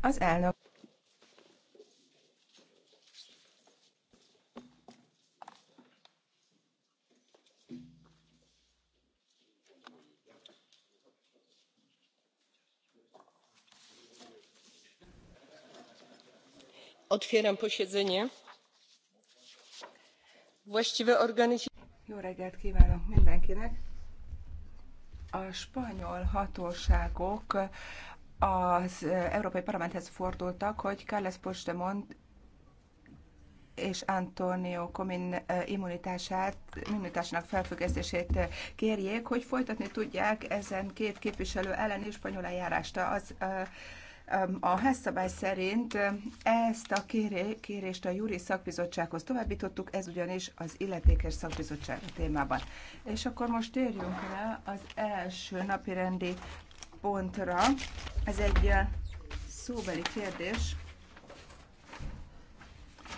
Az elnök. Otwieram posiedzenie. Właściwe organy... Jó reggelt kívánok mindenkinek! a spanyol hatóságok az Európai Parlamenthez fordultak, hogy Carles Puigdemont és Antonio Comin immunitását, immunitásának felfüggesztését kérjék, hogy folytatni tudják ezen két képviselő elleni spanyol eljárást. Az, a házszabály szerint ezt a kérést a júri szakbizottsághoz továbbítottuk, ez ugyanis az illetékes szakbizottság témában. És akkor most térjünk rá az első napirendi pontra. Ez egy szóbeli kérdés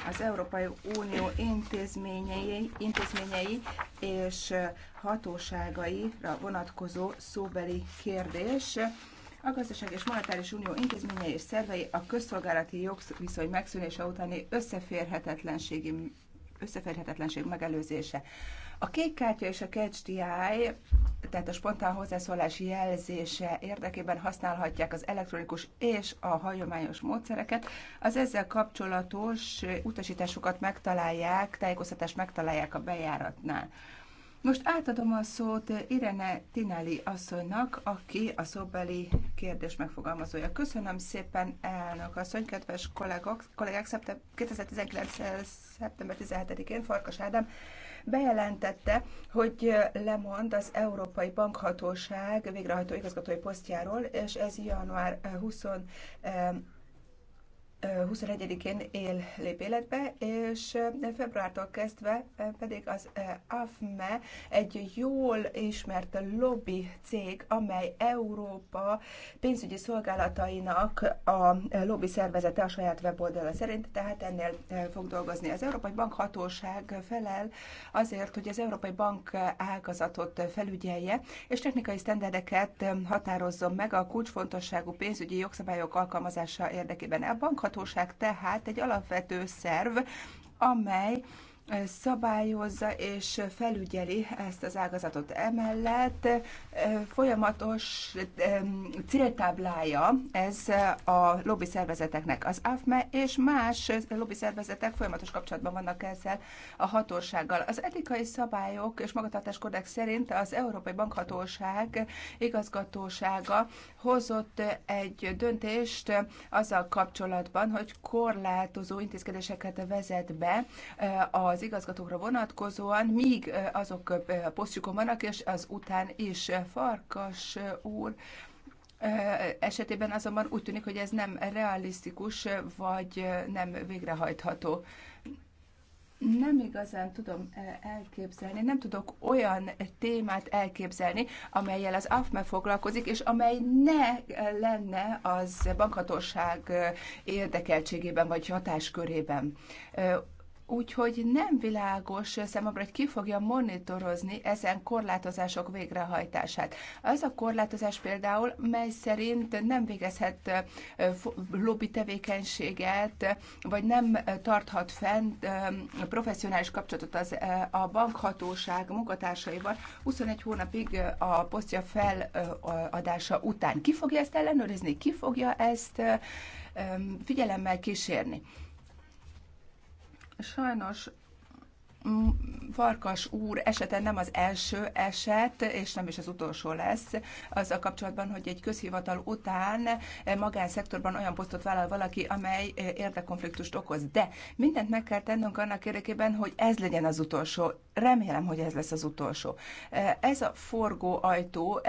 az Európai Unió intézményei, intézményei és hatóságaira vonatkozó szóbeli kérdés. A Gazdaság és Monetáris Unió intézményei és szervei a közszolgálati jogviszony megszűnése utáni összeférhetetlenségi összeférhetetlenség megelőzése. A kék kártya és a KHDI, tehát a spontán hozzászólás jelzése érdekében használhatják az elektronikus és a hagyományos módszereket. Az ezzel kapcsolatos utasításokat megtalálják, tájékoztatást megtalálják a bejáratnál. Most átadom a szót Irene Tinelli asszonynak, aki a szóbeli kérdés megfogalmazója. Köszönöm szépen, elnök asszony, kedves kollégok, kollégák, szeptem, 2019. Eh, szeptember 17-én Farkas Ádám bejelentette, hogy lemond az Európai Bankhatóság végrehajtó igazgatói posztjáról, és ez január 20 eh, 21-én él, lép életbe, és februártól kezdve pedig az AFME egy jól ismert lobby cég, amely Európa pénzügyi szolgálatainak a lobby szervezete a saját weboldala szerint, tehát ennél fog dolgozni. Az Európai Bankhatóság felel azért, hogy az Európai Bank ágazatot felügyelje, és technikai sztenderdeket határozzon meg a kulcsfontosságú pénzügyi jogszabályok alkalmazása érdekében. A bankhatóság fenntarthatóság tehát egy alapvető szerv, amely szabályozza és felügyeli ezt az ágazatot. Emellett eh, folyamatos eh, céltáblája ez a lobby szervezeteknek. Az AFME és más lobby szervezetek folyamatos kapcsolatban vannak ezzel a hatósággal. Az etikai szabályok és magatartás kodex szerint az Európai Bankhatóság igazgatósága hozott egy döntést azzal kapcsolatban, hogy korlátozó intézkedéseket vezet be eh, a az igazgatókra vonatkozóan, míg azok a posztjukon vannak, és az után is. Farkas úr esetében azonban úgy tűnik, hogy ez nem realisztikus, vagy nem végrehajtható. Nem igazán tudom elképzelni, nem tudok olyan témát elképzelni, amelyel az AFME foglalkozik, és amely ne lenne az bankhatóság érdekeltségében vagy hatáskörében. Úgyhogy nem világos számomra, hogy ki fogja monitorozni ezen korlátozások végrehajtását. Az a korlátozás például, mely szerint nem végezhet lobby tevékenységet, vagy nem tarthat fent professzionális kapcsolatot az, a bankhatóság munkatársaival 21 hónapig a posztja feladása után. Ki fogja ezt ellenőrizni? Ki fogja ezt figyelemmel kísérni? Sajnos Farkas úr esete nem az első eset, és nem is az utolsó lesz, Az a kapcsolatban, hogy egy közhivatal után magánszektorban olyan posztot vállal valaki, amely érdekkonfliktust okoz. De mindent meg kell tennünk annak érdekében, hogy ez legyen az utolsó. Remélem, hogy ez lesz az utolsó. Ez a forgó ajtó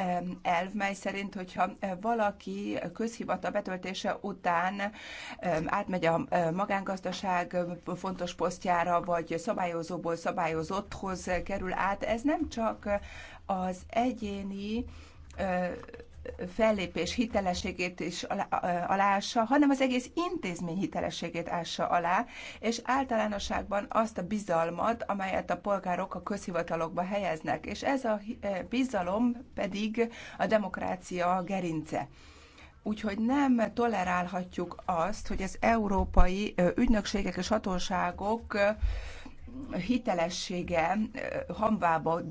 elv, mely szerint, hogyha valaki közhivatal betöltése után átmegy a magángazdaság fontos posztjára, vagy szabályozó adóból szabályozotthoz kerül át. Ez nem csak az egyéni fellépés hitelességét is aláássa, hanem az egész intézmény hitelességét ássa alá, és általánosságban azt a bizalmat, amelyet a polgárok a közhivatalokba helyeznek, és ez a bizalom pedig a demokrácia gerince. Úgyhogy nem tolerálhatjuk azt, hogy az európai ügynökségek és hatóságok hitelessége hambába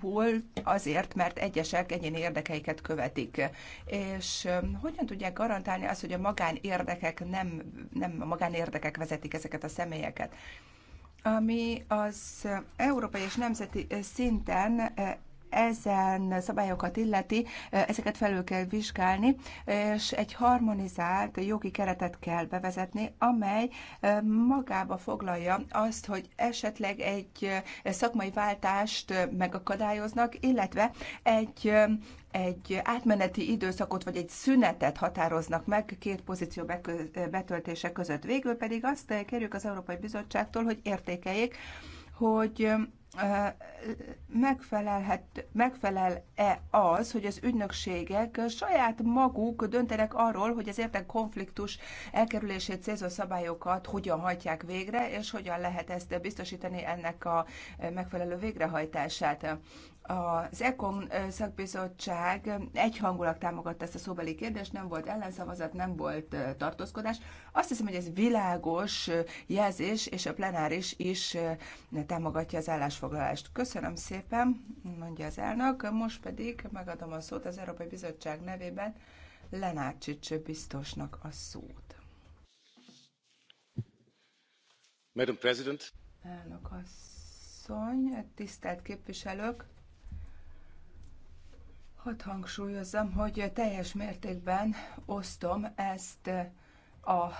volt azért, mert egyesek egyéni érdekeiket követik. És hogyan tudják garantálni azt, hogy a magánérdekek nem, nem a magánérdekek vezetik ezeket a személyeket? Ami az európai és nemzeti szinten ezen szabályokat illeti, ezeket felül kell vizsgálni, és egy harmonizált jogi keretet kell bevezetni, amely magába foglalja azt, hogy esetleg egy szakmai váltást megakadályoznak, illetve egy egy átmeneti időszakot vagy egy szünetet határoznak meg két pozíció betöltése között. Végül pedig azt kérjük az Európai Bizottságtól, hogy értékeljék, hogy megfelelhet, megfelel-e az, hogy az ügynökségek saját maguk döntenek arról, hogy az értek konfliktus elkerülését célzó szabályokat hogyan hajtják végre, és hogyan lehet ezt biztosítani ennek a megfelelő végrehajtását az ECOM szakbizottság egyhangulag támogatta ezt a szóbeli kérdést, nem volt ellenszavazat, nem volt tartózkodás. Azt hiszem, hogy ez világos jelzés, és a plenáris is támogatja az állásfoglalást. Köszönöm szépen, mondja az elnök. Most pedig megadom a szót az Európai Bizottság nevében Lenárcsics biztosnak a szót. Madam President. Elnök asszony, tisztelt képviselők! Hadd hangsúlyozzam, hogy teljes mértékben osztom ezt a e,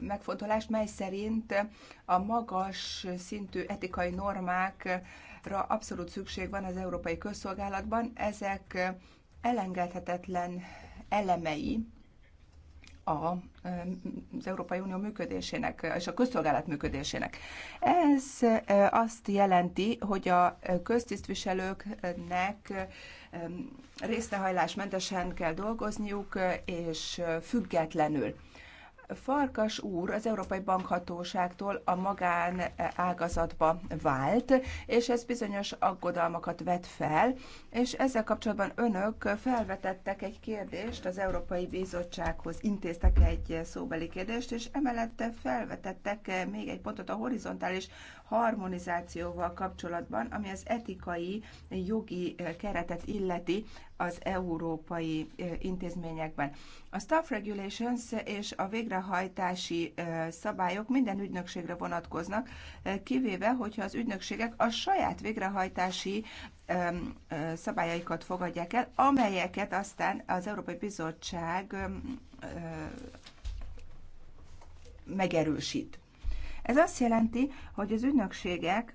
megfontolást, mely szerint a magas szintű etikai normákra abszolút szükség van az európai közszolgálatban. Ezek elengedhetetlen elemei az Európai Unió működésének és a közszolgálat működésének. Ez e, azt jelenti, hogy a e, köztisztviselőknek részrehajlásmentesen kell dolgozniuk, és függetlenül. Farkas úr az Európai Bankhatóságtól a magán ágazatba vált, és ez bizonyos aggodalmakat vet fel, és ezzel kapcsolatban önök felvetettek egy kérdést az Európai Bizottsághoz, intéztek egy szóbeli kérdést, és emellett felvetettek még egy pontot a horizontális harmonizációval kapcsolatban, ami az etikai jogi eh, keretet illeti az európai eh, intézményekben. A staff regulations és a végrehajtási eh, szabályok minden ügynökségre vonatkoznak, kivéve, hogyha az ügynökségek a saját végrehajtási szabályaikat fogadják el, amelyeket aztán az Európai Bizottság megerősít. Ez azt jelenti, hogy az ügynökségek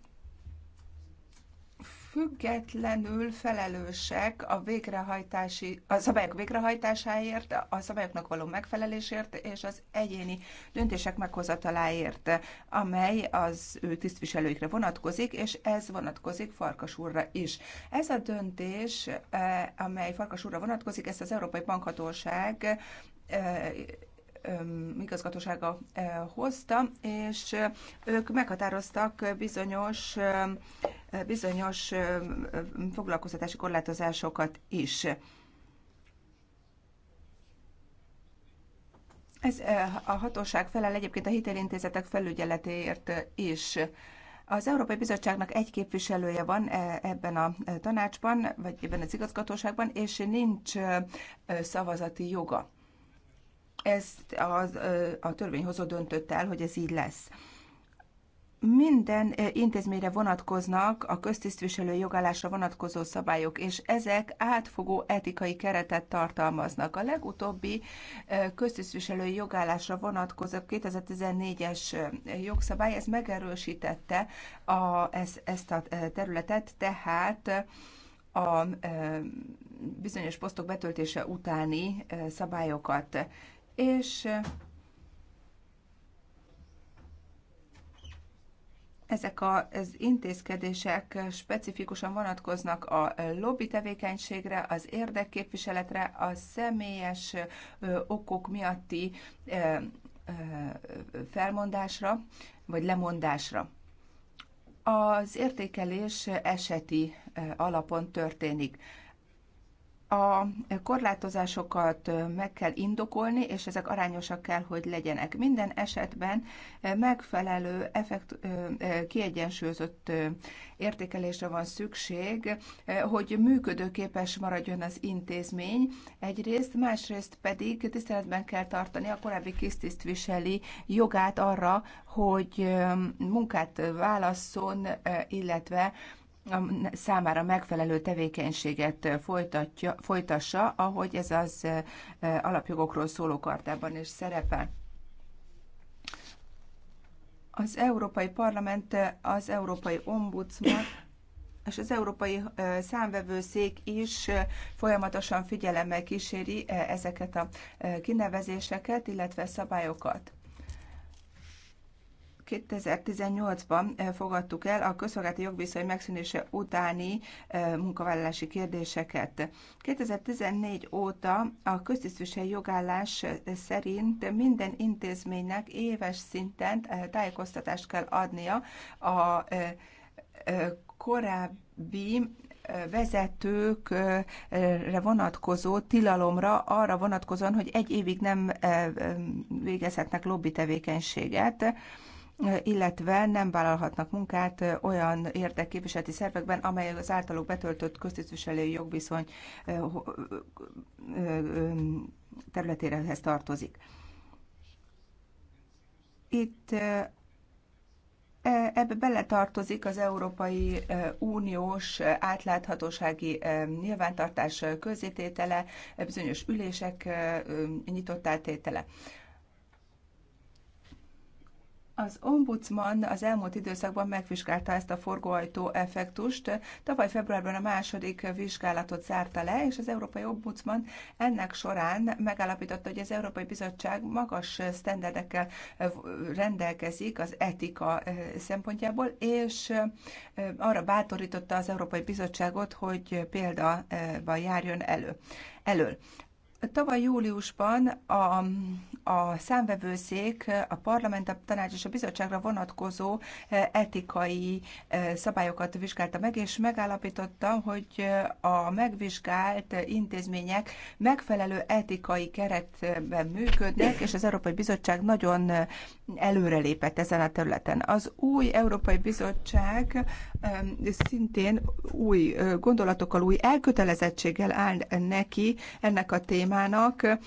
függetlenül felelősek a végrehajtási, a szabályok végrehajtásáért, a szabályoknak való megfelelésért és az egyéni döntések meghozataláért, amely az ő tisztviselőikre vonatkozik, és ez vonatkozik Farkas úrra is. Ez a döntés, eh, amely Farkas úrra vonatkozik, ezt az Európai Bankhatóság eh, igazgatósága hozta, és ők meghatároztak bizonyos, bizonyos foglalkoztatási korlátozásokat is. Ez a hatóság felel egyébként a hitelintézetek felügyeletéért is. Az Európai Bizottságnak egy képviselője van e, ebben a e, tanácsban, vagy ebben az igazgatóságban, és nincs szavazati joga ezt a, a törvényhozó döntött el, hogy ez így lesz. Minden intézményre vonatkoznak a köztisztviselő jogállásra vonatkozó szabályok, és ezek átfogó etikai keretet tartalmaznak. A legutóbbi köztisztviselő jogállásra vonatkozó 2014-es jogszabály, ez megerősítette a, ez, ezt a területet, tehát a bizonyos posztok betöltése utáni szabályokat és ezek az intézkedések specifikusan vonatkoznak a lobby tevékenységre, az érdekképviseletre, a személyes okok miatti felmondásra, vagy lemondásra. Az értékelés eseti alapon történik a korlátozásokat meg kell indokolni, és ezek arányosak kell, hogy legyenek. Minden esetben megfelelő, effekt, kiegyensúlyozott értékelésre van szükség, hogy működőképes maradjon az intézmény egyrészt, másrészt pedig tiszteletben kell tartani a korábbi kisztisztviseli jogát arra, hogy munkát válasszon, illetve a számára megfelelő tevékenységet folytatja, folytassa, ahogy ez az alapjogokról szóló kartában is szerepel. Az Európai Parlament, az Európai Ombudsman és az Európai Számvevőszék is folyamatosan figyelemmel kíséri ezeket a kinevezéseket, illetve szabályokat. 2018-ban eh, fogadtuk el a közszolgálati jogviszony megszűnése utáni eh, munkavállalási kérdéseket. 2014 óta a köztisztviselő jogállás eh, szerint minden intézménynek éves szinten tájékoztatást kell adnia a korábbi vezetőkre vonatkozó tilalomra arra vonatkozóan, hogy egy évig nem végezhetnek lobby tevékenységet illetve nem vállalhatnak munkát olyan érdekképviseleti szervekben, amelyek az általuk betöltött köztisztviselői jogviszony területérehez tartozik. Itt e, Ebbe beletartozik az Európai Uniós átláthatósági nyilvántartás közététele, bizonyos ülések nyitott átétele. Az ombudsman az elmúlt időszakban megvizsgálta ezt a forgóajtó effektust. Tavaly februárban a második vizsgálatot zárta le, és az Európai Ombudsman ennek során megállapította, hogy az Európai Bizottság magas sztenderdekkel rendelkezik az etika eh, szempontjából, és eh, arra bátorította az Európai Bizottságot, hogy példa eh, járjon elő. Elől. Tavaly júliusban a, a számvevőszék a parlament, a tanács és a bizottságra vonatkozó eh, etikai eh, szabályokat vizsgálta meg, és megállapította, hogy eh, a megvizsgált intézmények megfelelő etikai keretben működnek, és az Európai Bizottság nagyon előrelépett ezen a területen. Az új Európai Bizottság szintén új gondolatokkal, új elkötelezettséggel áll neki ennek a témának, reformjának,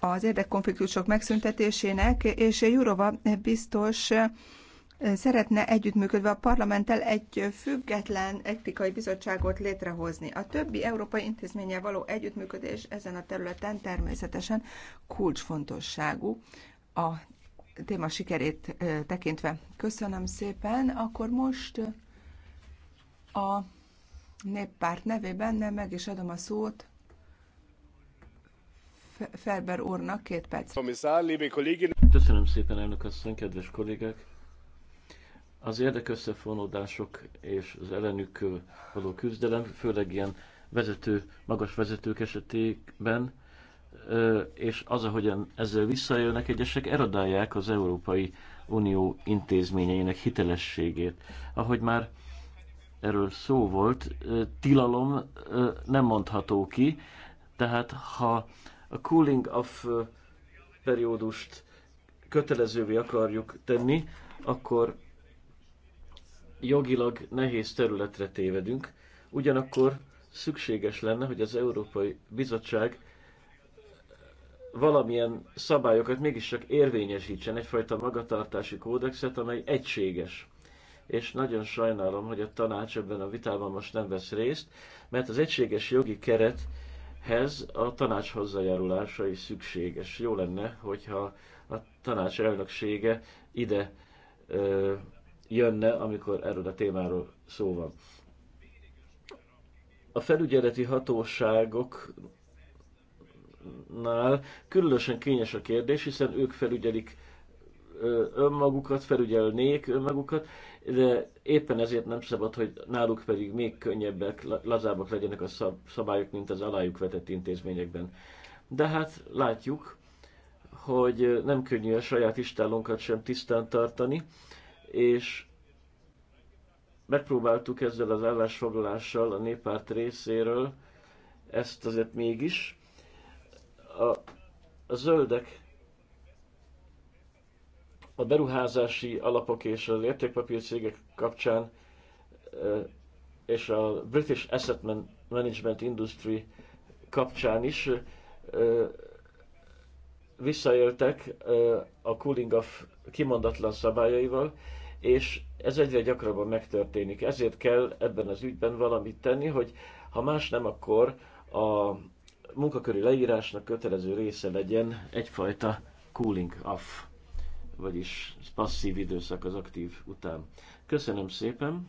az érdekkonfliktusok megszüntetésének, és Jurova biztos szeretne együttműködve a parlamenttel egy független etikai bizottságot létrehozni. A többi európai intézménye való együttműködés ezen a területen természetesen kulcsfontosságú a téma sikerét tekintve. Köszönöm szépen. Akkor most a néppárt nevében meg is adom a szót Ferber úrnak két perc. Köszönöm szépen, elnök asszony, kedves kollégák! Az érdekösszefonódások és az ellenük való küzdelem, főleg ilyen vezető, magas vezetők esetében, és az, ahogyan ezzel visszajönnek egyesek, erodálják az Európai Unió intézményeinek hitelességét. Ahogy már erről szó volt, tilalom nem mondható ki, tehát ha a cooling off periódust kötelezővé akarjuk tenni, akkor jogilag nehéz területre tévedünk. Ugyanakkor szükséges lenne, hogy az Európai Bizottság valamilyen szabályokat mégis csak érvényesítsen, egyfajta magatartási kódexet, amely egységes. És nagyon sajnálom, hogy a tanács ebben a vitában most nem vesz részt, mert az egységes jogi keret hez a tanács hozzájárulása is szükséges. Jó lenne, hogyha a tanács elnöksége ide ö, jönne, amikor erről a témáról szó van. A felügyeleti hatóságoknál különösen kényes a kérdés, hiszen ők felügyelik önmagukat, felügyelnék önmagukat, de éppen ezért nem szabad, hogy náluk pedig még könnyebbek, lazábbak legyenek a szabályok, mint az alájuk vetett intézményekben. De hát látjuk, hogy nem könnyű a saját istállónkat sem tisztán tartani, és megpróbáltuk ezzel az állásfoglalással a néppárt részéről, ezt azért mégis. A, a zöldek a beruházási alapok és az értékpapírcégek kapcsán és a British Asset Management Industry kapcsán is visszaéltek a cooling off kimondatlan szabályaival, és ez egyre gyakrabban megtörténik. Ezért kell ebben az ügyben valamit tenni, hogy ha más nem, akkor a munkaköri leírásnak kötelező része legyen egyfajta cooling off vagyis passzív időszak az aktív után. Köszönöm szépen!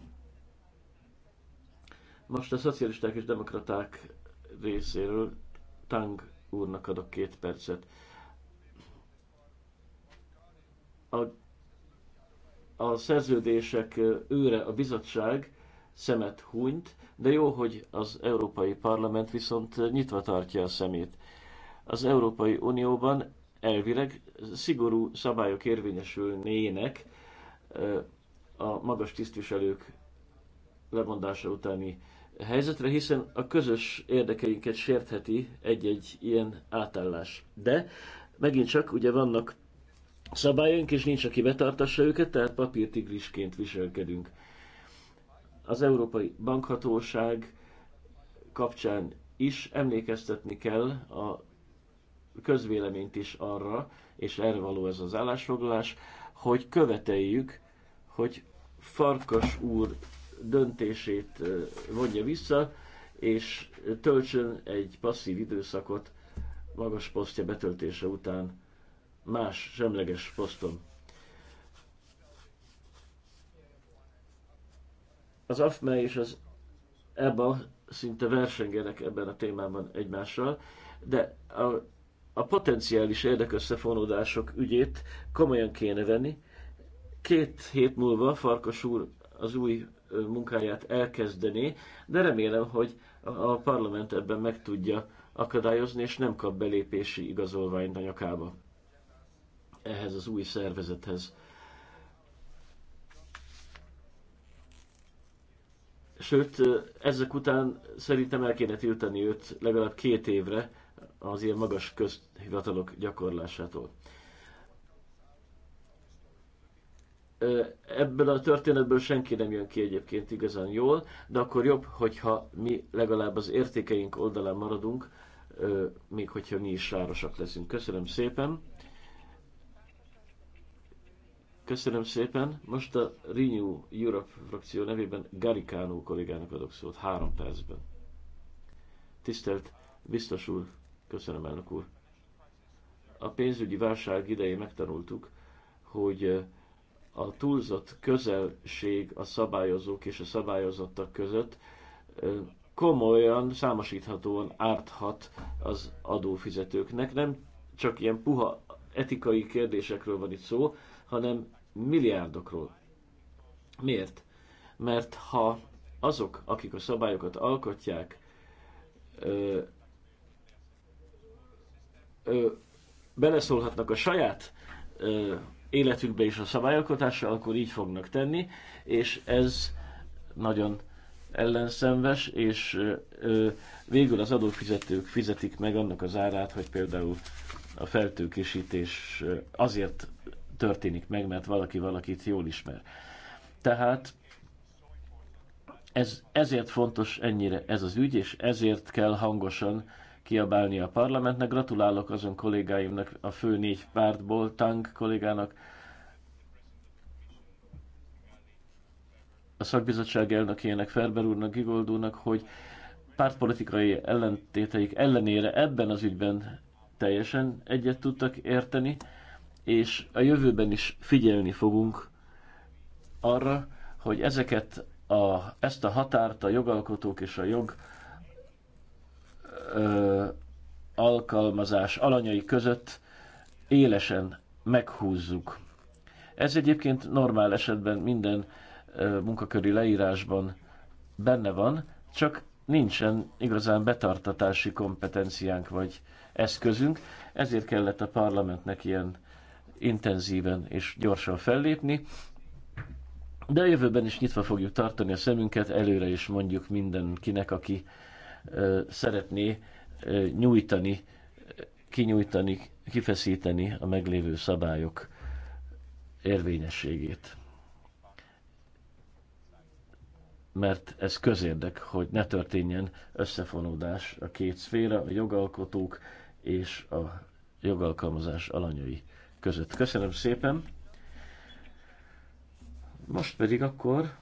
Most a szocialisták és demokraták részéről Tang úrnak adok két percet. A, a szerződések őre a bizottság szemet hunyt, de jó, hogy az Európai Parlament viszont nyitva tartja a szemét. Az Európai Unióban elvileg szigorú szabályok érvényesülnének a magas tisztviselők lemondása utáni helyzetre, hiszen a közös érdekeinket sértheti egy-egy ilyen átállás. De megint csak ugye vannak szabályunk, és nincs, aki betartassa őket, tehát papírtigrisként viselkedünk. Az Európai Bankhatóság kapcsán is emlékeztetni kell a közvéleményt is arra, és erre való ez az állásfoglalás, hogy követeljük, hogy Farkas úr döntését vonja vissza, és töltsön egy passzív időszakot magas posztja betöltése után más semleges poszton. Az AFME és az EBA szinte versengenek ebben a témában egymással, de a a potenciális érdekösszefonódások ügyét komolyan kéne venni. Két hét múlva Farkas úr az új munkáját elkezdené, de remélem, hogy a parlament ebben meg tudja akadályozni, és nem kap belépési igazolványt a nyakába ehhez az új szervezethez. Sőt, ezek után szerintem el kéne tiltani őt legalább két évre, az ilyen magas közhivatalok gyakorlásától. Ebből a történetből senki nem jön ki egyébként igazán jól, de akkor jobb, hogyha mi legalább az értékeink oldalán maradunk, még hogyha mi is sárosak leszünk. Köszönöm szépen! Köszönöm szépen. Most a Renew Europe frakció nevében Garikánó kollégának adok szót három percben. Tisztelt biztos úr, Köszönöm, elnök úr. A pénzügyi válság idején megtanultuk, hogy a túlzott közelség a szabályozók és a szabályozottak között komolyan, számosíthatóan árthat az adófizetőknek. Nem csak ilyen puha etikai kérdésekről van itt szó, hanem milliárdokról. Miért? Mert ha azok, akik a szabályokat alkotják, ö, beleszólhatnak a saját ö, életükbe is a szabályalkotásra, akkor így fognak tenni, és ez nagyon ellenszenves, és ö, ö, végül az adófizetők fizetik meg annak az árát, hogy például a feltőkésítés azért történik meg, mert valaki valakit jól ismer. Tehát ez, ezért fontos ennyire ez az ügy, és ezért kell hangosan kiabálni a parlamentnek. Gratulálok azon kollégáimnak a fő négy pártból, Tang kollégának, a szakbizottság elnökének, Ferber úrnak, Gigoldónak, hogy pártpolitikai ellentéteik ellenére ebben az ügyben teljesen egyet tudtak érteni, és a jövőben is figyelni fogunk arra, hogy ezeket a, ezt a határt a jogalkotók és a jog ö, alkalmazás alanyai között élesen meghúzzuk. Ez egyébként normál esetben minden ö, munkaköri leírásban benne van, csak nincsen igazán betartatási kompetenciánk vagy eszközünk, ezért kellett a parlamentnek ilyen intenzíven és gyorsan fellépni, de a jövőben is nyitva fogjuk tartani a szemünket, előre is mondjuk mindenkinek, aki szeretné nyújtani, kinyújtani, kifeszíteni a meglévő szabályok érvényességét. Mert ez közérdek, hogy ne történjen összefonódás a két szféra, a jogalkotók és a jogalkalmazás alanyai között. Köszönöm szépen! Most pedig akkor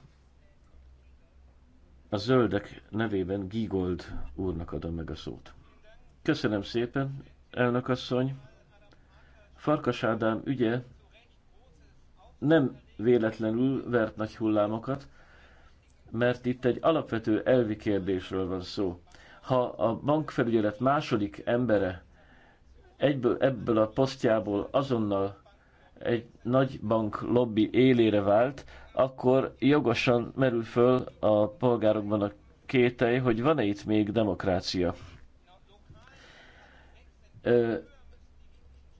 a zöldek nevében Gigold úrnak adom meg a szót. Köszönöm szépen, elnök asszony. Farkas Ádám ügye nem véletlenül vert nagy hullámokat, mert itt egy alapvető elvi kérdésről van szó. Ha a bankfelügyelet második embere egyből, ebből a posztjából azonnal egy nagy bank lobby élére vált, akkor jogosan merül föl a polgárokban a kételj, hogy van-e itt még demokrácia.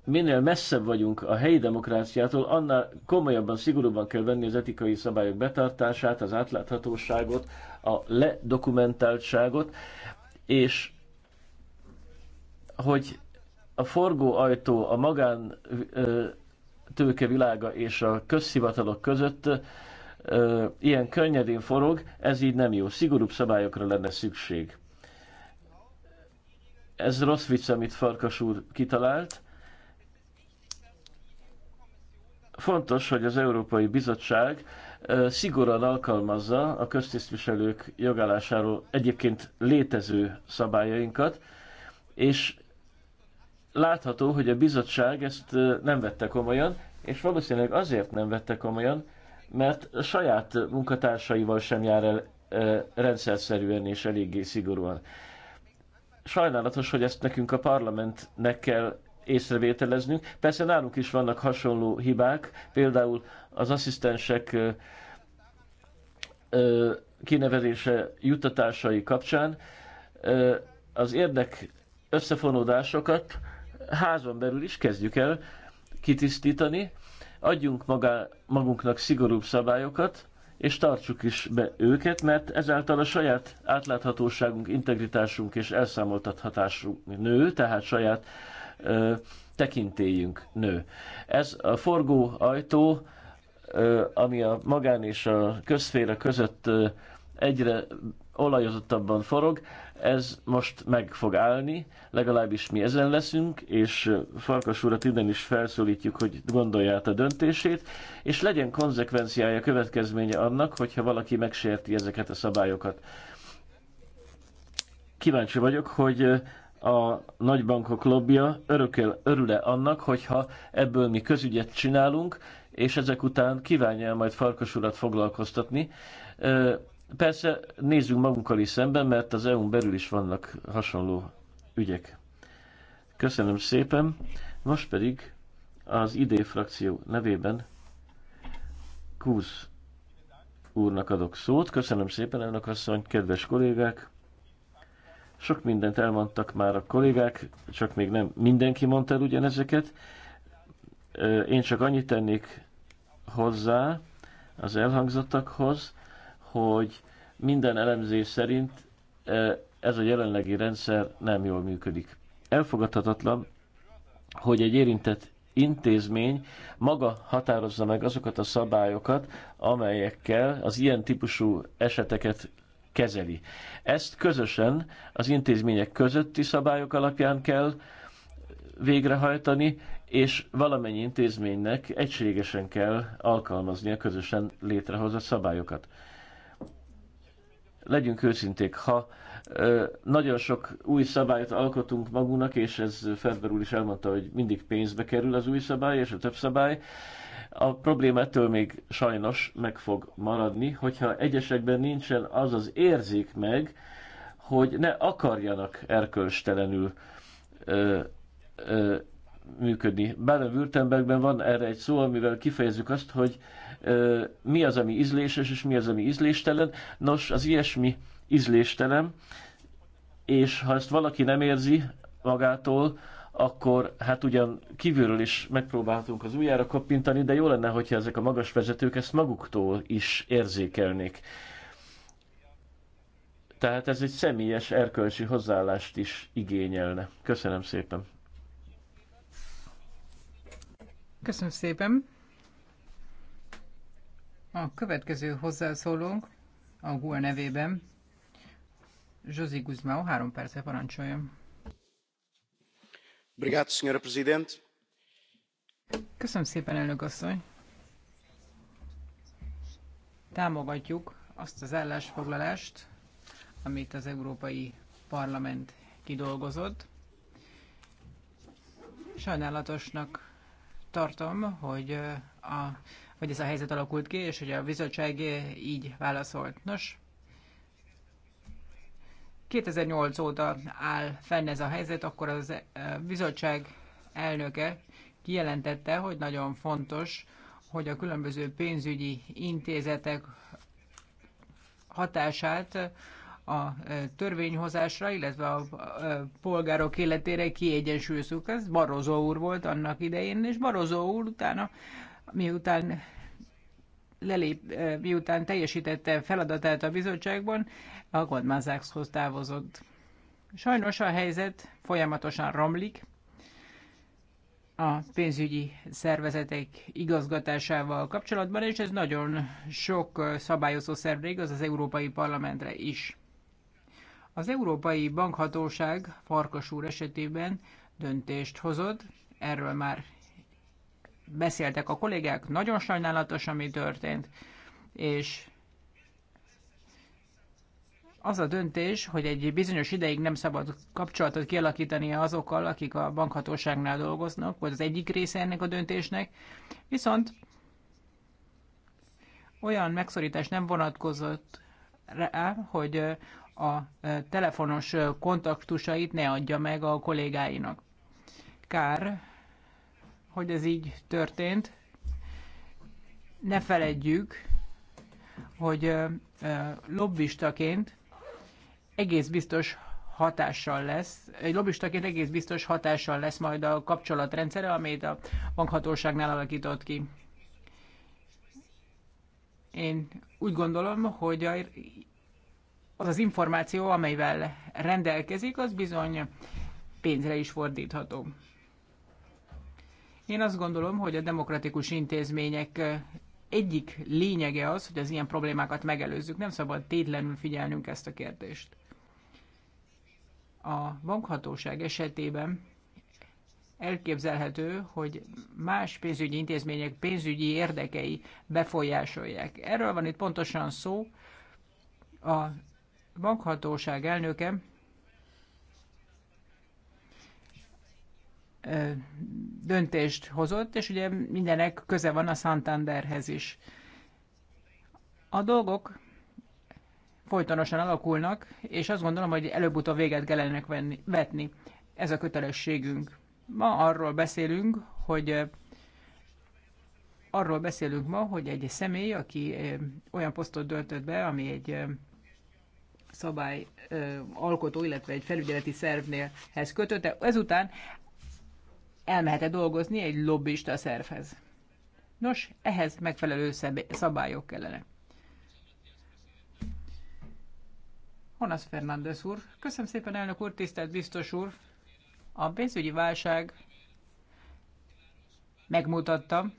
Minél messzebb vagyunk a helyi demokráciától, annál komolyabban, szigorúban kell venni az etikai szabályok betartását, az átláthatóságot, a ledokumentáltságot, és hogy a forgóajtó, a magán tőke világa és a közhivatalok között ö, ilyen könnyedén forog, ez így nem jó. Szigorúbb szabályokra lenne szükség. Ez rossz vicc, amit Farkas úr kitalált. Fontos, hogy az Európai Bizottság ö, szigorúan alkalmazza a köztisztviselők jogállásáról egyébként létező szabályainkat, és látható, hogy a bizottság ezt nem vette komolyan, és valószínűleg azért nem vette komolyan, mert a saját munkatársaival sem jár el rendszerszerűen és eléggé szigorúan. Sajnálatos, hogy ezt nekünk a parlamentnek kell észrevételeznünk. Persze nálunk is vannak hasonló hibák, például az asszisztensek kinevezése juttatásai kapcsán az érdek összefonódásokat házon belül is kezdjük el kitisztítani, adjunk magá, magunknak szigorúbb szabályokat, és tartsuk is be őket, mert ezáltal a saját átláthatóságunk, integritásunk és elszámoltathatásunk nő, tehát saját ö, tekintélyünk nő. Ez a forgó ajtó, ö, ami a magán és a közféra között ö, egyre olajozottabban forog, ez most meg fog állni, legalábbis mi ezen leszünk, és Farkas urat innen is felszólítjuk, hogy gondolja át a döntését, és legyen konzekvenciája, következménye annak, hogyha valaki megsérti ezeket a szabályokat. Kíváncsi vagyok, hogy a nagybankok lobbia örökel örül-e annak, hogyha ebből mi közügyet csinálunk, és ezek után kívánja majd Farkas urat foglalkoztatni. Persze nézzünk magunkkal is szemben, mert az EU-n belül is vannak hasonló ügyek. Köszönöm szépen. Most pedig az ID frakció nevében Kúz úrnak adok szót. Köszönöm szépen, elnök asszony, kedves kollégák! Sok mindent elmondtak már a kollégák, csak még nem mindenki mondta el ugyanezeket. Én csak annyit tennék hozzá az elhangzottakhoz, hogy minden elemzés szerint e, ez a jelenlegi rendszer nem jól működik. Elfogadhatatlan, hogy egy érintett intézmény maga határozza meg azokat a szabályokat, amelyekkel az ilyen típusú eseteket kezeli. Ezt közösen az intézmények közötti szabályok alapján kell végrehajtani, és valamennyi intézménynek egységesen kell alkalmaznia közösen létrehozott szabályokat legyünk őszinték, ha nagyon sok új szabályt alkotunk magunknak, és ez Ferber úr is elmondta, hogy mindig pénzbe kerül az új szabály és a több szabály, a probléma ettől még sajnos meg fog maradni, hogyha egyesekben nincsen az az érzik meg, hogy ne akarjanak erkölstelenül ö, ö, működni. a württembergben van erre egy szó, amivel kifejezzük azt, hogy mi az, ami ízléses, és mi az, ami ízléstelen. Nos, az ilyesmi ízléstelen, és ha ezt valaki nem érzi magától, akkor hát ugyan kívülről is megpróbáltunk az újjára kapintani, de jó lenne, hogyha ezek a magas vezetők ezt maguktól is érzékelnék. Tehát ez egy személyes erkölcsi hozzáállást is igényelne. Köszönöm szépen. Köszönöm szépen. A következő hozzászólónk a GUE nevében José Guzmão, három perce parancsoljon. Obrigado, senhora Presidente. Köszönöm szépen, elnök asszony. Támogatjuk azt az állásfoglalást, amit az Európai Parlament kidolgozott. Sajnálatosnak tartom, hogy a hogy ez a helyzet alakult ki, és hogy a bizottság így válaszolt. Nos, 2008 óta áll fenn ez a helyzet, akkor az eh, bizottság elnöke kijelentette, hogy nagyon fontos, hogy a különböző pénzügyi intézetek hatását a eh, törvényhozásra, illetve a eh, polgárok életére kiegyensúlyozunk. Ez Barozó úr volt annak idején, és Barozó úr utána miután lelép, miután teljesítette feladatát a bizottságban, a Goldman Sachshoz távozott. Sajnos a helyzet folyamatosan romlik, a pénzügyi szervezetek igazgatásával kapcsolatban, és ez nagyon sok szabályozó szervre igaz az Európai Parlamentre is. Az Európai Bankhatóság Farkas úr esetében döntést hozott, erről már beszéltek a kollégák, nagyon sajnálatos, ami történt, és az a döntés, hogy egy bizonyos ideig nem szabad kapcsolatot kialakítani azokkal, akik a bankhatóságnál dolgoznak, vagy az egyik része ennek a döntésnek, viszont olyan megszorítás nem vonatkozott rá, hogy a telefonos kontaktusait ne adja meg a kollégáinak. Kár, hogy ez így történt. Ne feledjük, hogy lobbistaként egész biztos hatással lesz, egy lobbistaként egész biztos hatással lesz majd a kapcsolatrendszere, amit a bankhatóságnál alakított ki. Én úgy gondolom, hogy a, az az információ, amelyvel rendelkezik, az bizony pénzre is fordítható. Én azt gondolom, hogy a demokratikus intézmények egyik lényege az, hogy az ilyen problémákat megelőzzük. Nem szabad tétlenül figyelnünk ezt a kérdést. A bankhatóság esetében elképzelhető, hogy más pénzügyi intézmények pénzügyi érdekei befolyásolják. Erről van itt pontosan szó. A bankhatóság elnöke döntést hozott, és ugye mindenek köze van a Santanderhez is. A dolgok folytonosan alakulnak, és azt gondolom, hogy előbb-utóbb véget kellene vetni. Ez a kötelességünk. Ma arról beszélünk, hogy arról beszélünk ma, hogy egy személy, aki olyan posztot döltött be, ami egy szabály alkotó, illetve egy felügyeleti szervnélhez kötötte, ezután elmehet-e dolgozni egy lobbista szervhez. Nos, ehhez megfelelő szabályok kellene. Honasz Fernández úr, köszönöm szépen elnök úr, tisztelt biztos úr. A pénzügyi válság megmutatta,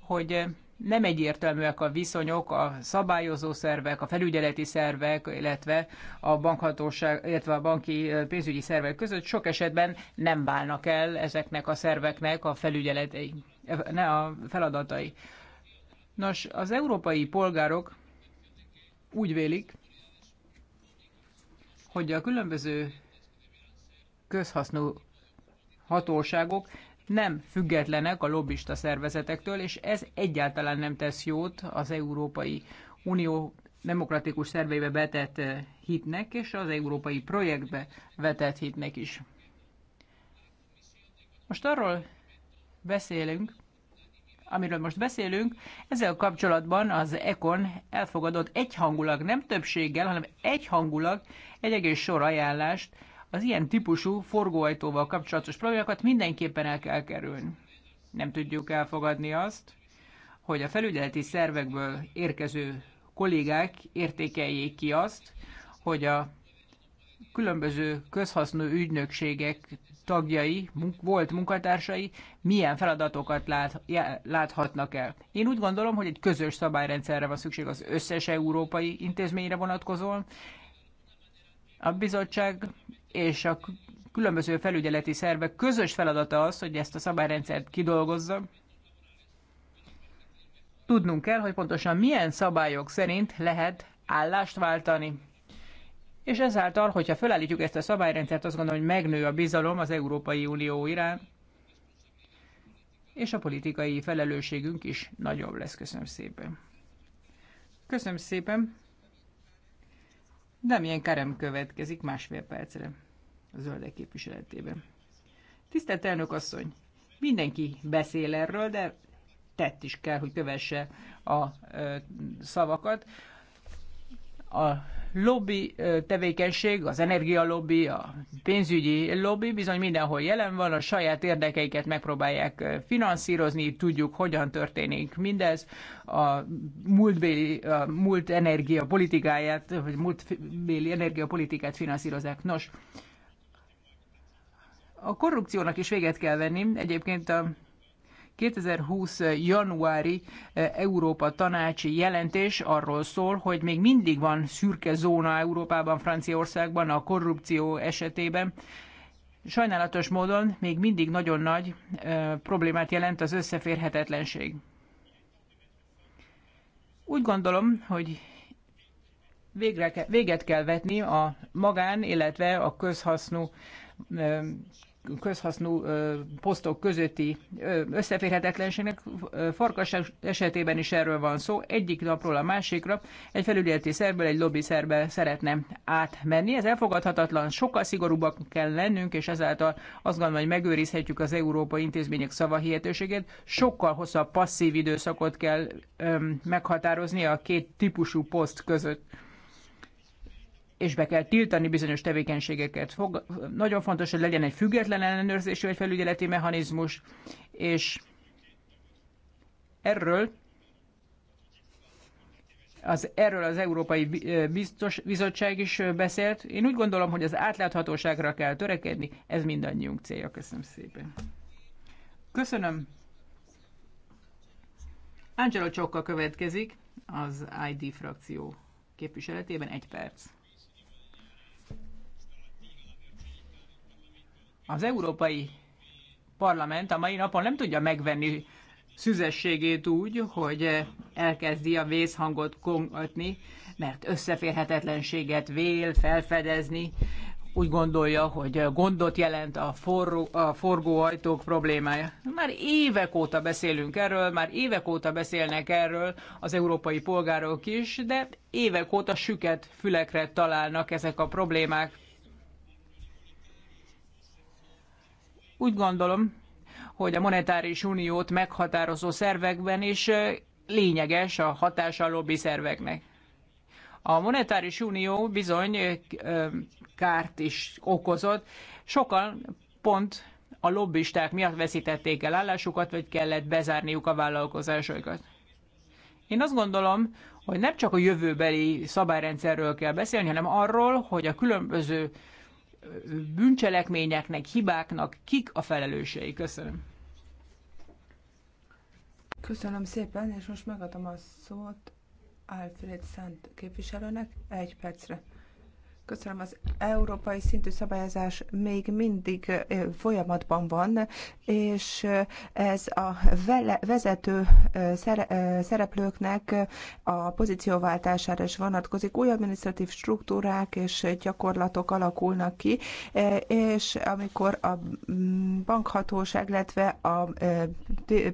hogy nem egyértelműek a viszonyok a szabályozó szervek, a felügyeleti szervek, illetve a bankhatóság, illetve a banki pénzügyi szervek között. Sok esetben nem válnak el ezeknek a szerveknek a felügyeletei, ne a feladatai. Nos, az európai polgárok úgy vélik, hogy a különböző közhasznú hatóságok nem függetlenek a lobbista szervezetektől, és ez egyáltalán nem tesz jót az Európai Unió demokratikus szerveibe vetett eh, hitnek, és az európai projektbe vetett hitnek is. Most arról beszélünk, amiről most beszélünk, ezzel kapcsolatban az ECON elfogadott egyhangulag, nem többséggel, hanem egyhangulag egy egész sor ajánlást az ilyen típusú forgóajtóval kapcsolatos problémákat mindenképpen el kell kerülni. Nem tudjuk elfogadni azt, hogy a felügyeleti szervekből érkező kollégák értékeljék ki azt, hogy a különböző közhasznú ügynökségek tagjai, volt munkatársai milyen feladatokat lát, láthatnak el. Én úgy gondolom, hogy egy közös szabályrendszerre van szükség az összes európai intézményre vonatkozóan. A bizottság és a különböző felügyeleti szervek közös feladata az, hogy ezt a szabályrendszert kidolgozza. Tudnunk kell, hogy pontosan milyen szabályok szerint lehet állást váltani. És ezáltal, hogyha felállítjuk ezt a szabályrendszert, azt gondolom, hogy megnő a bizalom az Európai Unió iránt, és a politikai felelősségünk is nagyobb lesz. Köszönöm szépen. Köszönöm szépen ilyen kerem következik másfél percre a zöldek képviseletében. Tisztelt elnök asszony, mindenki beszél erről, de tett is kell, hogy kövesse a ö, szavakat. A lobby tevékenység, az energialobby, a pénzügyi lobby bizony mindenhol jelen van, a saját érdekeiket megpróbálják finanszírozni, tudjuk, hogyan történik mindez. A múltbéli, a múlt politikáját, vagy múltbéli energiapolitikát finanszírozzák. Nos, a korrupciónak is véget kell venni. Egyébként a 2020. januári eh, Európa tanácsi jelentés arról szól, hogy még mindig van szürke zóna Európában, Franciaországban a korrupció esetében. Sajnálatos módon még mindig nagyon nagy eh, problémát jelent az összeférhetetlenség. Úgy gondolom, hogy végre, véget kell vetni a magán, illetve a közhasznú eh, közhasznú posztok közötti összeférhetetlenségnek. Farkas esetében is erről van szó. Egyik napról a másikra egy felügyeleti szervből egy lobby szerbe szeretne átmenni. Ez elfogadhatatlan, sokkal szigorúbbak kell lennünk, és ezáltal azt gondolom, hogy megőrizhetjük az európai intézmények hihetőségét. Sokkal hosszabb passzív időszakot kell öm, meghatározni a két típusú poszt között és be kell tiltani bizonyos tevékenységeket. Fog, nagyon fontos, hogy legyen egy független ellenőrzési egy felügyeleti mechanizmus, és erről az, erről az Európai Biztos Bizottság is beszélt. Én úgy gondolom, hogy az átláthatóságra kell törekedni, ez mindannyiunk célja. Köszönöm szépen. Köszönöm. Angelo Csokka következik az ID frakció képviseletében. Egy perc. Az Európai Parlament a mai napon nem tudja megvenni szüzességét úgy, hogy elkezdi a vészhangot kongatni, mert összeférhetetlenséget vél felfedezni, úgy gondolja, hogy gondot jelent a, forró, a forgóajtók problémája. Már évek óta beszélünk erről, már évek óta beszélnek erről az európai polgárok is, de évek óta süket fülekre találnak ezek a problémák. Úgy gondolom, hogy a monetáris uniót meghatározó szervekben is lényeges a hatása a lobby szerveknek. A monetáris unió bizony kárt is okozott. Sokan pont a lobbisták miatt veszítették el állásukat, vagy kellett bezárniuk a vállalkozásaikat. Én azt gondolom, hogy nem csak a jövőbeli szabályrendszerről kell beszélni, hanem arról, hogy a különböző bűncselekményeknek, hibáknak kik a felelősei. Köszönöm. Köszönöm szépen, és most megadom a szót Alfred Szent képviselőnek egy percre. Köszönöm, az európai szintű szabályozás még mindig folyamatban van, és ez a vezető szereplőknek a pozícióváltására is vonatkozik. Új adminisztratív struktúrák és gyakorlatok alakulnak ki, és amikor a bankhatóság, illetve a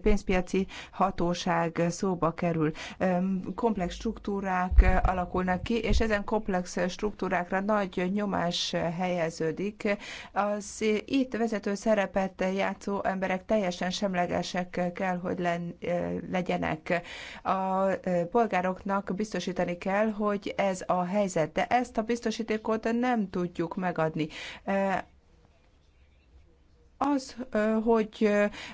pénzpiaci hatóság szóba kerül, komplex struktúrák alakulnak ki, és ezen komplex struktúrákra nagy nyomás helyeződik. Az itt vezető szerepet játszó emberek teljesen semlegesek kell, hogy len, eh, legyenek. A eh, polgároknak biztosítani kell, hogy ez a helyzet, de ezt a biztosítékot nem tudjuk megadni. Eh, az, hogy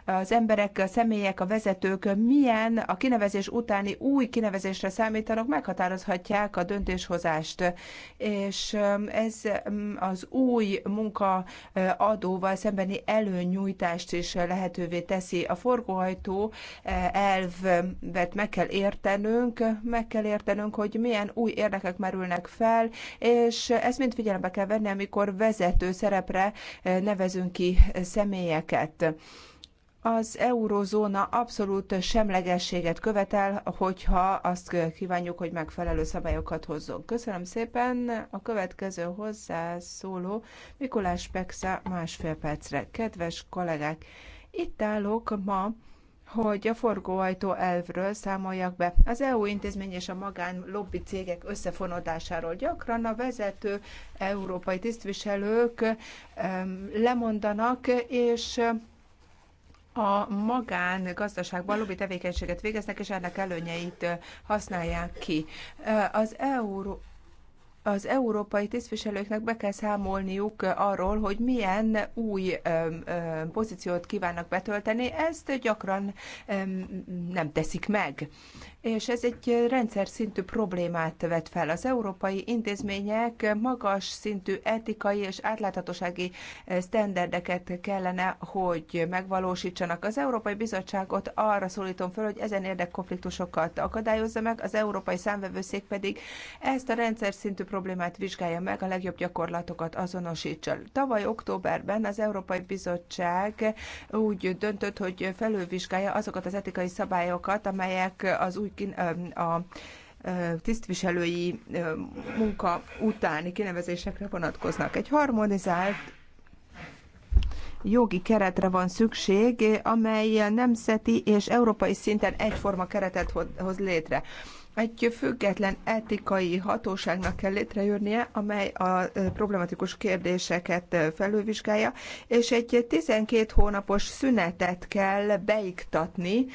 az emberek, a személyek, a vezetők milyen a kinevezés utáni új kinevezésre számítanak, meghatározhatják a döntéshozást. És ez mm, az új munkaadóval szembeni előnyújtást is lehetővé teszi. A forgóhajtó e, elvet meg kell értenünk, meg kell értenünk, hogy milyen új érdekek merülnek fel, és ezt mind figyelembe kell venni, amikor vezető szerepre e, nevezünk ki személyeket. Az eurozóna abszolút semlegességet követel, hogyha azt kívánjuk, hogy megfelelő szabályokat hozzon. Köszönöm szépen. A következő hozzászóló Mikulás Peksa másfél percre. Kedves kollégák, itt állok ma hogy a forgóajtó elvről számoljak be. Az EU intézmény és a magán lobby cégek összefonodásáról gyakran a vezető európai tisztviselők lemondanak, és a magán gazdaságban lobby tevékenységet végeznek, és ennek előnyeit használják ki. Az EU az európai tisztviselőknek be kell számolniuk arról, hogy milyen új pozíciót kívánnak betölteni, ezt gyakran nem teszik meg. És ez egy rendszer szintű problémát vet fel. Az európai intézmények magas szintű etikai és átláthatósági sztenderdeket kellene, hogy megvalósítsanak. Az Európai Bizottságot arra szólítom fel, hogy ezen érdekkonfliktusokat akadályozza meg, az Európai Számvevőszék pedig ezt a rendszer szintű problémát problémát vizsgálja meg, a legjobb gyakorlatokat azonosítsa. Tavaly októberben az Európai Bizottság úgy döntött, hogy felülvizsgálja azokat az etikai szabályokat, amelyek az új kín, a tisztviselői munka utáni kinevezésekre vonatkoznak. Egy harmonizált jogi keretre van szükség, amely nemzeti és európai szinten egyforma keretet hoz létre. Egy független etikai hatóságnak kell létrejönnie, amely a problematikus kérdéseket felülvizsgálja, és egy 12 hónapos szünetet kell beiktatni,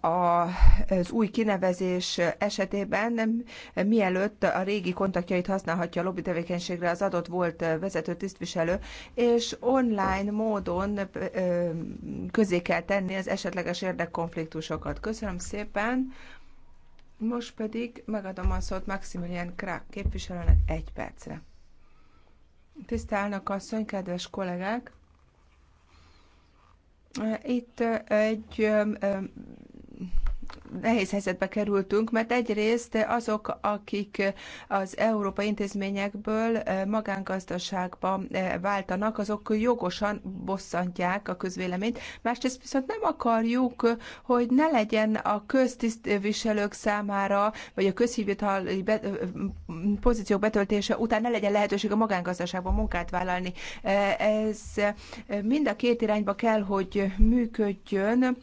az új kinevezés esetében, mielőtt a régi kontaktjait használhatja a lobby tevékenységre az adott volt vezető tisztviselő, és online módon közé kell tenni az esetleges érdekkonfliktusokat. Köszönöm szépen! Most pedig megadom a szót Maximilian Krak képviselőnek egy percre. Tisztelnök asszony, kedves kollégák! Itt egy nehéz helyzetbe kerültünk, mert egyrészt azok, akik az európai intézményekből eh, magángazdaságba eh, váltanak, azok jogosan bosszantják a közvéleményt, másrészt viszont nem akarjuk, hogy ne legyen a köztisztviselők számára, vagy a közhívitali be, eh, pozíciók betöltése után ne legyen lehetőség a magángazdaságban munkát vállalni. Ez mind a két irányba kell, hogy működjön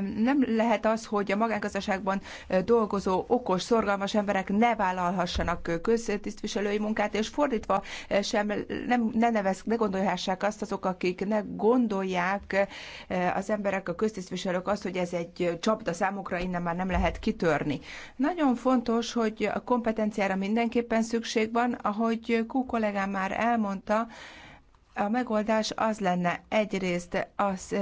nem lehet az, hogy a magángazdaságban dolgozó okos, szorgalmas emberek ne vállalhassanak köztisztviselői munkát, és fordítva sem nem, ne, nevez, ne gondolhassák azt azok, akik ne gondolják az emberek, a köztisztviselők azt, hogy ez egy csapda számukra, innen már nem lehet kitörni. Nagyon fontos, hogy a kompetenciára mindenképpen szükség van, ahogy Kú kollégám már elmondta, a megoldás az lenne egyrészt az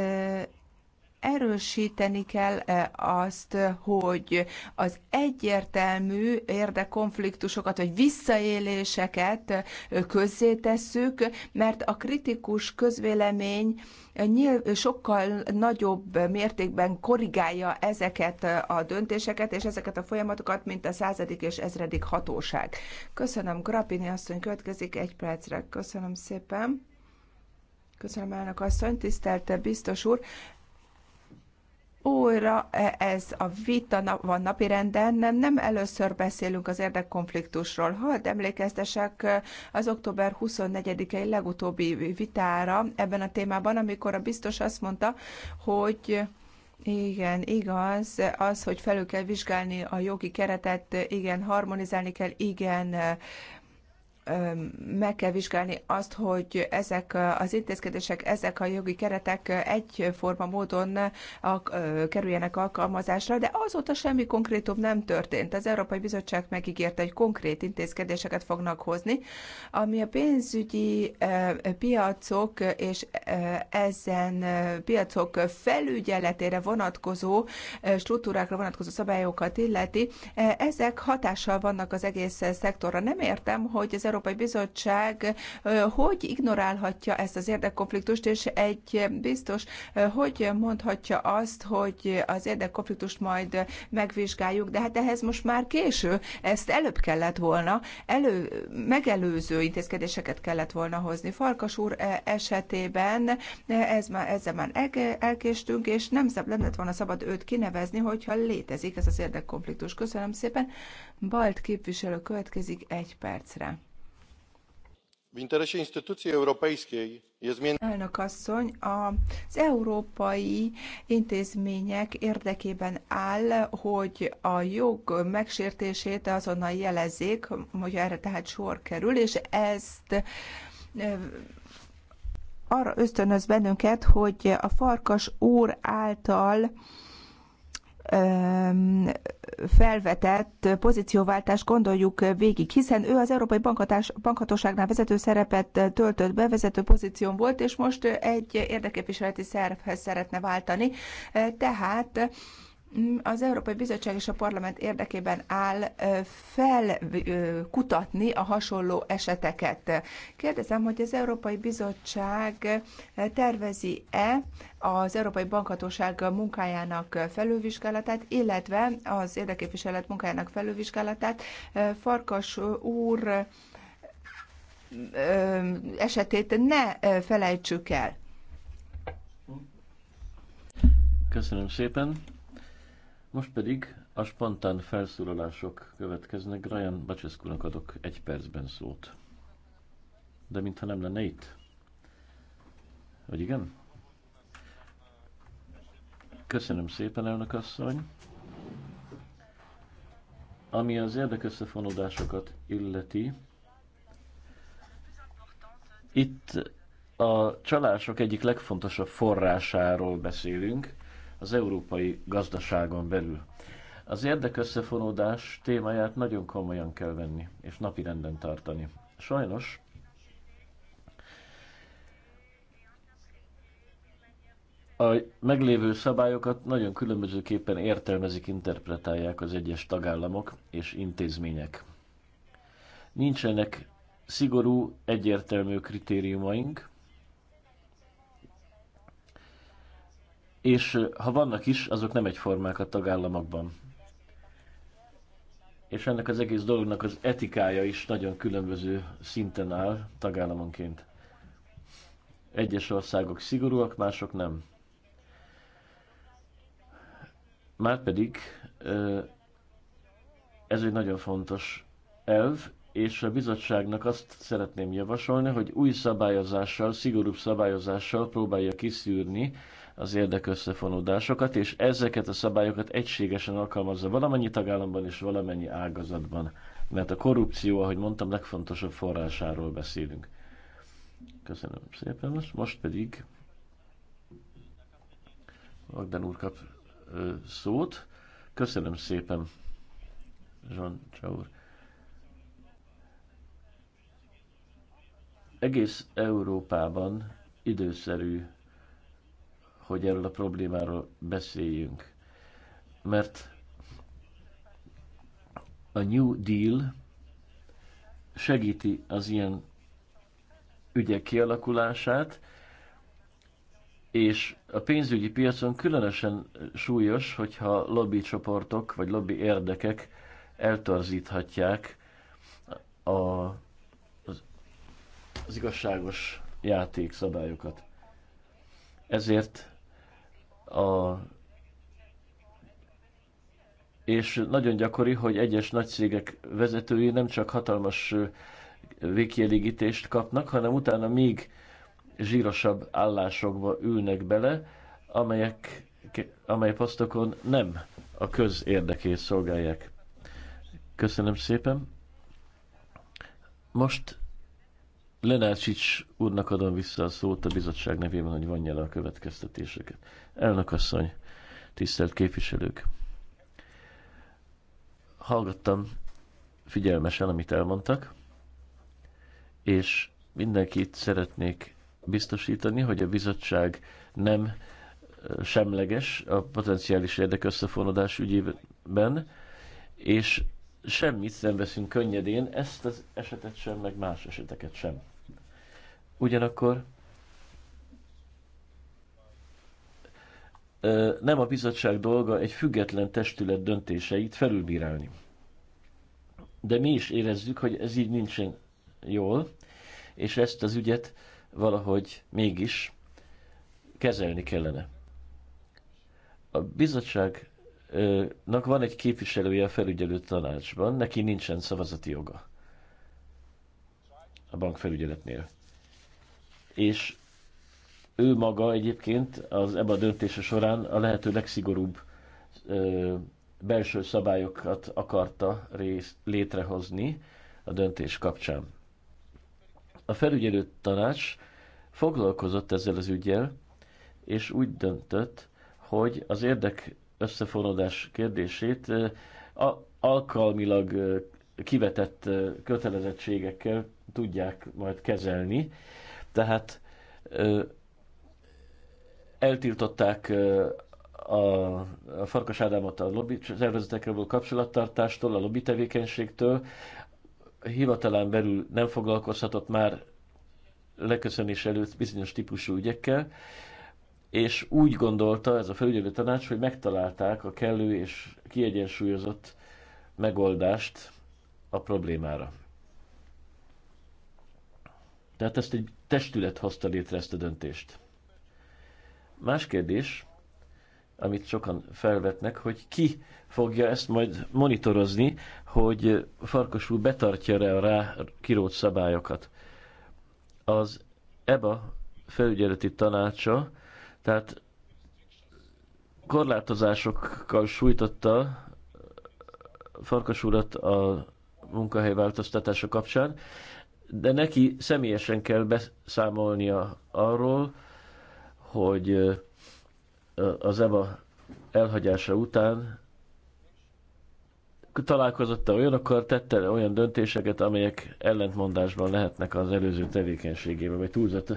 erősíteni kell eh, azt, hogy az egyértelmű érdekkonfliktusokat vagy visszaéléseket eh, közzétesszük, mert a kritikus közvélemény eh, nyilv, sokkal nagyobb mértékben korrigálja ezeket a döntéseket és ezeket a folyamatokat, mint a századik és ezredik hatóság. Köszönöm, Grapini asszony következik egy percre. Köszönöm szépen. Köszönöm elnök asszony, tisztelte biztos úr újra e, ez a vita van napirenden, nem, nem először beszélünk az érdekkonfliktusról. ha emlékeztesek e, az október 24-i legutóbbi vitára ebben a témában, amikor a biztos azt mondta, hogy igen, igaz, az, hogy felül kell vizsgálni a jogi keretet, igen, harmonizálni kell, igen, meg kell vizsgálni azt, hogy ezek az intézkedések, ezek a jogi keretek egyforma módon kerüljenek alkalmazásra, de azóta semmi konkrétum nem történt. Az Európai Bizottság megígérte, hogy konkrét intézkedéseket fognak hozni, ami a pénzügyi piacok és ezen piacok felügyeletére vonatkozó struktúrákra vonatkozó szabályokat illeti, e, ezek hatással vannak az egész szektorra. Nem értem, hogy az Európai Európai Bizottság hogy ignorálhatja ezt az érdekkonfliktust, és egy biztos, hogy mondhatja azt, hogy az érdekkonfliktust majd megvizsgáljuk, de hát ehhez most már késő, ezt előbb kellett volna, elő, megelőző intézkedéseket kellett volna hozni. Farkas úr e, esetében ez már, ezzel már elkéstünk, és nem, nem lett volna szabad őt kinevezni, hogyha létezik ez az érdekkonfliktus. Köszönöm szépen. Balt képviselő következik egy percre. W interesie instytucji europejskiej jest między... Elnök asszony, az európai intézmények érdekében áll, hogy a jog megsértését azonnal jelezzék, hogy erre tehát sor kerül, és ezt arra ösztönöz bennünket, hogy a farkas úr által felvetett pozícióváltás gondoljuk végig, hiszen ő az Európai Bankhatás, Bankhatóságnál vezető szerepet töltött be, vezető pozíción volt, és most egy érdekképviseleti szervhez szeretne váltani. Tehát az Európai Bizottság és a Parlament érdekében áll felkutatni a hasonló eseteket. Kérdezem, hogy az Európai Bizottság tervezi-e az Európai Bankhatóság munkájának felülvizsgálatát, illetve az érdeképviselet munkájának felülvizsgálatát. Farkas úr esetét ne felejtsük el. Köszönöm szépen. Most pedig a spontán felszólalások következnek. Ryan Bacescu-nak adok egy percben szót. De mintha nem lenne itt. Vagy igen? Köszönöm szépen, elnök asszony. Ami az érdekösszefonódásokat illeti, itt a csalások egyik legfontosabb forrásáról beszélünk – az európai gazdaságon belül. Az érdekösszefonódás témáját nagyon komolyan kell venni, és napirenden tartani. Sajnos a meglévő szabályokat nagyon különbözőképpen értelmezik, interpretálják az egyes tagállamok és intézmények. Nincsenek szigorú, egyértelmű kritériumaink, és ha vannak is, azok nem egyformák a tagállamokban. És ennek az egész dolognak az etikája is nagyon különböző szinten áll tagállamonként. Egyes országok szigorúak, mások nem. Márpedig ez egy nagyon fontos elv, és a bizottságnak azt szeretném javasolni, hogy új szabályozással, szigorúbb szabályozással próbálja kiszűrni az érdekösszefonódásokat, és ezeket a szabályokat egységesen alkalmazza valamennyi tagállamban és valamennyi ágazatban. Mert a korrupció, ahogy mondtam, legfontosabb forrásáról beszélünk. Köszönöm szépen. Most, most pedig Magdán úr kap ö, szót. Köszönöm szépen, Zson Csaur. Egész Európában időszerű hogy erről a problémáról beszéljünk. Mert a New Deal segíti az ilyen ügyek kialakulását, és a pénzügyi piacon különösen súlyos, hogyha lobby csoportok vagy lobby érdekek eltorzíthatják a, az, az igazságos játékszabályokat. Ezért a, és nagyon gyakori, hogy egyes nagy cégek vezetői nem csak hatalmas végkielégítést kapnak, hanem utána még zsírosabb állásokba ülnek bele, amelyek, amely posztokon nem a köz érdekét szolgálják. Köszönöm szépen. Most Lenácsics úrnak adom vissza a szót a bizottság nevében, hogy vonja le a következtetéseket. Elnök asszony, tisztelt képviselők! Hallgattam figyelmesen, amit elmondtak, és mindenkit szeretnék biztosítani, hogy a bizottság nem semleges a potenciális érdekösszefonodás ügyében, és semmit nem veszünk könnyedén, ezt az esetet sem, meg más eseteket sem. Ugyanakkor nem a bizottság dolga egy független testület döntéseit felülbírálni. De mi is érezzük, hogy ez így nincsen jól, és ezt az ügyet valahogy mégis kezelni kellene. A bizottság nak van egy képviselője a felügyelő tanácsban, neki nincsen szavazati joga a bankfelügyeletnél. És ő maga egyébként az e a döntése során a lehető legszigorúbb ö, belső szabályokat akarta rész, létrehozni a döntés kapcsán. A felügyelő tanács foglalkozott ezzel az ügyel, és úgy döntött, hogy az érdek összefonódás kérdését a, alkalmilag kivetett kötelezettségekkel tudják majd kezelni. Tehát eltiltották a, a Farkas Ádámot a lobby szervezetekkel való kapcsolattartástól, a lobby tevékenységtől, hivatalán belül nem foglalkozhatott már leköszönés előtt bizonyos típusú ügyekkel, és úgy gondolta ez a felügyelő tanács, hogy megtalálták a kellő és kiegyensúlyozott megoldást a problémára. Tehát ezt egy testület hozta létre ezt a döntést. Más kérdés, amit sokan felvetnek, hogy ki fogja ezt majd monitorozni, hogy Farkas úr betartja-e a rá kirót szabályokat. Az EBA felügyeleti tanácsa tehát korlátozásokkal sújtotta Farkas urat a munkahely változtatása kapcsán, de neki személyesen kell beszámolnia arról, hogy az EVA elhagyása után találkozott -e olyanokkal, tette -e olyan döntéseket, amelyek ellentmondásban lehetnek az előző tevékenységével, vagy túlzott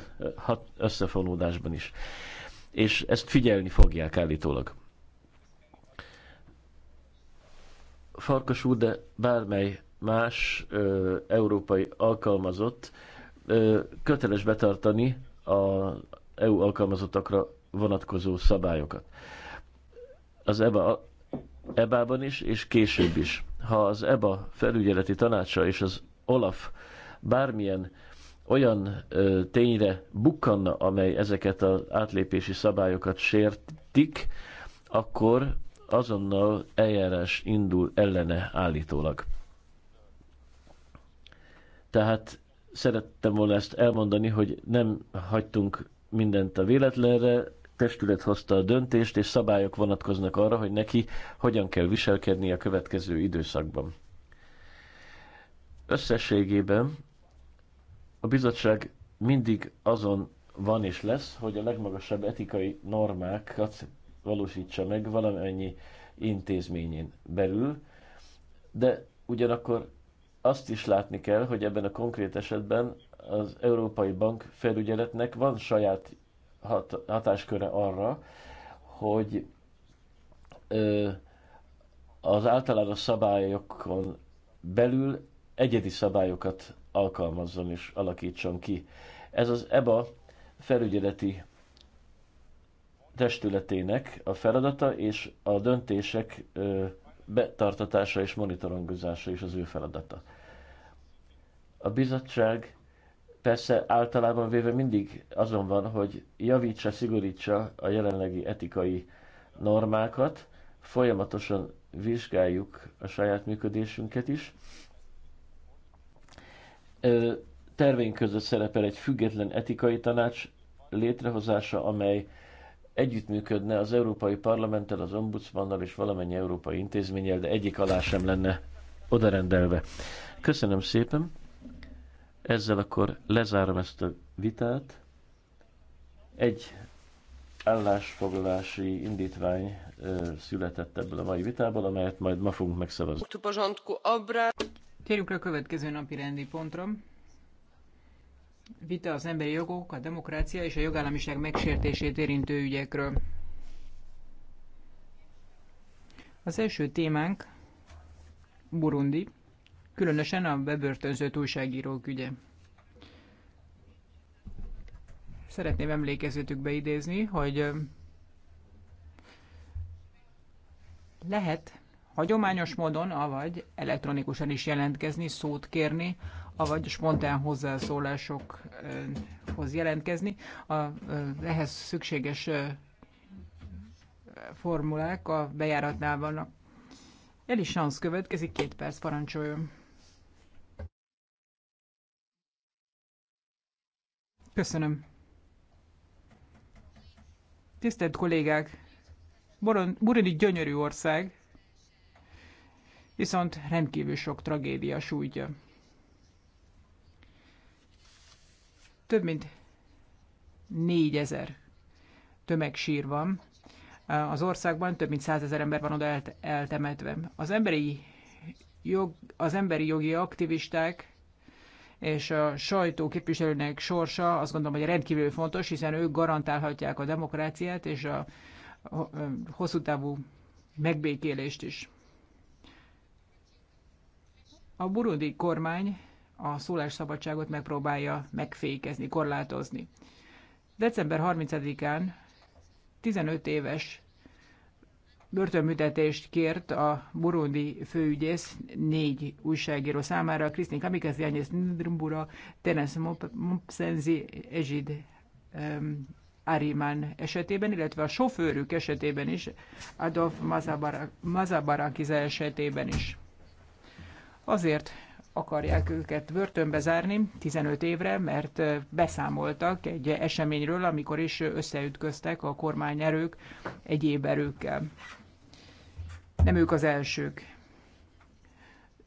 összefonódásban is és ezt figyelni fogják állítólag. Farkas úr, de bármely más ö, európai alkalmazott ö, köteles betartani az EU alkalmazottakra vonatkozó szabályokat. Az EBA, EBA-ban is, és később is. Ha az EBA felügyeleti tanácsa és az OLAF bármilyen olyan ö, tényre bukkanna, amely ezeket az átlépési szabályokat sértik, akkor azonnal eljárás indul ellene állítólag. Tehát szerettem volna ezt elmondani, hogy nem hagytunk mindent a véletlenre, testület hozta a döntést, és szabályok vonatkoznak arra, hogy neki hogyan kell viselkedni a következő időszakban. Összességében a bizottság mindig azon van és lesz, hogy a legmagasabb etikai normákat valósítsa meg valamennyi intézményén belül, de ugyanakkor azt is látni kell, hogy ebben a konkrét esetben az Európai Bank felügyeletnek van saját hat- hatásköre arra, hogy ö, az általános szabályokon belül egyedi szabályokat alkalmazzon és alakítson ki. Ez az EBA felügyeleti testületének a feladata, és a döntések betartatása és monitorongozása is az ő feladata. A bizottság persze általában véve mindig azon van, hogy javítsa, szigorítsa a jelenlegi etikai normákat, folyamatosan vizsgáljuk a saját működésünket is, terveink között szerepel egy független etikai tanács létrehozása, amely együttműködne az Európai Parlamenttel, az Ombudsmannal és valamennyi európai intézménnyel, de egyik alá sem lenne odarendelve. Köszönöm szépen. Ezzel akkor lezárom ezt a vitát. Egy állásfoglalási indítvány született ebből a mai vitából, amelyet majd ma fogunk megszavazni. Térjünk rá a következő napi rendi pontra. Vita az emberi jogok, a demokrácia és a jogállamiság megsértését érintő ügyekről. Az első témánk Burundi, különösen a bebörtönzött újságírók ügye. Szeretném emlékezetükbe idézni, hogy lehet hagyományos módon, avagy elektronikusan is jelentkezni, szót kérni, avagy spontán hozzászólásokhoz jelentkezni. A, ehhez szükséges formulák a bejáratnál vannak. Eli Sansz következik, két perc, parancsoljon. Köszönöm. Tisztelt kollégák! Burundi gyönyörű ország, viszont rendkívül sok tragédia sújtja. Több mint négyezer tömegsír van az országban, több mint százezer ember van oda eltemetve. Az emberi, jog, az emberi jogi aktivisták és a sajtó képviselőnek sorsa azt gondolom, hogy rendkívül fontos, hiszen ők garantálhatják a demokráciát és a hosszú távú megbékélést is. A burundi kormány a szólásszabadságot megpróbálja megfékezni, korlátozni. December 30-án 15 éves börtönbüntetést kért a burundi főügyész négy újságíró számára, Kriszni Kamikaze, Ányész Ndrumbura, Terence Mopsenzi, Ezsid um, Ariman esetében, illetve a sofőrük esetében is, Adolf Mazabar esetében is. Azért akarják őket börtönbe zárni 15 évre, mert beszámoltak egy eseményről, amikor is összeütköztek a kormányerők egyéb erőkkel. Nem ők az elsők.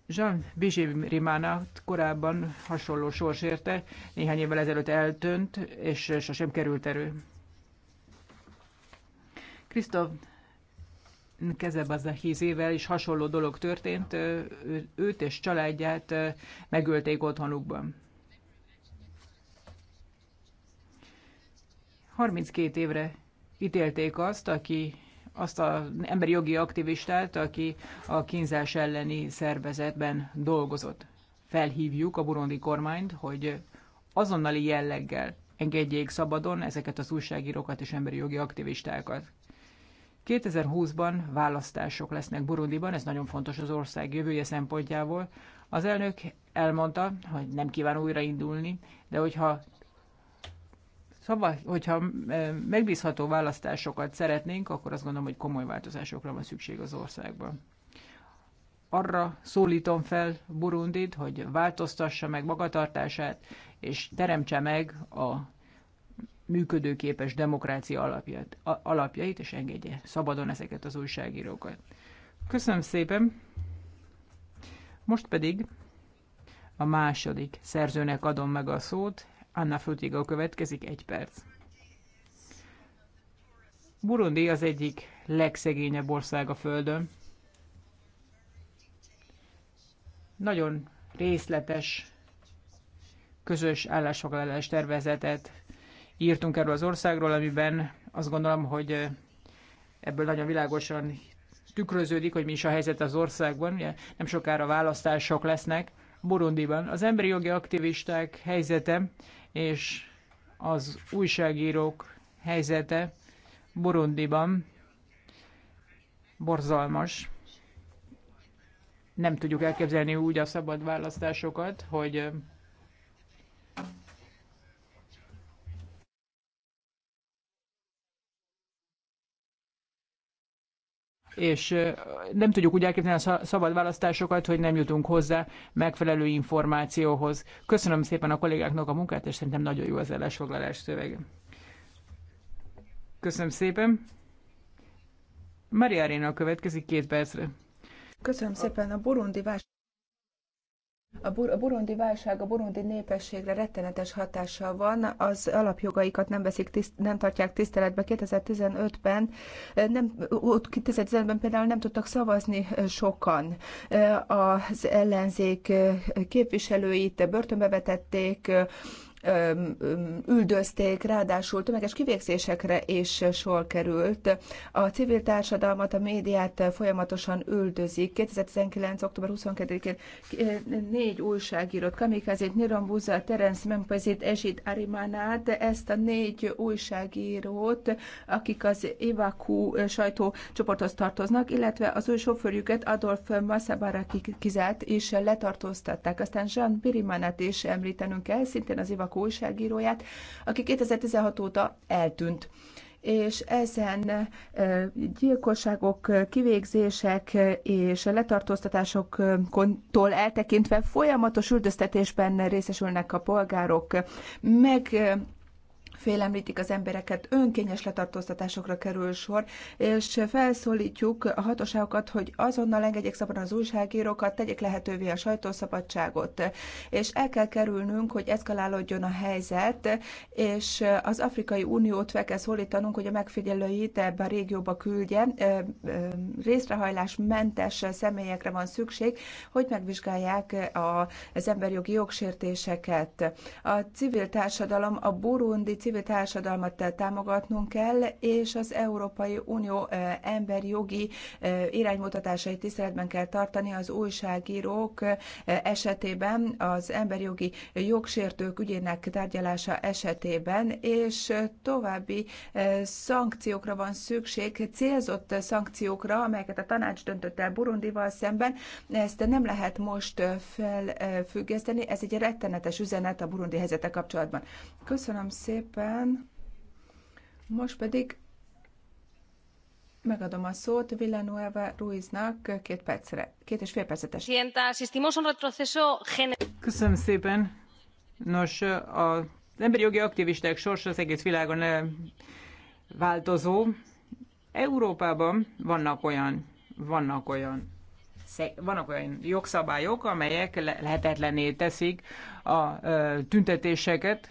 Jean Bizsé Rimánát korábban hasonló sors érte, néhány évvel ezelőtt eltönt, és sosem került erő. Christophe hízével is hasonló dolog történt, őt és családját megölték otthonukban. 32 évre ítélték azt, aki azt az emberi jogi aktivistát, aki a kínzás elleni szervezetben dolgozott. Felhívjuk a burundi kormányt, hogy azonnali jelleggel engedjék szabadon ezeket az újságírókat és emberi jogi aktivistákat. 2020-ban választások lesznek Burundiban, ez nagyon fontos az ország jövője szempontjából. Az elnök elmondta, hogy nem kíván újraindulni, de hogyha Szóval, hogyha e, megbízható választásokat szeretnénk, akkor azt gondolom, hogy komoly változásokra van szükség az országban. Arra szólítom fel Burundit, hogy változtassa meg magatartását, és teremtse meg a működőképes demokrácia alapját, a, alapjait, és engedje szabadon ezeket az újságírókat. Köszönöm szépen! Most pedig a második szerzőnek adom meg a szót, Anna Frutiga következik, egy perc. Burundi az egyik legszegényebb ország a Földön. Nagyon részletes közös állásfoglalás tervezetet írtunk erről az országról, amiben azt gondolom, hogy eh, ebből nagyon világosan tükröződik, hogy mi is a helyzet az országban. Ugye nem sokára választások lesznek Burundiban. Az emberi jogi aktivisták helyzete és az újságírók helyzete Burundiban borzalmas. Nem tudjuk elképzelni úgy a szabad választásokat, hogy eh, és nem tudjuk úgy elképzelni a szabad választásokat, hogy nem jutunk hozzá megfelelő információhoz. Köszönöm szépen a kollégáknak a munkát, és szerintem nagyon jó az ellensoglalás szövege. Köszönöm szépen. Maria Arena következik két percre. Köszönöm szépen a burundi vás. A, bur- a burundi válság a burundi népességre rettenetes hatással van, az alapjogaikat nem, veszik tiszt- nem tartják tiszteletbe. 2015-ben, eh, nem, 2015-ben például nem tudtak szavazni eh, sokan. Eh, az ellenzék képviselőit börtönbe vetették, üldözték, ráadásul tömeges kivégzésekre is sor került. A civil társadalmat, a médiát folyamatosan üldözik. 2019. október 22-én eh, négy újságírót, Niron Buzza, Terence Mempezit, Esit Arimanát, ezt a négy újságírót, akik az Ivaku eh, sajtócsoporthoz tartoznak, illetve az új sofőrjüket Adolf Massabaraki kizárt és letartóztatták. Aztán Jean Birimanát is említenünk kell, szintén az Ivaku kormánynak újságíróját, aki 2016 óta eltűnt és ezen gyilkosságok, kivégzések és letartóztatásoktól eltekintve folyamatos üldöztetésben részesülnek a polgárok. Meg félemlítik az embereket, önkényes letartóztatásokra kerül sor, és felszólítjuk a hatóságokat, hogy azonnal engedjék szabadon az újságírókat, tegyék lehetővé a sajtószabadságot, és el kell kerülnünk, hogy eszkalálódjon a helyzet, és az Afrikai Uniót fel kell szólítanunk, hogy a megfigyelőit ebbe a régióba küldje, részrehajlásmentes személyekre van szükség, hogy megvizsgálják az emberjogi jogsértéseket. A civil társadalom, a burundi civil civil társadalmat eh, támogatnunk kell, és az Európai Unió eh, emberi jogi eh, iránymutatásait tiszteletben kell tartani az újságírók esetében, az emberi jogi jogsértők ügyének tárgyalása esetében, és további szankciókra van szükség, célzott szankciókra, amelyeket a tanács döntött el Burundival szemben. Ezt nem lehet most felfüggeszteni, ez egy rettenetes üzenet a burundi helyzete kapcsolatban. Köszönöm szépen! szépen. Most pedig megadom a szót Villanueva Ruiznak két percre, két és fél percetes. Köszönöm szépen. Nos, az emberi jogi aktivisták sorsa az egész világon változó. Európában vannak olyan, vannak olyan vannak olyan jogszabályok, amelyek lehetetlené teszik a tüntetéseket,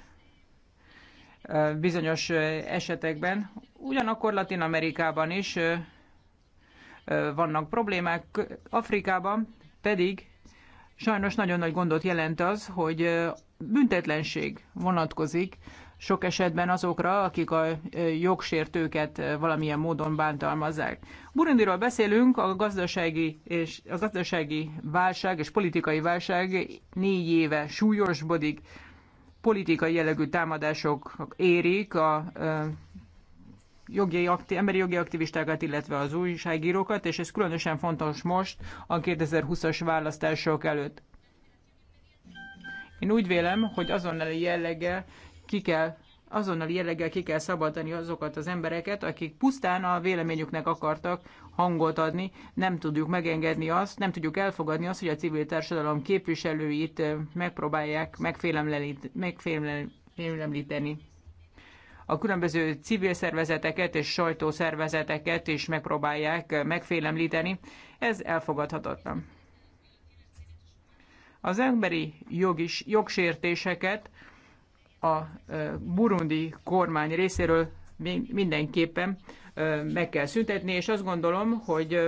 bizonyos esetekben. Ugyanakkor Latin Amerikában is vannak problémák, Afrikában pedig sajnos nagyon nagy gondot jelent az, hogy büntetlenség vonatkozik sok esetben azokra, akik a jogsértőket valamilyen módon bántalmazzák. Burundiról beszélünk, a gazdasági, és a gazdasági válság és politikai válság négy éve súlyosbodik politikai jellegű támadások érik a jogi, akti, emberi jogi aktivistákat, illetve az újságírókat, és ez különösen fontos most, a 2020-as választások előtt. Én úgy vélem, hogy azonnali jellege ki kell azonnali jelleggel ki kell szabadítani azokat az embereket, akik pusztán a véleményüknek akartak hangot adni. Nem tudjuk megengedni azt, nem tudjuk elfogadni azt, hogy a civil társadalom képviselőit eh, megpróbálják megfélemlíteni. A különböző civil szervezeteket és sajtószervezeteket is megpróbálják eh, megfélemlíteni. Ez elfogadhatatlan. Az emberi jog is, jogsértéseket a burundi kormány részéről mindenképpen meg kell szüntetni, és azt gondolom, hogy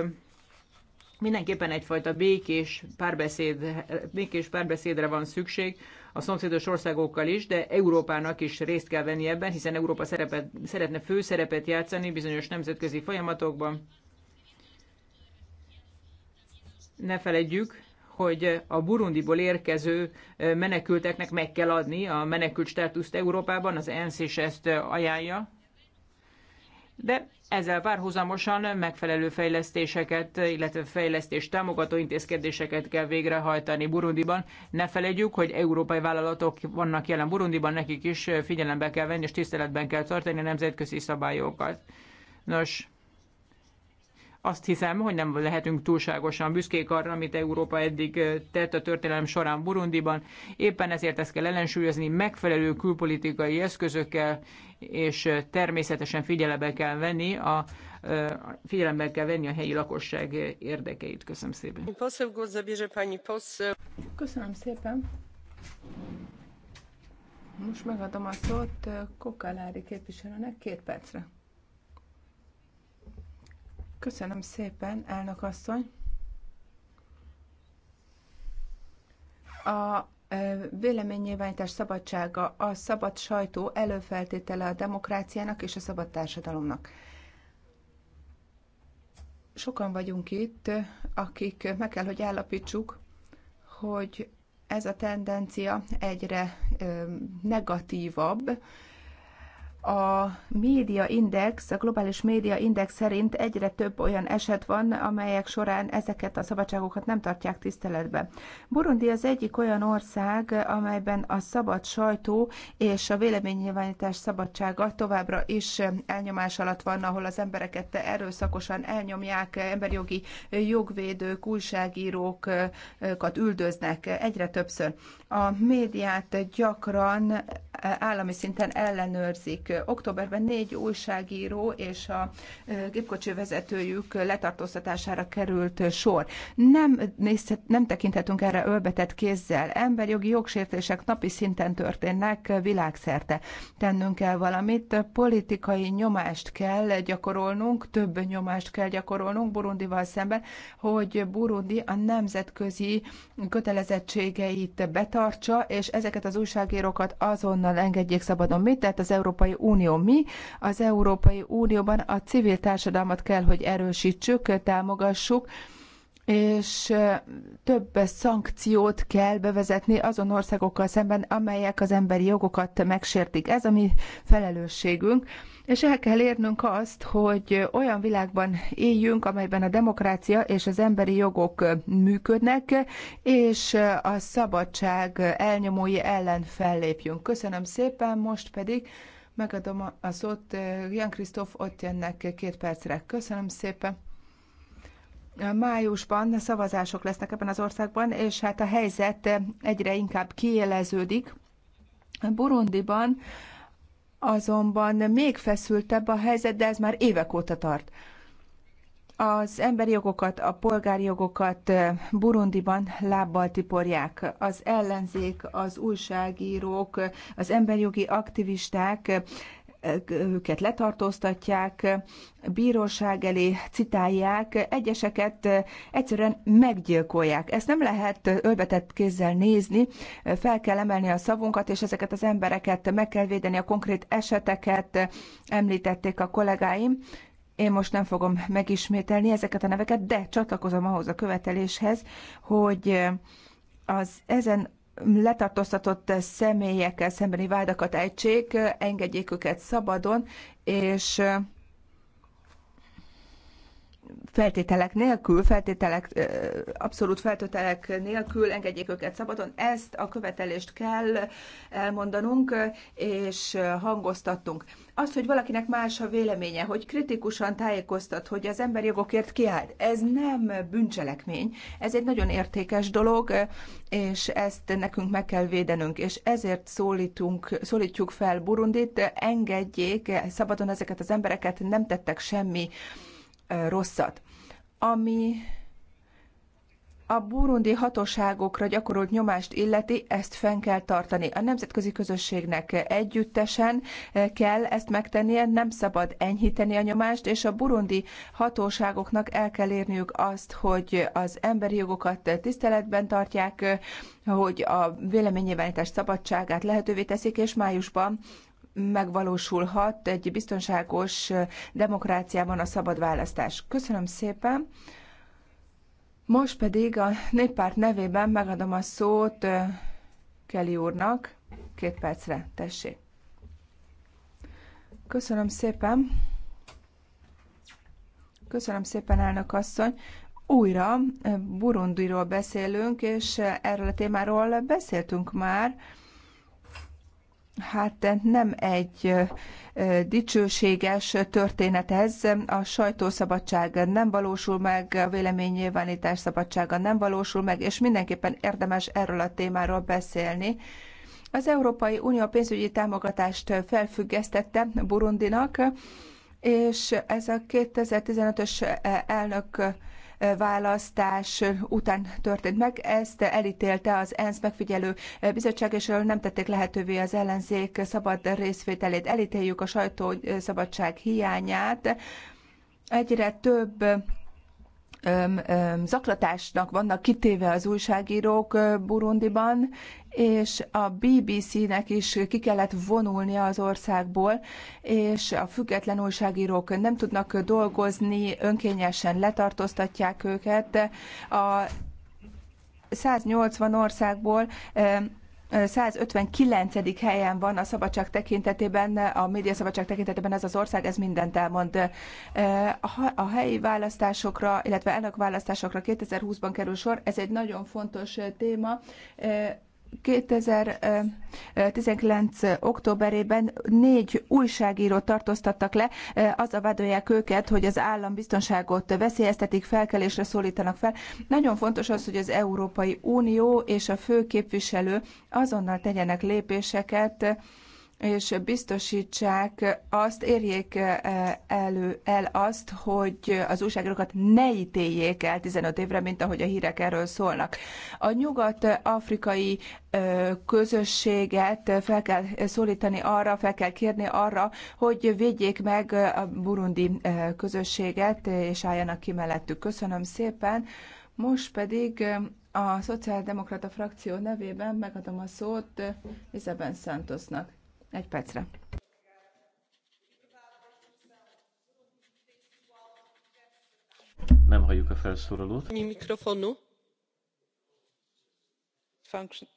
mindenképpen egyfajta békés, párbeszéd, békés párbeszédre van szükség a szomszédos országokkal is, de Európának is részt kell venni ebben, hiszen Európa szerepet, szeretne főszerepet játszani bizonyos nemzetközi folyamatokban. Ne feledjük, hogy a Burundiból érkező menekülteknek meg kell adni a menekült státuszt Európában, az ENSZ is ezt ajánlja. De ezzel párhuzamosan megfelelő fejlesztéseket, illetve fejlesztés támogató intézkedéseket kell végrehajtani Burundiban. Ne felejtjük, hogy európai vállalatok vannak jelen Burundiban, nekik is figyelembe kell venni és tiszteletben kell tartani a nemzetközi szabályokat. Nos, azt hiszem, hogy nem lehetünk túlságosan büszkék arra, amit Európa eddig tett a történelem során Burundiban. Éppen ezért ezt kell ellensúlyozni megfelelő külpolitikai eszközökkel, és természetesen figyelembe kell venni a figyelembe kell venni a helyi lakosság érdekeit. Köszönöm szépen. Köszönöm szépen. Most megadom a szót Kokalári képviselőnek két percre. Köszönöm szépen, elnök asszony. A véleménynyilvánítás szabadsága, a szabad sajtó előfeltétele a demokráciának és a szabad társadalomnak. Sokan vagyunk itt, akik meg kell, hogy állapítsuk, hogy ez a tendencia egyre negatívabb, a média index, a globális média index szerint egyre több olyan eset van, amelyek során ezeket a szabadságokat nem tartják tiszteletbe. Burundi az egyik olyan ország, amelyben a szabad sajtó és a véleménynyilvánítás szabadsága továbbra is elnyomás alatt van, ahol az embereket erőszakosan elnyomják, emberjogi jogvédők, újságírókat üldöznek egyre többször. A médiát gyakran állami szinten ellenőrzik, októberben négy újságíró és a gépkocsi vezetőjük letartóztatására került sor. Nem, nézze, nem tekinthetünk erre ölbetett kézzel. Emberjogi jogsértések napi szinten történnek világszerte. Tennünk kell valamit, politikai nyomást kell gyakorolnunk, több nyomást kell gyakorolnunk Burundival szemben, hogy Burundi a nemzetközi kötelezettségeit betartsa, és ezeket az újságírókat azonnal engedjék szabadon. Mit tett az Európai Unió. Mi az Európai Unióban a civil társadalmat kell, hogy erősítsük, támogassuk, és több szankciót kell bevezetni azon országokkal szemben, amelyek az emberi jogokat megsértik. Ez a mi felelősségünk, és el kell érnünk azt, hogy olyan világban éljünk, amelyben a demokrácia és az emberi jogok működnek, és a szabadság elnyomói ellen fellépjünk. Köszönöm szépen, most pedig Megadom a szót eh, Jan Krisztóf Ottjennek két percre. Köszönöm szépen. Májusban szavazások lesznek ebben az országban, és hát a helyzet egyre inkább kiéleződik. Burundiban azonban még feszültebb a helyzet, de ez már évek óta tart az emberi jogokat, a polgári jogokat Burundiban lábbal tiporják. Az ellenzék, az újságírók, az emberi jogi aktivisták őket letartóztatják, bíróság elé citálják, egyeseket egyszerűen meggyilkolják. Ezt nem lehet ölbetett kézzel nézni, fel kell emelni a szavunkat, és ezeket az embereket meg kell védeni, a konkrét eseteket említették a kollégáim. Én most nem fogom megismételni ezeket a neveket, de csatlakozom ahhoz a követeléshez, hogy az ezen letartóztatott személyekkel szembeni vádakat ejtsék, engedjék őket szabadon, és feltételek nélkül, feltételek, abszolút feltételek nélkül engedjék őket szabadon. Ezt a követelést kell elmondanunk, és hangoztattunk. Az, hogy valakinek más a véleménye, hogy kritikusan tájékoztat, hogy az emberi jogokért kiállt, ez nem bűncselekmény, ez egy nagyon értékes dolog, és ezt nekünk meg kell védenünk, és ezért szólítunk, szólítjuk fel Burundit, engedjék szabadon ezeket az embereket, nem tettek semmi rosszat. Ami a burundi hatóságokra gyakorolt nyomást illeti, ezt fenn kell tartani. A nemzetközi közösségnek együttesen kell ezt megtennie, nem szabad enyhíteni a nyomást, és a burundi hatóságoknak el kell érniük azt, hogy az emberi jogokat tiszteletben tartják, hogy a véleménynyilvánítás szabadságát lehetővé teszik, és májusban megvalósulhat egy biztonságos demokráciában a szabad választás. Köszönöm szépen! Most pedig a néppárt nevében megadom a szót Keli úrnak. Két percre, tessék. Köszönöm szépen. Köszönöm szépen, elnök asszony. Újra Burundiról beszélünk, és erről a témáról beszéltünk már Hát nem egy dicsőséges történet ez. A sajtószabadság nem valósul meg, a véleménynyilvánítás szabadsága nem valósul meg, és mindenképpen érdemes erről a témáról beszélni. Az Európai Unió pénzügyi támogatást felfüggesztette Burundinak, és ez a 2015-ös elnök választás után történt meg. Ezt elítélte az ENSZ megfigyelő bizottság, és nem tették lehetővé az ellenzék szabad részvételét. Elítéljük a sajtószabadság hiányát. Egyre több zaklatásnak vannak kitéve az újságírók Burundiban, és a BBC-nek is ki kellett vonulnia az országból, és a független újságírók nem tudnak dolgozni, önkényesen letartóztatják őket. A 180 országból 159. helyen van a szabadság tekintetében, a szabadság tekintetében ez az ország, ez mindent elmond. Eh, a helyi választásokra, illetve elnök választásokra 2020-ban kerül sor, ez egy nagyon fontos eh, téma eh, 2019. októberében négy újságírót tartóztattak le, azzal vádolják őket, hogy az állambiztonságot veszélyeztetik, felkelésre szólítanak fel. Nagyon fontos az, hogy az Európai Unió és a fő képviselő azonnal tegyenek lépéseket, és biztosítsák azt, érjék eh, elő el azt, hogy az újságokat ne ítéljék el 15 évre, mint ahogy a hírek erről szólnak. A nyugat-afrikai eh, közösséget fel kell szólítani arra, fel kell kérni arra, hogy védjék meg a burundi eh, közösséget, és álljanak ki mellettük. Köszönöm szépen. Most pedig a Szociáldemokrata frakció nevében megadom a szót Izeben Santosnak. Egy percre. Nem halljuk a felszólalót. Mi mikrofonú? Function.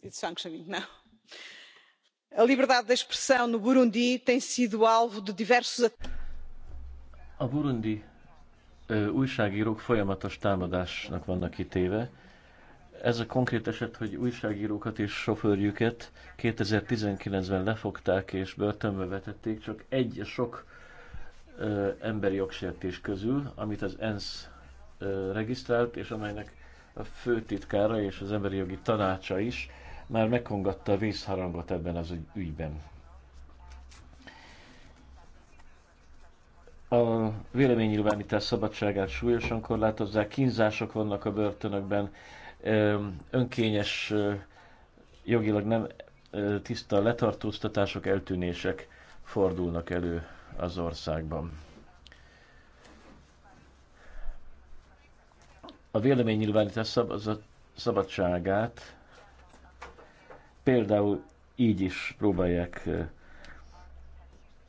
It's functioning now. A liberdade de expressão no Burundi tem sido alvo de diversos... A Burundi uh, újságírók folyamatos támadásnak vannak kitéve ez a konkrét eset, hogy újságírókat és sofőrjüket 2019-ben lefogták és börtönbe vetették, csak egy sok ö, emberi jogsértés közül, amit az ENSZ ö, regisztrált, és amelynek a főtitkára és az emberi jogi tanácsa is már megkongatta a vészharangot ebben az ügyben. a véleménynyilvánítás szabadságát súlyosan korlátozzák, kínzások vannak a börtönökben, önkényes, jogilag nem tiszta letartóztatások, eltűnések fordulnak elő az országban. A nyilvánítás szab- szabadságát például így is próbálják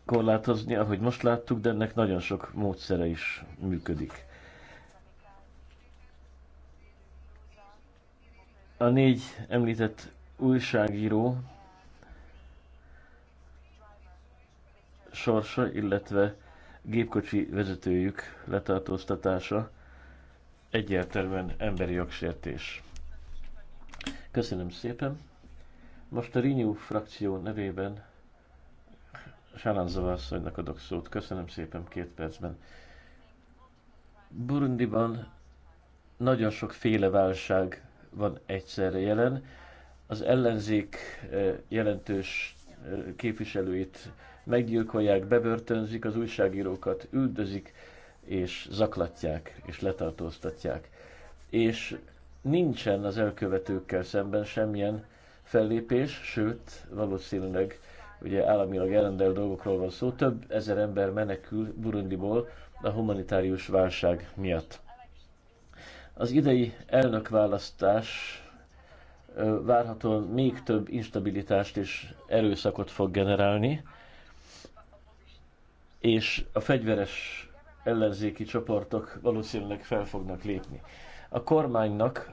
korlátozni, ahogy most láttuk, de ennek nagyon sok módszere is működik. A négy említett újságíró sorsa, illetve gépkocsi vezetőjük letartóztatása egyértelműen emberi jogsértés. Köszönöm szépen. Most a Renew frakció nevében Sálán asszonynak adok szót. Köszönöm szépen két percben. Burundiban nagyon sok féle válság van egyszerre jelen. Az ellenzék eh, jelentős eh, képviselőit meggyilkolják, bebörtönzik, az újságírókat üldözik, és zaklatják, és letartóztatják. És nincsen az elkövetőkkel szemben semmilyen fellépés, sőt, valószínűleg ugye államilag elrendel dolgokról van szó, több ezer ember menekül Burundiból a humanitárius válság miatt. Az idei elnökválasztás várhatóan még több instabilitást és erőszakot fog generálni, és a fegyveres ellenzéki csoportok valószínűleg fel fognak lépni. A kormánynak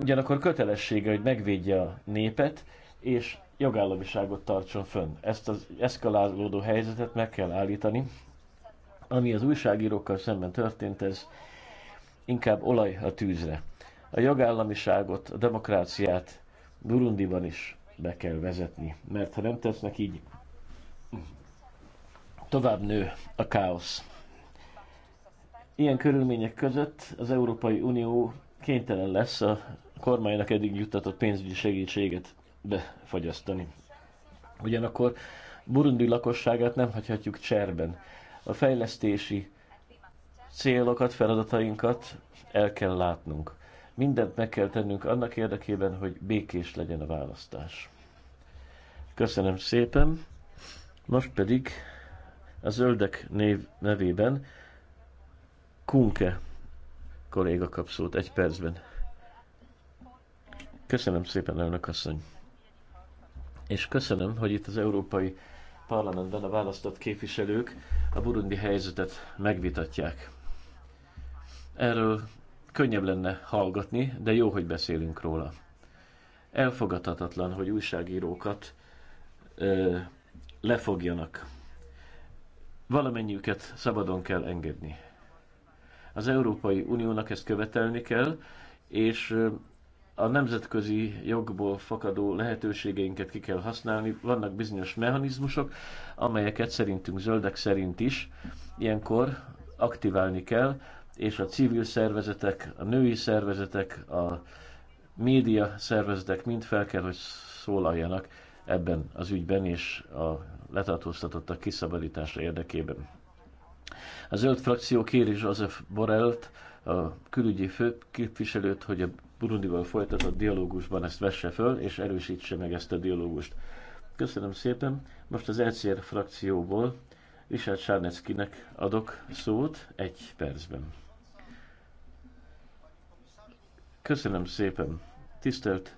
ugyanakkor kötelessége, hogy megvédje a népet, és jogállamiságot tartson fönn. Ezt az eszkalálódó helyzetet meg kell állítani. Ami az újságírókkal szemben történt, ez inkább olaj a tűzre. A jogállamiságot, a demokráciát Burundiban is be kell vezetni, mert ha nem tesznek így, tovább nő a káosz. Ilyen körülmények között az Európai Unió kénytelen lesz a kormánynak eddig juttatott pénzügyi segítséget befagyasztani. Ugyanakkor Burundi lakosságát nem hagyhatjuk cserben. A fejlesztési célokat, feladatainkat el kell látnunk. Mindent meg kell tennünk annak érdekében, hogy békés legyen a választás. Köszönöm szépen. Most pedig a zöldek név, nevében Kunke kolléga kap szót egy percben. Köszönöm szépen, elnök asszony. És köszönöm, hogy itt az Európai Parlamentben a választott képviselők a burundi helyzetet megvitatják. Erről könnyebb lenne hallgatni, de jó, hogy beszélünk róla. Elfogadhatatlan, hogy újságírókat ö, lefogjanak. Valamennyiüket szabadon kell engedni. Az Európai Uniónak ezt követelni kell, és a nemzetközi jogból fakadó lehetőségeinket ki kell használni. Vannak bizonyos mechanizmusok, amelyeket szerintünk zöldek szerint is ilyenkor aktiválni kell, és a civil szervezetek, a női szervezetek, a média szervezetek mind fel kell, hogy szólaljanak ebben az ügyben és a letartóztatottak kiszabadítása érdekében. A zöld frakció kéri is Azef Borelt, a külügyi főképviselőt, hogy a Burundival folytatott dialógusban ezt vesse föl, és erősítse meg ezt a dialógust. Köszönöm szépen. Most az ECR frakcióból Richard Sárneckinek adok szót egy percben. Köszönöm szépen, tisztelt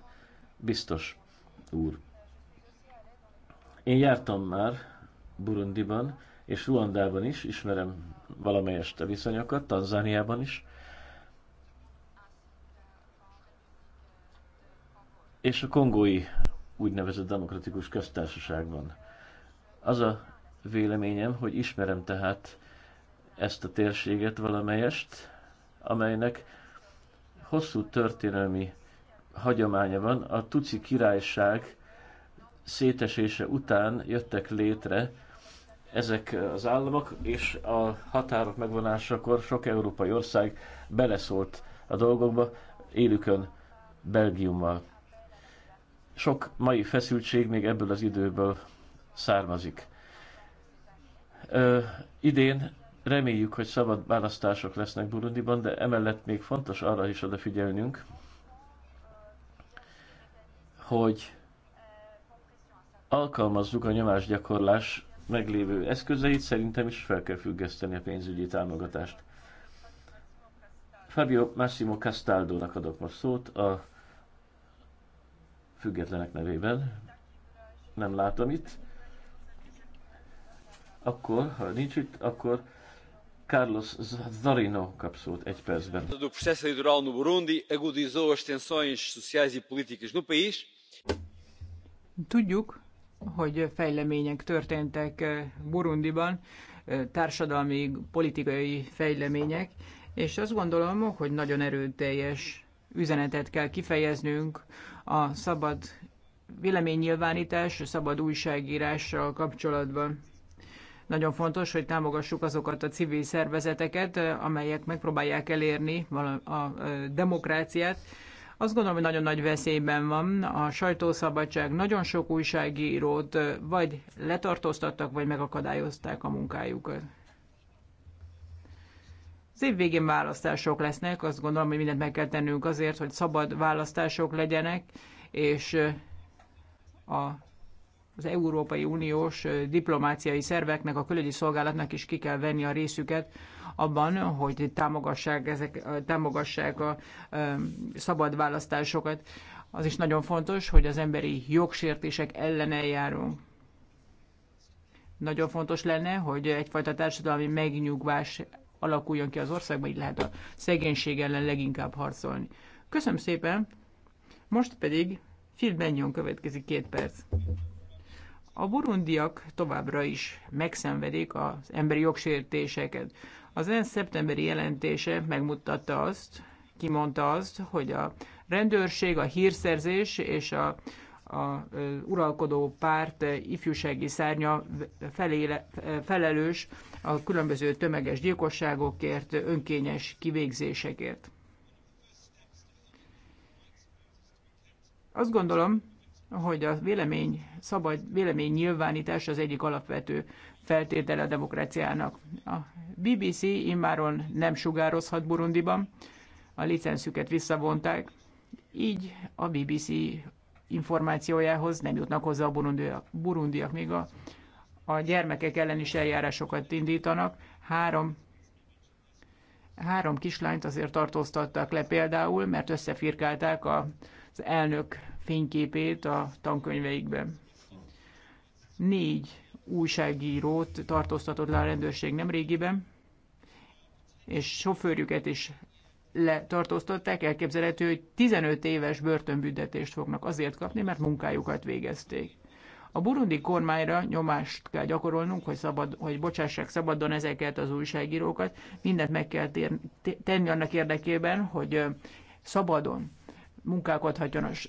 biztos úr. Én jártam már Burundiban és Ruandában is, ismerem valamelyest a viszonyokat, Tanzániában is. És a kongói úgynevezett demokratikus köztársaságban. Az a véleményem, hogy ismerem tehát ezt a térséget valamelyest, amelynek hosszú történelmi hagyománya van. A Tuci királyság szétesése után jöttek létre ezek az államok, és a határok megvonásakor sok európai ország beleszólt a dolgokba, élükön Belgiummal. Sok mai feszültség még ebből az időből származik. Ö, idén Reméljük, hogy szabad választások lesznek Burundiban, de emellett még fontos arra is odafigyelnünk, hogy alkalmazzuk a nyomásgyakorlás meglévő eszközeit, szerintem is fel kell függeszteni a pénzügyi támogatást. Fabio Massimo castaldo adok most szót a függetlenek nevében. Nem látom itt. Akkor, ha nincs itt, akkor Carlos Zarino kap egy percben. A processo eleitoral no Burundi agudizou as tensões sociais e políticas no país. Tudjuk, hogy fejlemények történtek eh, Burundiban, eh, társadalmi, politikai fejlemények, és azt gondolom, hogy nagyon erőteljes üzenetet kell kifejeznünk a szabad véleménynyilvánítás, a szabad újságírással kapcsolatban. Nagyon fontos, hogy támogassuk azokat a civil szervezeteket, amelyek megpróbálják elérni a demokráciát. Azt gondolom, hogy nagyon nagy veszélyben van. A sajtószabadság nagyon sok újságírót vagy letartóztattak, vagy megakadályozták a munkájukat. Az év végén választások lesznek, azt gondolom, hogy mindent meg kell tennünk azért, hogy szabad választások legyenek, és a az Európai Uniós diplomáciai szerveknek, a külügyi szolgálatnak is ki kell venni a részüket abban, hogy támogassák, ezek, támogassák a szabad választásokat. Az is nagyon fontos, hogy az emberi jogsértések ellen eljárunk. Nagyon fontos lenne, hogy egyfajta társadalmi megnyugvás alakuljon ki az országban, így lehet a szegénység ellen leginkább harcolni. Köszönöm szépen, most pedig Phil Bennion következik két perc. A burundiak továbbra is megszenvedik az emberi jogsértéseket. Az ENSZ szeptemberi jelentése megmutatta azt, kimondta azt, hogy a rendőrség, a hírszerzés és a, a, a uralkodó párt ifjúsági szárnya felé, felelős a különböző tömeges gyilkosságokért, önkényes kivégzésekért. Azt gondolom, hogy a vélemény, szabad vélemény nyilvánítás az egyik alapvető feltétele a demokráciának. A BBC immáron nem sugározhat Burundiban, a licenszüket visszavonták, így a BBC információjához nem jutnak hozzá a burundiak. burundiak még a, a gyermekek ellen is eljárásokat indítanak. Három, három kislányt azért tartóztattak le például, mert összefirkálták az elnök fényképét a tankönyveikben. Négy újságírót tartóztatott le a rendőrség nemrégiben, és sofőrjüket is letartóztatták, elképzelhető, hogy 15 éves börtönbüntetést fognak azért kapni, mert munkájukat végezték. A burundi kormányra nyomást kell gyakorolnunk, hogy, szabad, hogy bocsássák szabadon ezeket az újságírókat. Mindent meg kell tenni annak érdekében, hogy szabadon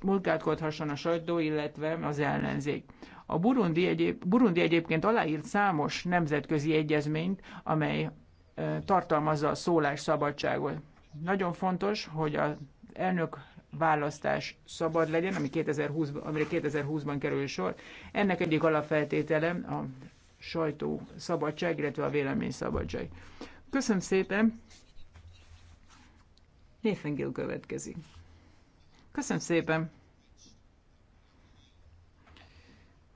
munkálkodhasson a sajtó, illetve az ellenzék. A Burundi, egyéb, Burundi egyébként aláírt számos nemzetközi egyezményt, amely tartalmazza a szabadságot. Nagyon fontos, hogy a elnök választás szabad legyen, ami 2020, amire 2020-ban kerül sor. Ennek egyik alapfeltétele a sajtó szabadság, illetve a vélemény szabadság. Köszönöm szépen! Nathan következik. Köszönöm szépen!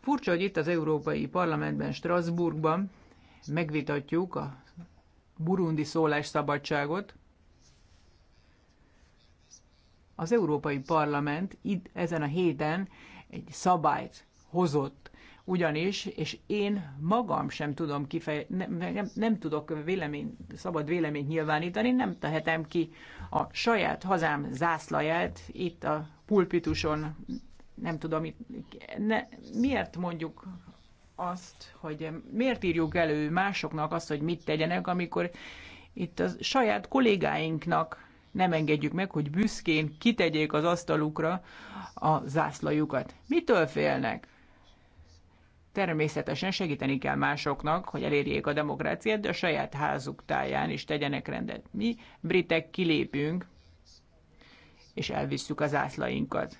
Furcsa, hogy itt az Európai Parlamentben, Strasbourgban megvitatjuk a burundi szólásszabadságot. Az Európai Parlament itt ezen a héten egy szabályt hozott ugyanis, és én magam sem tudom kifej, nem, nem, nem tudok vélemény, szabad véleményt nyilvánítani, nem tehetem ki a saját hazám zászlaját itt a pulpituson, nem tudom, itt, ne, miért mondjuk azt, hogy miért írjuk elő másoknak azt, hogy mit tegyenek, amikor itt a saját kollégáinknak nem engedjük meg, hogy büszkén kitegyék az asztalukra a zászlajukat. Mitől félnek? Természetesen segíteni kell másoknak, hogy elérjék a demokráciát, de a saját házuk táján is tegyenek rendet. Mi, britek, kilépünk, és elvisszük az ászlainkat.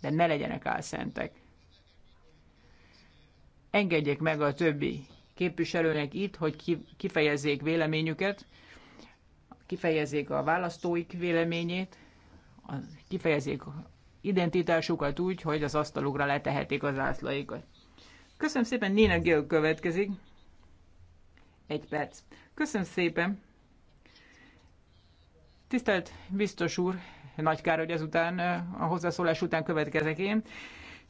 De ne legyenek álszentek. Engedjék meg a többi képviselőnek itt, hogy kifejezzék véleményüket, kifejezzék a választóik véleményét, kifejezzék identitásukat úgy, hogy az asztalukra letehetik az ászlaikat. Köszönöm szépen, Nina Gill következik. Egy perc. Köszönöm szépen. Tisztelt biztos úr, nagy kár, hogy ezután, a hozzászólás után következek én.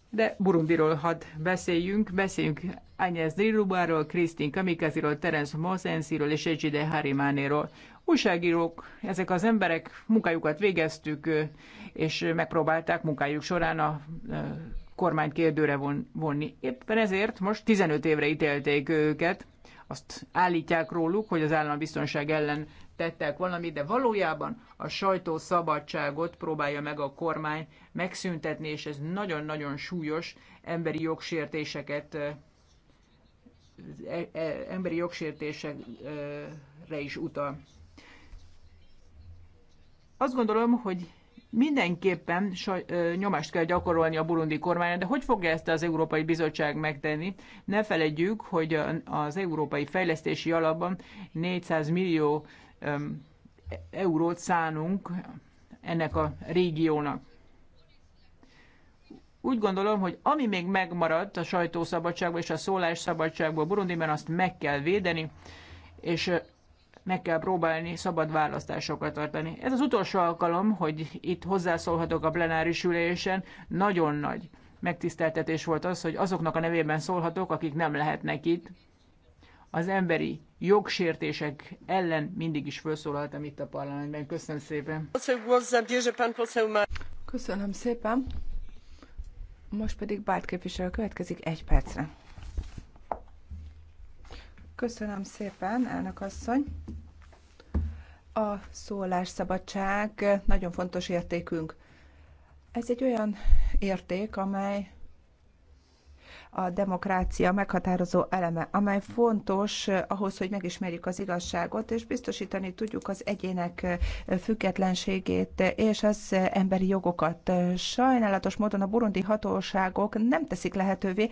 De Burundiról hadd beszéljünk. Beszéljünk Agnes Dirubáról, Krisztin Kamikaziról, Terence Mosensiről és Ejide Harimánéról. Újságírók, ezek az emberek munkájukat végeztük, és megpróbálták munkájuk során a kormányt kérdőre von, vonni. Éppen ezért most 15 évre ítélték őket. Azt állítják róluk, hogy az állambiztonság ellen tettek valamit, de valójában a sajtó szabadságot próbálja meg a kormány megszüntetni, és ez nagyon-nagyon súlyos emberi jogsértéseket e, e, emberi jogsértésekre is utal. Azt gondolom, hogy Mindenképpen saj, ö, nyomást kell gyakorolni a burundi kormányra, de hogy fogja ezt az Európai Bizottság megtenni? Ne felejtjük, hogy az Európai Fejlesztési Alapban 400 millió ö, eurót szánunk ennek a régiónak. Úgy gondolom, hogy ami még megmaradt a sajtószabadságban és a szólásszabadságból Burundiban, azt meg kell védeni, és meg kell próbálni szabad választásokat tartani. Ez az utolsó alkalom, hogy itt hozzászólhatok a plenáris ülésen. Nagyon nagy megtiszteltetés volt az, hogy azoknak a nevében szólhatok, akik nem lehetnek itt. Az emberi jogsértések ellen mindig is felszólaltam itt a parlamentben. Köszönöm szépen. Köszönöm szépen. Most pedig Bárt képviselő következik egy percre. Köszönöm szépen, elnök asszony. A szólásszabadság nagyon fontos értékünk. Ez egy olyan érték, amely a demokrácia meghatározó eleme, amely fontos eh, ahhoz, hogy megismerjük az igazságot, és biztosítani tudjuk az egyének eh, függetlenségét eh, és az emberi jogokat. Sajnálatos módon a burundi hatóságok nem teszik lehetővé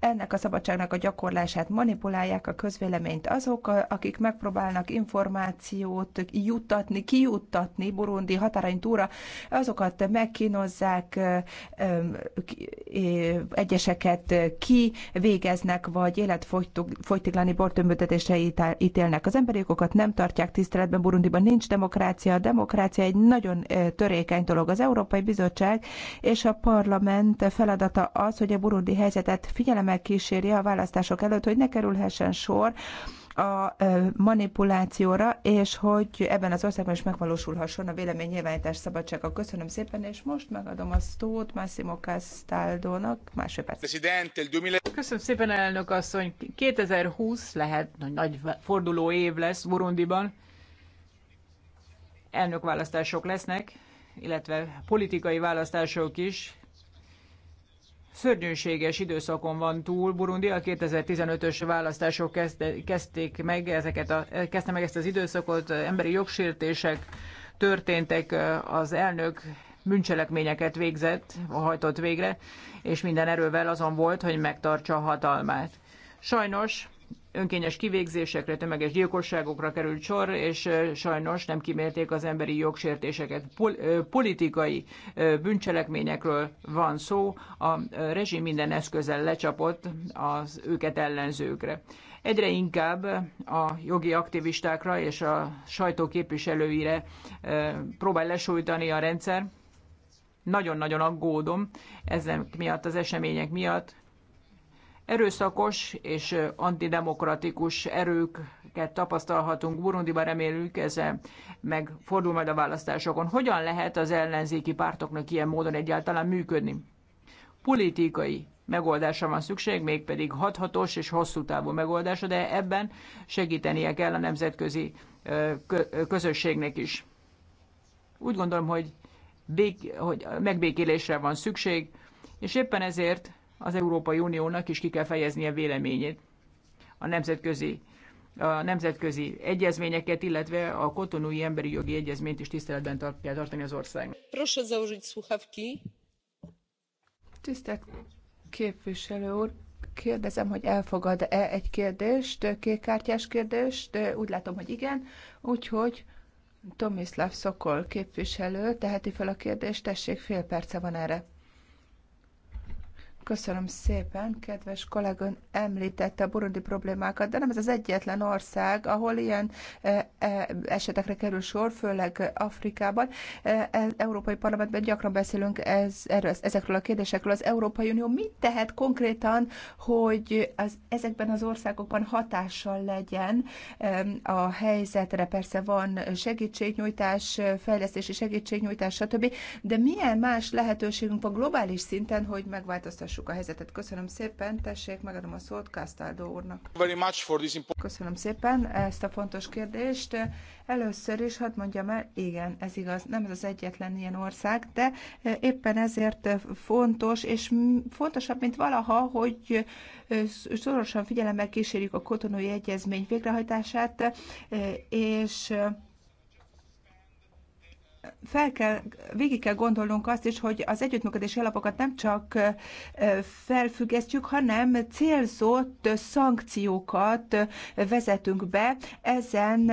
ennek a szabadságnak a gyakorlását, manipulálják a közvéleményt. Azok, akik megpróbálnak információt juttatni, kijuttatni burundi határain túra, azokat megkínozzák, egyeseket ki végeznek, vagy életfogytiglani börtönbüntetésre ítélnek. Az emberi jogokat nem tartják tiszteletben, Burundiban nincs demokrácia, a demokrácia egy nagyon törékeny dolog. Az Európai Bizottság és a parlament feladata az, hogy a burundi helyzetet figyelemmel kísérje a választások előtt, hogy ne kerülhessen sor a manipulációra, és hogy ebben az országban is megvalósulhasson a véleménynyilvánítás szabadsága. Köszönöm szépen, és most megadom a szót Massimo Castaldónak másfél perc. Köszönöm szépen, elnök asszony. 2020 lehet nagy, nagy forduló év lesz Burundiban. Elnökválasztások lesznek, illetve politikai választások is szörnyűséges időszakon van túl. Burundi a 2015-ös választások kezdte, kezdték meg ezeket a, kezdte meg ezt az időszakot, emberi jogsértések történtek, az elnök bűncselekményeket végzett, hajtott végre, és minden erővel azon volt, hogy megtartsa a hatalmát. Sajnos önkényes kivégzésekre, tömeges gyilkosságokra került sor, és sajnos nem kimérték az emberi jogsértéseket. Pol politikai bűncselekményekről van szó, a rezsim minden eszközzel lecsapott az őket ellenzőkre. Egyre inkább a jogi aktivistákra és a sajtó képviselőire próbál lesújtani a rendszer. Nagyon-nagyon aggódom ezek miatt, az események miatt, Erőszakos és antidemokratikus erőket tapasztalhatunk Burundiban, remélünk ez megfordul majd a választásokon. Hogyan lehet az ellenzéki pártoknak ilyen módon egyáltalán működni? Politikai megoldásra van szükség, mégpedig hathatós és hosszú távú megoldása, de ebben segítenie kell a nemzetközi közösségnek is. Úgy gondolom, hogy, bék, hogy megbékélésre van szükség, és éppen ezért az Európai Uniónak is ki kell fejeznie véleményét a nemzetközi a nemzetközi egyezményeket, illetve a kotonúi emberi jogi egyezményt is tiszteletben tart, kell tartani az ország. Proszę założyć słuchawki. Tisztelt képviselő úr, kérdezem, hogy elfogad-e egy kérdést, kékkártyás kérdést, úgy látom, hogy igen, úgyhogy Tomislav Szokol képviselő teheti fel a kérdést, tessék, fél perce van erre. Köszönöm szépen, kedves kollégön említette a burundi problémákat, de nem ez az egyetlen ország, ahol ilyen e, e, esetekre kerül sor, főleg Afrikában. E, Európai Parlamentben gyakran beszélünk ez, erről, ezekről a kérdésekről. Az Európai Unió mit tehet konkrétan, hogy az, ezekben az országokban hatással legyen a helyzetre? Persze van segítségnyújtás, fejlesztési segítségnyújtás, stb. De milyen más lehetőségünk van globális szinten, hogy megváltoztassuk folytassuk a helyzetet. Köszönöm szépen, tessék, megadom a szót Castaldo úrnak. Köszönöm szépen ezt a fontos kérdést. Először is hadd mondjam el, igen, ez igaz, nem ez az egyetlen ilyen ország, de éppen ezért fontos, és fontosabb, mint valaha, hogy szorosan figyelemmel kísérjük a kotonói egyezmény végrehajtását, és fel kell, végig kell gondolnunk azt is, hogy az együttműködési alapokat nem csak felfüggesztjük, hanem célzott szankciókat vezetünk be ezen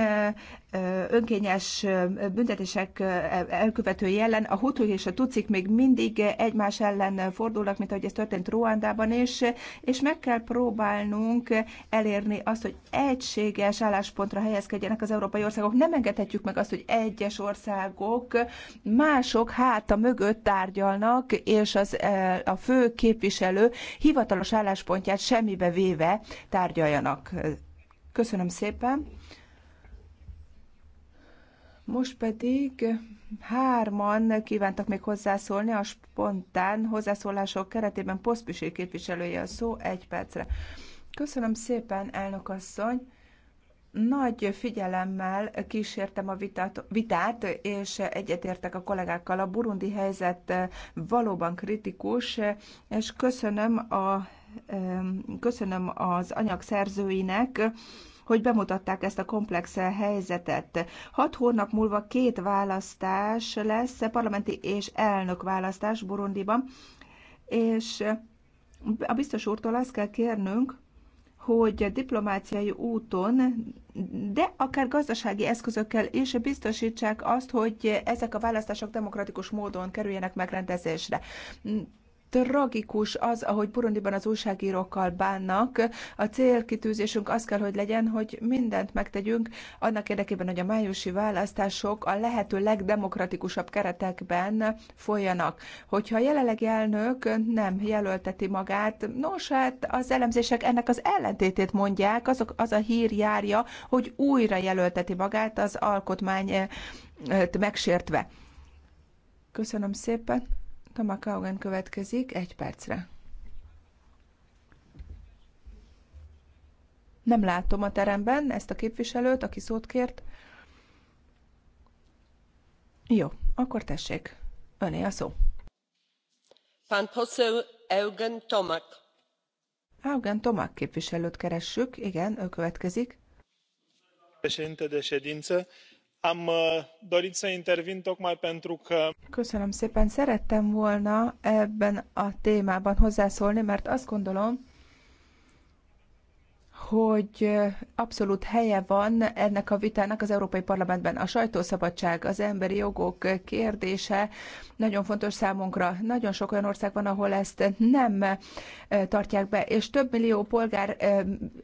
önkényes büntetések elkövetői ellen, a hutuk és a tucik még mindig egymás ellen fordulnak, mint ahogy ez történt Ruandában is, és meg kell próbálnunk elérni azt, hogy egységes álláspontra helyezkedjenek az európai országok. Nem engedhetjük meg azt, hogy egyes országok mások háta mögött tárgyalnak, és az, a fő képviselő hivatalos álláspontját semmibe véve tárgyaljanak. Köszönöm szépen. Most pedig hárman kívántak még hozzászólni a spontán hozzászólások keretében. Poszpisé képviselője a szó egy percre. Köszönöm szépen, elnök asszony. Nagy figyelemmel kísértem a vitát, vitát, és egyetértek a kollégákkal. A burundi helyzet valóban kritikus, és köszönöm, a, köszönöm az anyag szerzőinek, hogy bemutatták ezt a komplex helyzetet. Hat hónap múlva két választás lesz, parlamenti és elnök választás Burundiban, és a biztos úrtól azt kell kérnünk, hogy diplomáciai úton, de akár gazdasági eszközökkel is biztosítsák azt, hogy ezek a választások demokratikus módon kerüljenek megrendezésre tragikus az, ahogy Burundiban az újságírókkal bánnak. A célkitűzésünk az kell, hogy legyen, hogy mindent megtegyünk annak érdekében, hogy a májusi választások a lehető legdemokratikusabb keretekben folyanak. Hogyha a jelenlegi elnök nem jelölteti magát, nos, hát az elemzések ennek az ellentétét mondják, azok, az a hír járja, hogy újra jelölteti magát az alkotmány megsértve. Köszönöm szépen! Tama Augen következik egy percre. Nem látom a teremben ezt a képviselőt, aki szót kért. Jó, akkor tessék, öné a szó. Pán poseł Eugen Tomak. Eugen Tomak képviselőt keressük, igen, ő következik. Președinte am uh, dorit să intervin tocmai pentru că... Köszönöm szépen, szerettem volna ebben a témában hozzászólni, mert azt gondolom, hogy abszolút helye van ennek a vitának az Európai Parlamentben. A sajtószabadság, az emberi jogok kérdése nagyon fontos számunkra. Nagyon sok olyan ország van, ahol ezt nem tartják be, és több millió polgár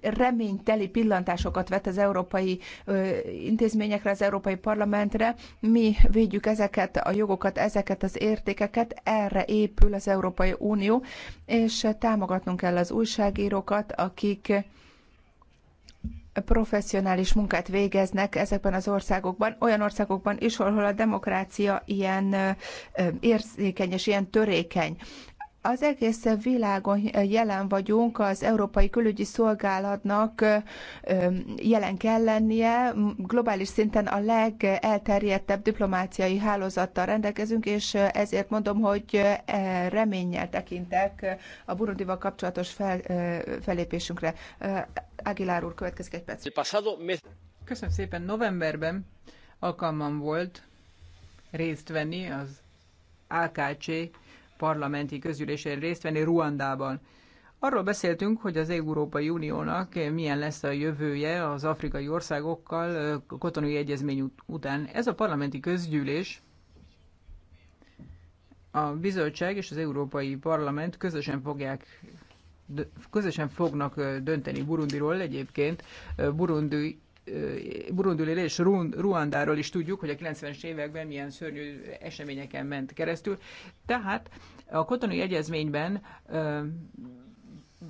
reményteli pillantásokat vet az európai intézményekre, az Európai Parlamentre. Mi védjük ezeket a jogokat, ezeket az értékeket, erre épül az Európai Unió, és támogatnunk kell az újságírókat, akik professzionális munkát végeznek ezekben az országokban, olyan országokban is, ahol a demokrácia ilyen érzékeny és ilyen törékeny. Az egész világon jelen vagyunk, az Európai Külügyi Szolgálatnak jelen kell lennie, globális szinten a legelterjedtebb diplomáciai hálózattal rendelkezünk, és ezért mondom, hogy e, reménnyel tekintek a Burundival kapcsolatos fel, felépésünkre. Aguilar úr, következik egy perc. Köszönöm szépen. Novemberben alkalmam volt részt venni az AKC parlamenti közülésén részt venni Ruandában. Arról beszéltünk, hogy az Európai Uniónak milyen lesz a jövője az afrikai országokkal a kotonai egyezmény után. Ez a parlamenti közgyűlés a bizottság és az Európai Parlament közösen fogják közösen fognak dönteni Burundiról. Egyébként Burundi Burundi és Ruandáról is tudjuk, hogy a 90-es években milyen szörnyű eseményeken ment keresztül. Tehát a kotonai egyezményben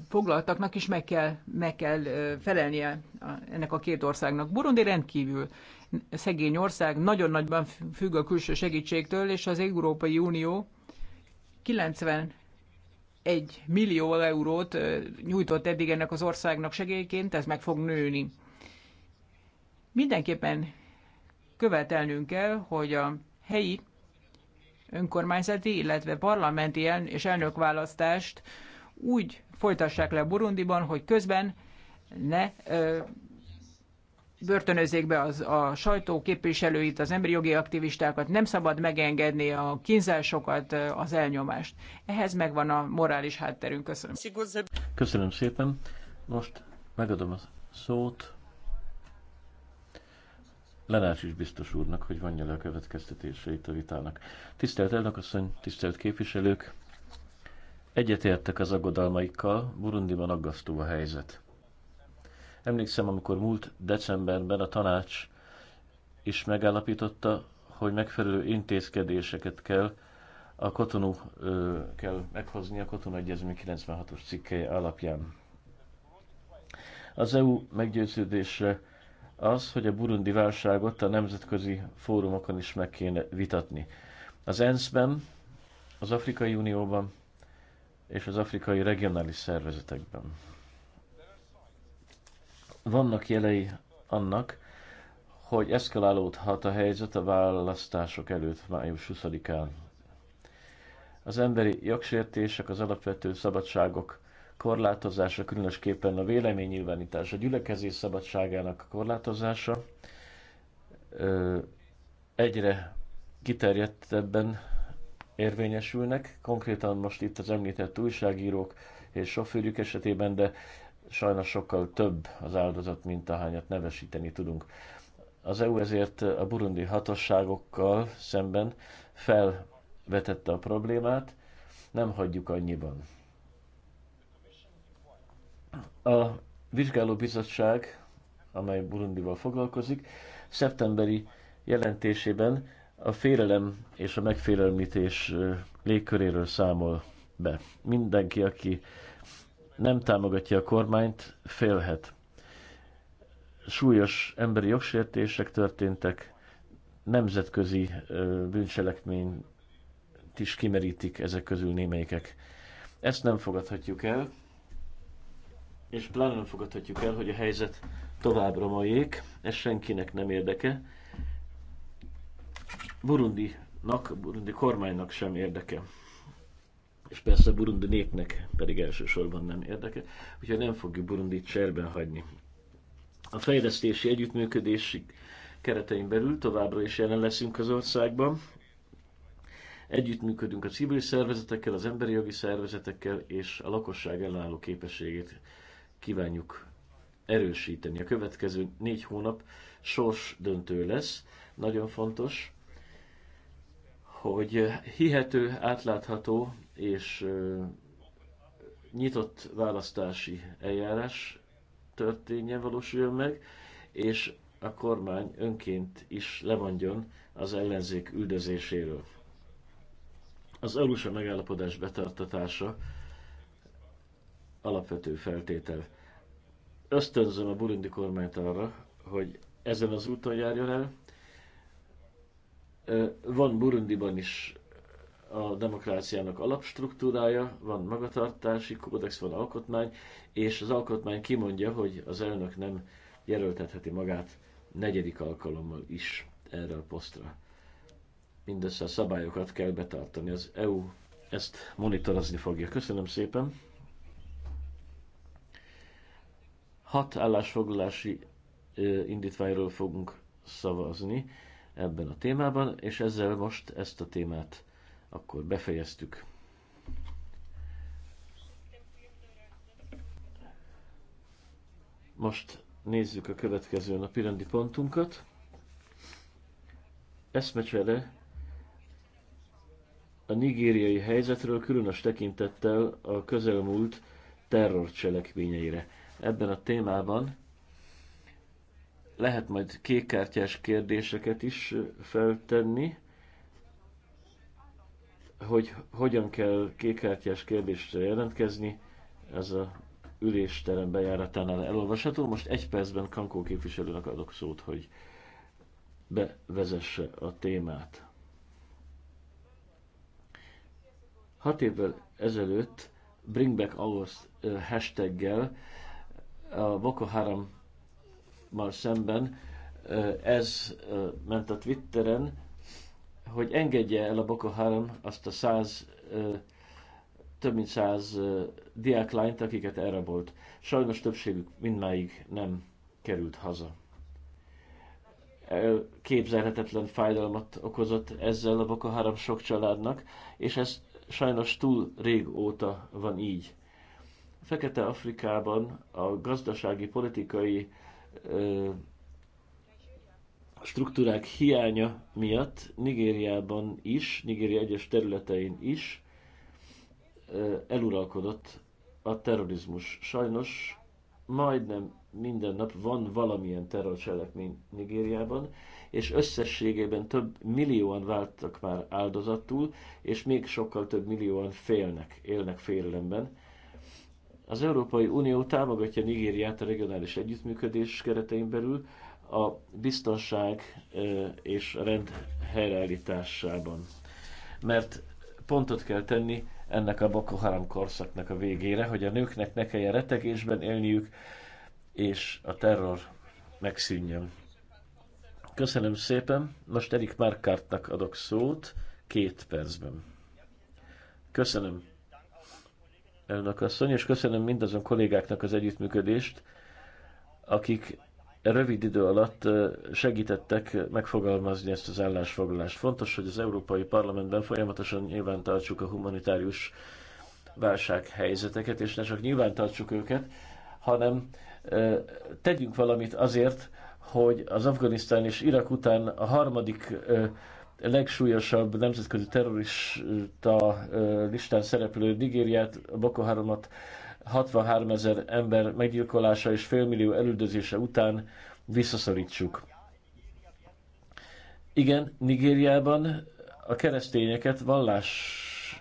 foglaltaknak is meg kell, meg kell felelnie ennek a két országnak. Burundi rendkívül szegény ország, nagyon nagyban függ a külső segítségtől, és az Európai Unió 90 egy millió eurót nyújtott eddig ennek az országnak segélyként, ez meg fog nőni. Mindenképpen követelnünk kell, hogy a helyi önkormányzati, illetve parlamenti el- és elnökválasztást úgy folytassák le Burundiban, hogy közben ne ö, börtönözzék be az, a sajtó képviselőit, az emberi jogi aktivistákat, nem szabad megengedni a kínzásokat, az elnyomást. Ehhez megvan a morális hátterünk. Köszönöm. Köszönöm szépen. Most megadom a szót Lenács is biztos úrnak, hogy vonja le a következtetéseit a vitának. Tisztelt elnökasszony, tisztelt képviselők! Egyetértek az aggodalmaikkal, Burundiban aggasztó a helyzet. Emlékszem, amikor múlt decemberben a tanács is megállapította, hogy megfelelő intézkedéseket kell a Kotonú ö, kell meghozni a Kotonú Egyezmény 96-os cikkeje alapján. Az EU meggyőződésre az, hogy a burundi válságot a nemzetközi fórumokon is meg kéne vitatni. Az ENSZ-ben, az Afrikai Unióban és az afrikai regionális szervezetekben. Vannak jelei annak, hogy eszkalálódhat a helyzet a választások előtt május 20-án. Az emberi jogsértések, az alapvető szabadságok korlátozása, különösképpen a véleménynyilvánítás, a gyülekezés szabadságának korlátozása egyre kiterjedtebben érvényesülnek, konkrétan most itt az említett újságírók és sofőrjük esetében, de sajnos sokkal több az áldozat, mint ahányat nevesíteni tudunk. Az EU ezért a burundi hatosságokkal szemben felvetette a problémát, nem hagyjuk annyiban. A vizsgálóbizottság, amely Burundival foglalkozik, szeptemberi jelentésében a félelem és a megfélemlítés légköréről számol be. Mindenki, aki nem támogatja a kormányt, félhet. Súlyos emberi jogsértések történtek, nemzetközi bűncselekményt is kimerítik ezek közül némelyikek. Ezt nem fogadhatjuk el és pláne nem fogadhatjuk el, hogy a helyzet továbbra romoljék, ez senkinek nem érdeke. burundi nak, burundi kormánynak sem érdeke. És persze burundi népnek pedig elsősorban nem érdeke, úgyhogy nem fogjuk burundi cserben hagyni. A fejlesztési együttműködési keretein belül továbbra is jelen leszünk az országban. Együttműködünk a civil szervezetekkel, az emberi jogi szervezetekkel és a lakosság ellenálló képességét kívánjuk erősíteni. A következő négy hónap sors döntő lesz, nagyon fontos, hogy hihető, átlátható és nyitott választási eljárás történjen, valósuljon meg, és a kormány önként is lemondjon az ellenzék üldözéséről. Az Arusa megállapodás betartatása alapvető feltétel ösztönzöm a burundi kormányt arra, hogy ezen az úton járjon el. Van Burundiban is a demokráciának alapstruktúrája, van magatartási kódex, van alkotmány, és az alkotmány kimondja, hogy az elnök nem jelöltetheti magát negyedik alkalommal is erre a posztra. Mindössze a szabályokat kell betartani. Az EU ezt monitorozni fogja. Köszönöm szépen! Hat állásfoglalási indítványról fogunk szavazni ebben a témában, és ezzel most ezt a témát akkor befejeztük. Most nézzük a következő napi rendi pontunkat. Eszmecsere a nigériai helyzetről különös tekintettel a közelmúlt terrorcselekményeire ebben a témában. Lehet majd kékkártyás kérdéseket is feltenni, hogy hogyan kell kékkártyás kérdésre jelentkezni, ez a ülésterem bejáratánál elolvasható. Most egy percben Kankó képviselőnek adok szót, hogy bevezesse a témát. Hat évvel ezelőtt Bring Back August hashtaggel a Boko Harammal szemben, ez ment a Twitteren, hogy engedje el a Boko Haram azt a száz, több mint száz diáklányt, akiket elrabolt. Sajnos többségük mindmáig nem került haza. Képzelhetetlen fájdalmat okozott ezzel a Boko Haram sok családnak, és ez sajnos túl régóta van így. Fekete-Afrikában a gazdasági, politikai ö, struktúrák hiánya miatt Nigériában is, Nigéria egyes területein is ö, eluralkodott a terrorizmus. Sajnos majdnem minden nap van valamilyen terrorcselekmény Nigériában, és összességében több millióan váltak már áldozatul, és még sokkal több millióan félnek, élnek félelemben az Európai Unió támogatja Nigériát a regionális együttműködés keretein belül a biztonság és a rend helyreállításában. Mert pontot kell tenni ennek a Boko Haram korszaknak a végére, hogy a nőknek ne kelljen retegésben élniük, és a terror megszűnjön. Köszönöm szépen. Most Erik Márkártnak adok szót két percben. Köszönöm elnök asszony, és köszönöm mindazon kollégáknak az együttműködést, akik rövid idő alatt segítettek megfogalmazni ezt az állásfoglalást. Fontos, hogy az Európai Parlamentben folyamatosan nyilván tartsuk a humanitárius válsághelyzeteket, és ne csak nyilván tartsuk őket, hanem tegyünk valamit azért, hogy az Afganisztán és Irak után a harmadik legsúlyosabb nemzetközi terrorista listán szereplő Nigériát, Boko Haramot 63 ezer ember meggyilkolása és félmillió elüldözése után visszaszorítsuk. Igen, Nigériában a keresztényeket vallásuk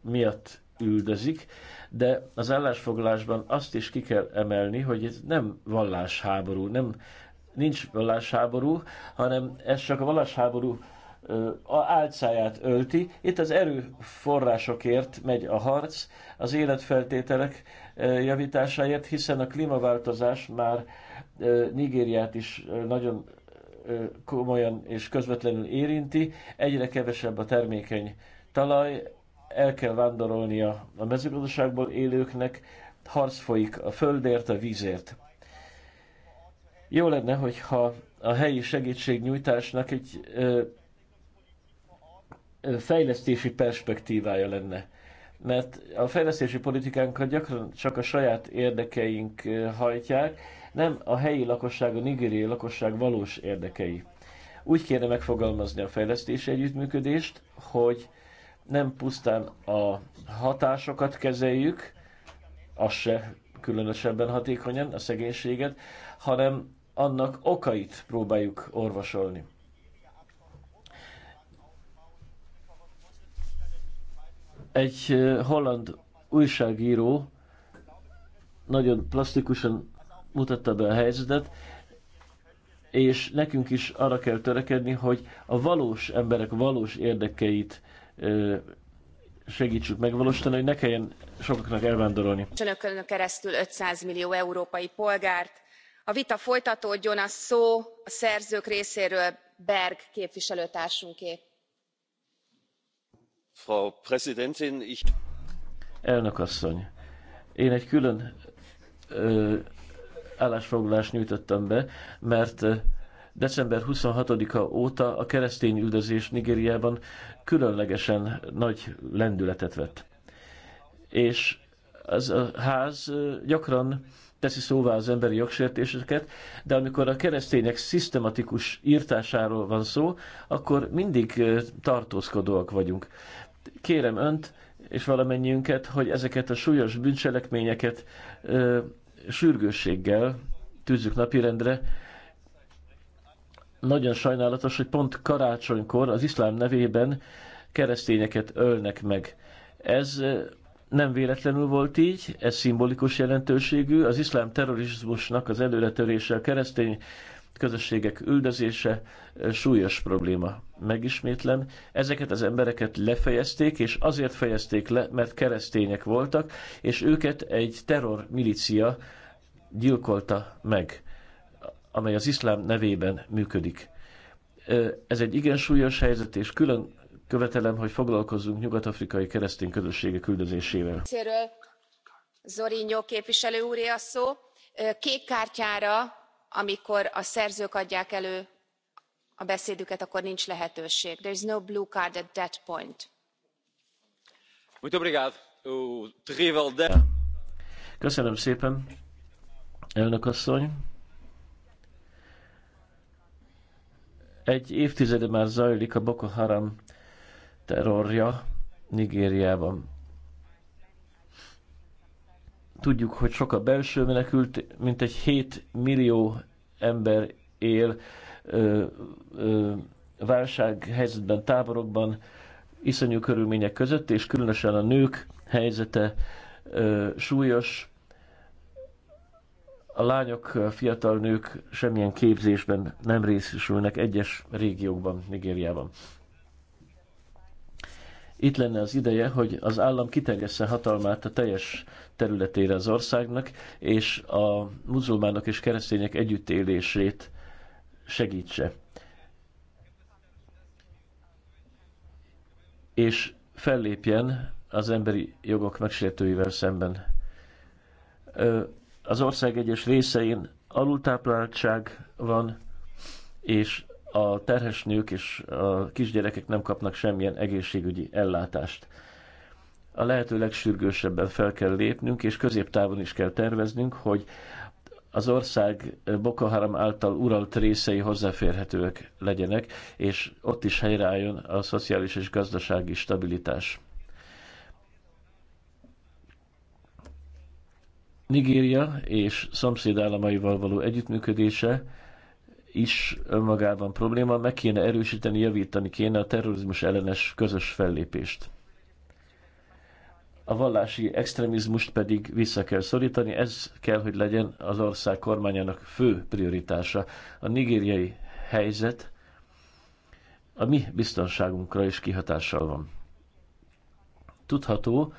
miatt üldözik, de az állásfoglásban azt is ki kell emelni, hogy ez nem vallásháború, nem nincs vallásháború, hanem ez csak a vallásháború álcáját ölti. Itt az erőforrásokért megy a harc, az életfeltételek javításáért, hiszen a klímaváltozás már Nigériát is nagyon komolyan és közvetlenül érinti. Egyre kevesebb a termékeny talaj, el kell vándorolnia a mezőgazdaságból élőknek, harc folyik a földért, a vízért. Jó lenne, hogyha a helyi segítségnyújtásnak egy ö, ö, fejlesztési perspektívája lenne. Mert a fejlesztési politikánkat gyakran csak a saját érdekeink hajtják, nem a helyi lakosság, a nigériai lakosság valós érdekei. Úgy kéne megfogalmazni a fejlesztési együttműködést, hogy nem pusztán a hatásokat kezeljük, az se különösebben hatékonyan, a szegénységet, hanem annak okait próbáljuk orvosolni. Egy holland újságíró nagyon plastikusan mutatta be a helyzetet, és nekünk is arra kell törekedni, hogy a valós emberek valós érdekeit segítsük megvalósítani, hogy ne kelljen sokaknak elvándorolni. Csönökön keresztül 500 millió európai polgárt, a vita folytatódjon a szó a szerzők részéről berg képviselőtársunké. elnök asszony én egy külön állásfoglalást nyújtottam be mert december 26-a óta a keresztény üldözés Nigériában különlegesen nagy lendületet vett. És ez a ház gyakran teszi szóvá az emberi jogsértéseket, de amikor a keresztények szisztematikus írtásáról van szó, akkor mindig tartózkodóak vagyunk. Kérem önt és valamennyiünket, hogy ezeket a súlyos bűncselekményeket ö, sürgősséggel tűzzük napirendre. Nagyon sajnálatos, hogy pont karácsonykor az iszlám nevében keresztényeket ölnek meg. Ez nem véletlenül volt így, ez szimbolikus jelentőségű. Az iszlám terrorizmusnak az előretörése, a keresztény közösségek üldözése súlyos probléma. Megismétlen, ezeket az embereket lefejezték, és azért fejezték le, mert keresztények voltak, és őket egy terrormilícia gyilkolta meg, amely az iszlám nevében működik. Ez egy igen súlyos helyzet, és külön követelem, hogy foglalkozzunk nyugat-afrikai keresztény közösségek üldözésével. Zorinyó képviselő úré a szó. Kék kártyára, amikor a szerzők adják elő a beszédüket, akkor nincs lehetőség. There is no blue card at that point. Köszönöm szépen, elnök asszony. Egy évtizede már zajlik a Boko Haram terrorja Nigériában. Tudjuk, hogy sok a belső menekült, mint egy 7 millió ember él ö, ö, válsághelyzetben, táborokban, iszonyú körülmények között, és különösen a nők helyzete ö, súlyos. A lányok, a fiatal nők semmilyen képzésben nem részesülnek egyes régiókban, Nigériában itt lenne az ideje, hogy az állam kitengesse hatalmát a teljes területére az országnak, és a muzulmánok és keresztények együttélését segítse. És fellépjen az emberi jogok megsértőivel szemben. Az ország egyes részein alultápláltság van, és a terhes nők és a kisgyerekek nem kapnak semmilyen egészségügyi ellátást. A lehető legsürgősebben fel kell lépnünk, és középtávon is kell terveznünk, hogy az ország Boko Haram által uralt részei hozzáférhetőek legyenek, és ott is helyreálljon a szociális és gazdasági stabilitás. Nigéria és szomszédállamaival való együttműködése is önmagában probléma, meg kéne erősíteni, javítani kéne a terrorizmus ellenes közös fellépést. A vallási extrémizmust pedig vissza kell szorítani, ez kell, hogy legyen az ország kormányának fő prioritása. A nigériai helyzet a mi biztonságunkra is kihatással van. Tudható,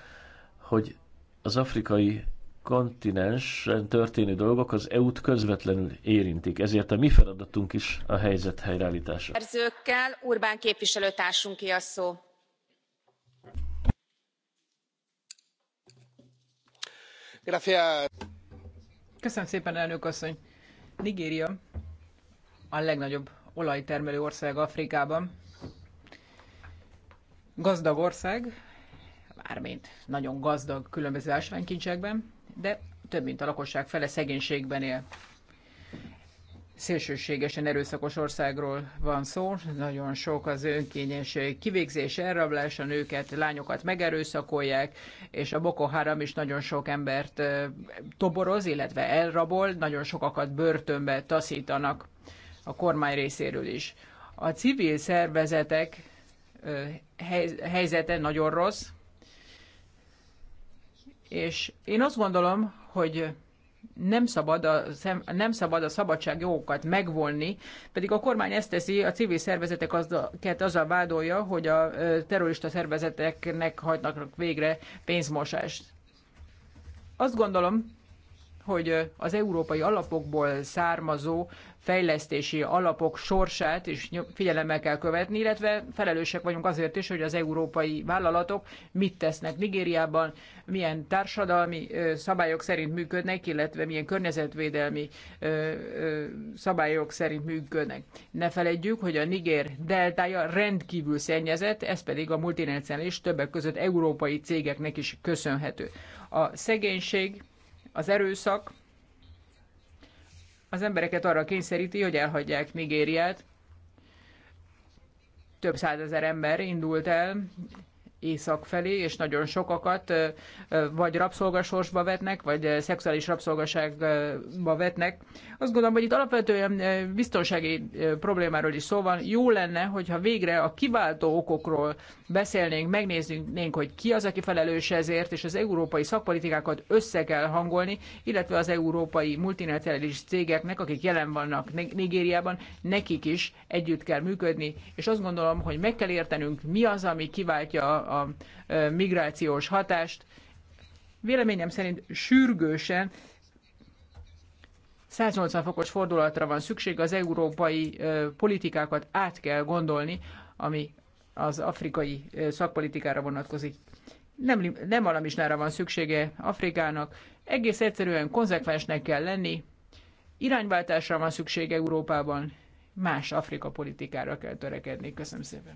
hogy az afrikai kontinensen történő dolgok az EU-t közvetlenül érintik, ezért a mi feladatunk is a helyzet helyreállítása. Erzőkkel Urbán képviselőtársunk ki a szó. Köszönöm szépen, elnök asszony. Nigéria a legnagyobb olajtermelő ország Afrikában. Gazdag ország, mármint nagyon gazdag különböző ásványkincsekben, de több mint a lakosság fele szegénységben él. Szélsőségesen erőszakos országról van szó, nagyon sok az önkényes kivégzés, elrablás, a nőket, lányokat megerőszakolják, és a Boko Haram is nagyon sok embert toboroz, illetve elrabol, nagyon sokakat börtönbe taszítanak a kormány részéről is. A civil szervezetek helyzete nagyon rossz, és én azt gondolom, hogy nem szabad, a, nem szabad a szabadság jogokat megvonni, pedig a kormány ezt teszi, a civil szervezetek azzal, azzal vádolja, hogy a terrorista szervezeteknek hajtnak végre pénzmosást. Azt gondolom, hogy az európai alapokból származó fejlesztési alapok sorsát is figyelemmel kell követni, illetve felelősek vagyunk azért is, hogy az európai vállalatok mit tesznek Nigériában, milyen társadalmi szabályok szerint működnek, illetve milyen környezetvédelmi szabályok szerint működnek. Ne felejtjük, hogy a Niger deltája rendkívül szennyezett, ez pedig a multinacionális többek között európai cégeknek is köszönhető. A szegénység, az erőszak, az embereket arra kényszeríti, hogy elhagyják Nigériát. Több százezer ember indult el észak felé, és nagyon sokakat vagy rabszolgasorsba vetnek, vagy szexuális rabszolgaságba vetnek. Azt gondolom, hogy itt alapvetően biztonsági problémáról is szó van. Jó lenne, hogyha végre a kiváltó okokról beszélnénk, megnéznénk, hogy ki az, aki felelős ezért, és az európai szakpolitikákat össze kell hangolni, illetve az európai multinacionális cégeknek, akik jelen vannak Nigériában, nekik is együtt kell működni, és azt gondolom, hogy meg kell értenünk, mi az, ami kiváltja a migrációs hatást. Véleményem szerint sürgősen 180 fokos fordulatra van szükség, az európai politikákat át kell gondolni, ami az afrikai szakpolitikára vonatkozik. Nem, nem alamisnára van szüksége Afrikának, egész egyszerűen konzekvensnek kell lenni, irányváltásra van szükség Európában, más Afrika politikára kell törekedni. Köszönöm szépen.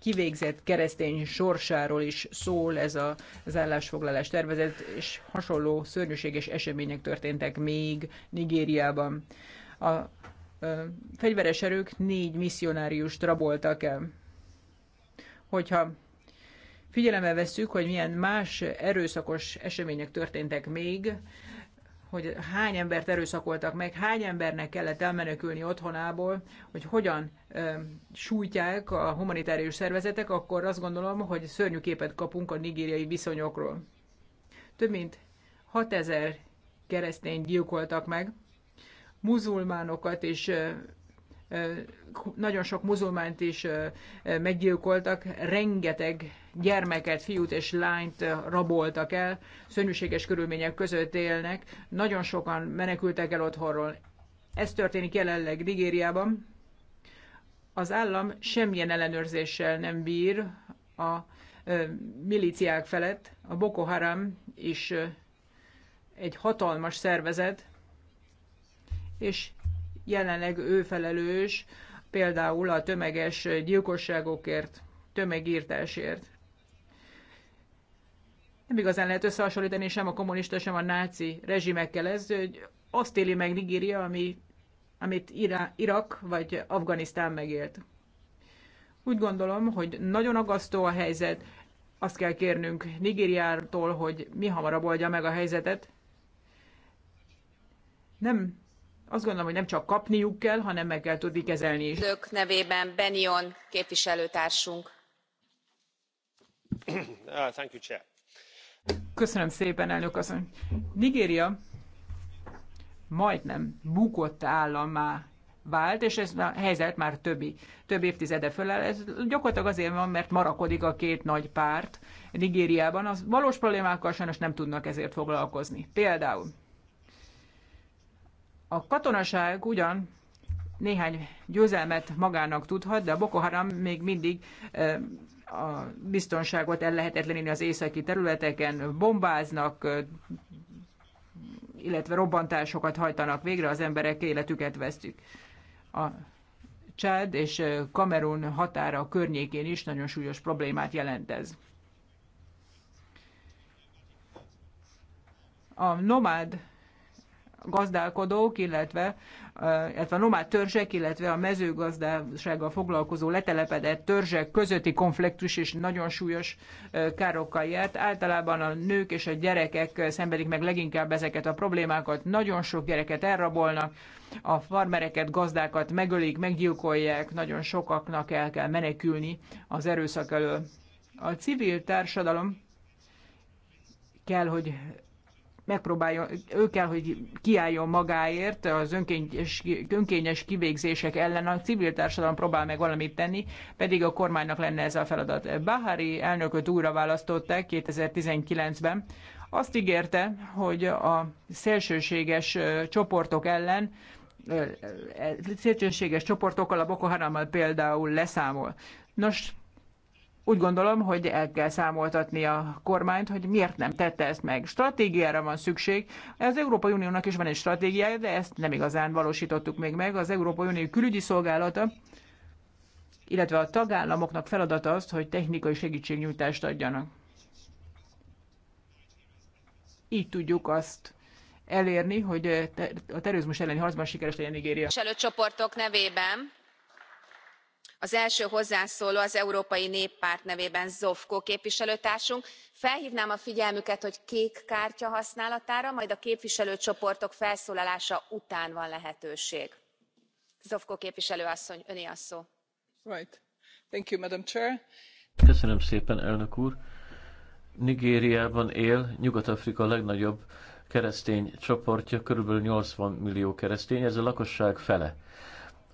kivégzett keresztény sorsáról is szól ez a, az állásfoglalás tervezet, és hasonló szörnyűséges események történtek még Nigériában. A, a fegyveres erők négy misszionáriust raboltak el. Hogyha figyelembe vesszük, hogy milyen más erőszakos események történtek még, hogy hány embert erőszakoltak meg, hány embernek kellett elmenekülni otthonából, hogy hogyan ö, sújtják a humanitárius szervezetek, akkor azt gondolom, hogy szörnyű képet kapunk a nigériai viszonyokról. Több mint 6000 keresztényt gyilkoltak meg, muzulmánokat és nagyon sok muzulmánt is meggyilkoltak, rengeteg gyermeket, fiút és lányt raboltak el, szörnyűséges körülmények között élnek, nagyon sokan menekültek el otthonról. Ez történik jelenleg Nigériában. Az állam semmilyen ellenőrzéssel nem bír a milíciák felett. A Boko Haram is egy hatalmas szervezet, és jelenleg ő felelős például a tömeges gyilkosságokért, tömegírtásért. Nem igazán lehet összehasonlítani sem a kommunista, sem a náci rezsimekkel ez, hogy azt éli meg Nigéria, ami, amit Ira, Irak vagy Afganisztán megélt. Úgy gondolom, hogy nagyon aggasztó a helyzet, azt kell kérnünk Nigériától, hogy mi hamarabb oldja meg a helyzetet. Nem azt gondolom, hogy nem csak kapniuk kell, hanem meg kell tudni kezelni is. Önök nevében Benion képviselőtársunk. Ah, thank you, Chair. Köszönöm szépen, elnök asszony. Nigéria majdnem bukott állammá vált, és ez a helyzet már többi, több évtizede föláll. Ez gyakorlatilag azért van, mert marakodik a két nagy párt Nigériában. Az valós problémákkal sajnos nem tudnak ezért foglalkozni. Például a katonaság ugyan néhány győzelmet magának tudhat, de a Boko Haram még mindig a biztonságot el ellehetetleníteni az északi területeken, bombáznak, illetve robbantásokat hajtanak végre, az emberek életüket vesztük. A Csád és Kamerun határa környékén is nagyon súlyos problémát jelent ez. A nomád gazdálkodók, illetve, illetve a nomád törzsek, illetve a mezőgazdasággal foglalkozó letelepedett törzsek közötti konfliktus is nagyon súlyos károkkal járt. Általában a nők és a gyerekek szenvedik meg leginkább ezeket a problémákat. Nagyon sok gyereket elrabolnak, a farmereket, gazdákat megölik, meggyilkolják, nagyon sokaknak el kell menekülni az erőszak elől. A civil társadalom kell, hogy megpróbáljon, ő kell, hogy kiálljon magáért az önkényes, önkényes kivégzések ellen, a civil társadalom próbál meg valamit tenni, pedig a kormánynak lenne ez a feladat. Bahari elnököt újra választották 2019-ben, azt ígérte, hogy a szélsőséges csoportok ellen szélsőséges csoportokkal, a Boko Harammal például leszámol. Nos, úgy gondolom, hogy el kell számoltatni a kormányt, hogy miért nem tette ezt meg. Stratégiára van szükség. Az Európai Uniónak is van egy stratégiája, de ezt nem igazán valósítottuk még meg. Az Európai Unió külügyi szolgálata illetve a tagállamoknak feladata az, hogy technikai segítségnyújtást adjanak. Így tudjuk azt elérni, hogy a terrorizmus elleni harcban sikeres legyen Nigéria. Cselőcsoportok nevében az első hozzászóló az európai néppárt nevében zovko képviselőtársunk. felhvnám a figyelmüket hogy kék kártya használatára majd a képviselőcsoportok felszólalása után van lehetőség. zovko képviselő asszony öné a szó. Right. Thank you, Madam Chair. Köszönöm szépen, elnök úr. Nigériában él Nyugat-Afrika legnagyobb keresztény csoportja, körülbelül 80 millió keresztény, ez a lakosság fele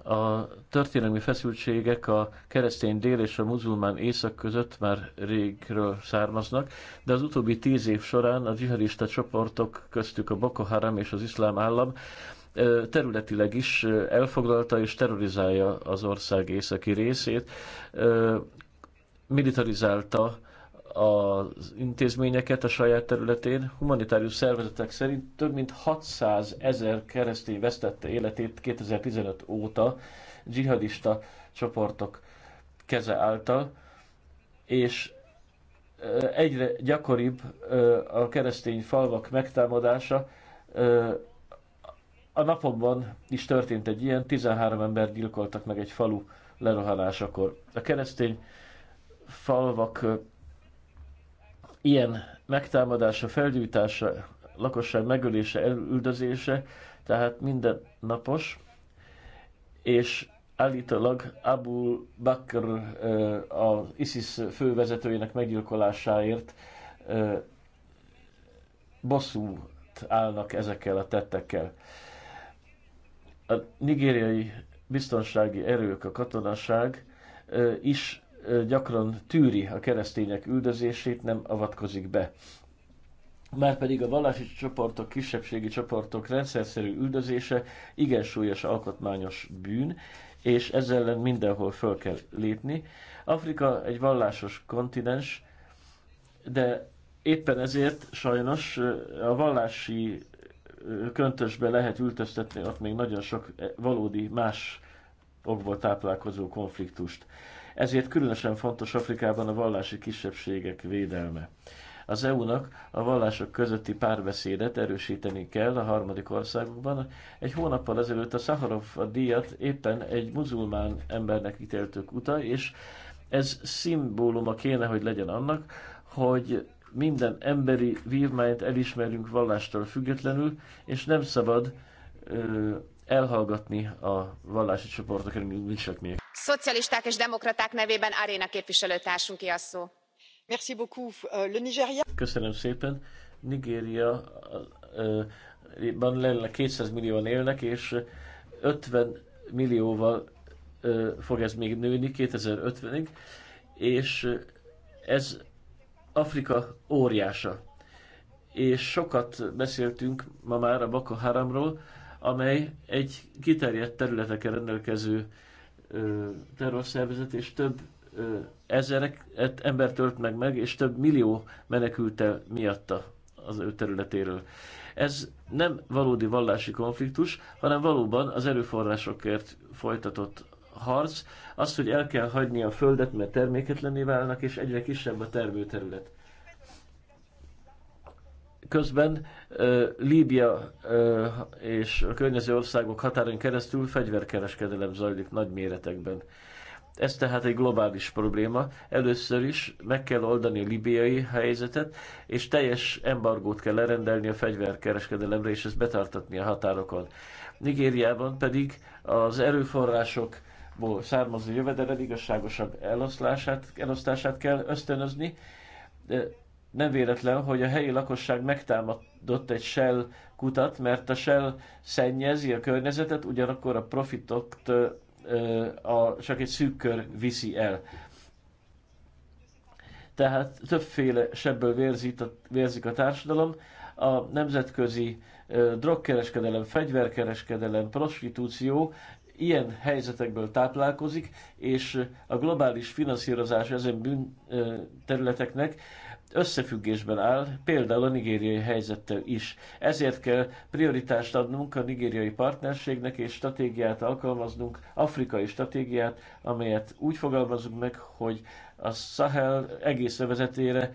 a történelmi feszültségek a keresztény dél és a muzulmán észak között már régről származnak, de az utóbbi tíz év során a dzsihadista csoportok, köztük a Boko Haram és az iszlám állam, területileg is elfoglalta és terrorizálja az ország északi részét, militarizálta az intézményeket a saját területén. Humanitárius szervezetek szerint több mint 600 ezer keresztény vesztette életét 2015 óta dzsihadista csoportok keze által, és egyre gyakoribb a keresztény falvak megtámadása. A napokban is történt egy ilyen, 13 ember gyilkoltak meg egy falu lerohanásakor. A keresztény falvak ilyen megtámadása, felgyújtása, lakosság megölése, elüldözése, tehát minden napos, és állítólag Abu Bakr az ISIS fővezetőjének meggyilkolásáért bosszút állnak ezekkel a tettekkel. A nigériai biztonsági erők, a katonaság is gyakran tűri a keresztények üldözését, nem avatkozik be. Márpedig a vallási csoportok, kisebbségi csoportok rendszerszerű üldözése igen súlyos alkotmányos bűn, és ezzel ellen mindenhol föl kell lépni. Afrika egy vallásos kontinens, de éppen ezért sajnos a vallási köntösbe lehet ültöztetni ott még nagyon sok e, valódi más okból táplálkozó konfliktust ezért különösen fontos Afrikában a vallási kisebbségek védelme. Az EU-nak a vallások közötti párbeszédet erősíteni kell a harmadik országokban. Egy hónappal ezelőtt a Szaharov díjat éppen egy muzulmán embernek ítéltük uta, és ez szimbóluma kéne, hogy legyen annak, hogy minden emberi vívmányt elismerünk vallástól függetlenül, és nem szabad ö, elhallgatni a vallási csoportok elleni bűncselekmények. Szocialisták és demokraták nevében Aréna ki a szó. Merci beaucoup. Euh, le Nigeria... Köszönöm szépen. Nigéria uh, uh, lenne 200 millióan élnek, és 50 millióval uh, fog ez még nőni 2050-ig, és ez Afrika óriása. És sokat beszéltünk ma már a Boko Haramról, amely egy kiterjedt területeken rendelkező terrorszervezet és több ezeret ember tölt meg meg, és több millió menekülte miatta az ő területéről. Ez nem valódi vallási konfliktus, hanem valóban az erőforrásokért folytatott harc, az, hogy el kell hagyni a földet, mert terméketlenné válnak, és egyre kisebb a termőterület. Közben Líbia és a környező országok határon keresztül fegyverkereskedelem zajlik nagy méretekben. Ez tehát egy globális probléma. Először is meg kell oldani a libiai helyzetet, és teljes embargót kell lerendelni a fegyverkereskedelemre, és ezt betartatni a határokon. Nigériában pedig az erőforrások származó jövedelem igazságosabb eloszlását, elosztását kell ösztönözni, nem véletlen, hogy a helyi lakosság megtámadott egy Shell kutat, mert a Shell szennyezi a környezetet, ugyanakkor a profitokt a, csak egy szűk kör viszi el. Tehát többféle sebből vérzik a, vérzik a társadalom. A nemzetközi ö, drogkereskedelem, fegyverkereskedelem, prostitúció ilyen helyzetekből táplálkozik, és a globális finanszírozás ezen bűn ö, területeknek összefüggésben áll, például a nigériai helyzettel is. Ezért kell prioritást adnunk a nigériai partnerségnek, és stratégiát alkalmaznunk, afrikai stratégiát, amelyet úgy fogalmazunk meg, hogy a Sahel egész övezetére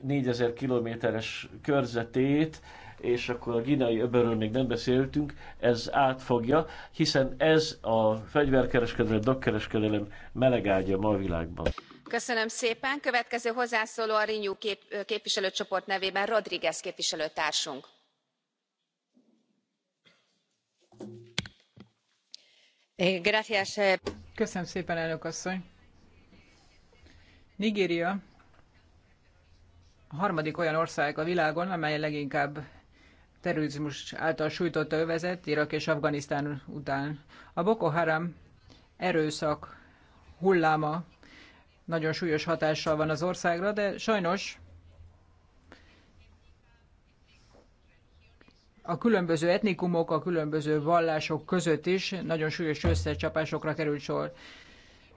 4000 kilométeres körzetét, és akkor a ginai öbörről még nem beszéltünk, ez átfogja, hiszen ez a fegyverkereskedelem, dokkereskedelem melegágya ma a világban köszönöm szépen következő a képviselőcsoport nevében képviselőtársunk. Eh. köszönöm szépen elnök asszony! nigéria a harmadik olyan ország a világon amely leginkább terrorizmus által sújtott övezet irak és afganisztán után. a boko haram erőszak hulláma nagyon súlyos hatással van az országra, de sajnos a különböző etnikumok, a különböző vallások között is nagyon súlyos összecsapásokra került sor.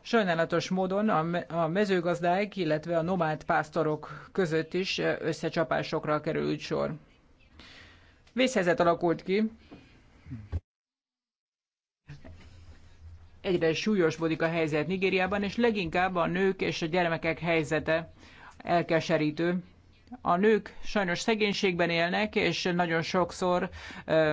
Sajnálatos módon a mezőgazdák illetve a nomád pásztorok között is összecsapásokra került sor. Vészhelyzet alakult ki. Egyre súlyosbodik a helyzet Nigériában, és leginkább a nők és a gyermekek helyzete elkeserítő. A nők sajnos szegénységben élnek, és nagyon sokszor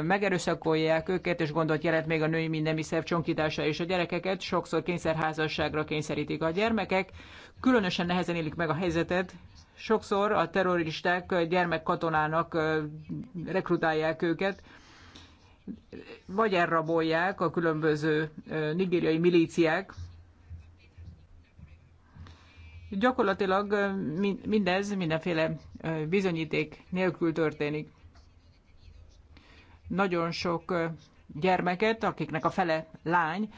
megerőszakolják őket, és gondot jelent még a női mindenmi szerv csonkítása és a gyerekeket, sokszor kényszerházasságra kényszerítik a gyermekek. Különösen nehezen élik meg a helyzetet, sokszor a terroristák gyermekkatonának rekrutálják őket, vagy elrabolják a különböző nigériai milíciák. Gyakorlatilag mindez mindenféle bizonyíték nélkül történik. Nagyon sok gyermeket, akiknek a fele lány,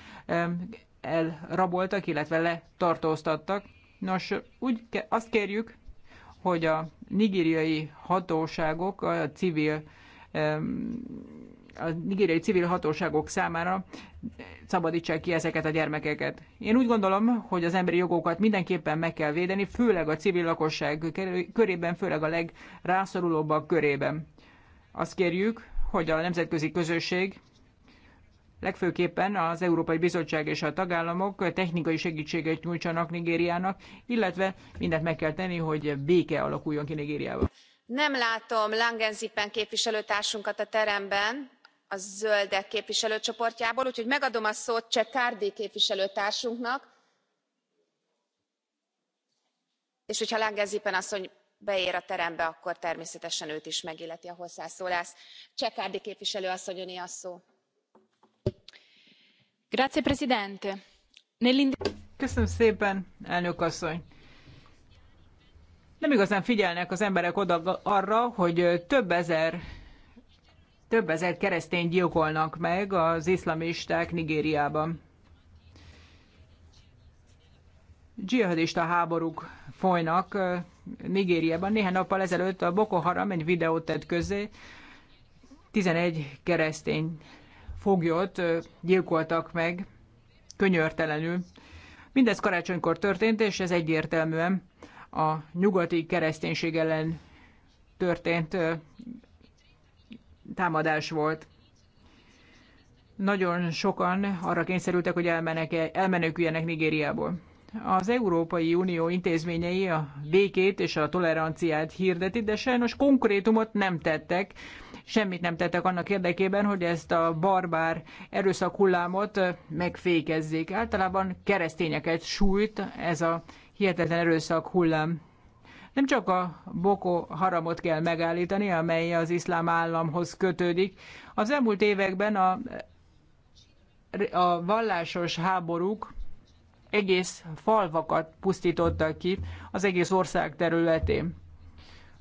elraboltak, illetve letartóztattak. Nos, úgy azt kérjük, hogy a nigériai hatóságok a civil a nigériai civil hatóságok számára szabadítsák ki ezeket a gyermekeket. Én úgy gondolom, hogy az emberi jogokat mindenképpen meg kell védeni, főleg a civil lakosság körében, főleg a legrászorulóbbak körében. Azt kérjük, hogy a nemzetközi közösség legfőképpen az Európai Bizottság és a tagállamok technikai segítséget nyújtsanak Nigériának, illetve mindent meg kell tenni, hogy béke alakuljon ki Nigériában. Nem látom Langenzippen képviselőtársunkat a teremben a zöldek képviselőcsoportjából úgyhogy megadom a szót ceccardi képviselőtársunknak és hogyha zipen asszony beér a terembe akkor természetesen őt is megilleti a hozzászólás. ceccardi képviselő asszony öné a szó. köszönöm szépen elnök asszony! nem igazán figyelnek az emberek arra hogy több ezer több ezer keresztény gyilkolnak meg az iszlamisták Nigériában. Dzsihadista háborúk folynak Nigériában. Néhány nappal ezelőtt a Boko Haram egy videót tett közzé. 11 keresztény foglyot gyilkoltak meg könyörtelenül. Mindez karácsonykor történt, és ez egyértelműen a nyugati kereszténység ellen történt támadás volt. Nagyon sokan arra kényszerültek, hogy elmeneküljenek Nigériából. Az Európai Unió intézményei a békét és a toleranciát hirdetik, de sajnos konkrétumot nem tettek, semmit nem tettek annak érdekében, hogy ezt a barbár erőszak hullámot megfékezzék. Általában keresztényeket sújt ez a hihetetlen erőszak hullám. Nem csak a Boko Haramot kell megállítani, amely az iszlám államhoz kötődik. Az elmúlt években a, a vallásos háborúk egész falvakat pusztítottak ki az egész ország területén.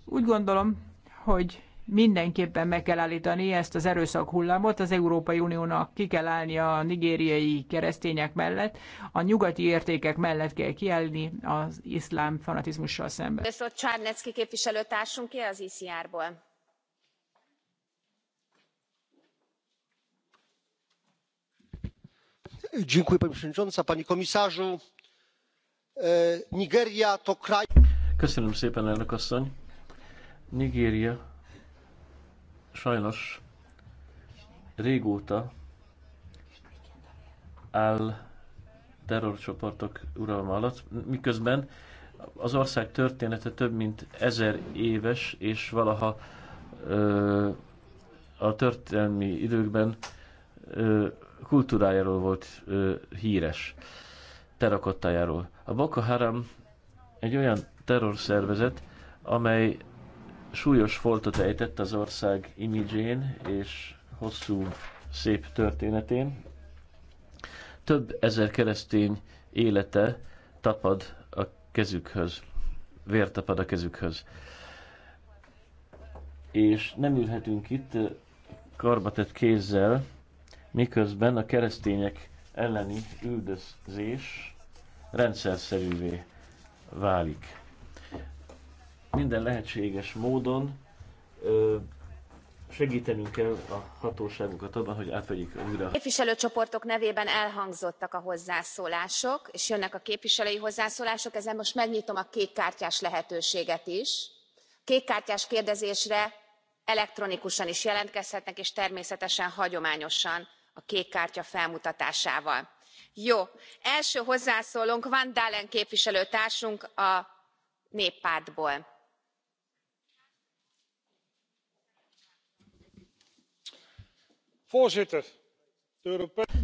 Úgy gondolom, hogy Mindenképpen meg kell állítani ezt az erőszak hullámot, az Európai Uniónak ki kell állni a nigériai keresztények mellett, a nyugati értékek mellett kell kiállni az iszlám fanatizmussal szemben. a Csárnecki ki az ICR-ból. pani przewodnicząca! panie komisarzu! E, nigeria to kraj. köszönöm szépen elnök asszony. nigéria sajnos régóta áll terrorcsoportok uralma alatt, miközben az ország története több mint ezer éves, és valaha ö, a történelmi időkben ö, kultúrájáról volt ö, híres, terakottájáról. A Boko Haram egy olyan terrorszervezet, amely súlyos foltot ejtett az ország imidzsén és hosszú szép történetén. Több ezer keresztény élete tapad a kezükhöz, vér tapad a kezükhöz. És nem ülhetünk itt karbatett kézzel, miközben a keresztények elleni üldözés rendszerszerűvé válik minden lehetséges módon segítenünk kell a hatóságokat abban, hogy átvegyék újra. A képviselőcsoportok nevében elhangzottak a hozzászólások, és jönnek a képviselői hozzászólások, ezen most megnyitom a kékkártyás lehetőséget is. Kékkártyás kérdezésre elektronikusan is jelentkezhetnek, és természetesen hagyományosan a kék kártya felmutatásával. Jó, első hozzászólónk Van Dálen képviselőtársunk a néppártból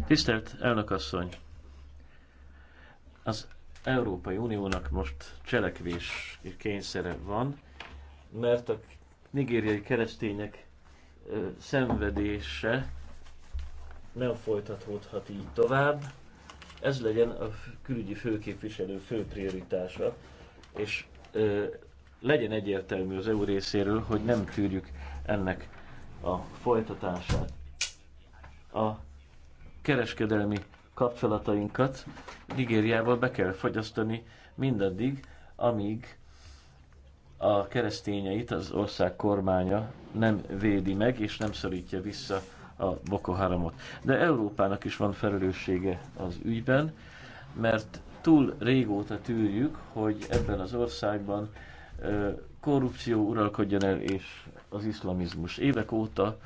Tisztelt elnök asszony! Az Európai Uniónak most cselekvés kényszere van, mert a nigériai keresztények szenvedése nem folytatódhat így tovább. Ez legyen a külügyi főképviselő fő prioritása, és legyen egyértelmű az EU részéről, hogy nem tűrjük ennek a folytatását a kereskedelmi kapcsolatainkat Nigériával be kell fogyasztani mindaddig, amíg a keresztényeit az ország kormánya nem védi meg, és nem szorítja vissza a Boko Haramot. De Európának is van felelőssége az ügyben, mert túl régóta tűrjük, hogy ebben az országban korrupció uralkodjon el, és az iszlamizmus. Évek óta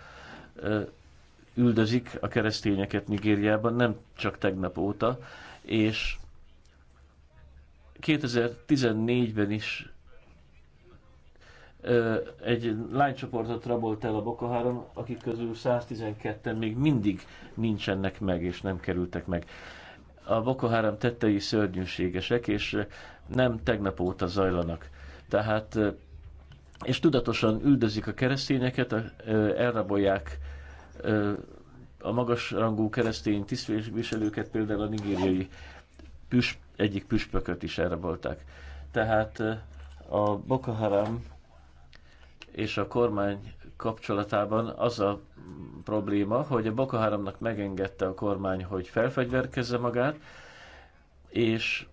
üldözik a keresztényeket Nigériában, nem csak tegnap óta, és 2014-ben is egy lánycsoportot rabolt el a Boko Haram, akik közül 112-en még mindig nincsenek meg, és nem kerültek meg. A Boko Haram tettei szörnyűségesek, és nem tegnap óta zajlanak. Tehát, és tudatosan üldözik a keresztényeket, elrabolják a magasrangú keresztény tisztviselőket, például a nigériai püsp, egyik püspököt is elrabolták. Tehát a Boko Haram és a kormány kapcsolatában az a probléma, hogy a Boko Haramnak megengedte a kormány, hogy felfegyverkezze magát, és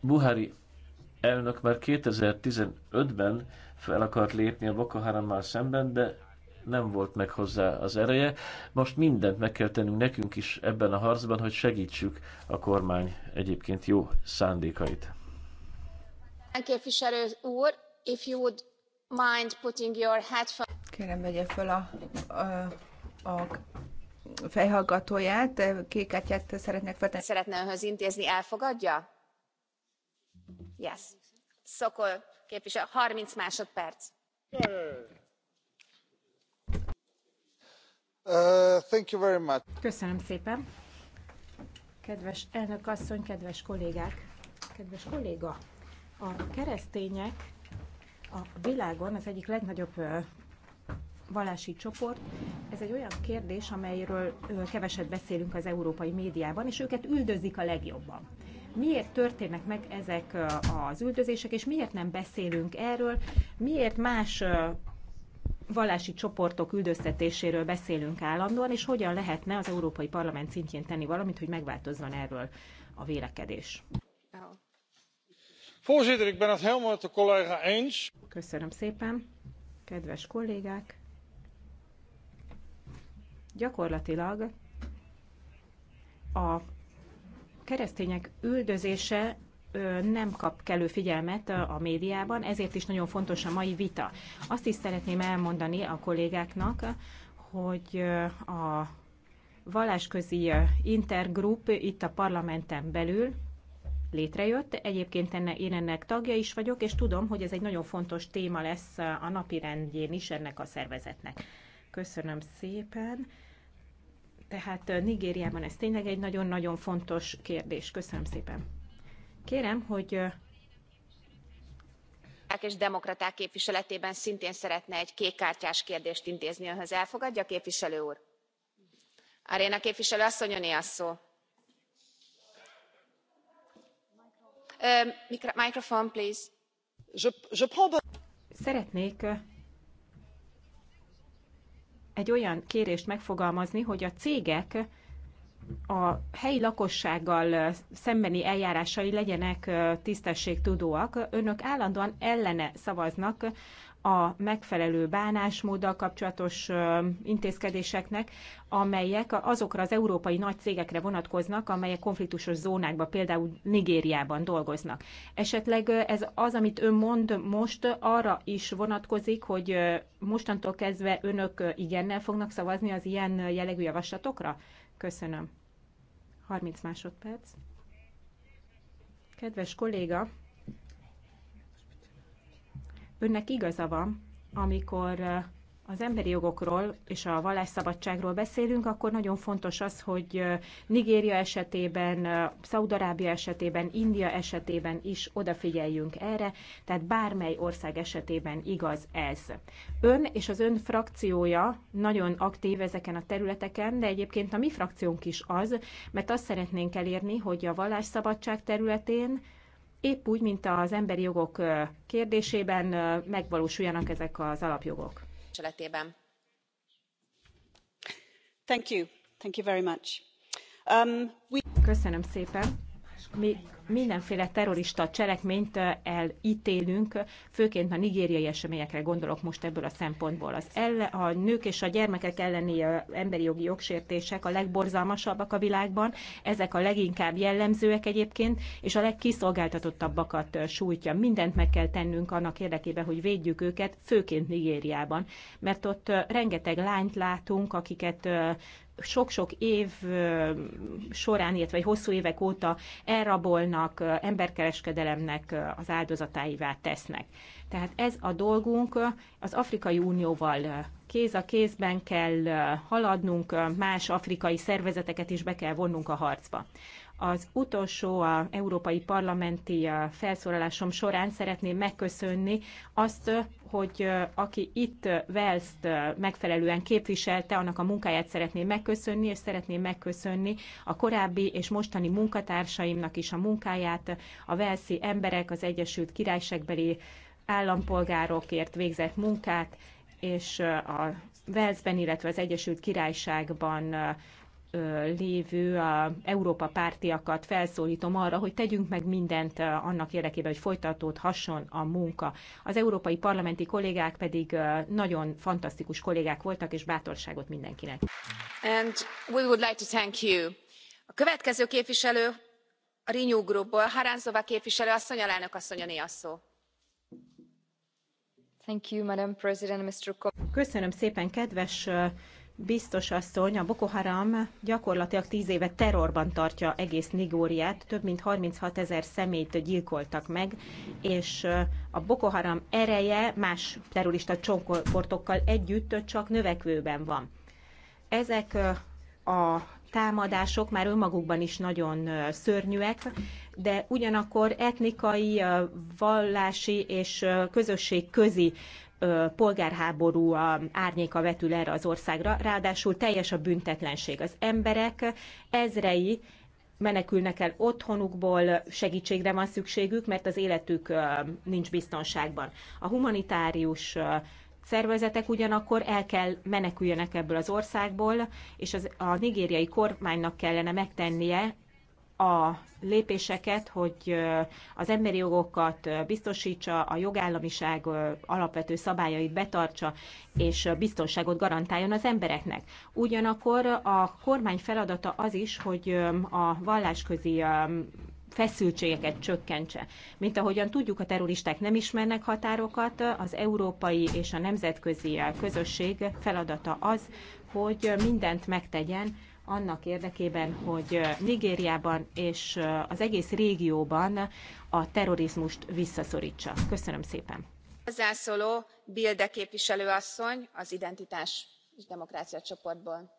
Buhari elnök már 2015-ben fel akart lépni a Boko Harammal szemben, de nem volt meg hozzá az ereje. Most mindent meg kell tennünk nekünk is ebben a harcban, hogy segítsük a kormány egyébként jó szándékait. Képviselő úr, if you would mind putting your headphone... Kérem, vegye fel a, a, a fejhallgatóját, kékátját szeretnék feltenni. Szeretne önhöz intézni, elfogadja? Yes. Szokol képviselő, 30 másodperc. Uh, Köszönöm szépen. Kedves elnök asszony, kedves kollégák, kedves kolléga, a keresztények a világon az egyik legnagyobb vallási csoport. Ez egy olyan kérdés, amelyről keveset beszélünk az európai médiában, és őket üldözik a legjobban. Miért történnek meg ezek az üldözések, és miért nem beszélünk erről? Miért más vallási csoportok üldöztetéséről beszélünk állandóan, és hogyan lehetne az Európai Parlament szintjén tenni valamit, hogy megváltozzon erről a vélekedés. Voorzitter, ik ben het helemaal met de collega eens. Köszönöm szépen, kedves kollégák. Gyakorlatilag a keresztények üldözése nem kap kellő figyelmet a médiában, ezért is nagyon fontos a mai vita. Azt is szeretném elmondani a kollégáknak, hogy a vallásközi intergrup itt a parlamenten belül létrejött. Egyébként enne, én ennek tagja is vagyok, és tudom, hogy ez egy nagyon fontos téma lesz a napi rendjén is ennek a szervezetnek. Köszönöm szépen. Tehát Nigériában ez tényleg egy nagyon-nagyon fontos kérdés. Köszönöm szépen. Kérem, hogy és demokraták képviseletében szintén szeretne egy kékkártyás kérdést intézni önhöz. Elfogadja, képviselő úr? Aréna képviselő asszony, öné a szó. Mikrofon, please. Szeretnék egy olyan kérést megfogalmazni, hogy a cégek a helyi lakossággal szembeni eljárásai legyenek tisztességtudóak. Önök állandóan ellene szavaznak a megfelelő bánásmóddal kapcsolatos intézkedéseknek, amelyek azokra az európai nagy cégekre vonatkoznak, amelyek konfliktusos zónákban, például Nigériában dolgoznak. Esetleg ez az, amit ön mond most, arra is vonatkozik, hogy mostantól kezdve önök igennel fognak szavazni az ilyen jellegű javaslatokra? Köszönöm. 30 másodperc. Kedves kolléga, önnek igaza van, amikor az emberi jogokról és a vallásszabadságról beszélünk, akkor nagyon fontos az, hogy Nigéria esetében, Szaudarábia esetében, India esetében is odafigyeljünk erre, tehát bármely ország esetében igaz ez. Ön és az ön frakciója nagyon aktív ezeken a területeken, de egyébként a mi frakciónk is az, mert azt szeretnénk elérni, hogy a vallásszabadság területén épp úgy, mint az emberi jogok kérdésében megvalósuljanak ezek az alapjogok képviseletében. Um, Köszönöm szépen. mi mindenféle terrorista cselekményt elítélünk, főként a nigériai eseményekre gondolok most ebből a szempontból. Az elle, a nők és a gyermekek elleni emberi jogi jogsértések a legborzalmasabbak a világban, ezek a leginkább jellemzőek egyébként, és a legkiszolgáltatottabbakat sújtja. Mindent meg kell tennünk annak érdekében, hogy védjük őket, főként Nigériában, mert ott rengeteg lányt látunk, akiket sok-sok év során, illetve hosszú évek óta elrabolnak, emberkereskedelemnek az áldozatáivá tesznek. Tehát ez a dolgunk, az Afrikai Unióval kéz a kézben kell haladnunk, más afrikai szervezeteket is be kell vonnunk a harcba. Az utolsó a európai parlamenti felszólalásom során szeretném megköszönni azt, hogy aki itt Velszt megfelelően képviselte, annak a munkáját szeretném megköszönni, és szeretném megköszönni a korábbi és mostani munkatársaimnak is a munkáját, a Velszi emberek, az Egyesült Királyságbeli állampolgárokért végzett munkát, és a Velszben, illetve az Egyesült Királyságban lévő Európa pártiakat felszólítom arra, hogy tegyünk meg mindent annak érdekében, hogy folytatódhasson a munka. Az európai parlamenti kollégák pedig nagyon fantasztikus kollégák voltak, és bátorságot mindenkinek. And we would like to thank you. A következő képviselő a Renew Groupból, Haránzová képviselő asszony, alelnök asszony, a néha szó. Thank you, Madam President, Mr. Köszönöm szépen, kedves Biztos asszony, a Boko Haram gyakorlatilag tíz éve terrorban tartja egész Nigóriát, több mint 36 ezer személyt gyilkoltak meg, és a Boko Haram ereje más terrorista csoportokkal együtt csak növekvőben van. Ezek a támadások már önmagukban is nagyon szörnyűek, de ugyanakkor etnikai, vallási és közösség közi polgárháború a árnyéka vetül erre az országra, ráadásul teljes a büntetlenség. Az emberek ezrei menekülnek el otthonukból, segítségre van szükségük, mert az életük nincs biztonságban. A humanitárius szervezetek ugyanakkor el kell meneküljenek ebből az országból, és az, a nigériai kormánynak kellene megtennie a lépéseket, hogy az emberi jogokat biztosítsa, a jogállamiság alapvető szabályait betartsa, és biztonságot garantáljon az embereknek. Ugyanakkor a kormány feladata az is, hogy a vallásközi feszültségeket csökkentse. Mint ahogyan tudjuk, a terroristák nem ismernek határokat, az európai és a nemzetközi közösség feladata az, hogy mindent megtegyen, annak érdekében, hogy Nigériában és az egész régióban a terrorizmust visszaszorítsa. Köszönöm szépen. Hozzászóló Bilde képviselő asszony az Identitás és Demokrácia csoportból.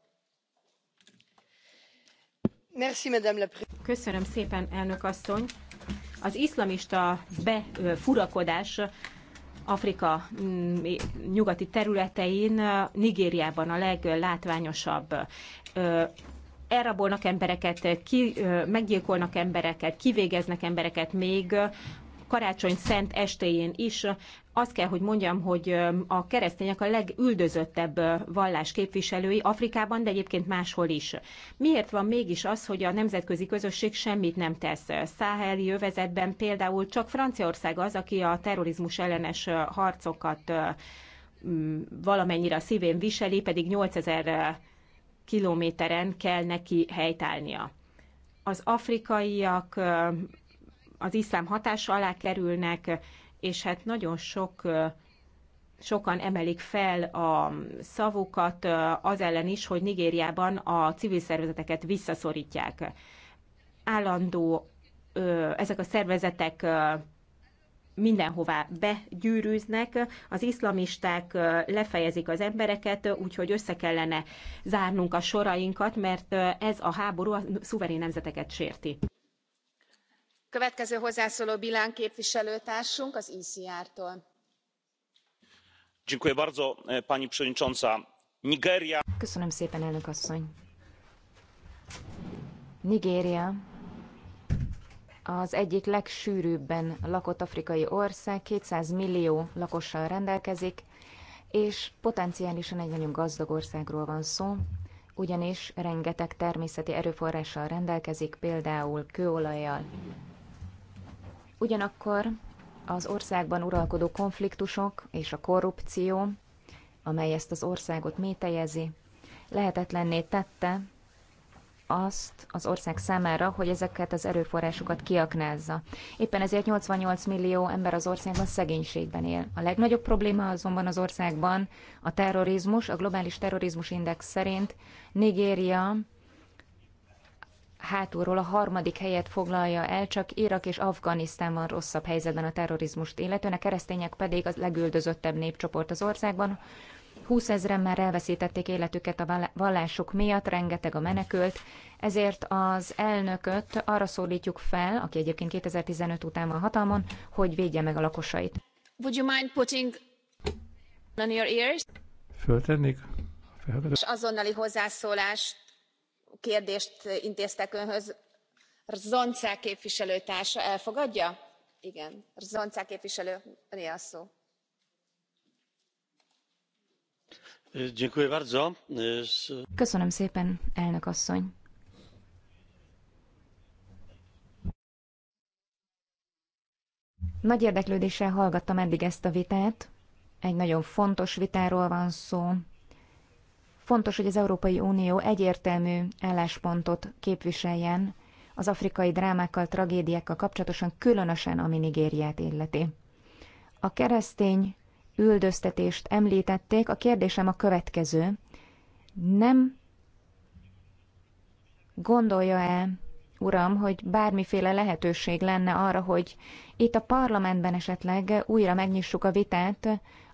Merci, madame la Köszönöm szépen, elnök asszony. Az iszlamista befurakodás Afrika mm, nyugati területein, Nigériában a leglátványosabb elrabolnak embereket, ki, meggyilkolnak embereket, kivégeznek embereket még karácsony szent estéjén is azt kell, hogy mondjam, hogy a keresztények a legüldözöttebb vallás képviselői Afrikában, de egyébként máshol is. Miért van mégis az, hogy a nemzetközi közösség semmit nem tesz? Száheli övezetben például csak Franciaország az, aki a terrorizmus ellenes harcokat valamennyire a szívén viseli, pedig 8000 kilométeren kell neki helytálnia. Az afrikaiak az iszlám hatása alá kerülnek, és hát nagyon sok sokan emelik fel a szavukat az ellen is, hogy Nigériában a civil szervezeteket visszaszorítják. Állandó ezek a szervezetek mindenhová begyűrűznek, az iszlamisták lefejezik az embereket, úgyhogy össze kellene zárnunk a sorainkat, mert ez a háború a szuverén nemzeteket sérti. E e, pani przewodnicząca! nigéria. köszönöm szépen az egyik legsűrűbben lakott afrikai ország, 200 millió lakossal rendelkezik, és potenciálisan egy nagyon gazdag országról van szó, ugyanis rengeteg természeti erőforrással rendelkezik, például kőolajjal, Ugyanakkor az országban uralkodó konfliktusok és a korrupció, amely ezt az országot métejezi, lehetetlenné tette azt az ország számára, hogy ezeket az erőforrásokat kiaknázza. Éppen ezért 88 millió ember az országban szegénységben él. A legnagyobb probléma azonban az országban a terrorizmus, a globális terrorizmus index szerint Nigéria hátulról a harmadik helyet foglalja el, csak Irak és Afganisztán van rosszabb helyzetben a terrorizmust illetően, a keresztények pedig az legüldözöttebb népcsoport az országban. 20 ezeren már elveszítették életüket a vallásuk miatt, rengeteg a menekült, ezért az elnököt arra szólítjuk fel, aki egyébként 2015 után van hatalmon, hogy védje meg a lakosait. Would you mind putting on your ears? Föltennék? Felvedet. És azonnali hozzászólás kérdést intéztek önhöz ronca képviselőtársa elfogadja? igen ronca képviselő öné a szó. köszönöm szépen elnök asszony! nagy érdeklődéssel hallgattam eddig ezt a vitát egy nagyon fontos vitáról van szó Fontos, hogy az Európai Unió egyértelmű álláspontot képviseljen az afrikai drámákkal, tragédiákkal kapcsolatosan, különösen ami Nigériát illeti. A keresztény üldöztetést említették, a kérdésem a következő. Nem gondolja-e, uram, hogy bármiféle lehetőség lenne arra, hogy itt a parlamentben esetleg újra megnyissuk a vitát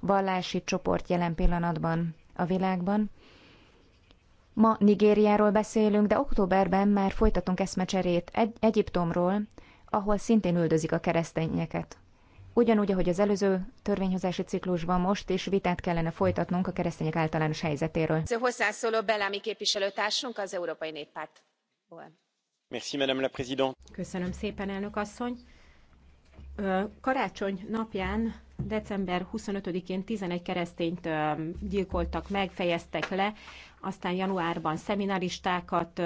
vallási csoport jelen pillanatban a világban. Ma Nigériáról beszélünk, de októberben már folytatunk eszmecserét egy- Egyiptomról, ahol szintén üldözik a keresztényeket. Ugyanúgy, ahogy az előző törvényhozási ciklusban most is vitát kellene folytatnunk a keresztények általános helyzetéről. Ez hozzászóló Bellámi képviselőtársunk az Európai Néppárt. Merci, Madame la Présidente. Köszönöm szépen, elnök asszony. Karácsony napján december 25-én 11 keresztényt gyilkoltak meg, fejeztek le, aztán januárban szemináristákat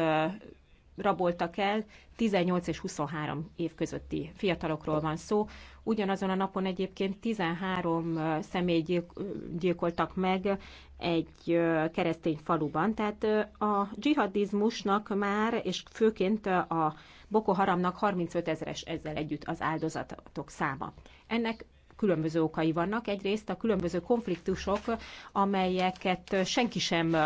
raboltak el, 18 és 23 év közötti fiatalokról van szó. Ugyanazon a napon egyébként 13 személy gyilkoltak meg egy keresztény faluban. Tehát a dzsihadizmusnak már, és főként a Boko Haramnak 35 ezeres ezzel együtt az áldozatok száma. Ennek különböző okai vannak. Egyrészt a különböző konfliktusok, amelyeket senki sem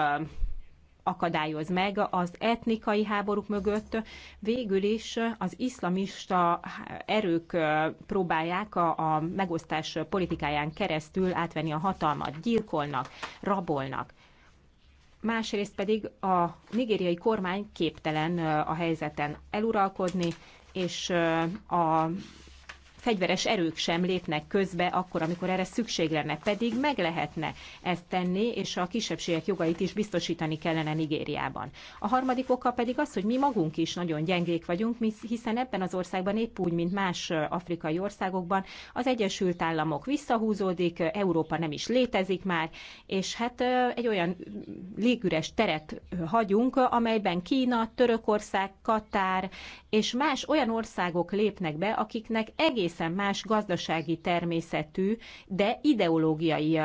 akadályoz meg az etnikai háborúk mögött. Végül is az iszlamista erők próbálják a, a megosztás politikáján keresztül átvenni a hatalmat, gyilkolnak, rabolnak másrészt pedig a nigériai kormány képtelen a helyzeten eluralkodni, és a fegyveres erők sem lépnek közbe akkor, amikor erre szükség lenne, pedig meg lehetne ezt tenni, és a kisebbségek jogait is biztosítani kellene Nigériában. A harmadik oka pedig az, hogy mi magunk is nagyon gyengék vagyunk, hiszen ebben az országban épp úgy, mint más afrikai országokban az Egyesült Államok visszahúzódik, Európa nem is létezik már, és hát egy olyan légüres teret hagyunk, amelyben Kína, Törökország, Katár és más olyan országok lépnek be, akiknek egész egészen más gazdasági természetű, de ideológiai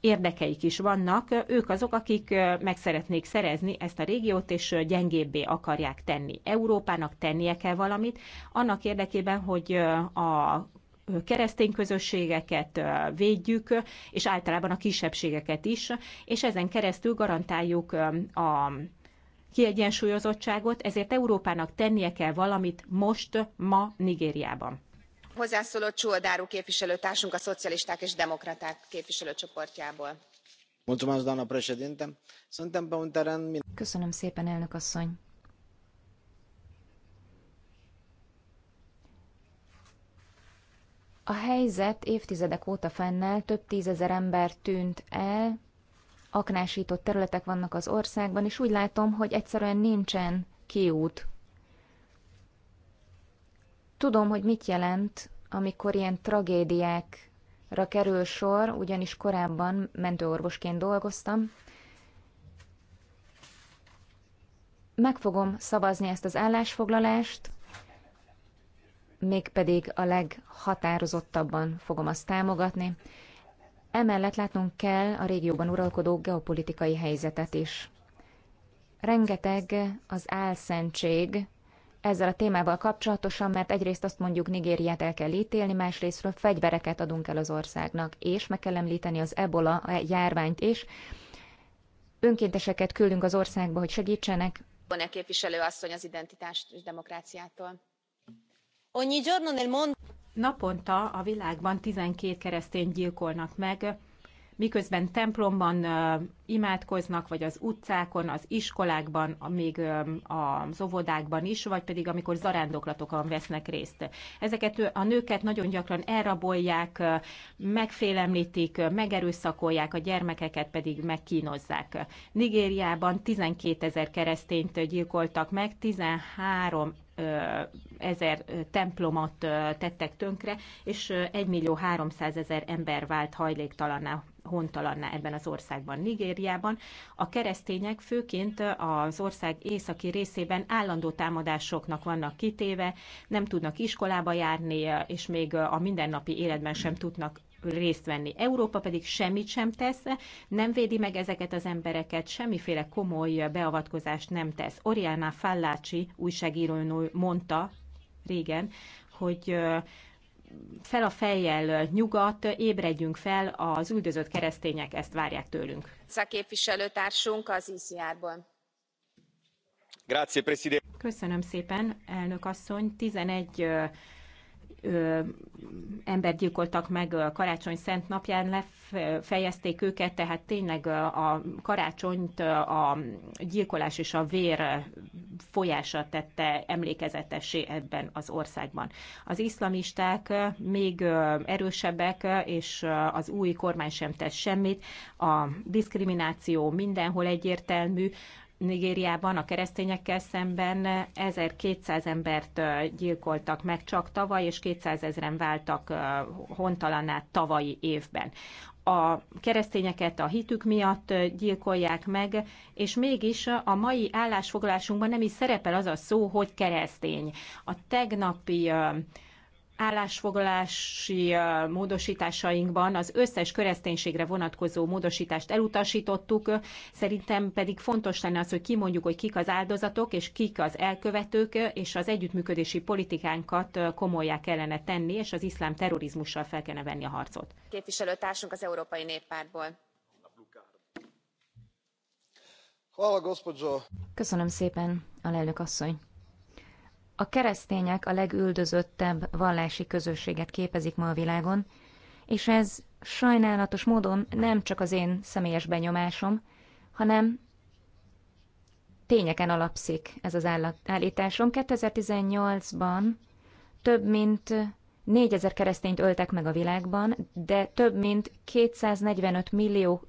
érdekeik is vannak. Ők azok, akik meg szeretnék szerezni ezt a régiót, és gyengébbé akarják tenni. Európának tennie kell valamit, annak érdekében, hogy a keresztény közösségeket védjük, és általában a kisebbségeket is, és ezen keresztül garantáljuk a kiegyensúlyozottságot, ezért Európának tennie kell valamit most, ma Nigériában hozzászóló csuhodaru képviselőtársunk a szocialisták és demokraták képviselőcsoportjából. doamnă președintă suntem pe un teren. köszönöm szépen elnök A helyzet évtizedek óta fennáll, több tízezer ember tűnt el, aknásított területek vannak az országban, és úgy látom, hogy egyszerűen nincsen kiút Tudom, hogy mit jelent, amikor ilyen tragédiákra kerül sor, ugyanis korábban mentőorvosként dolgoztam. Meg fogom szavazni ezt az állásfoglalást, mégpedig a leghatározottabban fogom azt támogatni. Emellett látnunk kell a régióban uralkodó geopolitikai helyzetet is. Rengeteg az álszentség, ezzel a témával kapcsolatosan, mert egyrészt azt mondjuk Nigériát el kell ítélni, másrésztről fegyvereket adunk el az országnak, és meg kell említeni az ebola a járványt is. Önkénteseket küldünk az országba, hogy segítsenek. Van-e képviselő asszony az identitást és demokráciától? Naponta a világban 12 keresztény gyilkolnak meg, miközben templomban imádkoznak, vagy az utcákon, az iskolákban, még az óvodákban is, vagy pedig amikor zarándoklatokon vesznek részt. Ezeket a nőket nagyon gyakran elrabolják, megfélemlítik, megerőszakolják, a gyermekeket pedig megkínozzák. Nigériában 12 ezer keresztényt gyilkoltak meg, 13 ezer templomat tettek tönkre, és 1 millió 300 ezer ember vált hajléktalanná hontalanná ebben az országban, Nigériában. A keresztények főként az ország északi részében állandó támadásoknak vannak kitéve, nem tudnak iskolába járni, és még a mindennapi életben sem tudnak részt venni. Európa pedig semmit sem tesz, nem védi meg ezeket az embereket, semmiféle komoly beavatkozást nem tesz. Oriana Fallácsi újságíró mondta régen, hogy fel a fejjel nyugat, ébredjünk fel, az üldözött keresztények ezt várják tőlünk. Szaképviselőtársunk az ICR-ból. Köszönöm szépen, elnök asszony. 11 ö, ember gyilkoltak meg karácsony szent napján, lefejezték őket, tehát tényleg a karácsonyt a gyilkolás és a vér folyása tette emlékezetessé ebben az országban. Az iszlamisták még erősebbek, és az új kormány sem tesz semmit. A diszkrimináció mindenhol egyértelmű, Nigériában a keresztényekkel szemben 1200 embert gyilkoltak meg csak tavaly, és 200 ezeren váltak hontalanná tavalyi évben. A keresztényeket a hitük miatt gyilkolják meg, és mégis a mai állásfoglalásunkban nem is szerepel az a szó, hogy keresztény. A tegnapi állásfoglalási módosításainkban az összes kereszténységre vonatkozó módosítást elutasítottuk, szerintem pedig fontos lenne az, hogy kimondjuk, hogy kik az áldozatok és kik az elkövetők, és az együttműködési politikánkat komolyá kellene tenni, és az iszlám terrorizmussal fel kellene venni a harcot. Képviselőtársunk az Európai Néppártból. Köszönöm szépen, alelnök asszony. A keresztények a legüldözöttebb vallási közösséget képezik ma a világon, és ez sajnálatos módon nem csak az én személyes benyomásom, hanem tényeken alapszik ez az állításom. 2018-ban több mint 4000 keresztényt öltek meg a világban, de több mint 245 millió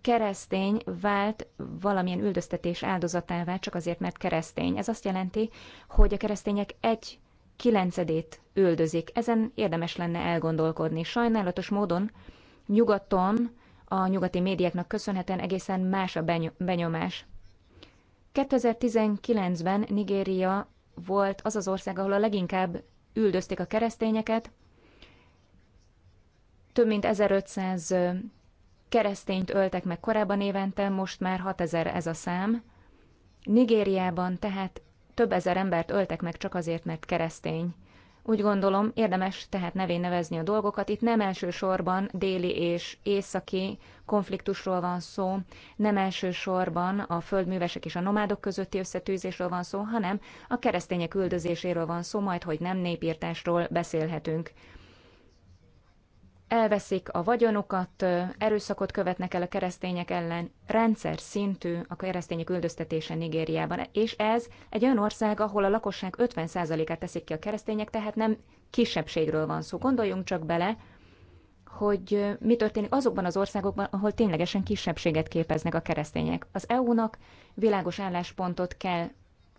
keresztény vált valamilyen üldöztetés áldozatává csak azért, mert keresztény. Ez azt jelenti, hogy a keresztények egy kilencedét üldözik. Ezen érdemes lenne elgondolkodni. Sajnálatos módon nyugaton, a nyugati médiáknak köszönhetően egészen más a benyomás. 2019-ben Nigéria volt az az ország, ahol a leginkább üldözték a keresztényeket. Több mint 1500 keresztényt öltek meg korábban évente, most már 6000 ez a szám. Nigériában tehát több ezer embert öltek meg csak azért, mert keresztény. Úgy gondolom, érdemes tehát nevén nevezni a dolgokat. Itt nem elsősorban déli és északi konfliktusról van szó, nem elsősorban a földművesek és a nomádok közötti összetűzésről van szó, hanem a keresztények üldözéséről van szó, majd hogy nem népírtásról beszélhetünk elveszik a vagyonukat, erőszakot követnek el a keresztények ellen, rendszer szintű a keresztények üldöztetése Nigériában, és ez egy olyan ország, ahol a lakosság 50%-át teszik ki a keresztények, tehát nem kisebbségről van szó. Gondoljunk csak bele, hogy mi történik azokban az országokban, ahol ténylegesen kisebbséget képeznek a keresztények. Az EU-nak világos álláspontot kell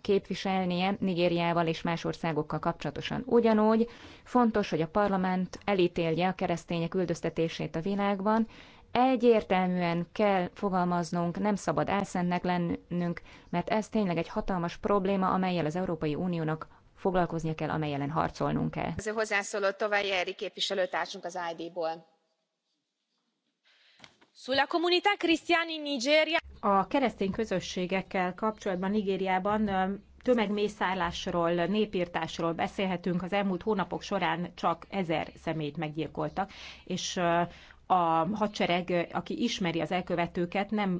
képviselnie Nigériával és más országokkal kapcsolatosan. Ugyanúgy fontos, hogy a parlament elítélje a keresztények üldöztetését a világban, egyértelműen kell fogalmaznunk, nem szabad elszennek lennünk, mert ez tényleg egy hatalmas probléma, amelyel az Európai Uniónak foglalkoznia kell, amely ellen harcolnunk kell. Ez a hozzászóló Továly Eri képviselőtársunk az ID-ból a keresztény közösségekkel kapcsolatban Nigériában tömegmészárlásról, népírtásról beszélhetünk. Az elmúlt hónapok során csak ezer személyt meggyilkoltak, és a hadsereg, aki ismeri az elkövetőket, nem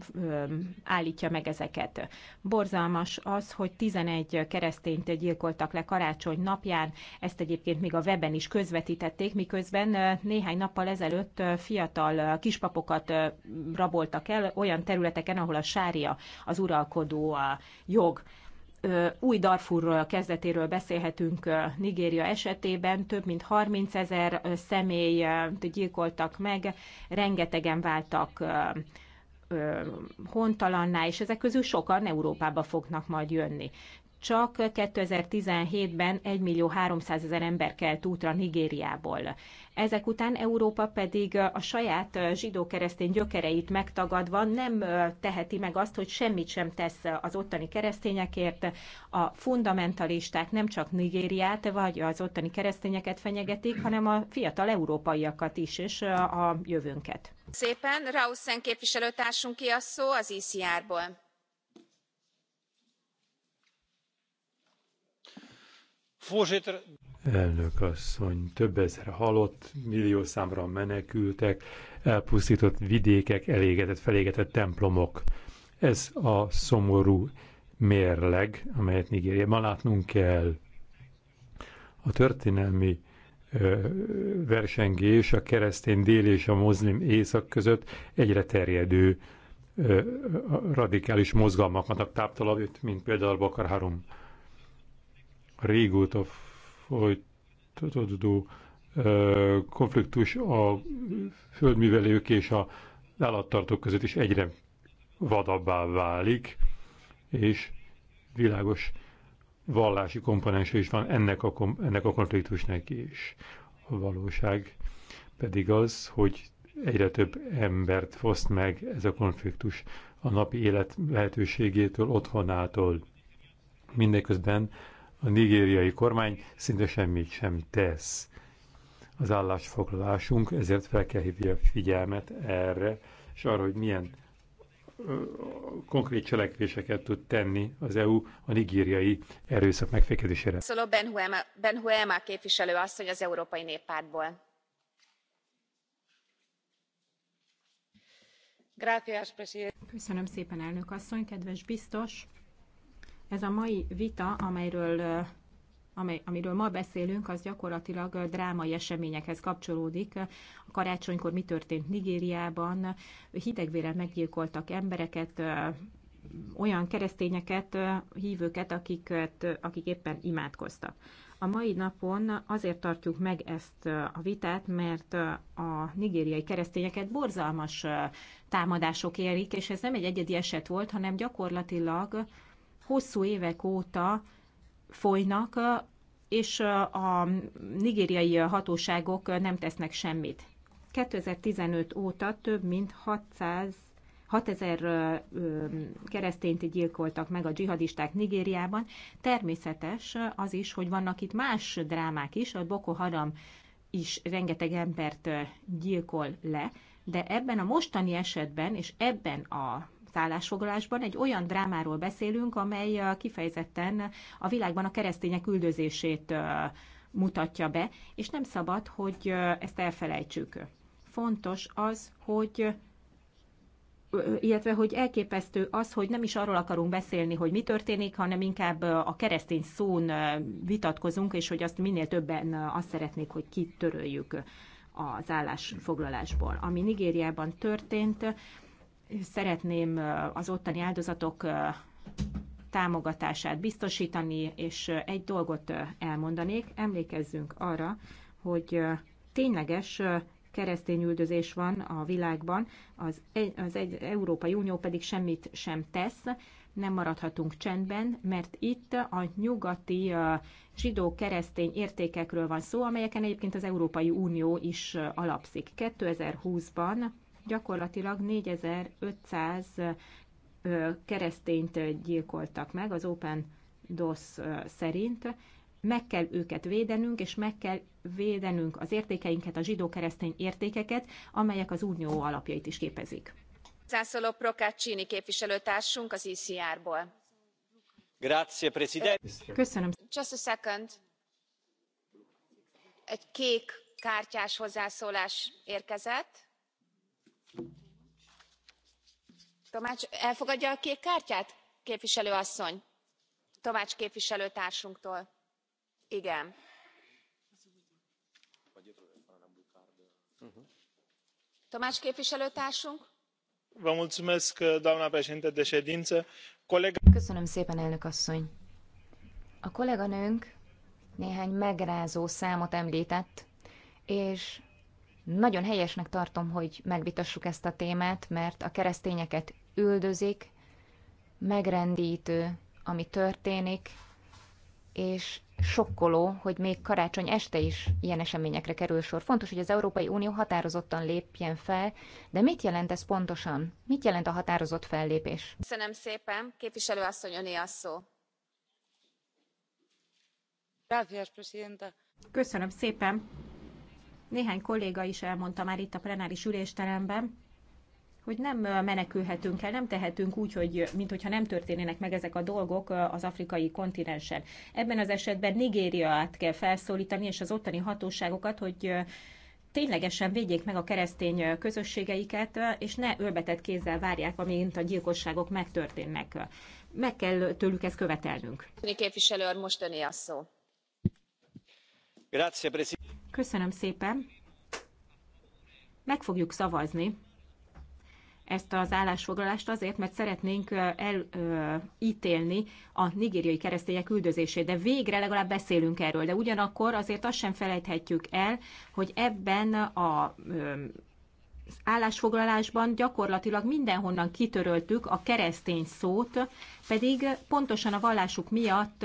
állítja meg ezeket. Borzalmas az, hogy 11 keresztényt gyilkoltak le karácsony napján, ezt egyébként még a weben is közvetítették, miközben néhány nappal ezelőtt fiatal kispapokat raboltak el olyan területeken, ahol a sária az uralkodó jog új Darfurról a kezdetéről beszélhetünk Nigéria esetében. Több mint 30 ezer személy gyilkoltak meg, rengetegen váltak hontalanná, és ezek közül sokan Európába fognak majd jönni csak 2017-ben 1 millió 300 ezer ember kelt útra Nigériából. Ezek után Európa pedig a saját zsidó-keresztény gyökereit megtagadva nem teheti meg azt, hogy semmit sem tesz az ottani keresztényekért. A fundamentalisták nem csak Nigériát vagy az ottani keresztényeket fenyegetik, hanem a fiatal európaiakat is és a jövőnket. Szépen, Rausen képviselőtársunk ki a szó az ICR-ból e Voorzitter. Elnök asszony, több ezer halott, millió számra menekültek, elpusztított vidékek, elégetett, felégetett templomok. Ez a szomorú mérleg, amelyet Nigériában látnunk kell. A történelmi versengés a keresztény dél és a mozlim észak között egyre terjedő radikális mozgalmaknak táptalajt, mint például Bakar Harum régóta folytatódó konfliktus a földművelők és a állattartók között is egyre vadabbá válik, és világos vallási komponense is van ennek a, ennek a konfliktusnak is. A valóság pedig az, hogy egyre több embert foszt meg ez a konfliktus a napi élet lehetőségétől, otthonától. Mindeközben a nigériai kormány szinte semmit sem tesz. Az állásfoglalásunk ezért fel kell hívni a figyelmet erre, és arra, hogy milyen konkrét cselekvéseket tud tenni az EU a nigériai erőszak megfékezésére. Szóló Ben Benhuema képviselő asszony az Európai Néppártból. Köszönöm szépen, elnök asszony, kedves biztos! Ez a mai vita, amelyről, amely, amiről ma beszélünk, az gyakorlatilag drámai eseményekhez kapcsolódik. A karácsonykor mi történt Nigériában, hidegvére meggyilkoltak embereket, olyan keresztényeket, hívőket, akiket, akik éppen imádkoztak. A mai napon azért tartjuk meg ezt a vitát, mert a nigériai keresztényeket borzalmas támadások érik, és ez nem egy egyedi eset volt, hanem gyakorlatilag hosszú évek óta folynak, és a nigériai hatóságok nem tesznek semmit. 2015 óta több mint 600 6000 keresztényt gyilkoltak meg a dzsihadisták Nigériában. Természetes az is, hogy vannak itt más drámák is, a Boko Haram is rengeteg embert gyilkol le, de ebben a mostani esetben és ebben a szállásfoglalásban egy olyan drámáról beszélünk, amely kifejezetten a világban a keresztények üldözését mutatja be, és nem szabad, hogy ezt elfelejtsük. Fontos az, hogy illetve hogy elképesztő az, hogy nem is arról akarunk beszélni, hogy mi történik, hanem inkább a keresztény szón vitatkozunk, és hogy azt minél többen azt szeretnék, hogy kitöröljük az állásfoglalásból. Ami Nigériában történt, szeretném az ottani áldozatok támogatását biztosítani, és egy dolgot elmondanék. Emlékezzünk arra, hogy tényleges keresztény üldözés van a világban, az, egy, az egy, Európai Unió pedig semmit sem tesz, nem maradhatunk csendben, mert itt a nyugati zsidó-keresztény értékekről van szó, amelyeken egyébként az Európai Unió is alapszik. 2020-ban gyakorlatilag 4500 keresztényt gyilkoltak meg az Open DOS szerint. Meg kell őket védenünk, és meg kell védenünk az értékeinket, a zsidó-keresztény értékeket, amelyek az unió alapjait is képezik. Zászoló Prokácsini képviselőtársunk az ICR-ból. E Grazie, Köszönöm. Just a second. Egy kék kártyás hozzászólás érkezett tolmács elfogadja a kék kártyát képviselő asszony tolmács képviselőtársunktól? igen. tolmács képviselőtársunk? doamnă președintă de ședință köszönöm szépen elnök asszony. a kolléganőnk néhány megrázó számot említett és nagyon helyesnek tartom, hogy megvitassuk ezt a témát, mert a keresztényeket üldözik, megrendítő, ami történik, és sokkoló, hogy még karácsony este is ilyen eseményekre kerül sor. Fontos, hogy az Európai Unió határozottan lépjen fel, de mit jelent ez pontosan? Mit jelent a határozott fellépés? Köszönöm szépen. Képviselő asszony, öné a szó. Köszönöm szépen. Néhány kolléga is elmondta már itt a plenáris ülésteremben, hogy nem menekülhetünk el, nem tehetünk úgy, hogy mint hogyha nem történének meg ezek a dolgok az afrikai kontinensen. Ebben az esetben Nigériát kell felszólítani, és az ottani hatóságokat, hogy ténylegesen védjék meg a keresztény közösségeiket, és ne ölbetett kézzel várják, amint a gyilkosságok megtörténnek. Meg kell tőlük ezt követelnünk. Képviselő most öné a szó. Köszönöm szépen. Meg fogjuk szavazni ezt az állásfoglalást azért, mert szeretnénk elítélni a nigériai keresztények üldözését. De végre legalább beszélünk erről. De ugyanakkor azért azt sem felejthetjük el, hogy ebben a az állásfoglalásban gyakorlatilag mindenhonnan kitöröltük a keresztény szót, pedig pontosan a vallásuk miatt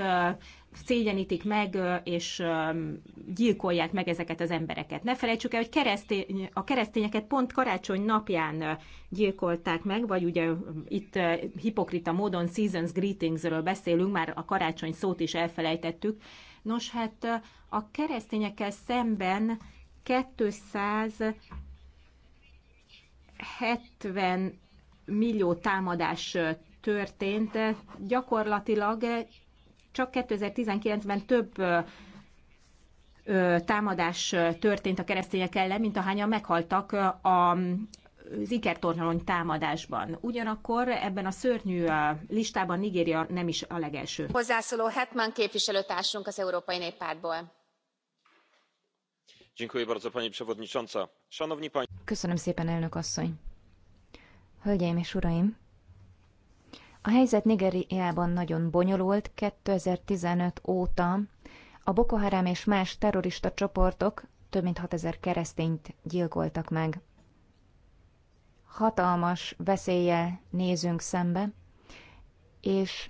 szégyenítik meg, és gyilkolják meg ezeket az embereket. Ne felejtsük el, hogy keresztény, a keresztényeket pont karácsony napján gyilkolták meg, vagy ugye itt hipokrita módon Seasons Greetingsről beszélünk, már a karácsony szót is elfelejtettük. Nos, hát a keresztényekkel szemben 270 millió támadás történt, gyakorlatilag csak 2019-ben több támadás történt a keresztények ellen, mint ahányan meghaltak a az ikertornalony támadásban. Ugyanakkor ebben a szörnyű listában Nigéria nem is a legelső. Hozzászóló Hetman képviselőtársunk az Európai Néppártból. Köszönöm szépen, elnök asszony. Hölgyeim és uraim! A helyzet Nigériában nagyon bonyolult 2015 óta. A Boko Haram és más terrorista csoportok több mint 6000 keresztényt gyilkoltak meg. Hatalmas veszélye nézünk szembe, és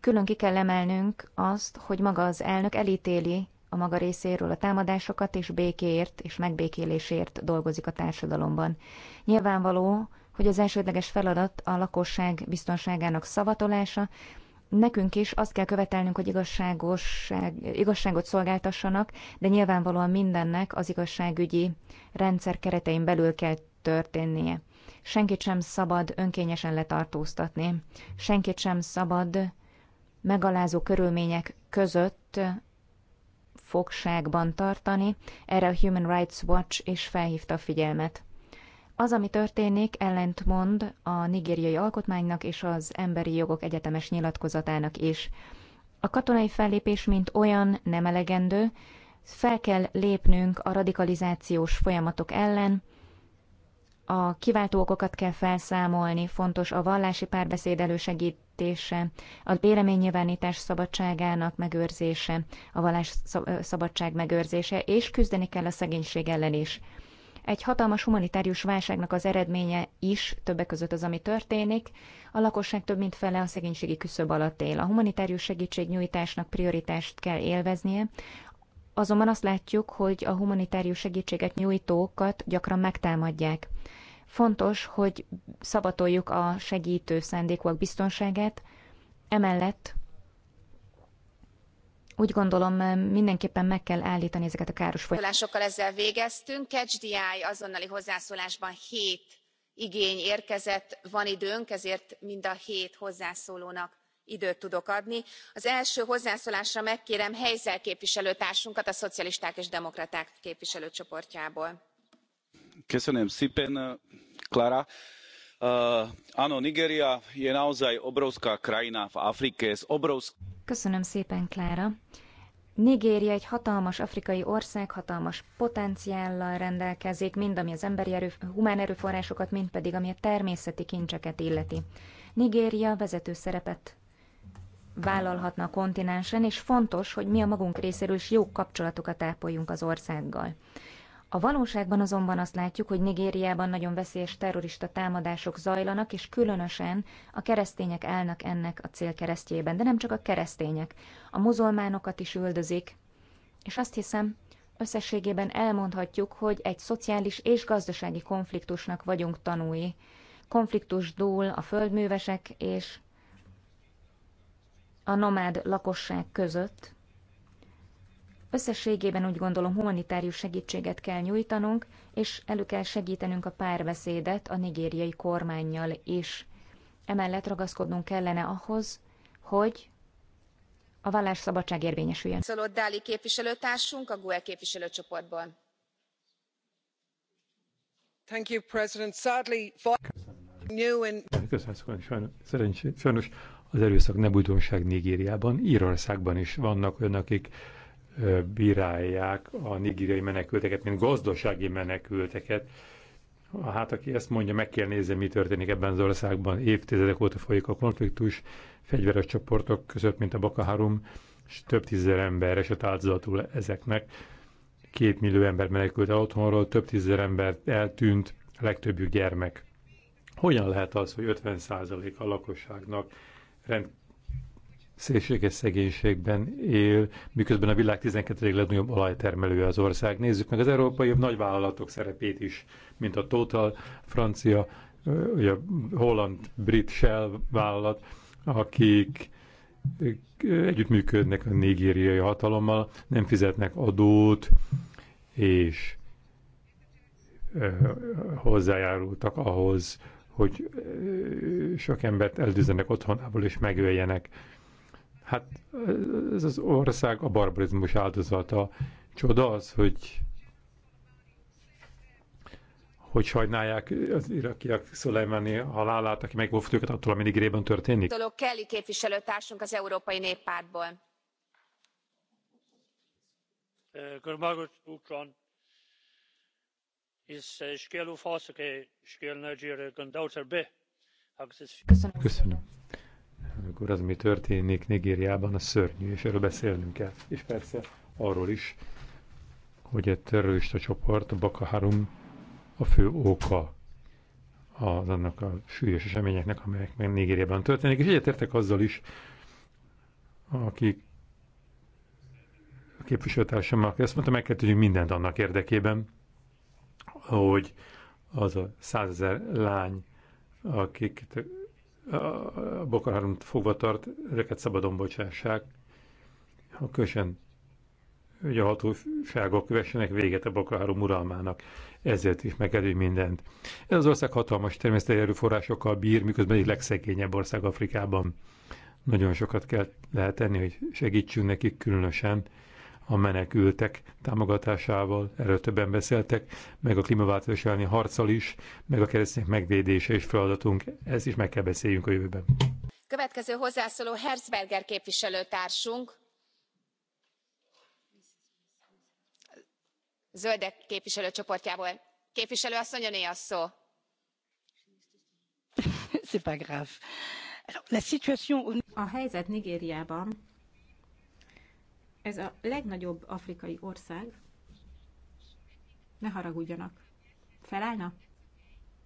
külön ki kell emelnünk azt, hogy maga az elnök elítéli a maga részéről a támadásokat, és békéért és megbékélésért dolgozik a társadalomban. Nyilvánvaló, hogy az elsődleges feladat a lakosság biztonságának szavatolása, nekünk is azt kell követelnünk, hogy igazságosság, igazságot szolgáltassanak, de nyilvánvalóan mindennek az igazságügyi rendszer keretein belül kell történnie. Senkit sem szabad önkényesen letartóztatni, senkit sem szabad megalázó körülmények között fogságban tartani, erre a Human Rights Watch is felhívta a figyelmet. Az, ami történik, ellentmond a nigériai alkotmánynak és az emberi jogok egyetemes nyilatkozatának is. A katonai fellépés, mint olyan, nem elegendő, fel kell lépnünk a radikalizációs folyamatok ellen, a kiváltó okokat kell felszámolni, fontos a vallási párbeszéd elősegítése, a véleménynyilvánítás szabadságának megőrzése, a vallás szabadság megőrzése, és küzdeni kell a szegénység ellen is. Egy hatalmas humanitárius válságnak az eredménye is többek között az, ami történik. A lakosság több mint fele a szegénységi küszöb alatt él. A humanitárius segítségnyújtásnak prioritást kell élveznie, azonban azt látjuk, hogy a humanitárius segítséget nyújtókat gyakran megtámadják. Fontos, hogy szabatoljuk a segítő szándékúak biztonságát, emellett úgy gondolom eh, mindenképpen meg kell állítani ezeket a káros folyamatokat. ezzel végeztünk. Catch the Eye azonnali hozzászólásban hét igény érkezett, van időnk, ezért mind a hét hozzászólónak időt tudok adni. Az első hozzászólásra megkérem Helyzel képviselőtársunkat a Szocialisták és Demokraták képviselőcsoportjából. Köszönöm szépen, eh, Klára. Uh, eh, Nigeria, Nigéria je naozaj obrovská krajina v Afrike s obrovským... Köszönöm szépen, Klára. Nigéria egy hatalmas afrikai ország, hatalmas potenciállal rendelkezik, mind ami az emberi erő, humán erőforrásokat, mind pedig ami a természeti kincseket illeti. Nigéria vezető szerepet vállalhatna a kontinensen, és fontos, hogy mi a magunk részéről is jó kapcsolatokat ápoljunk az országgal. A valóságban azonban azt látjuk, hogy Nigériában nagyon veszélyes terrorista támadások zajlanak, és különösen a keresztények állnak ennek a célkeresztjében, de nem csak a keresztények, a muzulmánokat is üldözik, és azt hiszem, összességében elmondhatjuk, hogy egy szociális és gazdasági konfliktusnak vagyunk tanúi. Konfliktus dúl a földművesek és a nomád lakosság között, Összességében úgy gondolom humanitárius segítséget kell nyújtanunk, és elő kell segítenünk a párbeszédet a nigériai kormányjal is. Emellett ragaszkodnunk kellene ahhoz, hogy a vallásszabadság érvényesüljön. Szolott Dáli képviselőtársunk a GUE képviselőcsoportból. Thank you, President. Sadly, new and... Köszönöm, sajnos, sajnos az erőszak nem újdonság Nigériában, Írországban is vannak olyan, akik bírálják a nigériai menekülteket, mint gazdasági menekülteket. Hát aki ezt mondja, meg kell nézni, mi történik ebben az országban. Évtizedek óta folyik a konfliktus fegyveres csoportok között, mint a Bakaharum, és több tízezer ember esett áldozatul ezeknek. Két millió ember menekült el otthonról, több tízezer ember eltűnt, a legtöbbjük gyermek. Hogyan lehet az, hogy 50% a lakosságnak rend szélséges szegénységben él, miközben a világ 12. legnagyobb olajtermelője az ország. Nézzük meg az európai nagyvállalatok szerepét is, mint a Total, francia, ugye, holland, brit Shell vállalat, akik együttműködnek a nigériai hatalommal, nem fizetnek adót, és hozzájárultak ahhoz, hogy sok embert eldűzenek otthonából és megöljenek Hát ez az ország a barbarizmus áldozata. Csoda az, hogy hogy sajnálják az irakiak Szulajmani halálát, aki megvófta őket attól, ami Nigrében történik. Dolog Kelly képviselőtársunk az Európai Néppártból. Köszönöm. Köszönöm. Akkor az, mi történik Nigériában, a szörnyű, és erről beszélnünk kell. És persze arról is, hogy a terrorista csoport, a Baka Harum a fő oka az annak a súlyos eseményeknek, amelyek meg Nigériában történik, és egyetértek azzal is, akik a képviselőtársammal ezt mondta, meg kell tudjunk mindent annak érdekében, hogy az a százezer lány, akik a Boko Haram fogva tart, őket szabadon bocsássák, ha kösen hogy a hatóságok kövessenek véget a Boko Haram uralmának. Ezért is megelő mindent. Ez az ország hatalmas természeti erőforrásokkal bír, miközben egy legszegényebb ország Afrikában. Nagyon sokat kell lehet tenni, hogy segítsünk nekik különösen a menekültek támogatásával, erről többen beszéltek, meg a klímaváltozás elleni harccal is, meg a keresztények megvédése és feladatunk, ez is meg kell beszéljünk a jövőben. Következő hozzászóló Herzberger képviselőtársunk. Zöldek képviselőcsoportjából. Képviselő asszony, öné a szó. A helyzet Nigériában ez a legnagyobb afrikai ország. Ne haragudjanak. Felállna?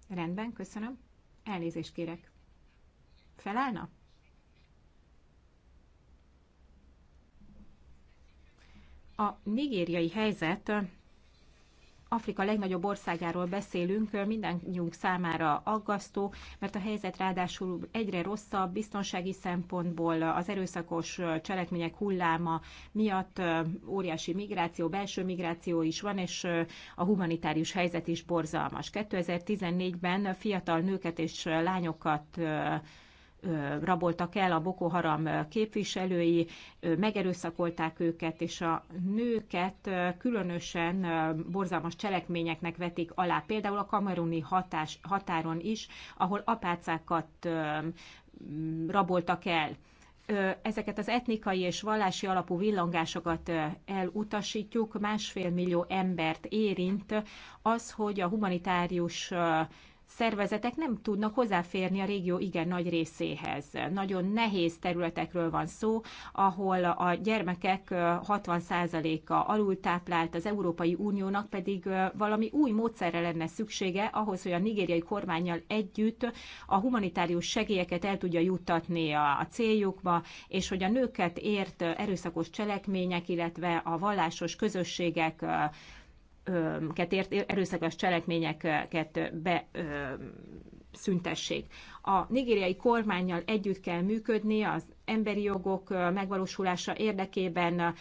Rendben, köszönöm. Elnézést kérek. Felállna? A nigériai helyzet Afrika legnagyobb országáról beszélünk, mindannyiunk számára aggasztó, mert a helyzet ráadásul egyre rosszabb biztonsági szempontból, az erőszakos cselekmények hulláma miatt óriási migráció, belső migráció is van, és a humanitárius helyzet is borzalmas. 2014-ben fiatal nőket és lányokat raboltak el a Boko Haram képviselői, megerőszakolták őket, és a nőket különösen borzalmas cselekményeknek vetik alá. Például a kameruni hatás, határon is, ahol apácákat raboltak el ezeket az etnikai és vallási alapú villangásokat elutasítjuk, másfél millió embert érint az, hogy a humanitárius szervezetek nem tudnak hozzáférni a régió igen nagy részéhez. Nagyon nehéz területekről van szó, ahol a gyermekek 60%-a alultáplált, az Európai Uniónak pedig valami új módszerre lenne szüksége ahhoz, hogy a nigériai kormányjal együtt a humanitárius segélyeket el tudja juttatni a céljukba, és hogy a nőket ért erőszakos cselekmények, illetve a vallásos közösségek ért erőszakos cselekményeket be szüntessék. A nigériai kormányjal együtt kell működni az emberi jogok megvalósulása érdekében,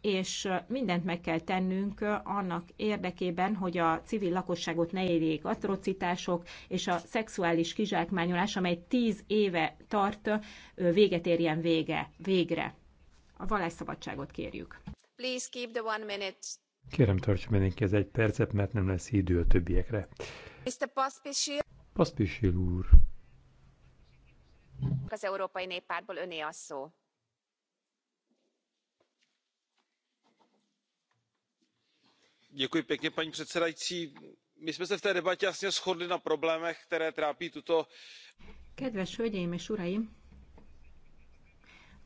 és mindent meg kell tennünk annak érdekében, hogy a civil lakosságot ne érjék atrocitások, és a szexuális kizsákmányolás, amely tíz éve tart, véget érjen vége, végre. A vallásszabadságot kérjük. Please keep the one minute Kérem, tartsa mindenki ez egy percet, mert nem lesz idő a többiekre. Mr. Paspisil. Paspisil úr. Az Európai Néppártból öné a szó. Děkuji pěkně, paní předsedající. My jsme se v té debatě jasně shodli na problémech, které trápí tuto... Kedves hölgyeim és uraim,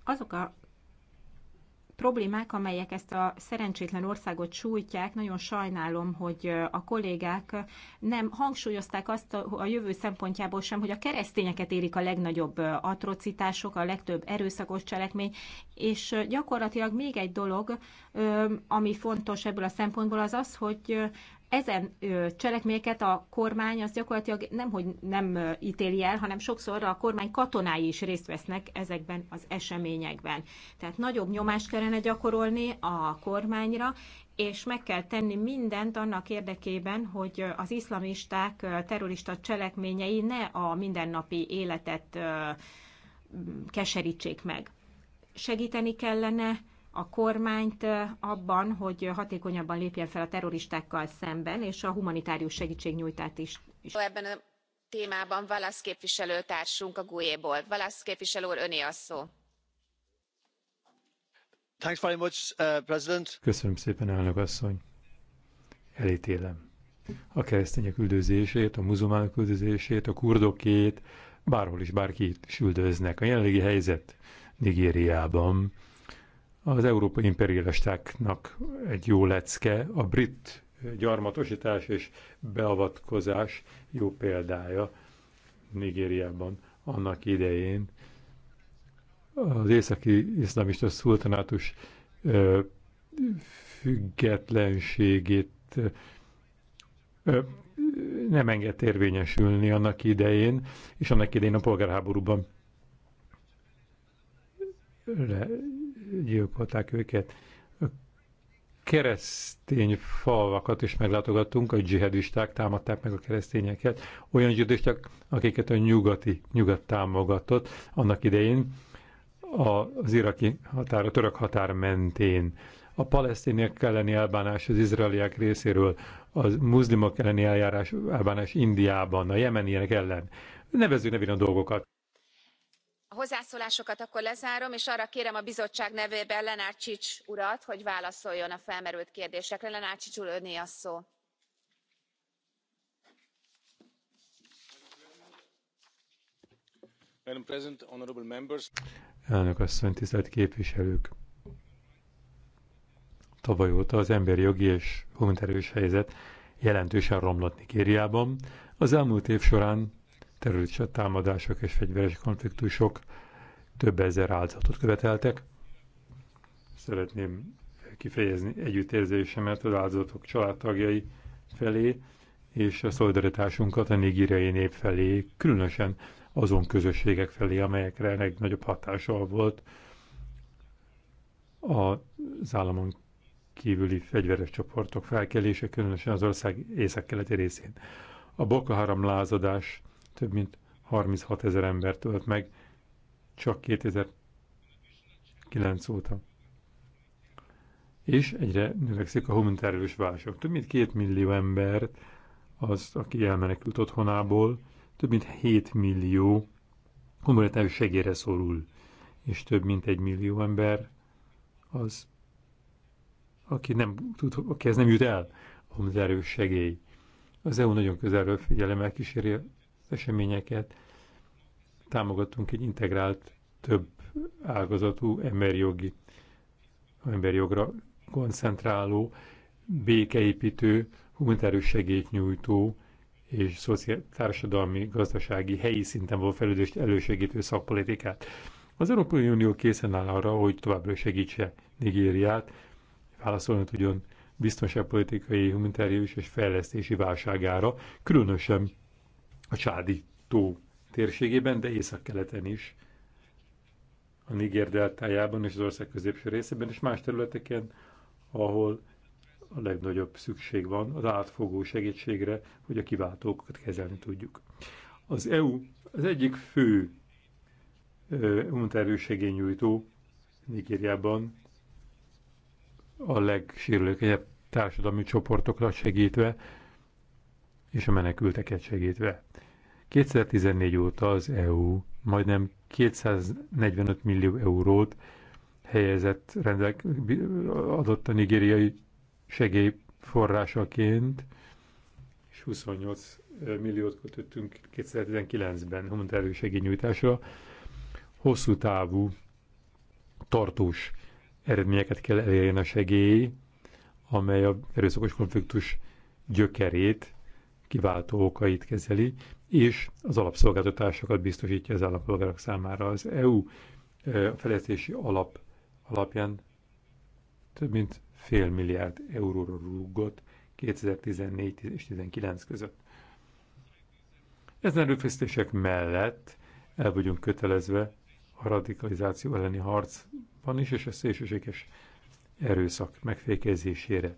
azok a problémák, amelyek ezt a szerencsétlen országot sújtják. Nagyon sajnálom, hogy a kollégák nem hangsúlyozták azt a jövő szempontjából sem, hogy a keresztényeket érik a legnagyobb atrocitások, a legtöbb erőszakos cselekmény, és gyakorlatilag még egy dolog, ami fontos ebből a szempontból, az az, hogy ezen cselekményeket a kormány az gyakorlatilag nem, hogy nem ítéli el, hanem sokszor a kormány katonái is részt vesznek ezekben az eseményekben. Tehát nagyobb nyomást kellene gyakorolni a kormányra, és meg kell tenni mindent annak érdekében, hogy az iszlamisták terrorista cselekményei ne a mindennapi életet keserítsék meg. Segíteni kellene a kormányt abban, hogy hatékonyabban lépjen fel a terroristákkal szemben, és a humanitárius segítségnyújtást is. Ebben a témában Valasz képviselőtársunk a GUE-ból. Valasz képviselő úr, öné a szó. Thanks very much, uh, President. Köszönöm szépen, elnök asszony. Elítélem. A keresztények üldözését, a muzulmánok üldözését, a kurdokét, bárhol is bárki is üldöznek. A jelenlegi helyzet Nigériában az európai imperialistáknak egy jó lecke, a brit gyarmatosítás és beavatkozás jó példája Nigériában annak idején. Az északi iszlamista szultanátus függetlenségét nem enged érvényesülni annak idején, és annak idején a polgárháborúban gyilkolták őket. A keresztény falvakat is meglátogattunk, a dzsihadisták támadták meg a keresztényeket, olyan dzsihadisták, akiket a nyugati, nyugat támogatott annak idején az iraki határ, a török határ mentén a palesztiniek elleni elbánás az izraeliek részéről, a muzlimok elleni eljárás, elbánás Indiában, a jemeniek ellen. Nevezzük nevén a dolgokat a hozzászólásokat akkor lezárom és arra kérem a bizottság nevében lenari urat hogy válaszoljon a felmerült kérdésekre. lenari úr öné a szó. elnök asszony tisztelt képviselők! tavaly óta az emberi jogi és humanitárius helyzet jelentősen romlott nigériában. az elmúlt év során terrorista támadások és fegyveres konfliktusok több ezer áldozatot követeltek. Szeretném kifejezni együttérzésemet az áldozatok családtagjai felé, és a szolidaritásunkat a négirei nép felé, különösen azon közösségek felé, amelyekre legnagyobb hatással volt az államon kívüli fegyveres csoportok felkelése, különösen az ország északkeleti részén. A Boko Haram lázadás több mint 36 ezer ember tölt meg csak 2009 óta. És egyre növekszik a humanitárius válság. Több mint két millió ember az, aki elmenekült otthonából, több mint 7 millió humanitárius segélyre szorul, és több mint egy millió ember az, aki nem tud, ez nem jut el a humanitárius segély. Az EU nagyon közelről figyelemmel kíséri eseményeket. Támogatunk egy integrált, több ágazatú emberjogi, emberjogra koncentráló, békeépítő, humanitárius segélynyújtó és társadalmi, gazdasági, helyi szinten való fejlődést elősegítő szakpolitikát. Az Európai Unió készen áll arra, hogy továbbra segítse Nigériát, válaszolni tudjon biztonságpolitikai, humanitárius és fejlesztési válságára, különösen a Csádi tó térségében, de északkeleten is, a Niger deltájában és az ország középső részében, és más területeken, ahol a legnagyobb szükség van az átfogó segítségre, hogy a kiváltókat kezelni tudjuk. Az EU az egyik fő unterősegényújtó Nigériában a legsérülékenyebb társadalmi csoportokra segítve, és a menekülteket segítve. 2014 óta az EU majdnem 245 millió eurót helyezett rendek, adott a nigériai segély forrásaként, és 28 milliót kötöttünk 2019-ben humanitárius segélynyújtásra. Hosszú távú, tartós eredményeket kell elérjen a segély, amely a erőszakos konfliktus gyökerét kiváltó okait kezeli, és az alapszolgáltatásokat biztosítja az állampolgárok számára. Az EU e, fejlesztési alap alapján több mint fél milliárd euróra rúgott 2014 és 2019 között. Ezen erőfeszítések mellett el vagyunk kötelezve a radikalizáció elleni harcban is, és a szélsőséges erőszak megfékezésére.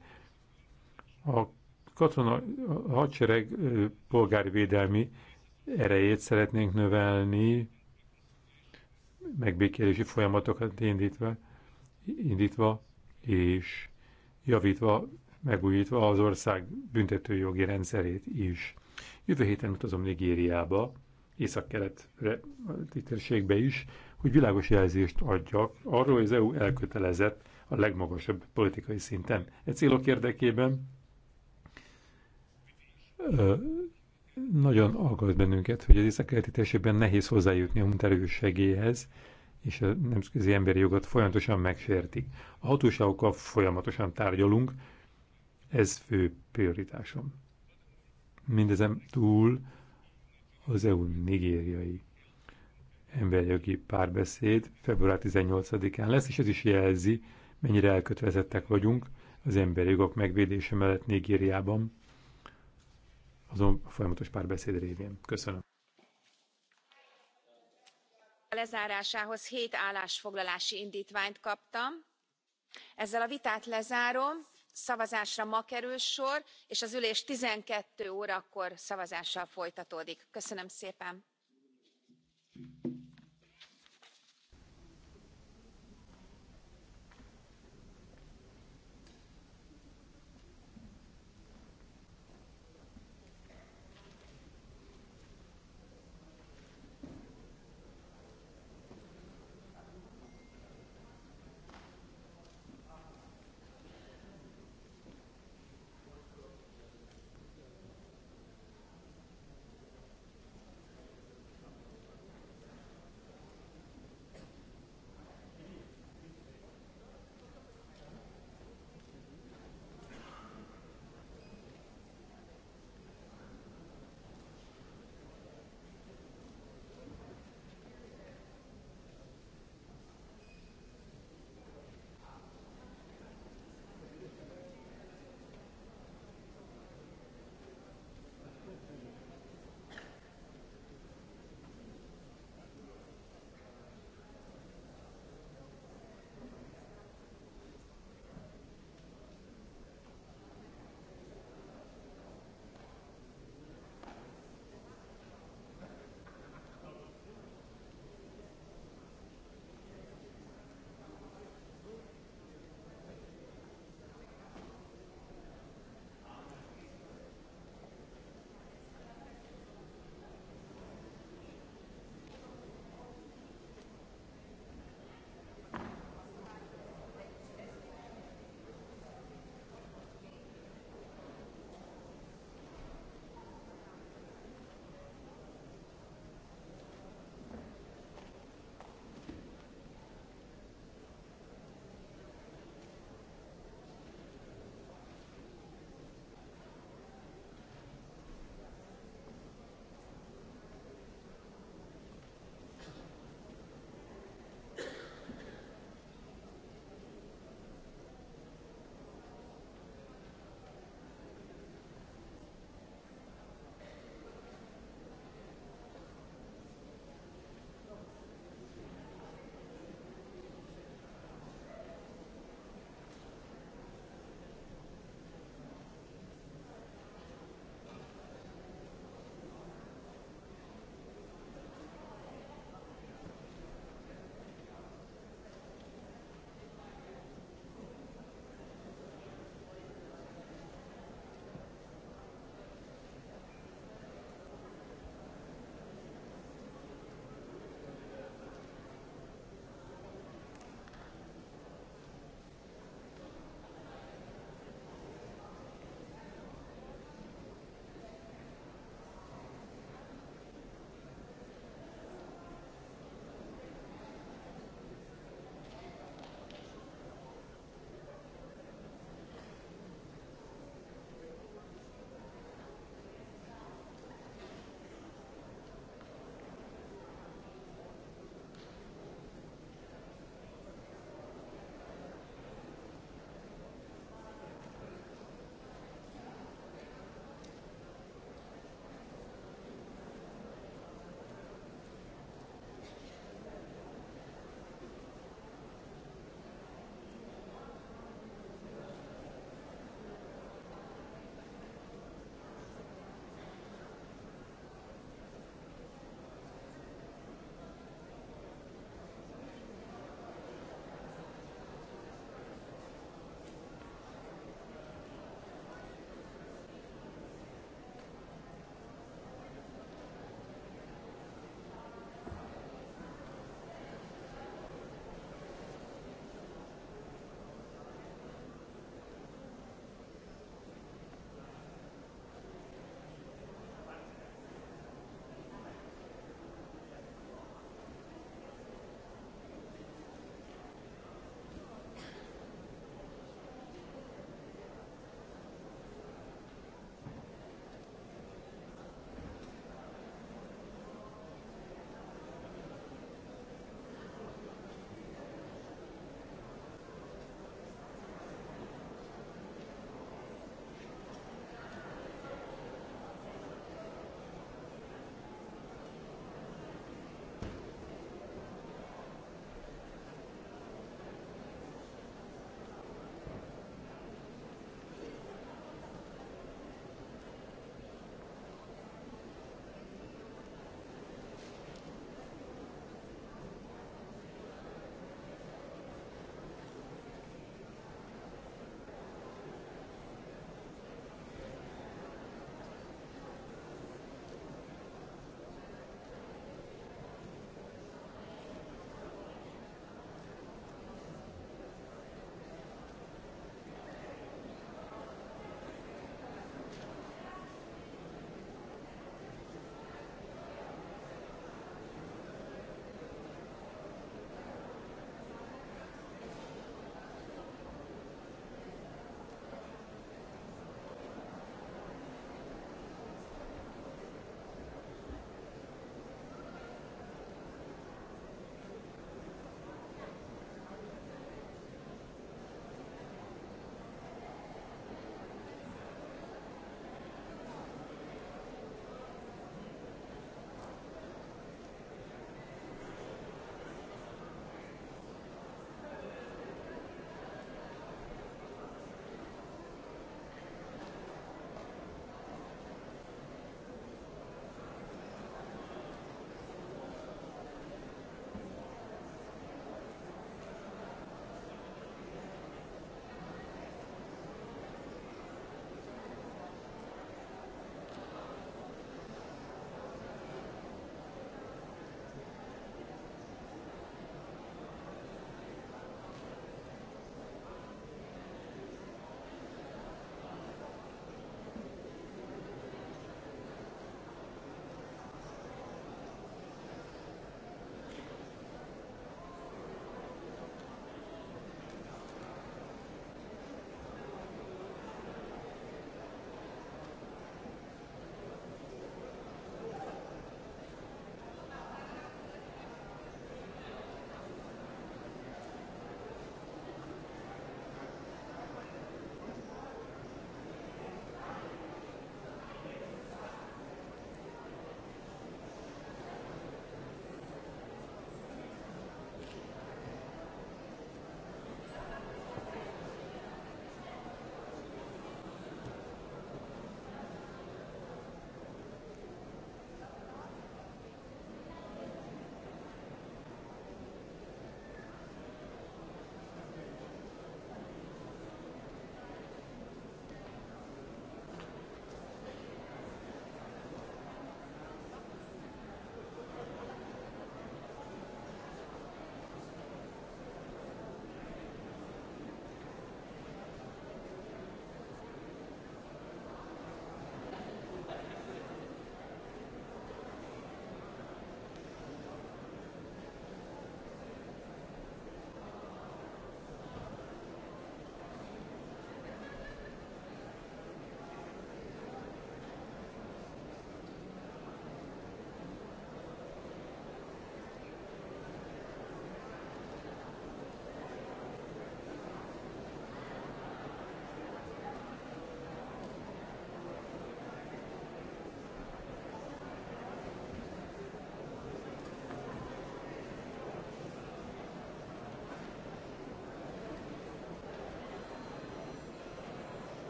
A katona a hadsereg polgárvédelmi erejét szeretnénk növelni, megbékélési folyamatokat indítva, indítva és javítva, megújítva az ország büntetőjogi rendszerét is. Jövő héten utazom Nigériába, észak-keletre térségbe is, hogy világos jelzést adjak arról, hogy az EU elkötelezett a legmagasabb politikai szinten. E célok érdekében nagyon aggaszt bennünket, hogy az észak térségben nehéz hozzájutni a munkaerő segélyhez, és a nemzetközi emberi jogot folyamatosan megsérti. A hatóságokkal folyamatosan tárgyalunk, ez fő prioritásom. Mindezen túl az EU nigériai emberjogi párbeszéd február 18-án lesz, és ez is jelzi, mennyire elkötelezettek vagyunk az emberi jogok megvédése mellett Nigériában azon folyamatos párbeszéd révén. Köszönöm. A lezárásához hét állásfoglalási indítványt kaptam. Ezzel a vitát lezárom, szavazásra ma kerül sor, és az ülés 12 órakor szavazással folytatódik. Köszönöm szépen!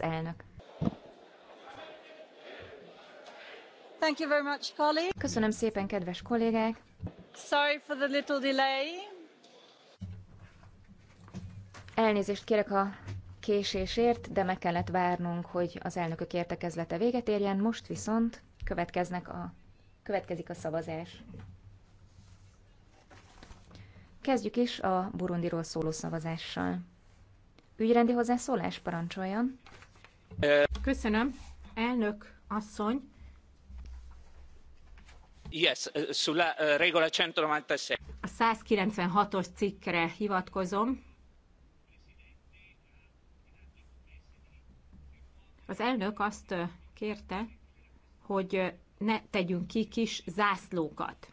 az elnök. Thank you very much, colleague. Köszönöm szépen, kedves kollégák. Sorry for the little delay. Elnézést kérek a késésért, de meg kellett várnunk, hogy az elnökök értekezlete véget érjen. Most viszont következnek a, következik a szavazás. Kezdjük is a Burundiról szóló szavazással. Ügyrendi hozzászólás parancsoljon. Köszönöm, elnök asszony. Yes, uh, sulla uh, regola 196. A 196-os cikkre hivatkozom. Az elnök azt uh, kérte, hogy ne tegyünk ki kis zászlókat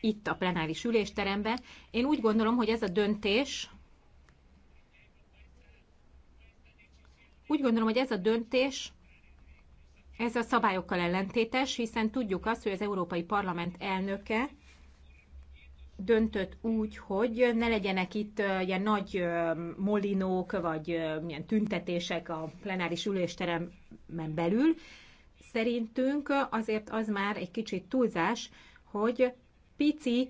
itt a plenáris ülésteremben. Én úgy gondolom, hogy ez a döntés úgy gondolom, hogy ez a döntés ez a szabályokkal ellentétes, hiszen tudjuk azt, hogy az Európai Parlament elnöke döntött úgy, hogy ne legyenek itt ilyen nagy molinók, vagy ilyen tüntetések a plenáris ülésteremben belül. Szerintünk azért az már egy kicsit túlzás, hogy pici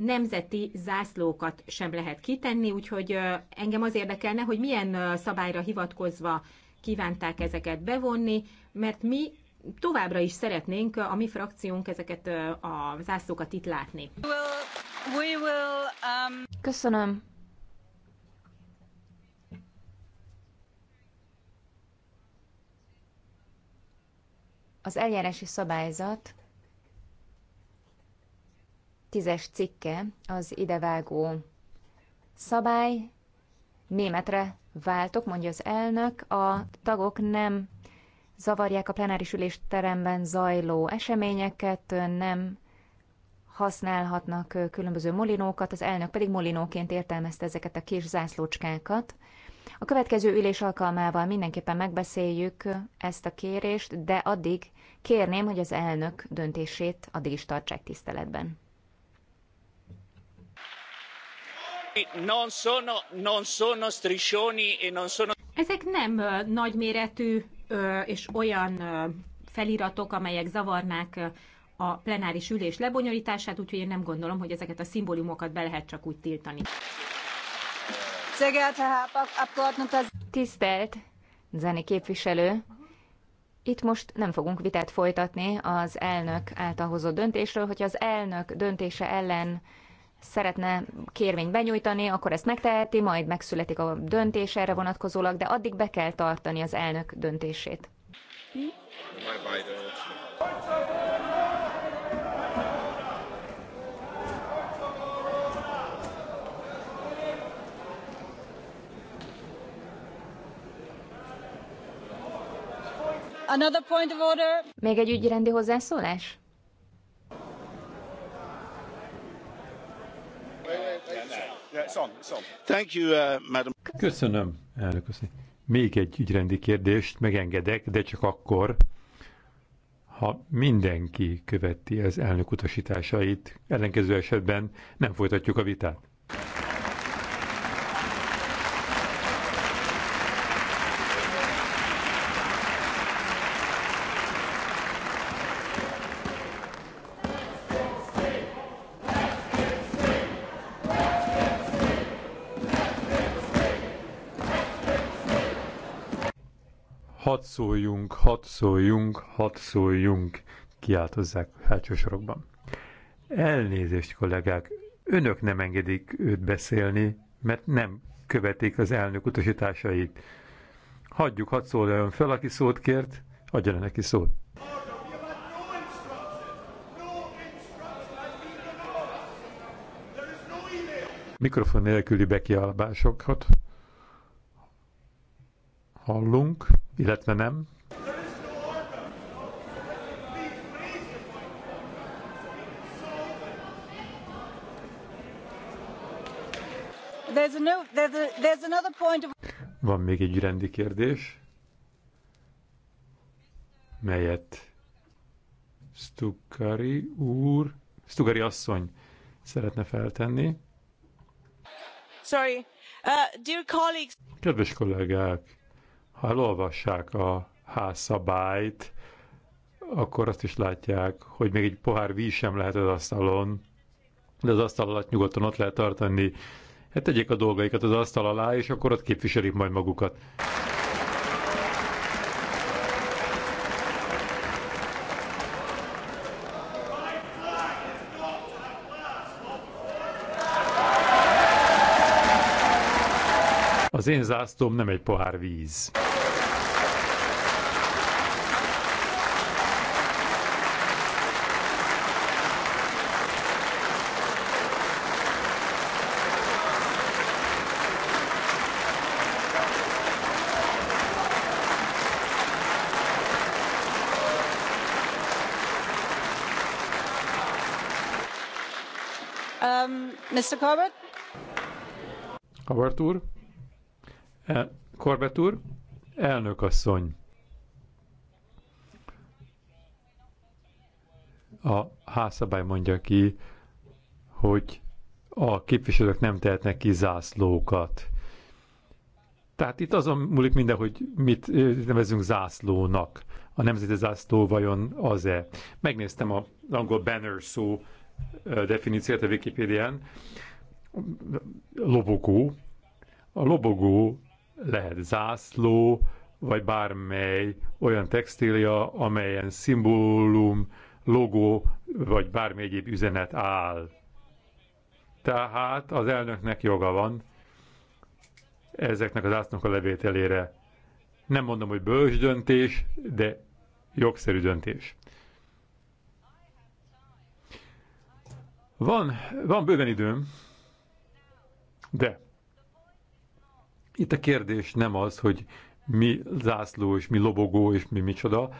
nemzeti zászlókat sem lehet kitenni, úgyhogy engem az érdekelne, hogy milyen szabályra hivatkozva kívánták ezeket bevonni, mert mi továbbra is szeretnénk a mi frakciónk ezeket a zászlókat itt látni. Um, Köszönöm. Az eljárási szabályzat tízes cikke az idevágó szabály. Németre váltok, mondja az elnök, a tagok nem zavarják a plenáris ülésteremben zajló eseményeket, nem használhatnak különböző molinókat, az elnök pedig molinóként értelmezte ezeket a kis zászlócskákat. A következő ülés alkalmával mindenképpen megbeszéljük ezt a kérést, de addig kérném, hogy az elnök döntését addig is tartsák tiszteletben. E Ezek nem nagyméretű és olyan feliratok, amelyek zavarnák a plenáris ülés lebonyolítását, úgyhogy én nem gondolom, hogy ezeket a szimbólumokat be lehet csak úgy tiltani. Tisztelt zeni képviselő! Itt most nem fogunk vitát folytatni az elnök által hozott döntésről, hogy az elnök döntése ellen szeretne kérvényt benyújtani, akkor ezt megteheti, majd megszületik a döntés erre vonatkozólag, de addig be kell tartani az elnök döntését. Another point of order. Még egy ügyrendi hozzászólás? Uh, Köszönöm, elnök Még egy ügyrendi kérdést megengedek, de csak akkor, ha mindenki követi az elnök utasításait, ellenkező esetben nem folytatjuk a vitát. szóljunk, hat szóljunk, hat szóljunk, kiáltozzák hátsó sorokban. Elnézést, kollégák, önök nem engedik őt beszélni, mert nem követik az elnök utasításait. Hagyjuk, hadd szóljon fel, aki szót kért, adjon neki szót. Mikrofon nélküli bekiállásokat hallunk illetve nem. Van még egy rendi kérdés, melyet Stukari úr, Stukari asszony szeretne feltenni. Sorry. Uh, dear colleagues. Kedves kollégák, ha elolvassák a házszabályt, akkor azt is látják, hogy még egy pohár víz sem lehet az asztalon, de az asztal alatt nyugodtan ott lehet tartani. Hát tegyék a dolgaikat az asztal alá, és akkor ott képviselik majd magukat. Az én zászlóm nem egy pohár víz. Mr. Corbett? Corbett úr? El, Corbett úr? Elnök asszony. A házszabály mondja ki, hogy a képviselők nem tehetnek ki zászlókat. Tehát itt azon múlik minden, hogy mit nevezünk zászlónak. A nemzeti zászló vajon az-e? Megnéztem a angol banner szó definíciót a Wikipédián, lobogó. A lobogó lehet zászló, vagy bármely olyan textília, amelyen szimbólum, logó, vagy bármi egyéb üzenet áll. Tehát az elnöknek joga van ezeknek az ásznak a levételére. Nem mondom, hogy bölcs döntés, de jogszerű döntés. Van, van bőven időm, de itt a kérdés nem az, hogy mi zászló, és mi lobogó, és mi micsoda,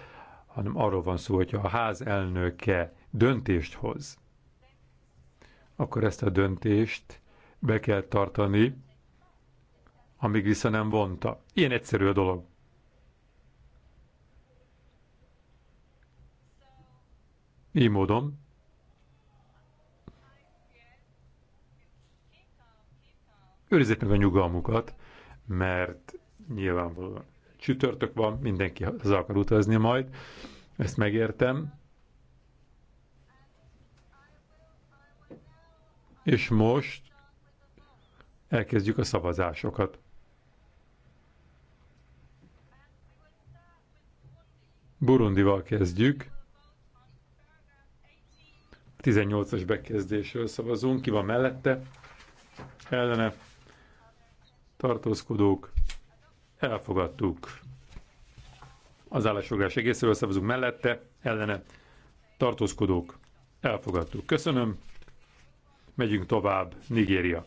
hanem arról van szó, hogyha a ház elnöke döntést hoz, akkor ezt a döntést be kell tartani, amíg vissza nem vonta. Ilyen egyszerű a dolog. Így módon Őrizzék meg a nyugalmukat, mert nyilvánvalóan csütörtök van, mindenki az akar utazni majd, ezt megértem. És most elkezdjük a szavazásokat. Burundival kezdjük. 18-as bekezdésről szavazunk, ki van mellette, ellene, tartózkodók, elfogadtuk. Az állásfoglalás egészéről szavazunk mellette, ellene, tartózkodók, elfogadtuk. Köszönöm, megyünk tovább, Nigéria.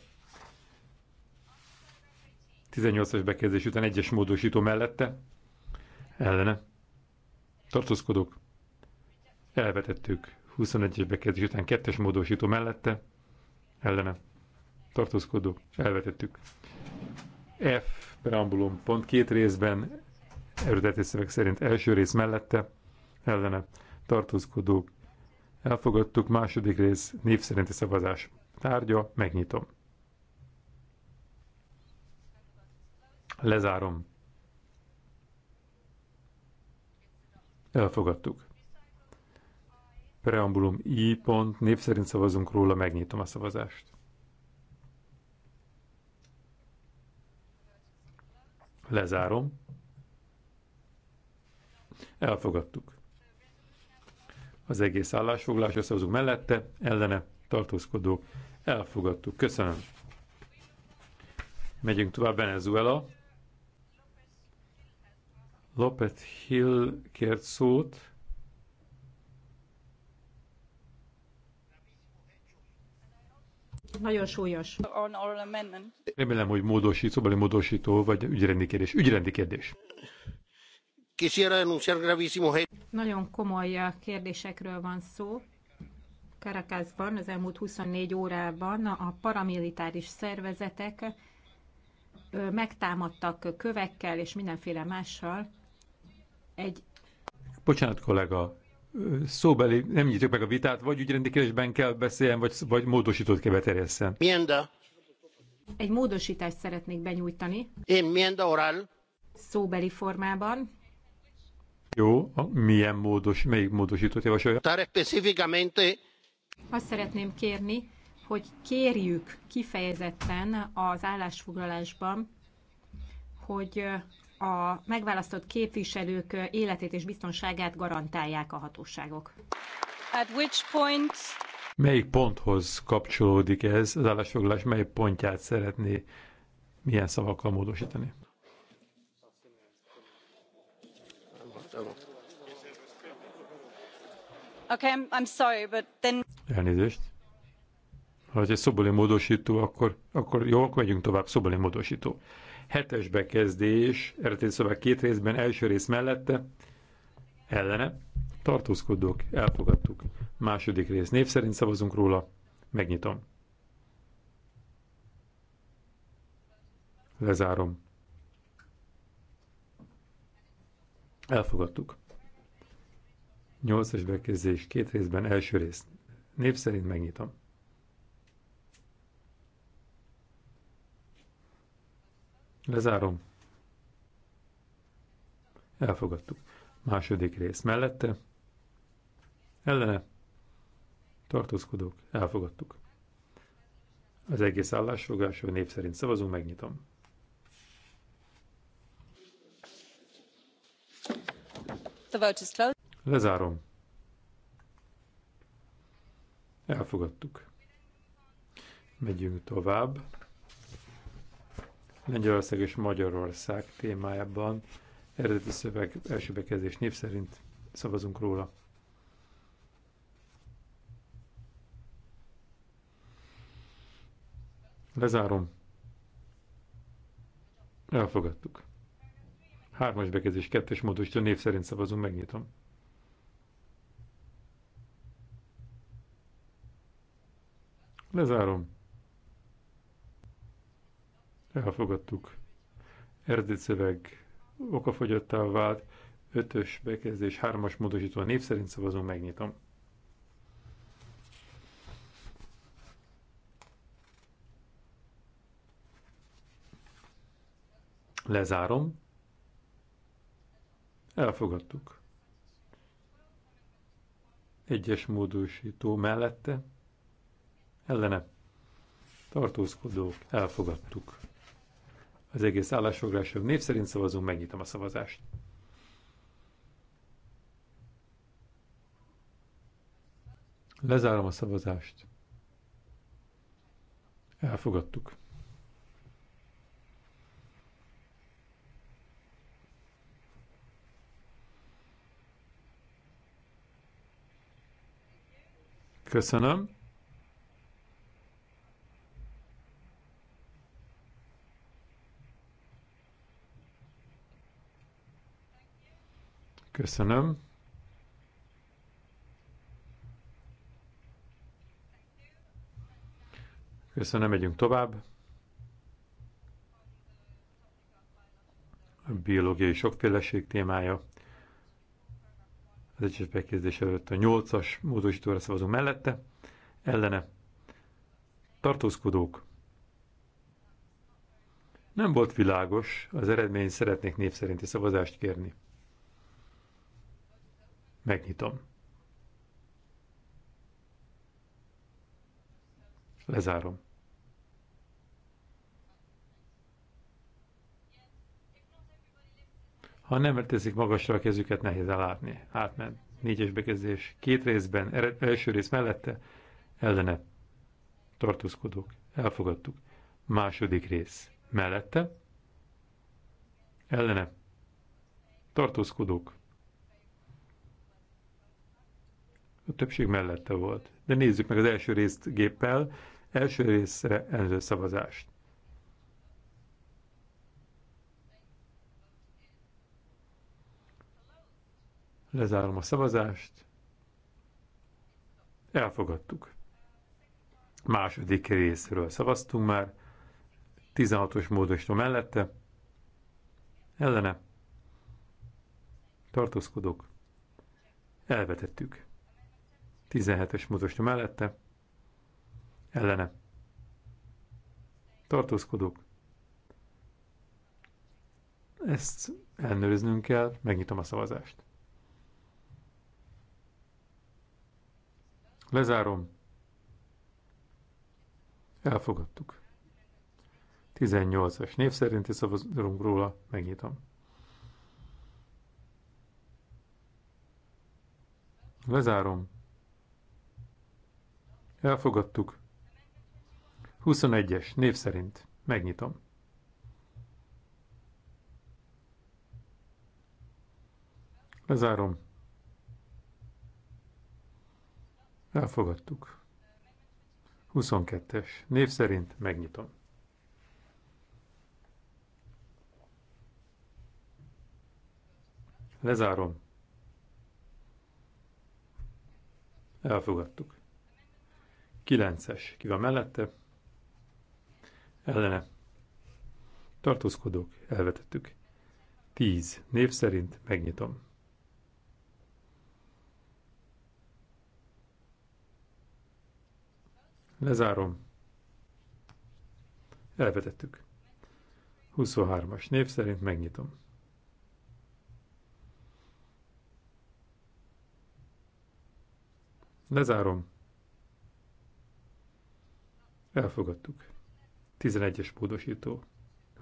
18-as bekezdés után egyes módosító mellette, ellene, tartózkodók, elvetettük. 21-es bekezdés után kettes módosító mellette, ellene, tartózkodók, elvetettük. F preambulum pont két részben, eredeti szöveg szerint első rész mellette, ellene tartózkodó. Elfogadtuk második rész név szerinti szavazás. Tárgya, megnyitom. Lezárom. Elfogadtuk. Preambulum I pont, név szerint szavazunk róla, megnyitom a szavazást. Lezárom. Elfogadtuk. Az egész állásfoglalás összehozunk mellette, ellene tartózkodó. Elfogadtuk. Köszönöm. Megyünk tovább Venezuela. Lopet Hill kért szót. Nagyon súlyos. Remélem, hogy módosító, szóbeli módosító, vagy ügyrendi kérdés. Ügyrendi kérdés. Nagyon komoly eh, kérdésekről van szó. Karakázban az elmúlt 24 órában a paramilitáris szervezetek eh, megtámadtak kövekkel és mindenféle mással egy... Bocsánat, kollega, szóbeli, nem nyitjuk meg a vitát, vagy ügyrendi kérdésben kell beszéljen, vagy, vagy módosítót kell beterjesszen. Mienda. Egy módosítást szeretnék benyújtani. Én mienda oral. Szóbeli formában. Jó, a milyen módos, melyik módosítót javasolja? Tare specificamente. Azt szeretném kérni, hogy kérjük kifejezetten az állásfoglalásban, hogy a megválasztott képviselők életét és biztonságát garantálják a hatóságok. At which point... Melyik ponthoz kapcsolódik ez? Az állásfoglalás Melyik pontját szeretné milyen szavakkal módosítani? Okay, I'm sorry, but then... Elnézést. Ha ez egy szobolé módosító, akkor, akkor jó, akkor megyünk tovább, szobolé módosító. Hetes bekezdés, eredeti szöveg két részben, első rész mellette, ellene, tartózkodók, elfogadtuk. Második rész, név szerint szavazunk róla, megnyitom. Lezárom. Elfogadtuk. Nyolcas bekezdés, két részben, első rész. Név szerint megnyitom. Lezárom. Elfogadtuk. Második rész mellette. Ellene. Tartózkodók. Elfogadtuk. Az egész állásfogásról név szerint szavazunk, megnyitom. The vote is closed. Lezárom. Elfogadtuk. Megyünk tovább. Lengyelország és Magyarország témájában. Eredeti szöveg első bekezdés név szerint szavazunk róla. Lezárom. Elfogadtuk. Hármas bekezdés, kettes módosító név szerint szavazunk, megnyitom. Lezárom. Elfogadtuk. Eredeti szöveg okafogyottá vált, ötös bekezdés, hármas a név szerint szavazom, megnyitom. Lezárom. Elfogadtuk. Egyes módosító mellette. Ellene. Tartózkodók. Elfogadtuk az egész állásfoglásról. Név szerint szavazunk, megnyitom a szavazást. Lezárom a szavazást. Elfogadtuk. Köszönöm. Köszönöm. Köszönöm, megyünk tovább. A biológiai sokféleség témája. Az egyes bekezdés előtt a nyolcas módosítóra szavazunk mellette, ellene. Tartózkodók. Nem volt világos, az eredmény szeretnék név szerinti szavazást kérni. Megnyitom. Lezárom. Ha nem teszik magasra a kezüket, nehéz elátni. Átment. Négyes bekezdés. Két részben, első rész mellette, ellene. Tartózkodók. Elfogadtuk. Második rész. Mellette. Ellene. Tartózkodók. A többség mellette volt. De nézzük meg az első részt géppel. Első részre előző szavazást. Lezárom a szavazást. Elfogadtuk. Második részről szavaztunk már. 16-os módosító mellette. Ellene. Tartózkodok. Elvetettük. 17-es módosító mellette, ellene. Tartózkodók. Ezt ellenőriznünk kell, megnyitom a szavazást. Lezárom. Elfogadtuk. 18-as név szerinti szavazunk róla, megnyitom. Lezárom. Elfogadtuk. 21-es, név szerint. Megnyitom. Lezárom. Elfogadtuk. 22-es. Név szerint megnyitom. Lezárom. Elfogadtuk. 9-es. Ki van mellette? Ellene. Tartózkodók. Elvetettük. 10. Név szerint megnyitom. Lezárom. Elvetettük. 23-as név szerint megnyitom. Lezárom. Elfogadtuk. 11-es módosító.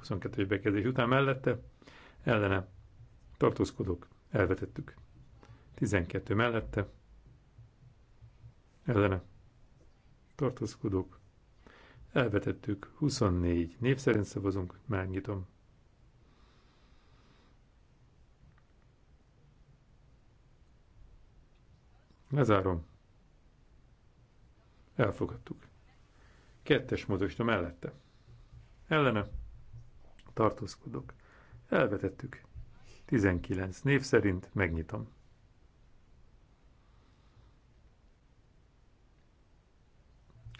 22-es bekezdés után mellette, ellene tartózkodók, elvetettük. 12 mellette, ellene tartózkodók, elvetettük. 24 név szerint szavazunk, megnyitom. Lezárom. Elfogadtuk. Kettes módosító mellette. Ellene. Tartózkodok. Elvetettük. 19. Név szerint megnyitom.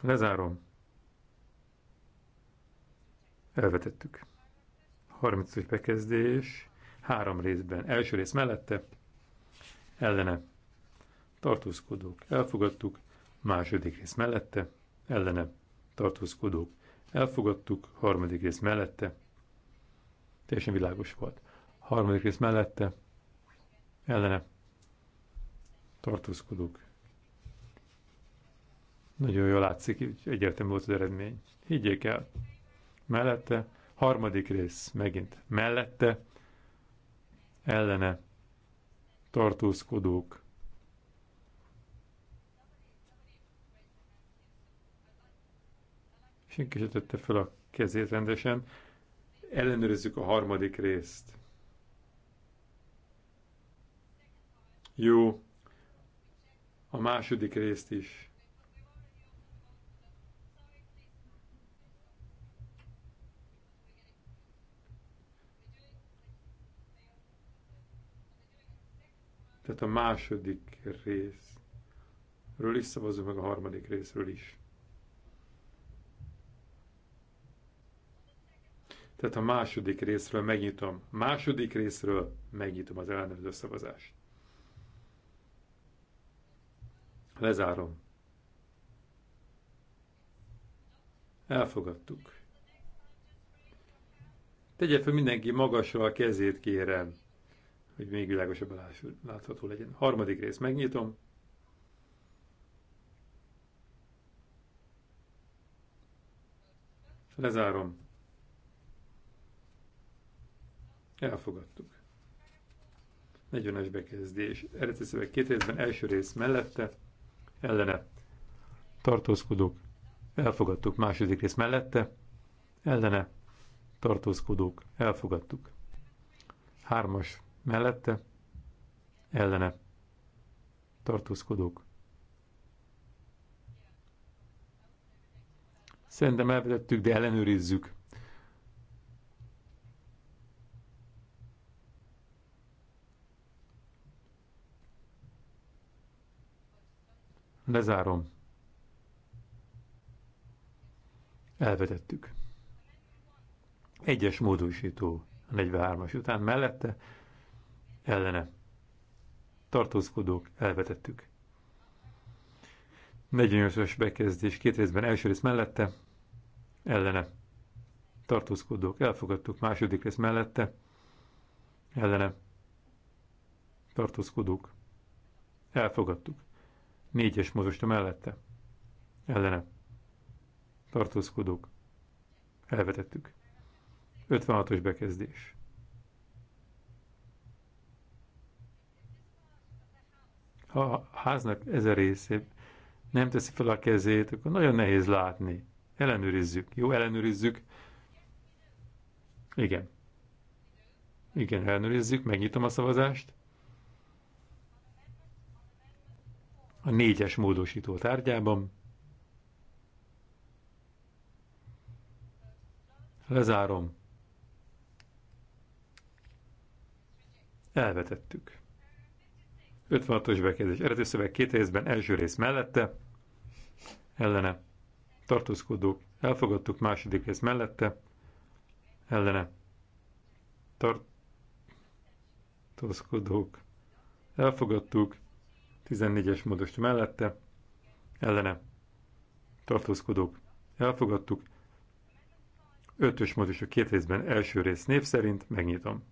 Lezárom. Elvetettük. 30. bekezdés. Három részben. Első rész mellette. Ellene. Tartózkodók. Elfogadtuk. Második rész mellette. Ellene tartózkodók. Elfogadtuk, harmadik rész mellette, teljesen világos volt. Harmadik rész mellette, ellene, tartózkodók. Nagyon jól látszik, hogy egyértelmű volt az eredmény. Higgyék el, mellette, harmadik rész megint mellette, ellene, tartózkodók. Senki se tette fel a kezét rendesen. Ellenőrizzük a harmadik részt. Jó. A második részt is. Tehát a második részről is szavazunk meg a harmadik részről is. Tehát a második részről megnyitom. Második részről megnyitom az ellenőrző szavazást. Lezárom. Elfogadtuk. Tegye fel mindenki magasra a kezét, kérem, hogy még világosabb látható legyen. Harmadik rész megnyitom. Lezárom. Elfogadtuk. 40-es bekezdés. Eredeti szöveg két részben első rész mellette, ellene. Tartózkodók. Elfogadtuk. Második rész mellette, ellene. Tartózkodók. Elfogadtuk. Hármas mellette, ellene. Tartózkodók. Szerintem elvetettük, de ellenőrizzük. Lezárom. Elvetettük. Egyes módosító a 43-as után mellette, ellene. Tartózkodók, elvetettük. 48-as bekezdés két részben első rész mellette, ellene. Tartózkodók, elfogadtuk második rész mellette, ellene. Tartózkodók, elfogadtuk. Négyes mozosta mellette. Ellene. Tartózkodók. Elvetettük. 56-os bekezdés. Ha a háznak ez a része nem teszi fel a kezét, akkor nagyon nehéz látni. Ellenőrizzük. Jó, ellenőrizzük. Igen. Igen, ellenőrizzük, megnyitom a szavazást. a négyes módosító tárgyában. Lezárom. Elvetettük. 56-os bekezdés. Eredeti szöveg két részben, első rész mellette, ellene, tartózkodók, elfogadtuk második rész mellette, ellene, tartózkodók, elfogadtuk, 14-es módosító mellette, ellene tartózkodók elfogadtuk. 5-ös a két részben első rész név szerint megnyitom.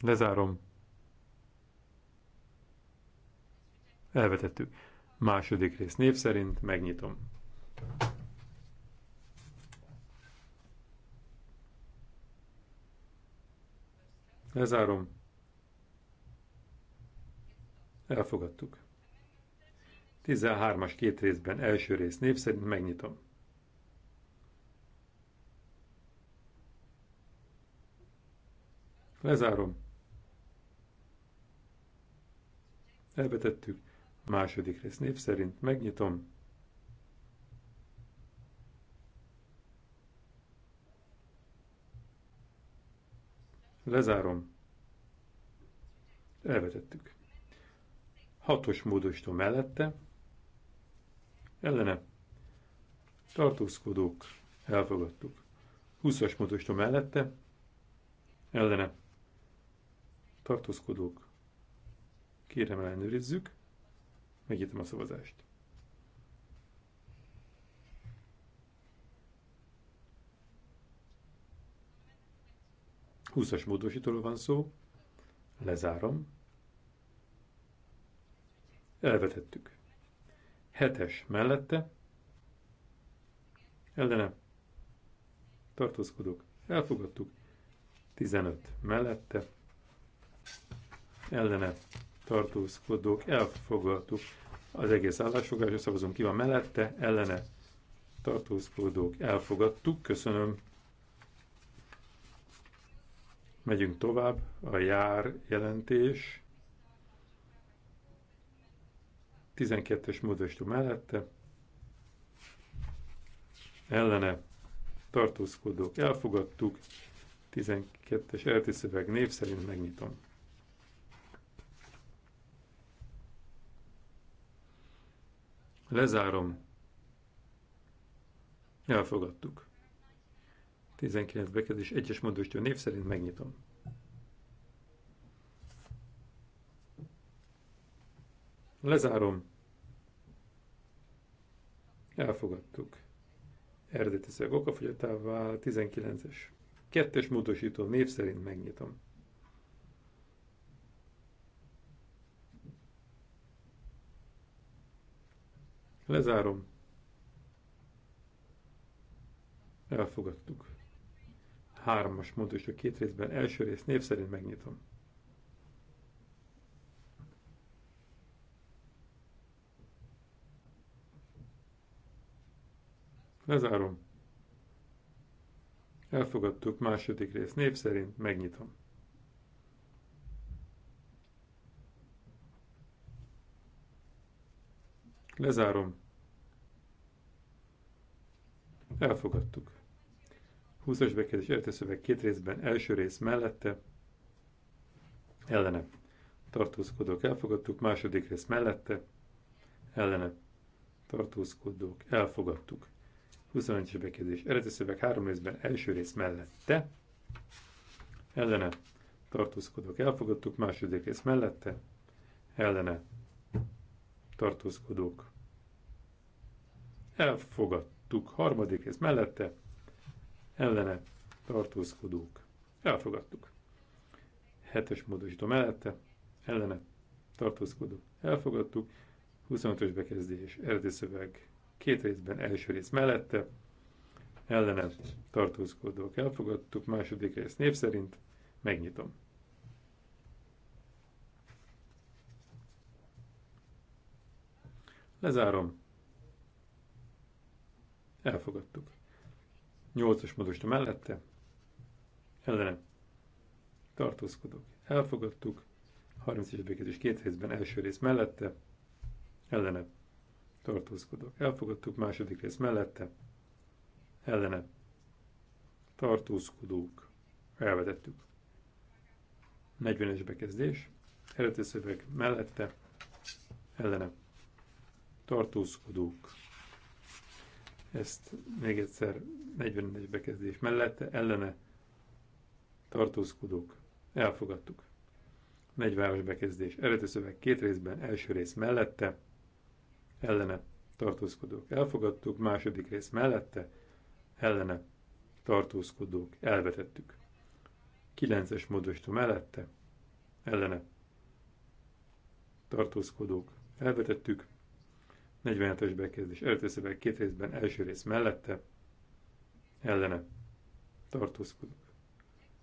Lezárom. Elvetettük. Második rész név szerint megnyitom. Lezárom. Elfogadtuk. 13-as két részben első rész név szerint megnyitom. Lezárom. Elvetettük. Második rész név szerint megnyitom. Lezárom. Elvetettük. Hatos módosító mellette. Ellene. Tartózkodók. Elfogadtuk. 20-as módosító mellette. Ellene. Tartózkodók. Kérem ellenőrizzük. Megnyitom a szavazást. 20-as módosítóról van szó, lezárom, elvetettük. 7-es mellette, ellene, tartózkodok, elfogadtuk, 15 mellette, ellene, tartózkodók, elfogadtuk, az egész állásfoglalásra szavazunk ki van mellette, ellene, tartózkodók, elfogadtuk, köszönöm Megyünk tovább, a jár jelentés. 12-es módosító mellette. Ellene tartózkodók elfogadtuk. 12-es eltiszöveg név szerint megnyitom. Lezárom. Elfogadtuk. 19 bekezdés, egyes módosító név szerint megnyitom. Lezárom. Elfogadtuk. Eredeti szöveg okafogyatává 19-es. Kettes módosító név szerint megnyitom. Lezárom. Elfogadtuk. Hármas módosító két részben, első rész név szerint megnyitom. Lezárom. Elfogadtuk második rész név szerint, megnyitom. Lezárom. Elfogadtuk. 20-as bekezdés eredeti szöveg két részben, első rész mellette, ellene. Tartózkodók elfogadtuk, második rész mellette, ellene. Tartózkodók elfogadtuk. 21-es bekezdés eredeti szöveg három részben, első rész mellette, ellene. Tartózkodók elfogadtuk, második rész mellette, ellene. Tartózkodók elfogadtuk, harmadik rész mellette, ellene tartózkodók. Elfogadtuk. Hetes módosító mellette, ellene tartózkodók. Elfogadtuk. 25-ös bekezdés, eredeti szöveg két részben, első rész mellette, ellene tartózkodók. Elfogadtuk. Második rész név szerint. Megnyitom. Lezárom. Elfogadtuk. Nyolcas modosta mellette, ellenem tartózkodok. elfogadtuk, 31 békés két részben első rész mellette, ellenem tartózkodok. elfogadtuk, második rész mellette, ellene tartózkodók elvetettük. 40-es bekezdés, előtte szöveg mellette, ellene tartózkodók ezt még egyszer 41 bekezdés mellette ellene tartózkodók. Elfogadtuk. 43 as bekezdés. Eredeti szöveg két részben, első rész mellette, ellene tartózkodók. Elfogadtuk, második rész mellette, ellene tartózkodók. Elvetettük. 9-es módosító mellette, ellene tartózkodók. Elvetettük. 47-es bekezdés eredeti szöveg két részben, első rész mellette, ellene tartózkodunk.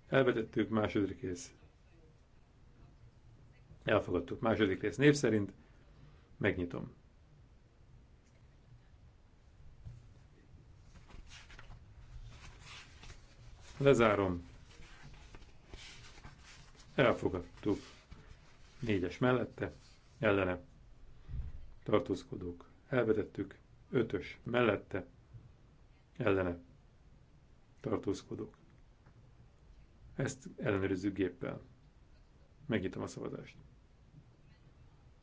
Elvetettük második rész. Elfogadtuk második rész név szerint. Megnyitom. Lezárom. Elfogadtuk. Négyes mellette, ellene tartózkodók. Elvetettük. Ötös. Mellette. Ellene. Tartózkodók. Ezt ellenőrizzük géppel. Megnyitom a szavazást.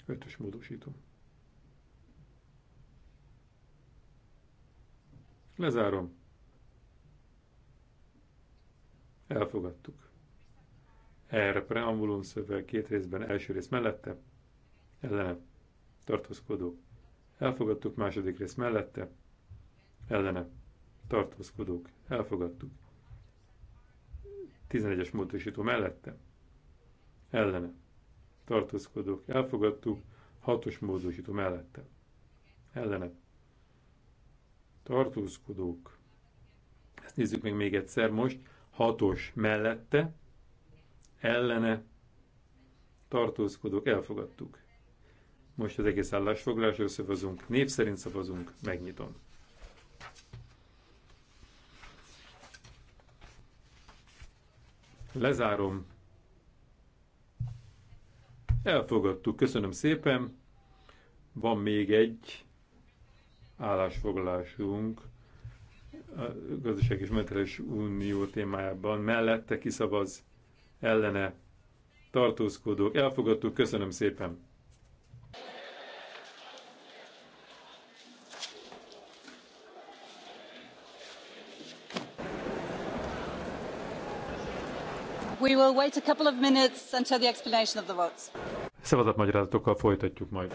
Ötös módosító. Lezárom. Elfogadtuk. Erre preambulum szöveg két részben első rész mellette, ellene tartózkodó. Elfogadtuk második rész mellette, ellene, tartózkodók. Elfogadtuk. 11-es módosító mellette, ellene, tartózkodók. Elfogadtuk. 6-os módosító mellette, ellene, tartózkodók. Ezt nézzük meg még egyszer most. 6-os mellette, ellene, tartózkodók. Elfogadtuk. Most az egész állásfoglalásról szavazunk. Név szerint szavazunk. Megnyitom. Lezárom. Elfogadtuk. Köszönöm szépen. Van még egy állásfoglalásunk a gazdaság és mentális unió témájában. Mellette kiszavaz, ellene tartózkodók. Elfogadtuk. Köszönöm szépen. Szavazatmagyarázatokkal folytatjuk majd.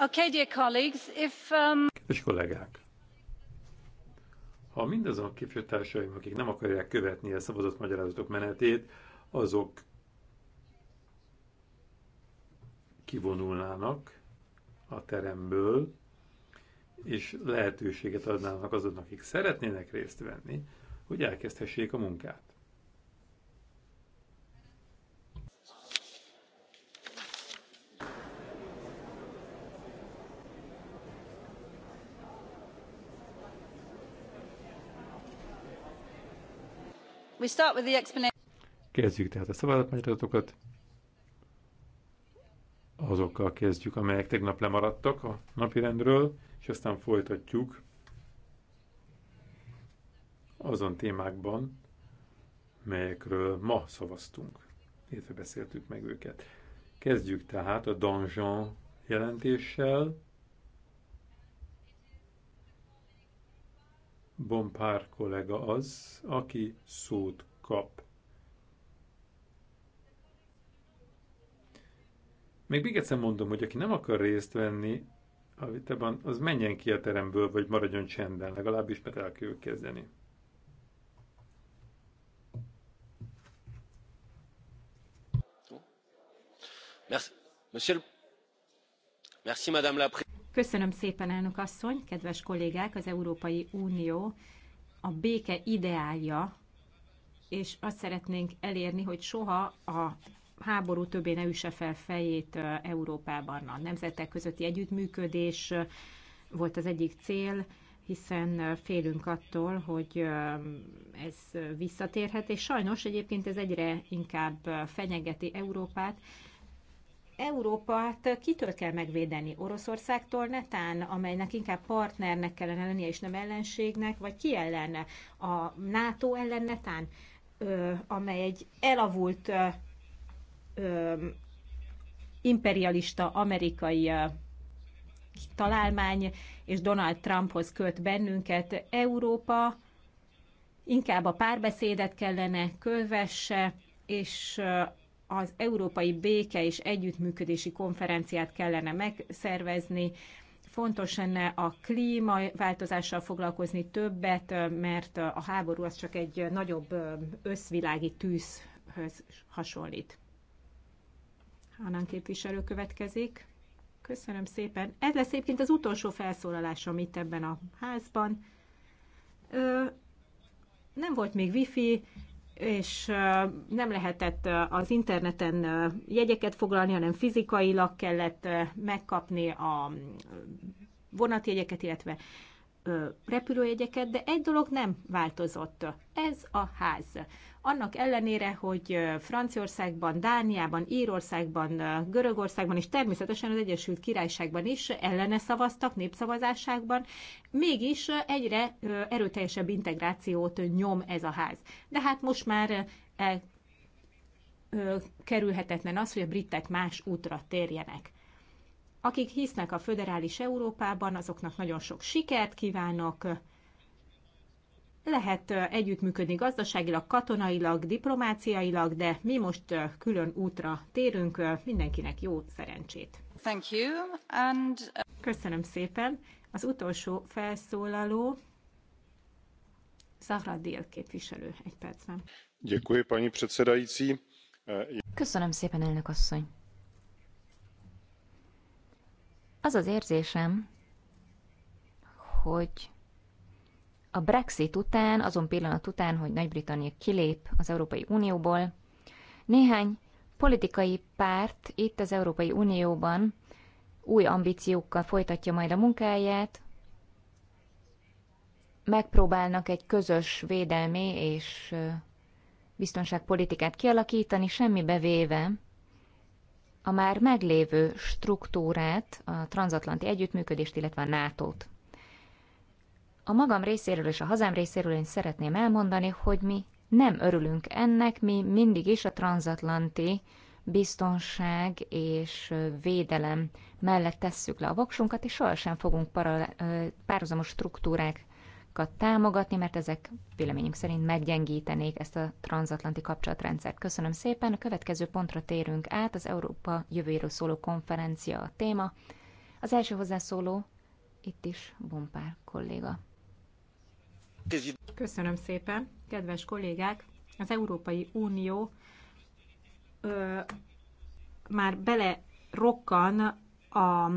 Um, Kedves kollégák, ha mindazon a képviselőtársaim, akik nem akarják követni a szavazott magyarázatok menetét, azok kivonulnának a teremből, és lehetőséget adnának azoknak, akik szeretnének részt venni, hogy elkezdhessék a munkát. We start with the explanation. Kezdjük tehát a szavazatmagyarázatokat. Azokkal kezdjük, amelyek tegnap lemaradtak a napirendről, és aztán folytatjuk azon témákban, melyekről ma szavaztunk, illetve beszéltük meg őket. Kezdjük tehát a donjon jelentéssel, Bompár kollega az, aki szót kap. Még még egyszer mondom, hogy aki nem akar részt venni a vitában, az menjen ki a teremből, vagy maradjon csendben, legalábbis mert el kell kezdeni. Merci. Monsieur Merci, Madame la Présidente. Köszönöm szépen, elnök asszony, kedves kollégák, az Európai Unió a béke ideálja, és azt szeretnénk elérni, hogy soha a háború többé ne üsse fel fejét Európában. A nemzetek közötti együttműködés volt az egyik cél, hiszen félünk attól, hogy ez visszatérhet, és sajnos egyébként ez egyre inkább fenyegeti Európát, Európát kitől kell megvédeni? Oroszországtól netán, amelynek inkább partnernek kellene lennie, és nem ellenségnek, vagy ki ellen? A NATO ellen netán, ö, amely egy elavult ö, ö, imperialista amerikai ö, találmány, és Donald Trumphoz költ bennünket. Európa inkább a párbeszédet kellene kövesse, és az Európai Béke és Együttműködési Konferenciát kellene megszervezni, fontos lenne a klímaváltozással foglalkozni többet, mert a háború az csak egy nagyobb összvilági tűzhöz hasonlít. Hanan képviselő következik. Köszönöm szépen. Ez lesz egyébként az utolsó felszólalásom itt ebben a házban. Ö, nem volt még wifi, és nem lehetett az interneten jegyeket foglalni, hanem fizikailag kellett megkapni a vonatjegyeket, illetve repülőjegyeket, de egy dolog nem változott. Ez a ház annak ellenére, hogy Franciaországban, Dániában, Írországban, Görögországban és természetesen az Egyesült Királyságban is ellene szavaztak népszavazásákban, mégis egyre erőteljesebb integrációt nyom ez a ház. De hát most már el, kerülhetetlen az, hogy a britek más útra térjenek. Akik hisznek a föderális Európában, azoknak nagyon sok sikert kívánok, lehet együttműködni gazdaságilag, katonailag, diplomáciailag, de mi most külön útra térünk, mindenkinek jó szerencsét. Thank you, and... Uh, Köszönöm szépen. Az utolsó felszólaló Zahra Dél képviselő egy percben. Děkuji, paní předsedající. Köszönöm szépen, elnök asszony. Az az érzésem, hogy a Brexit után, azon pillanat után, hogy Nagy-Britannia kilép az Európai Unióból, néhány politikai párt itt az Európai Unióban új ambíciókkal folytatja majd a munkáját, megpróbálnak egy közös védelmi és biztonságpolitikát kialakítani, semmi bevéve a már meglévő struktúrát, a transatlanti együttműködést, illetve a NATO-t. A magam részéről és a hazám részéről én szeretném elmondani, hogy mi nem örülünk ennek, mi mindig is a transatlanti biztonság és védelem mellett tesszük le a voksunkat, és sohasem fogunk para, párhuzamos struktúrákat támogatni, mert ezek véleményünk szerint meggyengítenék ezt a transatlanti kapcsolatrendszert. Köszönöm szépen, a következő pontra térünk át, az Európa jövőjéről szóló konferencia a téma. Az első hozzászóló itt is Bompár kolléga. Köszönöm szépen, kedves kollégák! Az Európai Unió ö, már bele rokkan a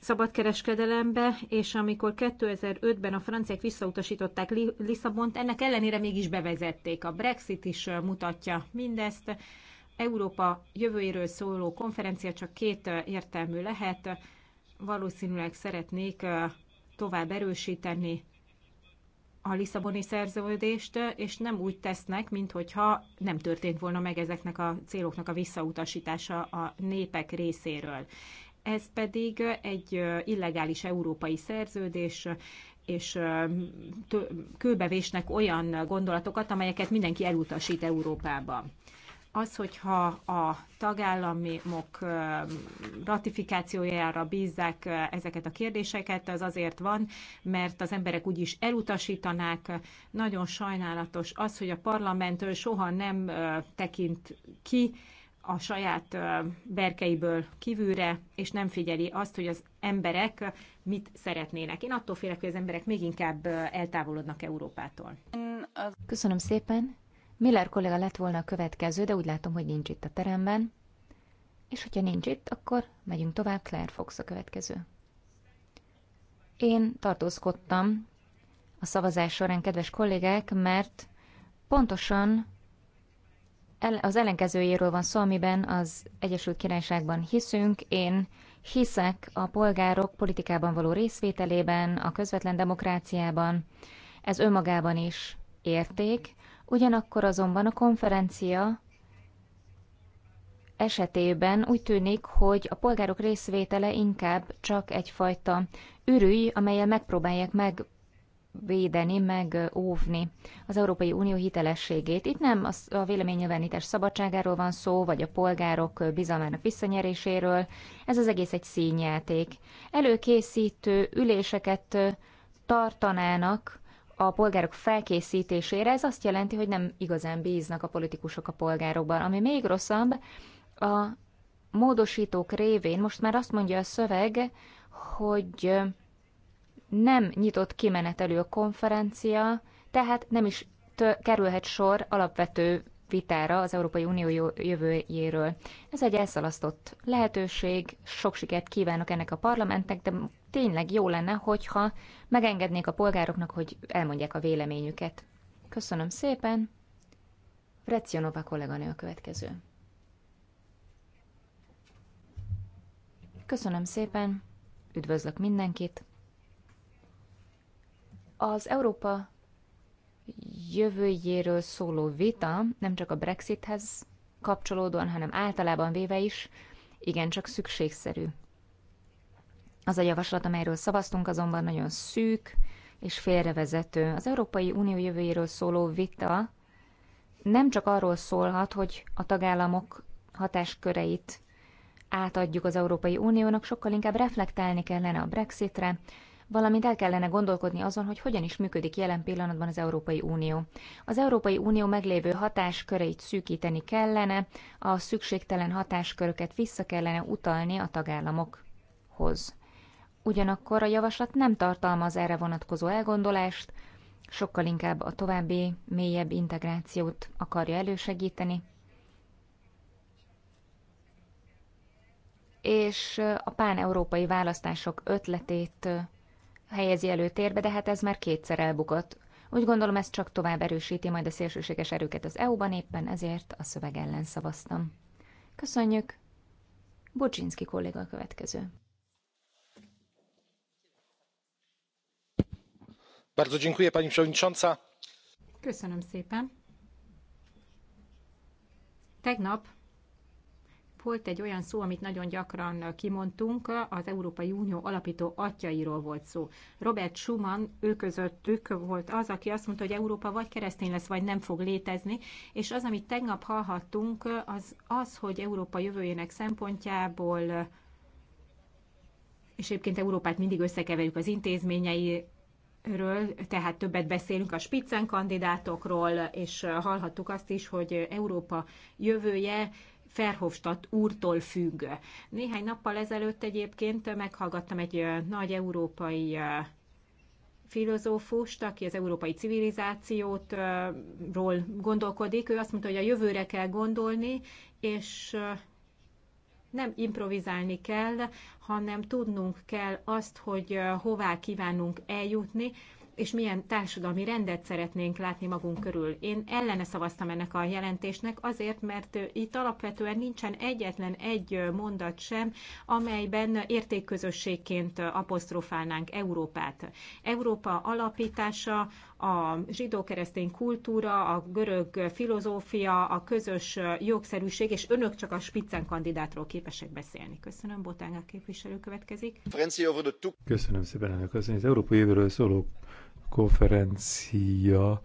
szabadkereskedelembe, és amikor 2005-ben a franciák visszautasították Lisszabont, ennek ellenére mégis bevezették. A Brexit is mutatja mindezt. Európa jövőjéről szóló konferencia csak két értelmű lehet. Valószínűleg szeretnék tovább erősíteni a Lisszaboni szerződést, és nem úgy tesznek, mintha nem történt volna meg ezeknek a céloknak a visszautasítása a népek részéről. Ez pedig egy illegális európai szerződés, és kőbevésnek olyan gondolatokat, amelyeket mindenki elutasít európába az, hogyha a tagállamok ratifikációjára bízzák ezeket a kérdéseket, az azért van, mert az emberek úgyis elutasítanák. Nagyon sajnálatos az, hogy a parlament soha nem tekint ki a saját berkeiből kívülre, és nem figyeli azt, hogy az emberek mit szeretnének. Én attól félek, hogy az emberek még inkább eltávolodnak Európától. Köszönöm szépen! Miller kollega lett volna a következő, de úgy látom, hogy nincs itt a teremben. És hogyha nincs itt, akkor megyünk tovább, Claire Fox a következő. Én tartózkodtam a szavazás során, kedves kollégák, mert pontosan az ellenkezőjéről van szó, amiben az Egyesült Királyságban hiszünk. Én hiszek a polgárok politikában való részvételében, a közvetlen demokráciában. Ez önmagában is érték. Ugyanakkor azonban a konferencia esetében úgy tűnik, hogy a polgárok részvétele inkább csak egyfajta ürügy, amelyel megpróbálják meg védeni, meg óvni az Európai Unió hitelességét. Itt nem a véleménynyilvánítás szabadságáról van szó, vagy a polgárok bizalmának visszanyeréséről. Ez az egész egy színjáték. Előkészítő üléseket tartanának a polgárok felkészítésére, ez azt jelenti, hogy nem igazán bíznak a politikusok a polgárokban. Ami még rosszabb, a módosítók révén most már azt mondja a szöveg, hogy nem nyitott kimenetelő a konferencia, tehát nem is kerülhet sor alapvető vitára az Európai Unió jövőjéről. Ez egy elszalasztott lehetőség, sok sikert kívánok ennek a parlamentnek, de tényleg jó lenne, hogyha megengednék a polgároknak, hogy elmondják a véleményüket. Köszönöm szépen. Vrecionova kolléganő a következő. Köszönöm szépen, üdvözlök mindenkit. Az Európa jövőjéről szóló vita nem csak a Brexithez kapcsolódóan, hanem általában véve is igencsak szükségszerű. Az a javaslat, amelyről szavaztunk, azonban nagyon szűk és félrevezető. Az Európai Unió jövőjéről szóló vita nem csak arról szólhat, hogy a tagállamok hatásköreit átadjuk az Európai Uniónak, sokkal inkább reflektálni kellene a Brexitre, valamint el kellene gondolkodni azon, hogy hogyan is működik jelen pillanatban az Európai Unió. Az Európai Unió meglévő hatásköreit szűkíteni kellene, a szükségtelen hatásköröket vissza kellene utalni a tagállamokhoz. Ugyanakkor a javaslat nem tartalmaz erre vonatkozó elgondolást, sokkal inkább a további, mélyebb integrációt akarja elősegíteni, és a pán-európai választások ötletét helyezi előtérbe, de hát ez már kétszer elbukott. Úgy gondolom, ez csak tovább erősíti majd a szélsőséges erőket az EU-ban, éppen ezért a szöveg ellen szavaztam. Köszönjük! Bocsinszki kolléga a következő. Bardzo dziękuję, pani przewodnicząca. Köszönöm szépen. Tegnap volt egy olyan szó, amit nagyon gyakran kimondtunk, az Európai Unió alapító atyairól volt szó. Robert Schumann, ő közöttük volt az, aki azt mondta, hogy Európa vagy keresztény lesz, vagy nem fog létezni, és az, amit tegnap hallhattunk, az az, hogy Európa jövőjének szempontjából és egyébként Európát mindig összekeverjük az intézményei ről, tehát többet beszélünk a Spitzen kandidátokról, és hallhattuk azt is, hogy Európa jövője Ferhofstadt úrtól függ. Néhány nappal ezelőtt egyébként meghallgattam egy nagy európai filozófust, aki az európai civilizációtról gondolkodik. Ő azt mondta, hogy a jövőre kell gondolni, és nem improvizálni kell, hanem tudnunk kell azt, hogy hová kívánunk eljutni, és milyen társadalmi rendet szeretnénk látni magunk körül. Én ellene szavaztam ennek a jelentésnek azért, mert itt alapvetően nincsen egyetlen egy mondat sem, amelyben értékközösségként apostrofálnánk Európát. Európa alapítása, a zsidó-keresztény kultúra, a görög filozófia, a közös jogszerűség, és önök csak a spiccen kandidátról képesek beszélni. Köszönöm, Botánga képviselő következik. Köszönöm szépen, elnök Az Európai jövőről szóló konferencia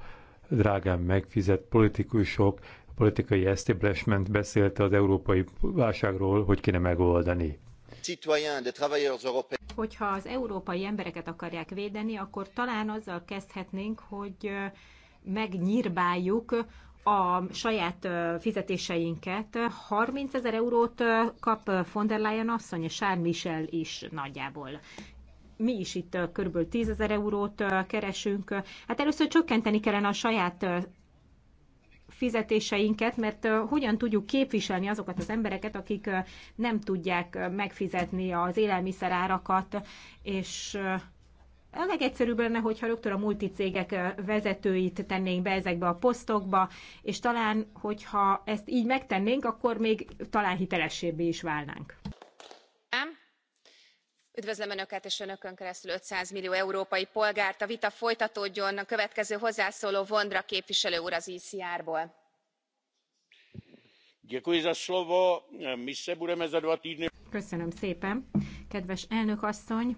drágán megfizett politikusok, politikai establishment beszélte az európai válságról, hogy kéne megoldani. Hogyha az európai embereket akarják védeni, akkor talán azzal kezdhetnénk, hogy megnyírbáljuk a saját fizetéseinket. 30 ezer eurót kap von der Leyen asszony, és Charles Michel is nagyjából mi is itt kb. 10 ezer eurót keresünk. Hát először csökkenteni kellene a saját fizetéseinket, mert hogyan tudjuk képviselni azokat az embereket, akik nem tudják megfizetni az élelmiszerárakat, és a legegyszerűbb lenne, hogyha rögtön a multicégek vezetőit tennénk be ezekbe a posztokba, és talán, hogyha ezt így megtennénk, akkor még talán hitelessébbé is válnánk. Nem? üdvözlöm önöket és önökön keresztül five hundred millió európai polgárt. a vita folytatódjon. a következő hozzászóló vondra képviselő úr az ecr ból. köszönöm szépen kedves elnök asszony!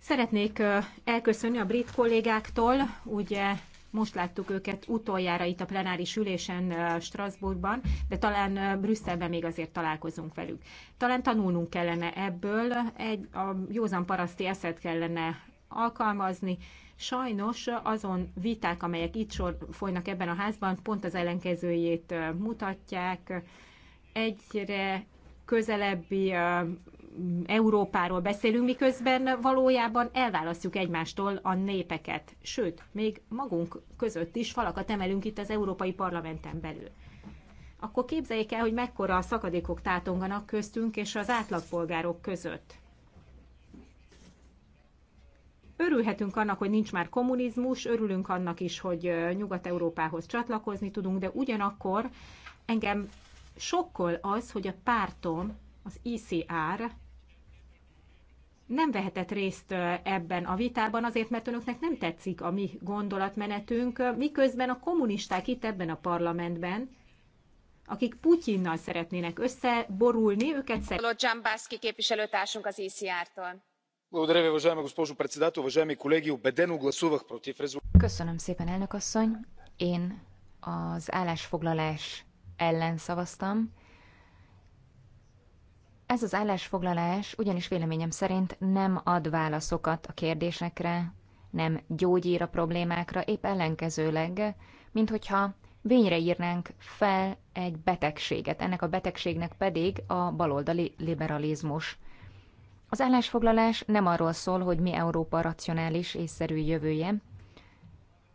szeretnék elköszönni a brit kollégáktól ugye most láttuk őket utoljára itt a plenáris ülésen Strasbourgban, de talán Brüsszelben még azért találkozunk velük. Talán tanulnunk kellene ebből, egy, a józan paraszti eszet kellene alkalmazni. Sajnos azon viták, amelyek itt sor folynak ebben a házban, pont az ellenkezőjét mutatják. Egyre közelebbi Európáról beszélünk, miközben valójában elválasztjuk egymástól a népeket. Sőt, még magunk között is falakat emelünk itt az Európai Parlamenten belül. Akkor képzeljék el, hogy mekkora a szakadékok tátonganak köztünk és az átlagpolgárok között. Örülhetünk annak, hogy nincs már kommunizmus, örülünk annak is, hogy Nyugat-Európához csatlakozni tudunk, de ugyanakkor engem sokkol az, hogy a pártom, az ICR nem vehetett részt ebben a vitában, azért mert önöknek nem tetszik a mi gondolatmenetünk, miközben a kommunisták itt ebben a parlamentben, akik Putyinnal szeretnének összeborulni, őket szeretnék. Dzsambászki képviselőtársunk az ICR-tól. E Köszönöm szépen, elnök asszony. Én az állásfoglalás ellen szavaztam, ez az állásfoglalás ugyanis véleményem szerint nem ad válaszokat a kérdésekre, nem gyógyír a problémákra, épp ellenkezőleg, mint hogyha vényre írnánk fel egy betegséget, ennek a betegségnek pedig a baloldali liberalizmus. Az állásfoglalás nem arról szól, hogy mi Európa racionális, észszerű jövője,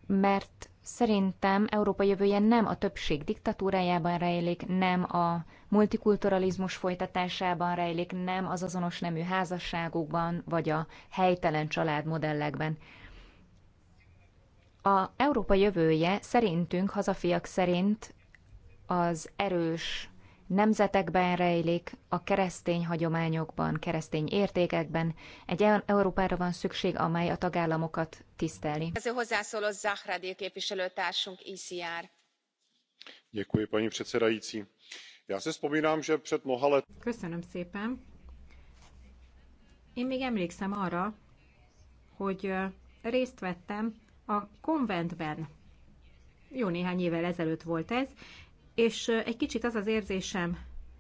mert Szerintem Európa jövője nem a többség diktatúrájában rejlik, nem a multikulturalizmus folytatásában rejlik, nem az azonos nemű házasságokban, vagy a helytelen családmodellekben. A Európa jövője szerintünk, hazafiak szerint az erős nemzetekben rejlik, a keresztény hagyományokban, keresztény értékekben. Egy olyan e- Európára van szükség, amely a tagállamokat tiszteli. Ez a hozzászóló Zahradi képviselőtársunk, ICR. Köszönöm szépen. Én még emlékszem arra, hogy részt vettem a konventben. Jó néhány évvel ezelőtt volt ez, és egy kicsit az az érzésem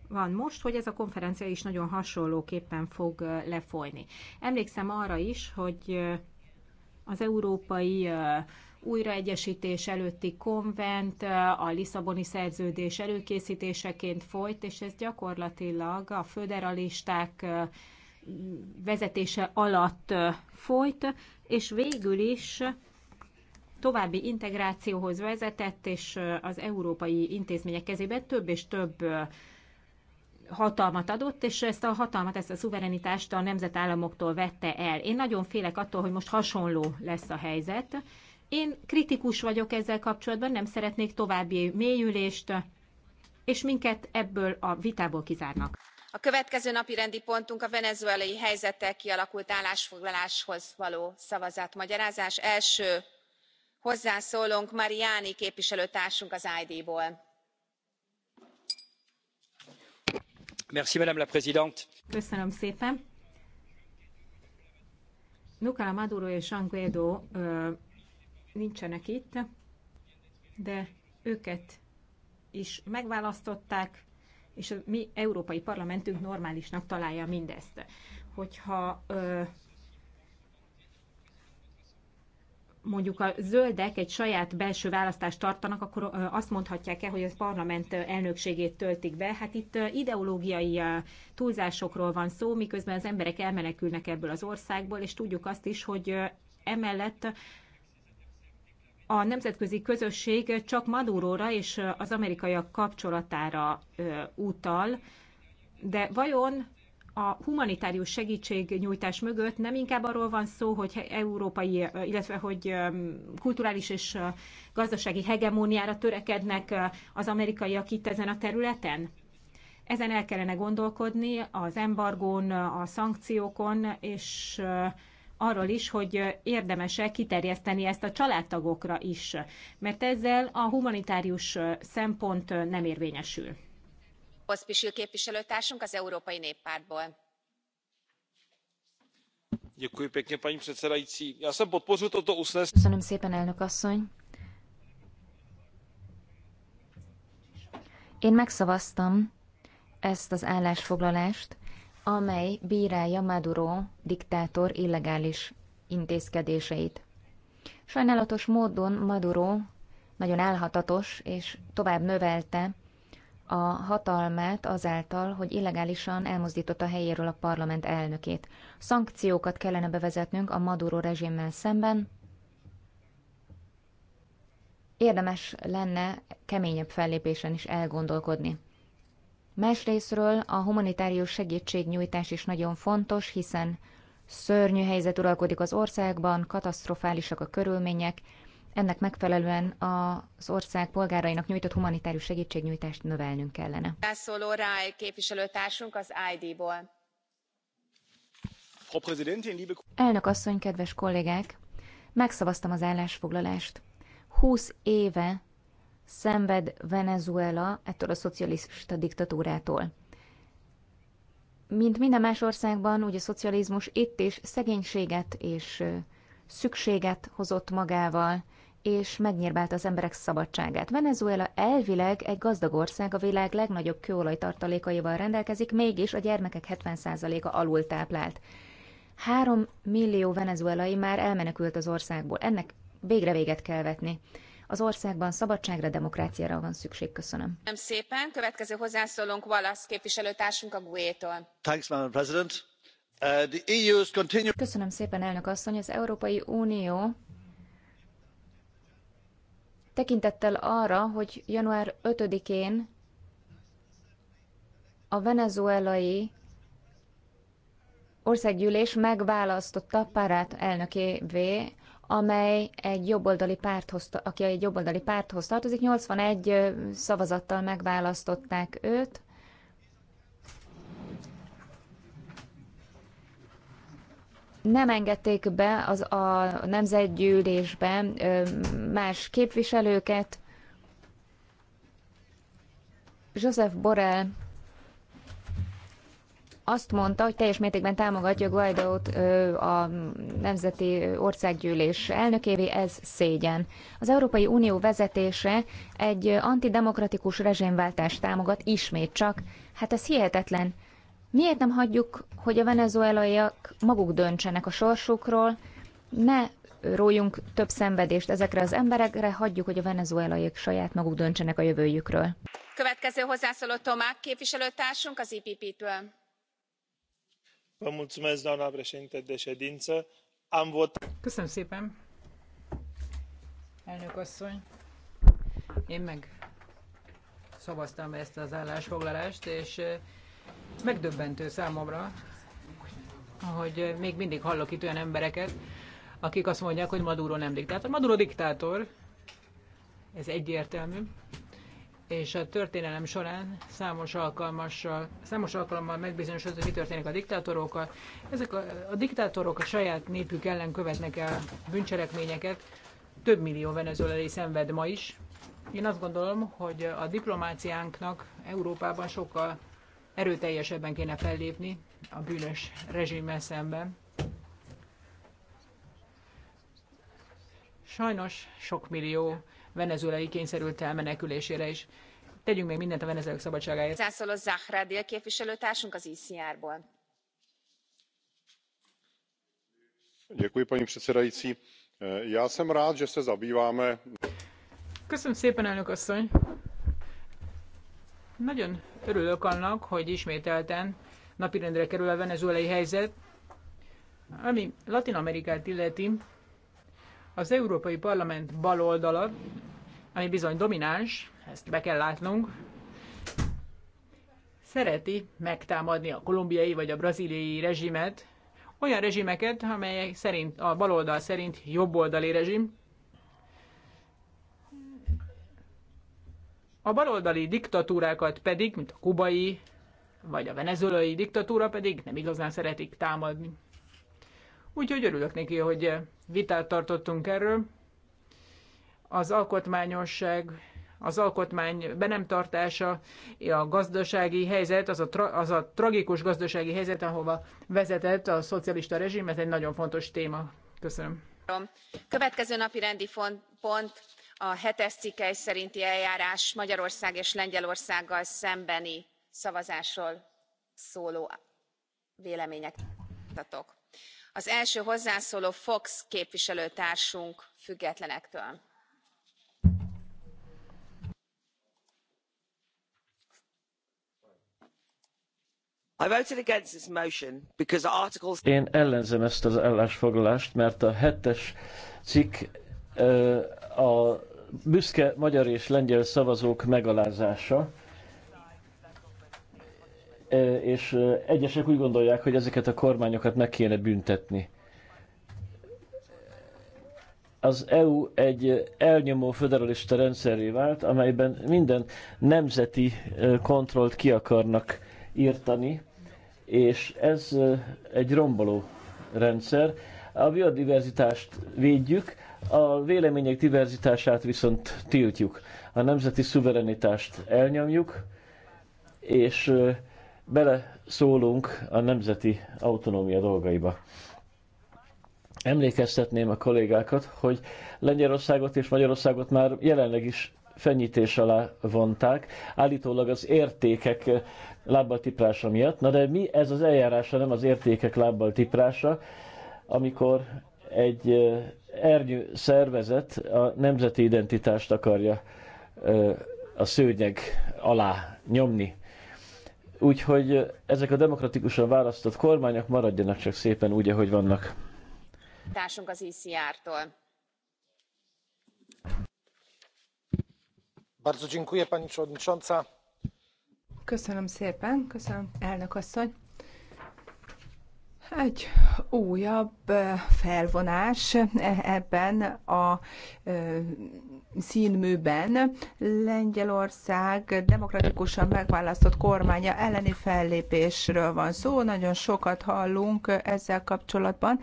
van most, hogy ez a konferencia is nagyon hasonlóképpen fog lefolyni. Emlékszem arra is, hogy az európai újraegyesítés előtti konvent a Lisszaboni szerződés előkészítéseként folyt, és ez gyakorlatilag a föderalisták vezetése alatt folyt, és végül is további integrációhoz vezetett, és az európai intézmények kezében több és több hatalmat adott, és ezt a hatalmat, ezt a szuverenitást a nemzetállamoktól vette el. Én nagyon félek attól, hogy most hasonló lesz a helyzet. Én kritikus vagyok ezzel kapcsolatban, nem szeretnék további mélyülést, és minket ebből a vitából kizárnak. A következő napi rendi pontunk a venezuelai helyzettel kialakult állásfoglaláshoz való szavazatmagyarázás. Első hozzászólónk mariani képviselőtársunk az id ból. köszönöm szépen! Maduro és Juan Guaidó nincsenek itt, de őket is megválasztották, és a mi európai parlamentünk normálisnak találja mindezt. Hogyha mondjuk a zöldek egy saját belső választást tartanak, akkor azt mondhatják e hogy ez parlament elnökségét töltik be. Hát itt ideológiai túlzásokról van szó, miközben az emberek elmenekülnek ebből az országból, és tudjuk azt is, hogy emellett a nemzetközi közösség csak Maduróra és az amerikaiak kapcsolatára utal, de vajon a humanitárius segítségnyújtás mögött nem inkább arról van szó, hogy európai, illetve hogy um, kulturális és uh, gazdasági hegemóniára törekednek uh, az amerikaiak itt ezen a területen? Ezen el kellene gondolkodni, az embargón, a szankciókon, és uh, arról is, hogy érdemese kiterjeszteni ezt a családtagokra is, mert ezzel a humanitárius szempont nem érvényesül pospil képviselőtársunk az európai néppártból. paní předsedající já jsem podpořil toto usnesení. én megszavaztam ezt az állásfoglalást amely bírálja maduro diktátor illegális intézkedéseit. sajnálatos módon maduro nagyon álhatatos és tovább növelte a hatalmát azáltal, hogy illegálisan elmozdította helyéről a parlament elnökét. Szankciókat kellene bevezetnünk a Maduro rezsimmel szemben. Érdemes lenne keményebb fellépésen is elgondolkodni. Másrésztről a humanitárius segítségnyújtás is nagyon fontos, hiszen szörnyű helyzet uralkodik az országban, katasztrofálisak a körülmények, ennek megfelelően az ország polgárainak nyújtott humanitárius segítségnyújtást növelnünk kellene. Rászóló Ráj képviselőtársunk az ID-ból. Elnök asszony, kedves kollégák! Megszavaztam az állásfoglalást. Húsz éve szenved Venezuela ettől a szocialista diktatúrától. Mint minden más országban, úgy a szocializmus itt is szegénységet és szükséget hozott magával, és megnyírbált az emberek szabadságát. Venezuela elvileg egy gazdag ország, a világ legnagyobb kőolajtartalékaival rendelkezik, mégis a gyermekek 70%-a alul táplált. Három millió venezuelai már elmenekült az országból. Ennek végre véget kell vetni. Az országban szabadságra, demokráciára van szükség. Köszönöm. Nem szépen. Következő hozzászólónk Valasz képviselőtársunk a GUE-tól. Thanks, Madam President. Uh, e Köszönöm szépen, elnök asszony. Az Európai Unió tekintettel arra, hogy január 5-én a venezuelai országgyűlés megválasztotta Párát elnökévé, amely egy jobboldali párthoz, aki egy jobboldali párthoz tartozik, 81 szavazattal megválasztották őt, nem engedték be az a nemzetgyűlésbe más képviselőket. Joseph Borrell azt mondta, hogy teljes mértékben támogatja Guaidót a Nemzeti Országgyűlés elnökévé, ez szégyen. Az Európai Unió vezetése egy antidemokratikus rezsémváltást támogat ismét csak. Hát ez hihetetlen. Miért nem hagyjuk, hogy a venezuelaiak maguk döntsenek a sorsukról, ne rójunk több szenvedést ezekre az emberekre, hagyjuk, hogy a venezuelaiak saját maguk döntsenek a jövőjükről. Következő hozzászóló Tomák képviselőtársunk az IPP-től. de Köszönöm szépen, elnök asszony. Én meg szavaztam ezt az állásfoglalást, és megdöbbentő számomra, hogy még mindig hallok itt olyan embereket, akik azt mondják, hogy Maduro nem diktátor. Maduro diktátor, ez egyértelmű, és a történelem során számos, alkalmassal, számos alkalommal megbizonyosodott, hogy mi történik a diktátorokkal. Ezek a, a diktátorok a saját népük ellen követnek el bűncselekményeket, több millió venezuelai szenved ma is. Én azt gondolom, hogy a diplomáciánknak Európában sokkal erőteljesebben kéne fellépni a bűnös rezsimmel szemben. Sajnos sok millió venezuelai kényszerült el menekülésére is. Tegyünk még mindent a venezuelai szabadságáért. Zászoló Zahra képviselőtársunk az ICR-ból. Děkuji, paní předsedající. Já jsem rád, že se zabýváme. Köszönöm szépen, elnök asszony! Nagyon örülök annak, hogy ismételten napirendre kerül a venezuelai helyzet, ami Latin Amerikát illeti, az Európai Parlament oldala, ami bizony domináns, ezt be kell látnunk, szereti megtámadni a kolumbiai vagy a braziliai rezsimet, olyan rezsimeket, amelyek szerint, a baloldal szerint jobboldali rezsim, A baloldali diktatúrákat pedig, mint a kubai vagy a venezuelai diktatúra pedig nem igazán szeretik támadni. Úgyhogy örülök neki, hogy vitát tartottunk erről. Az alkotmányosság, az alkotmány benemtartása, nem tartása, a gazdasági helyzet, az a, tra- az a tragikus gazdasági helyzet, ahova vezetett a szocialista rezsim, ez egy nagyon fontos téma. Köszönöm. Következő napi rendi pont a hetes cikkely szerinti eljárás magyarország és lengyelországgal szembeni szavazásról szóló véleményeket az első hozzászóló fox képviselőtársunk függetlenektől. Én ellenzem ezt az állásfoglalást, mert a hetes cikk a büszke magyar és lengyel szavazók megalázása, e, és e, egyesek úgy gondolják, hogy ezeket a kormányokat meg kéne büntetni. Az EU egy elnyomó föderalista rendszerré vált, amelyben minden nemzeti e, kontrollt ki akarnak írtani, és ez egy romboló rendszer. A biodiverzitást védjük, a vélemények diverzitását viszont tiltjuk. A nemzeti szuverenitást elnyomjuk, és beleszólunk a nemzeti autonómia dolgaiba. Emlékeztetném a kollégákat, hogy Lengyelországot és Magyarországot már jelenleg is fenyítés alá vonták, állítólag az értékek lábbal tiprása miatt. Na de mi ez az eljárása, nem az értékek lábbal tiprása, amikor egy ernyő szervezet a nemzeti identitást akarja a szőnyeg alá nyomni. Úgyhogy ezek a demokratikusan választott kormányok maradjanak csak szépen úgy, ahogy vannak. Társunk az ICR-tól. Bardzo dziękuję, pani przewodnicząca. Köszönöm szépen, köszönöm, elnök asszony. Egy újabb felvonás ebben a színműben Lengyelország demokratikusan megválasztott kormánya elleni fellépésről van szó. Nagyon sokat hallunk ezzel kapcsolatban,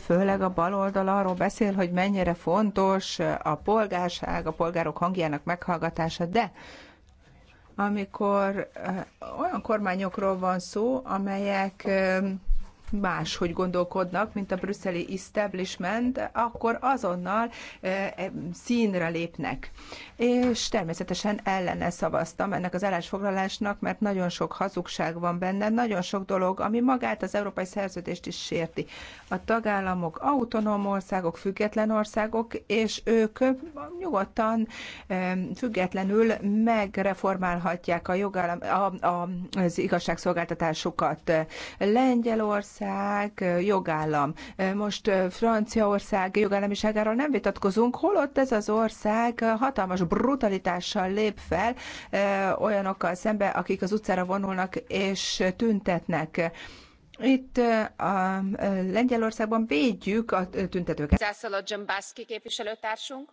főleg a baloldal arról beszél, hogy mennyire fontos a polgárság, a polgárok hangjának meghallgatása, de amikor olyan kormányokról van szó, amelyek más, hogy gondolkodnak, mint a brüsszeli establishment, akkor azonnal eh, eh, színre lépnek és természetesen ellene szavaztam ennek az állásfoglalásnak, mert nagyon sok hazugság van benne, nagyon sok dolog, ami magát az európai szerződést is sérti. A tagállamok autonóm országok, független országok, és ők nyugodtan, függetlenül megreformálhatják a jogállam, a, a, az igazságszolgáltatásukat. Lengyelország jogállam, most Franciaország jogállamiságáról nem vitatkozunk, holott ez az ország hatalmas brutalitással lép fel olyanokkal szembe, akik az utcára vonulnak és tüntetnek. Itt a Lengyelországban védjük a tüntetőket. Zászol a Dzsambászki képviselőtársunk.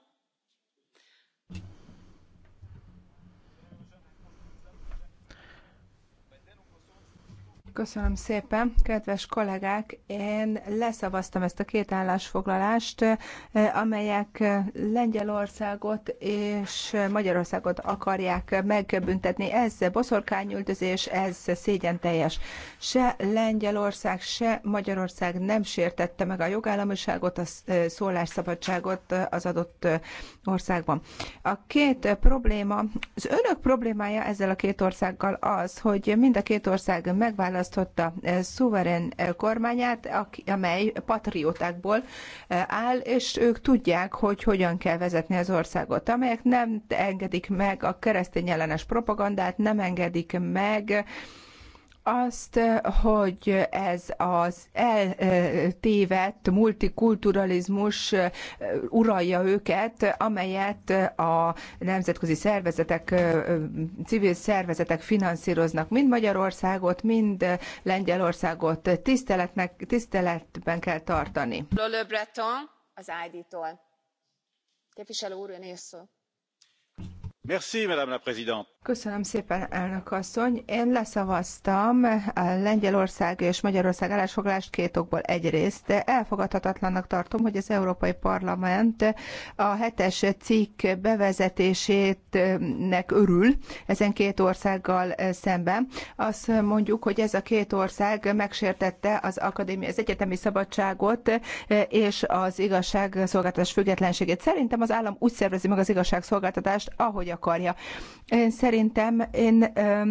Köszönöm szépen, kedves kollégák! Én leszavaztam ezt a két állásfoglalást, amelyek Lengyelországot és Magyarországot akarják megbüntetni. Ez boszorkányüldözés, ez szégyen teljes. Se Lengyelország, se Magyarország nem sértette meg a jogállamiságot, a szólásszabadságot az adott országban. A két probléma, az önök problémája ezzel a két országgal az, hogy mind a két ország megválasztja választotta eh, szuverén eh, kormányát, amely patriótákból eh, áll, és ők tudják, hogy hogyan kell vezetni az országot, amelyek nem engedik meg a keresztény ellenes propagandát, nem engedik meg azt, hogy ez az eltévedt multikulturalizmus uralja őket, amelyet a nemzetközi szervezetek, civil szervezetek finanszíroznak, mind Magyarországot, mind Lengyelországot tiszteletnek, tiszteletben kell tartani. Le Breton az ID-tól. Képviselő úr, ön Merci, madame la présidente Köszönöm szépen, elnök asszony. Én leszavaztam a Lengyelország és Magyarország állásfoglalást két okból. Egyrészt elfogadhatatlannak tartom, hogy az Európai Parlament a hetes cikk bevezetésének örül ezen két országgal szemben. Azt mondjuk, hogy ez a két ország megsértette az akadémia, az egyetemi szabadságot és az igazságszolgáltatás függetlenségét. Szerintem az állam úgy szervezi meg az igazságszolgáltatást, ahogy akarja. Én szerint szerintem én ö,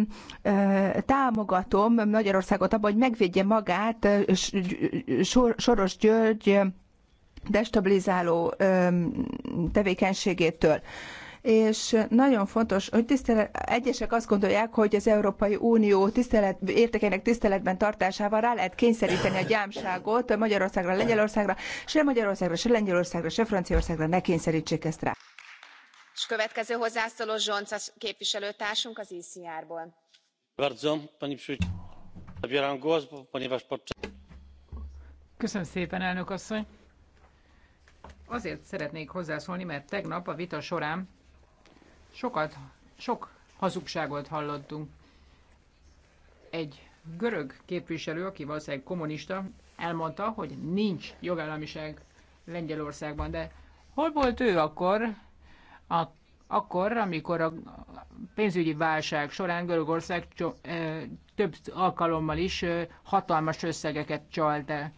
ö, támogatom Magyarországot abban, hogy megvédje magát Sor, Soros György destabilizáló ö, tevékenységétől és nagyon fontos, hogy tisztelet, egyesek azt gondolják, hogy az Európai Unió tisztelet, értékeinek tiszteletben tartásával rá lehet kényszeríteni a gyámságot Magyarországra, Lengyelországra, se Magyarországra, se Lengyelországra, se Franciaországra ne kényszerítsék ezt rá. Köszönöm szépen, Azért szeretnék hozzászólni, mert tegnap a vita során sokat, sok hazugságot hallottunk. Egy görög képviselő, aki valószínűleg kommunista, elmondta, hogy nincs jogállamiság Lengyelországban, de hol volt ő akkor, a, akkor, amikor a pénzügyi válság során Görögország cso, ö, több alkalommal is ö, hatalmas összegeket csalt el.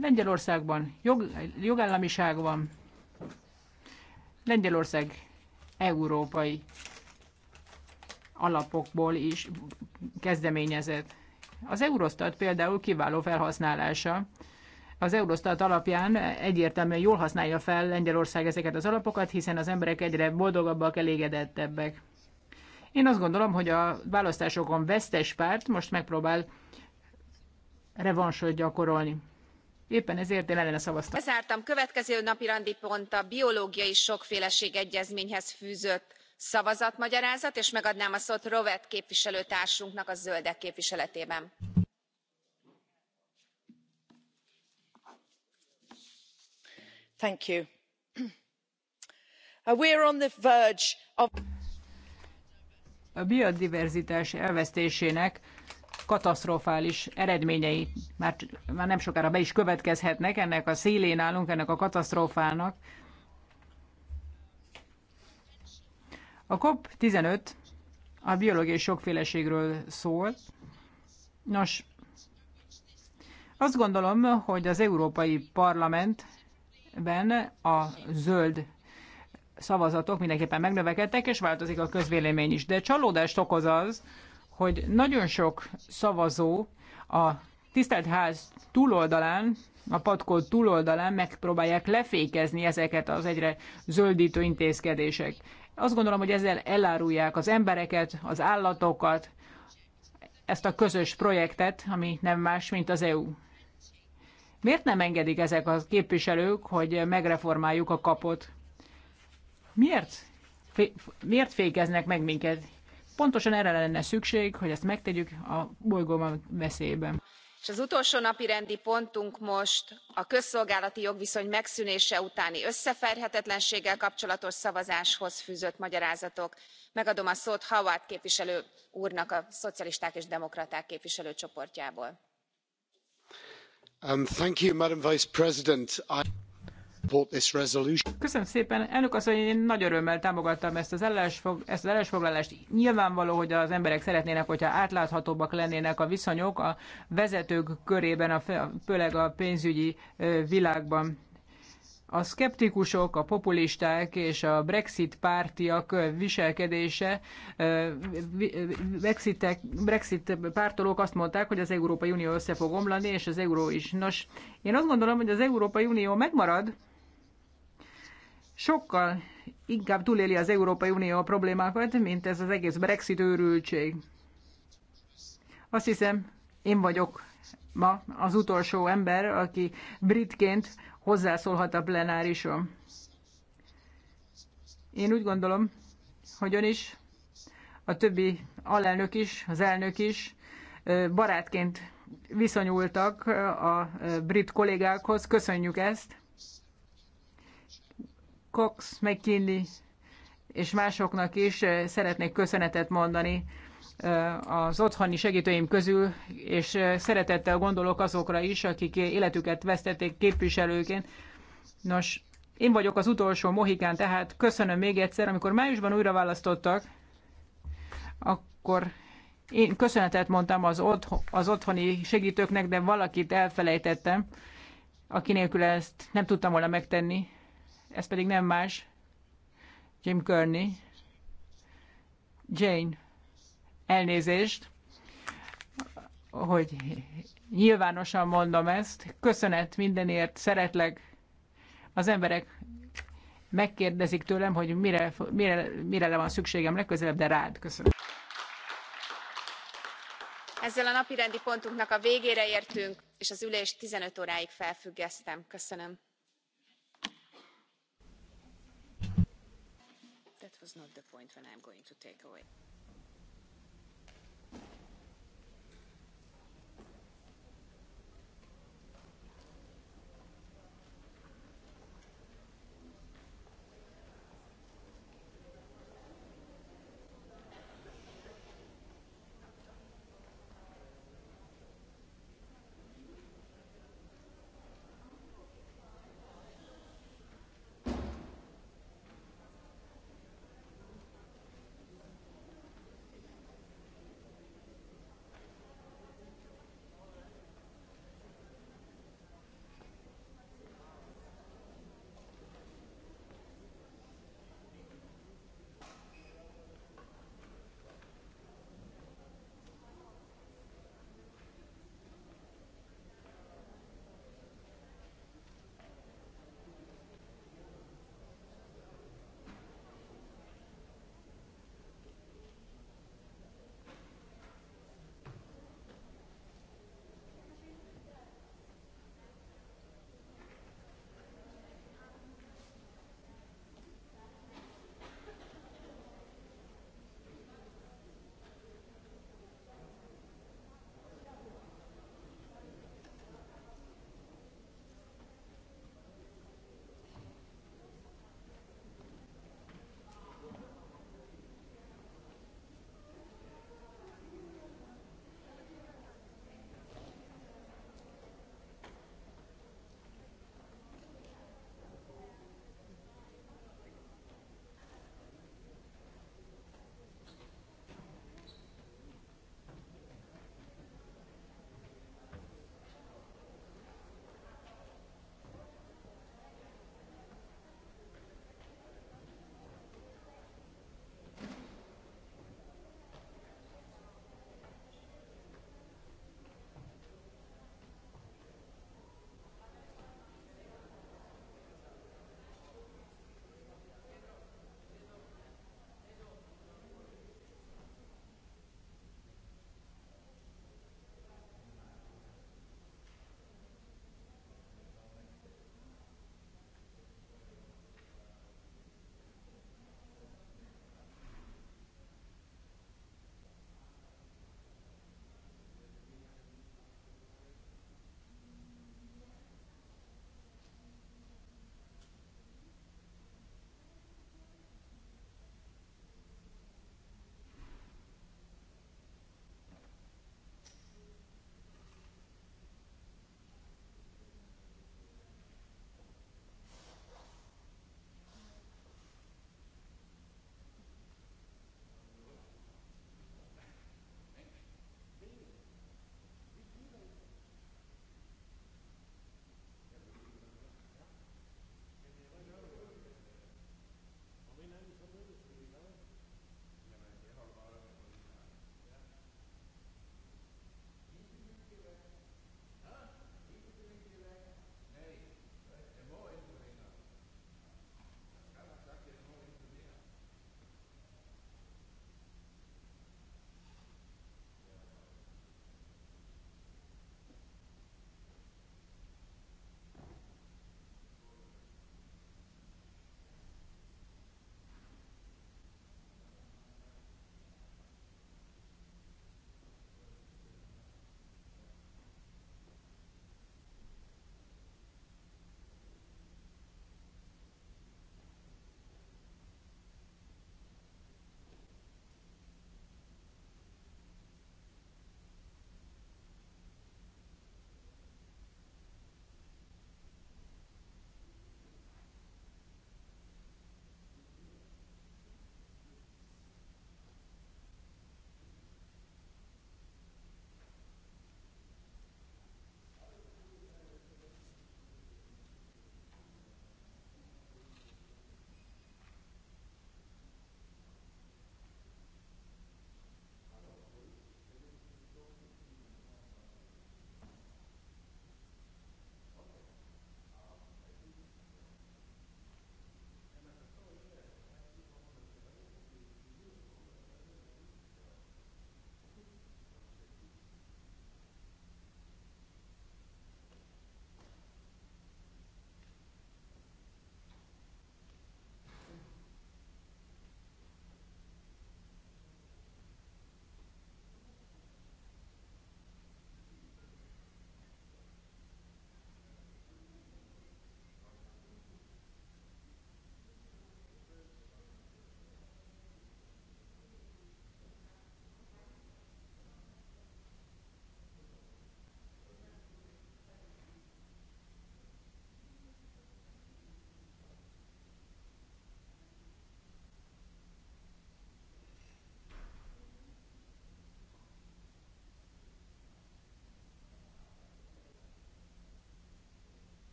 Lengyelországban jog, jogállamiság van, Lengyelország európai alapokból is kezdeményezett. Az Eurostat például kiváló felhasználása az Eurostat alapján egyértelműen jól használja fel Lengyelország ezeket az alapokat, hiszen az emberek egyre boldogabbak, elégedettebbek. Én azt gondolom, hogy a választásokon vesztes párt most megpróbál revansot gyakorolni. Éppen ezért én ellene szavaztam. Bezártam következő napi randi pont a biológiai sokféleség egyezményhez fűzött szavazatmagyarázat, és megadnám a szót Rovet képviselőtársunknak a zöldek képviseletében. Uh, a biodiverzitás elvesztésének katasztrofális eredményei már, nemsokára nem sokára be is következhetnek. Ennek a szélén állunk, ennek a katasztrófának. A COP15 a biológiai sokféleségről szól. Nos, azt gondolom, hogy az Európai Parlament ben a zöld szavazatok mindenképpen megnövekedtek, és változik a közvélemény is. De csalódást okoz az, hogy nagyon sok szavazó a tisztelt ház túloldalán, a patkó túloldalán megpróbálják lefékezni ezeket az egyre zöldítő intézkedések. Azt gondolom, hogy ezzel elárulják az embereket, az állatokat, ezt a közös projektet, ami nem más, mint az EU. Miért nem engedik ezek a képviselők, hogy megreformáljuk a kapot? Miért? Fé miért fékeznek meg minket? Pontosan erre lenne szükség, hogy ezt megtegyük a bolygóban veszélyben. És az utolsó napi rendi pontunk most a közszolgálati jogviszony megszűnése utáni összeférhetetlenséggel kapcsolatos szavazáshoz fűzött magyarázatok. Megadom a szót Howard képviselő úrnak a szocialisták és demokraták képviselőcsoportjából. Köszönöm szépen. Elnök asszony, én nagy örömmel támogattam ezt az, állásfoglalást Nyilvánvaló, hogy az emberek szeretnének, hogyha átláthatóbbak lennének a viszonyok a vezetők körében, a, főleg a pénzügyi világban. A szkeptikusok, a populisták és a Brexit pártiak viselkedése, Brexit pártolók azt mondták, hogy az Európai Unió össze fog omlani, és az euró is. Nos, én azt gondolom, hogy az Európai Unió megmarad, sokkal inkább túléli az Európai Unió a problémákat, mint ez az egész Brexit őrültség. Azt hiszem, én vagyok ma az utolsó ember, aki britként hozzászólhat a plenárison. Én úgy gondolom, hogy ön is, a többi alelnök is, az elnök is barátként viszonyultak a brit kollégákhoz. Köszönjük ezt. Cox, McKinley és másoknak is szeretnék köszönetet mondani az otthoni segítőim közül, és szeretettel gondolok azokra is, akik életüket vesztették képviselőként. Nos, én vagyok az utolsó mohikán, tehát köszönöm még egyszer, amikor májusban újra választottak, akkor én köszönetet mondtam az, otth- az otthoni segítőknek, de valakit elfelejtettem, aki nélkül ezt nem tudtam volna megtenni. Ez pedig nem más, Jim Kearney, Jane, elnézést, hogy nyilvánosan mondom ezt. Köszönet mindenért, szeretlek. Az emberek megkérdezik tőlem, hogy mire, mire, mire le van szükségem legközelebb, de rád. Köszönöm. Ezzel a rendi pontunknak a végére értünk, és az ülést 15 óráig felfüggesztem. Köszönöm. That was not the point when I'm going to take away.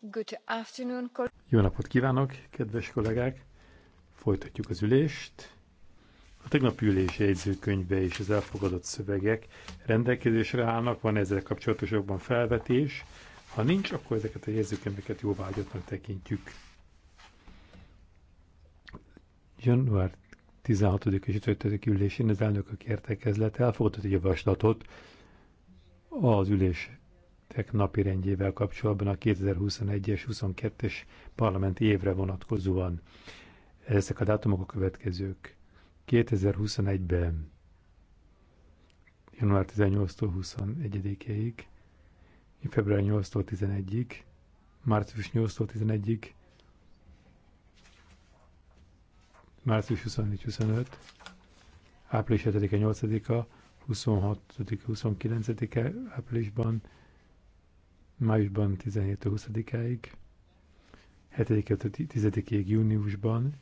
Good afternoon. Jó napot kívánok, kedves kollégák! Folytatjuk az ülést. A tegnapi ülés jegyzőkönyve és az elfogadott szövegek rendelkezésre állnak, van ezzel kapcsolatosokban felvetés. Ha nincs, akkor ezeket a jegyzőkönyveket jóvágyatnak tekintjük. Január 16. és 5. ülésén az elnökök értekezlete elfogadott egy javaslatot az ülés napi rendjével kapcsolatban a 2021-es 22-es parlamenti évre vonatkozóan. Ezek a dátumok a következők. 2021-ben január 18-tól 21-ig, február 8-tól 11-ig, március 8-tól 11-ig, március 24-25, április 7-e, 8-a, 26-29-e áprilisban, májusban 17-20-ig, 7-10-ig júniusban,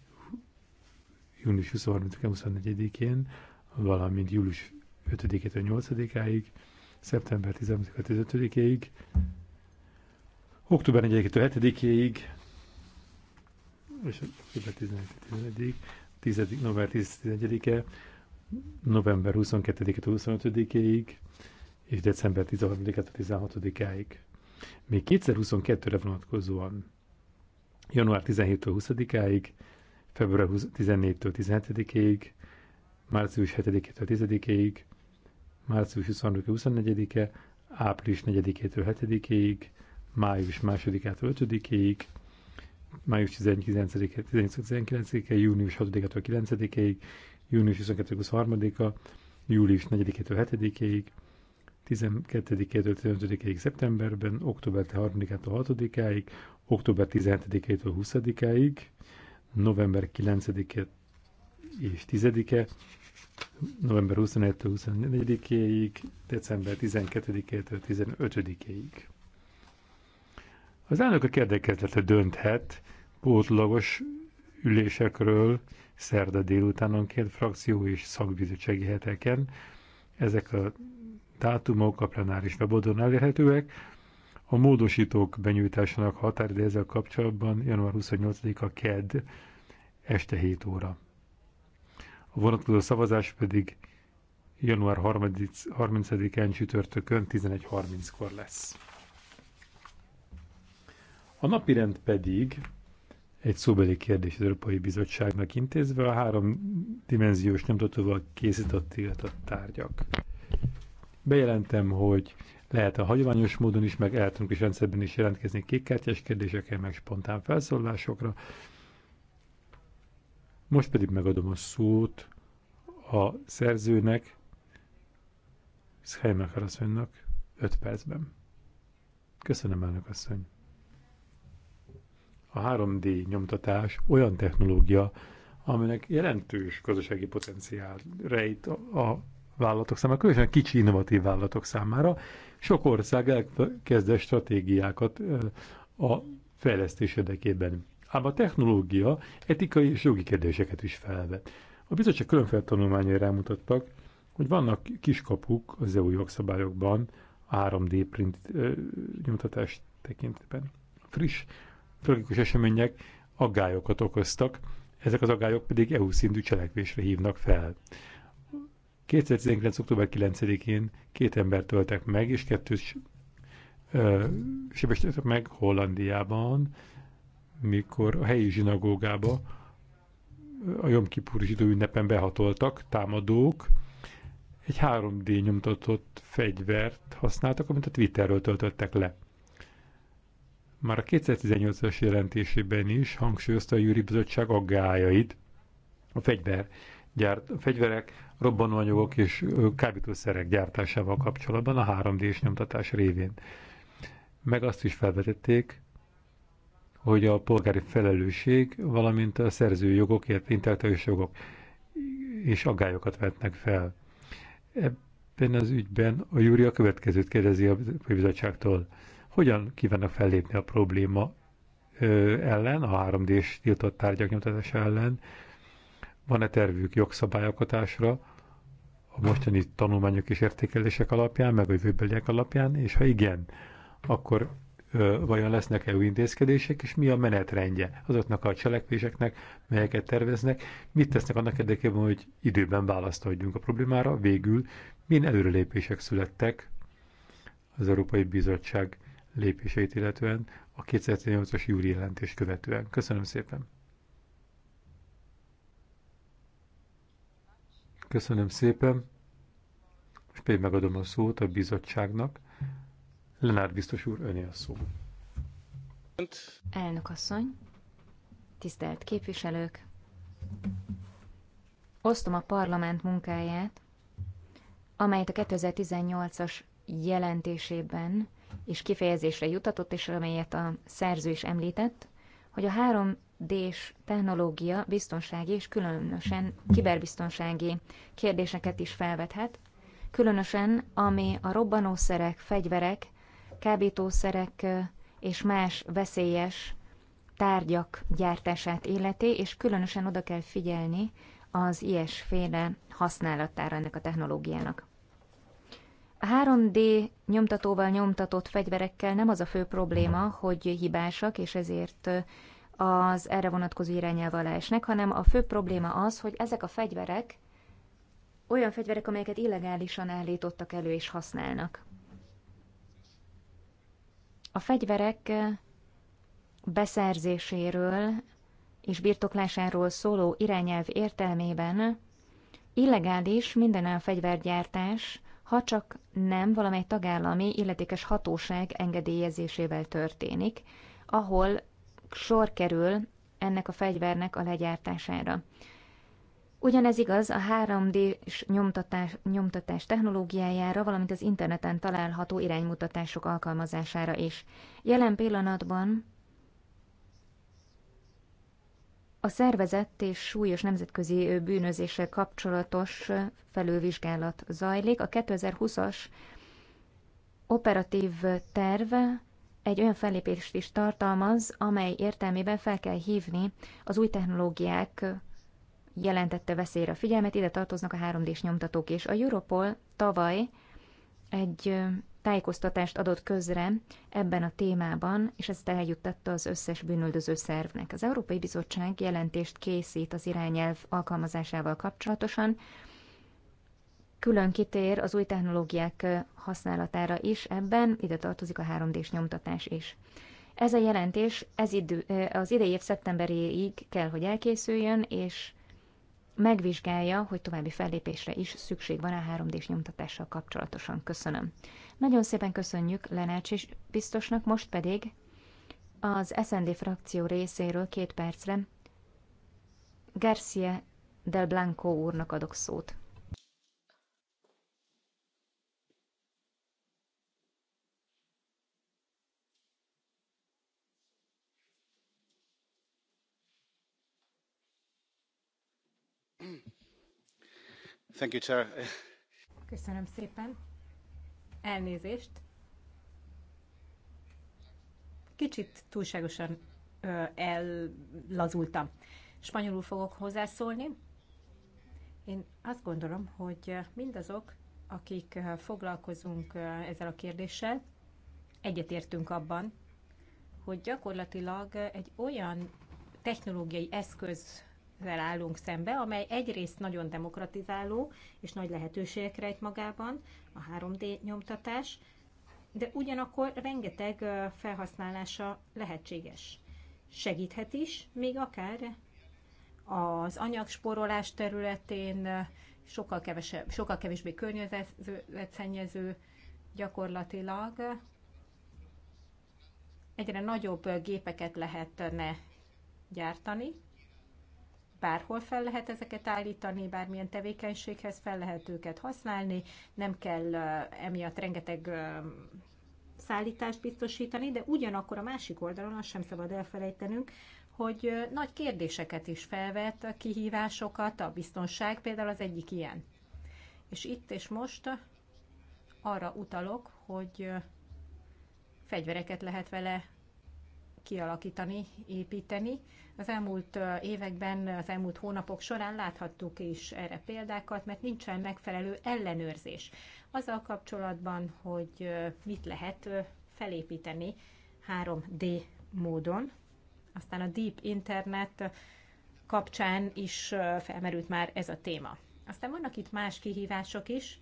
június 23-24-én, valamint július 5-től 8 ig szeptember 15-15-ig, október 4-től 7-ig, és október 11 10 november 10-11-e, november 22-től 25-ig, és december 13-től 16-áig. Még 2022-re vonatkozóan január 17-től 20-áig, február 14-től 17-ig, március 7-től 10-ig, március 23-től 24-e, április 4-től 7-ig, május 2-től 5-ig, május 19 19-e, június 6-től 9-ig, június 22-23-a, július 4-től 7-ig, 12-től 15-ig szeptemberben, október 3-től 6-ig, október 17-től 20-ig, november 9-e és 10-e, november 21-től 24-ig, december 12-től 15-ig. Az elnök a kérdekezletre dönthet pótlagos ülésekről szerda délutánonként frakció és szakbizottsági heteken. Ezek a dátumok a plenáris webodon elérhetőek. A módosítók benyújtásának határideje ezzel kapcsolatban január 28-a KED este 7 óra. A vonatkozó szavazás pedig január 30-án 30 csütörtökön 11.30-kor lesz. A napirend pedig egy szóbeli kérdés az Európai Bizottságnak intézve a három dimenziós nyomtatóval készített tiltott tárgyak. Bejelentem, hogy lehet a hagyományos módon is, meg elektronikus rendszerben is jelentkezni kékkártyás kérdésekkel, meg spontán felszólásokra. Most pedig megadom a szót a szerzőnek, Szhelymek asszonynak 5 percben. Köszönöm, elnök asszony! a 3D nyomtatás olyan technológia, aminek jelentős gazdasági potenciál rejt a, a vállalatok számára, különösen kicsi innovatív vállalatok számára. Sok ország elkezde stratégiákat a fejlesztés érdekében. Ám a technológia etikai és jogi kérdéseket is felvet. A bizottság különféle tanulmányai rámutattak, hogy vannak kiskapuk az EU jogszabályokban 3D print ö, nyomtatás tekintetben. Friss tragikus események aggályokat okoztak, ezek az aggályok pedig EU szintű cselekvésre hívnak fel. 2019. október 9-én két ember töltek meg, és kettőt sebesítettek meg Hollandiában, mikor a helyi zsinagógába a Jomkipúri zsidó ünnepen behatoltak támadók, egy 3D nyomtatott fegyvert használtak, amit a Twitterről töltöttek le. Már a 2018-as jelentésében is hangsúlyozta a Júri Bizottság aggájait a fegyver gyárt, a fegyverek, robbanóanyagok és kábítószerek gyártásával kapcsolatban a 3D-s nyomtatás révén. Meg azt is felvetették, hogy a polgári felelősség, valamint a szerzőjogok, illetve intellektuális jogok és aggályokat vetnek fel. Ebben az ügyben a Júri a következőt kérdezi a bizottságtól hogyan kívánnak fellépni a probléma ellen, a 3D-s tiltott tárgyak nyomtatása ellen. Van-e tervük jogszabályalkotásra a mostani tanulmányok és értékelések alapján, meg a jövőbeliek alapján, és ha igen, akkor ö, vajon lesznek új e intézkedések, és mi a menetrendje azoknak a cselekvéseknek, melyeket terveznek, mit tesznek annak érdekében, hogy időben választ adjunk a problémára, végül milyen előrelépések születtek az Európai Bizottság lépéseit illetően a 2018-as júri jelentést követően. Köszönöm szépen! Köszönöm szépen! Most pedig megadom a szót a bizottságnak. Lenár biztos úr, öné a szó. Elnök asszony, tisztelt képviselők, osztom a parlament munkáját, amelyet a 2018-as jelentésében és kifejezésre jutatott, és amelyet a szerző is említett, hogy a 3D-s technológia biztonsági és különösen kiberbiztonsági kérdéseket is felvethet, különösen ami a robbanószerek, fegyverek, kábítószerek és más veszélyes tárgyak gyártását illeti, és különösen oda kell figyelni az ilyesféle használatára ennek a technológiának. A 3D nyomtatóval nyomtatott fegyverekkel nem az a fő probléma, hogy hibásak, és ezért az erre vonatkozó irányelv alá esnek, hanem a fő probléma az, hogy ezek a fegyverek olyan fegyverek, amelyeket illegálisan állítottak elő és használnak. A fegyverek beszerzéséről és birtoklásáról szóló irányelv értelmében illegális minden olyan fegyvergyártás, ha csak nem valamely tagállami illetékes hatóság engedélyezésével történik, ahol sor kerül ennek a fegyvernek a legyártására. Ugyanez igaz a 3D-s nyomtatás, nyomtatás technológiájára, valamint az interneten található iránymutatások alkalmazására is. Jelen pillanatban a szervezett és súlyos nemzetközi bűnözéssel kapcsolatos felülvizsgálat zajlik. A 2020-as operatív terv egy olyan fellépést is tartalmaz, amely értelmében fel kell hívni az új technológiák jelentette veszélyre a figyelmet, ide tartoznak a 3D-s nyomtatók is. A Europol tavaly egy tájékoztatást adott közre ebben a témában, és ezt eljuttatta az összes bűnöldöző szervnek. Az Európai Bizottság jelentést készít az irányelv alkalmazásával kapcsolatosan, külön kitér az új technológiák használatára is ebben, ide tartozik a 3D-s nyomtatás is. Ez a jelentés ez idő, az idei év szeptemberéig kell, hogy elkészüljön, és megvizsgálja, hogy további fellépésre is szükség van a 3D-s nyomtatással kapcsolatosan. Köszönöm. Nagyon szépen köszönjük Lenács is biztosnak, most pedig az SND frakció részéről két percre Garcia del Blanco úrnak adok szót. Thank you, Chair. Köszönöm szépen. Elnézést. Kicsit túlságosan ö, ellazultam. Spanyolul fogok hozzászólni. Én azt gondolom, hogy mindazok, akik foglalkozunk ezzel a kérdéssel, egyetértünk abban, hogy gyakorlatilag egy olyan technológiai eszköz vel állunk szembe, amely egyrészt nagyon demokratizáló és nagy lehetőségekre rejt magában, a 3D nyomtatás, de ugyanakkor rengeteg felhasználása lehetséges. Segíthet is, még akár az anyagsporolás területén sokkal, kevesebb, sokkal kevésbé környezetszennyező gyakorlatilag egyre nagyobb gépeket lehetne gyártani, bárhol fel lehet ezeket állítani, bármilyen tevékenységhez fel lehet őket használni, nem kell emiatt rengeteg szállítást biztosítani, de ugyanakkor a másik oldalon azt sem szabad elfelejtenünk, hogy nagy kérdéseket is felvet, a kihívásokat, a biztonság például az egyik ilyen. És itt és most arra utalok, hogy fegyvereket lehet vele kialakítani, építeni. Az elmúlt években, az elmúlt hónapok során láthattuk is erre példákat, mert nincsen megfelelő ellenőrzés azzal kapcsolatban, hogy mit lehet felépíteni 3D módon. Aztán a Deep Internet kapcsán is felmerült már ez a téma. Aztán vannak itt más kihívások is,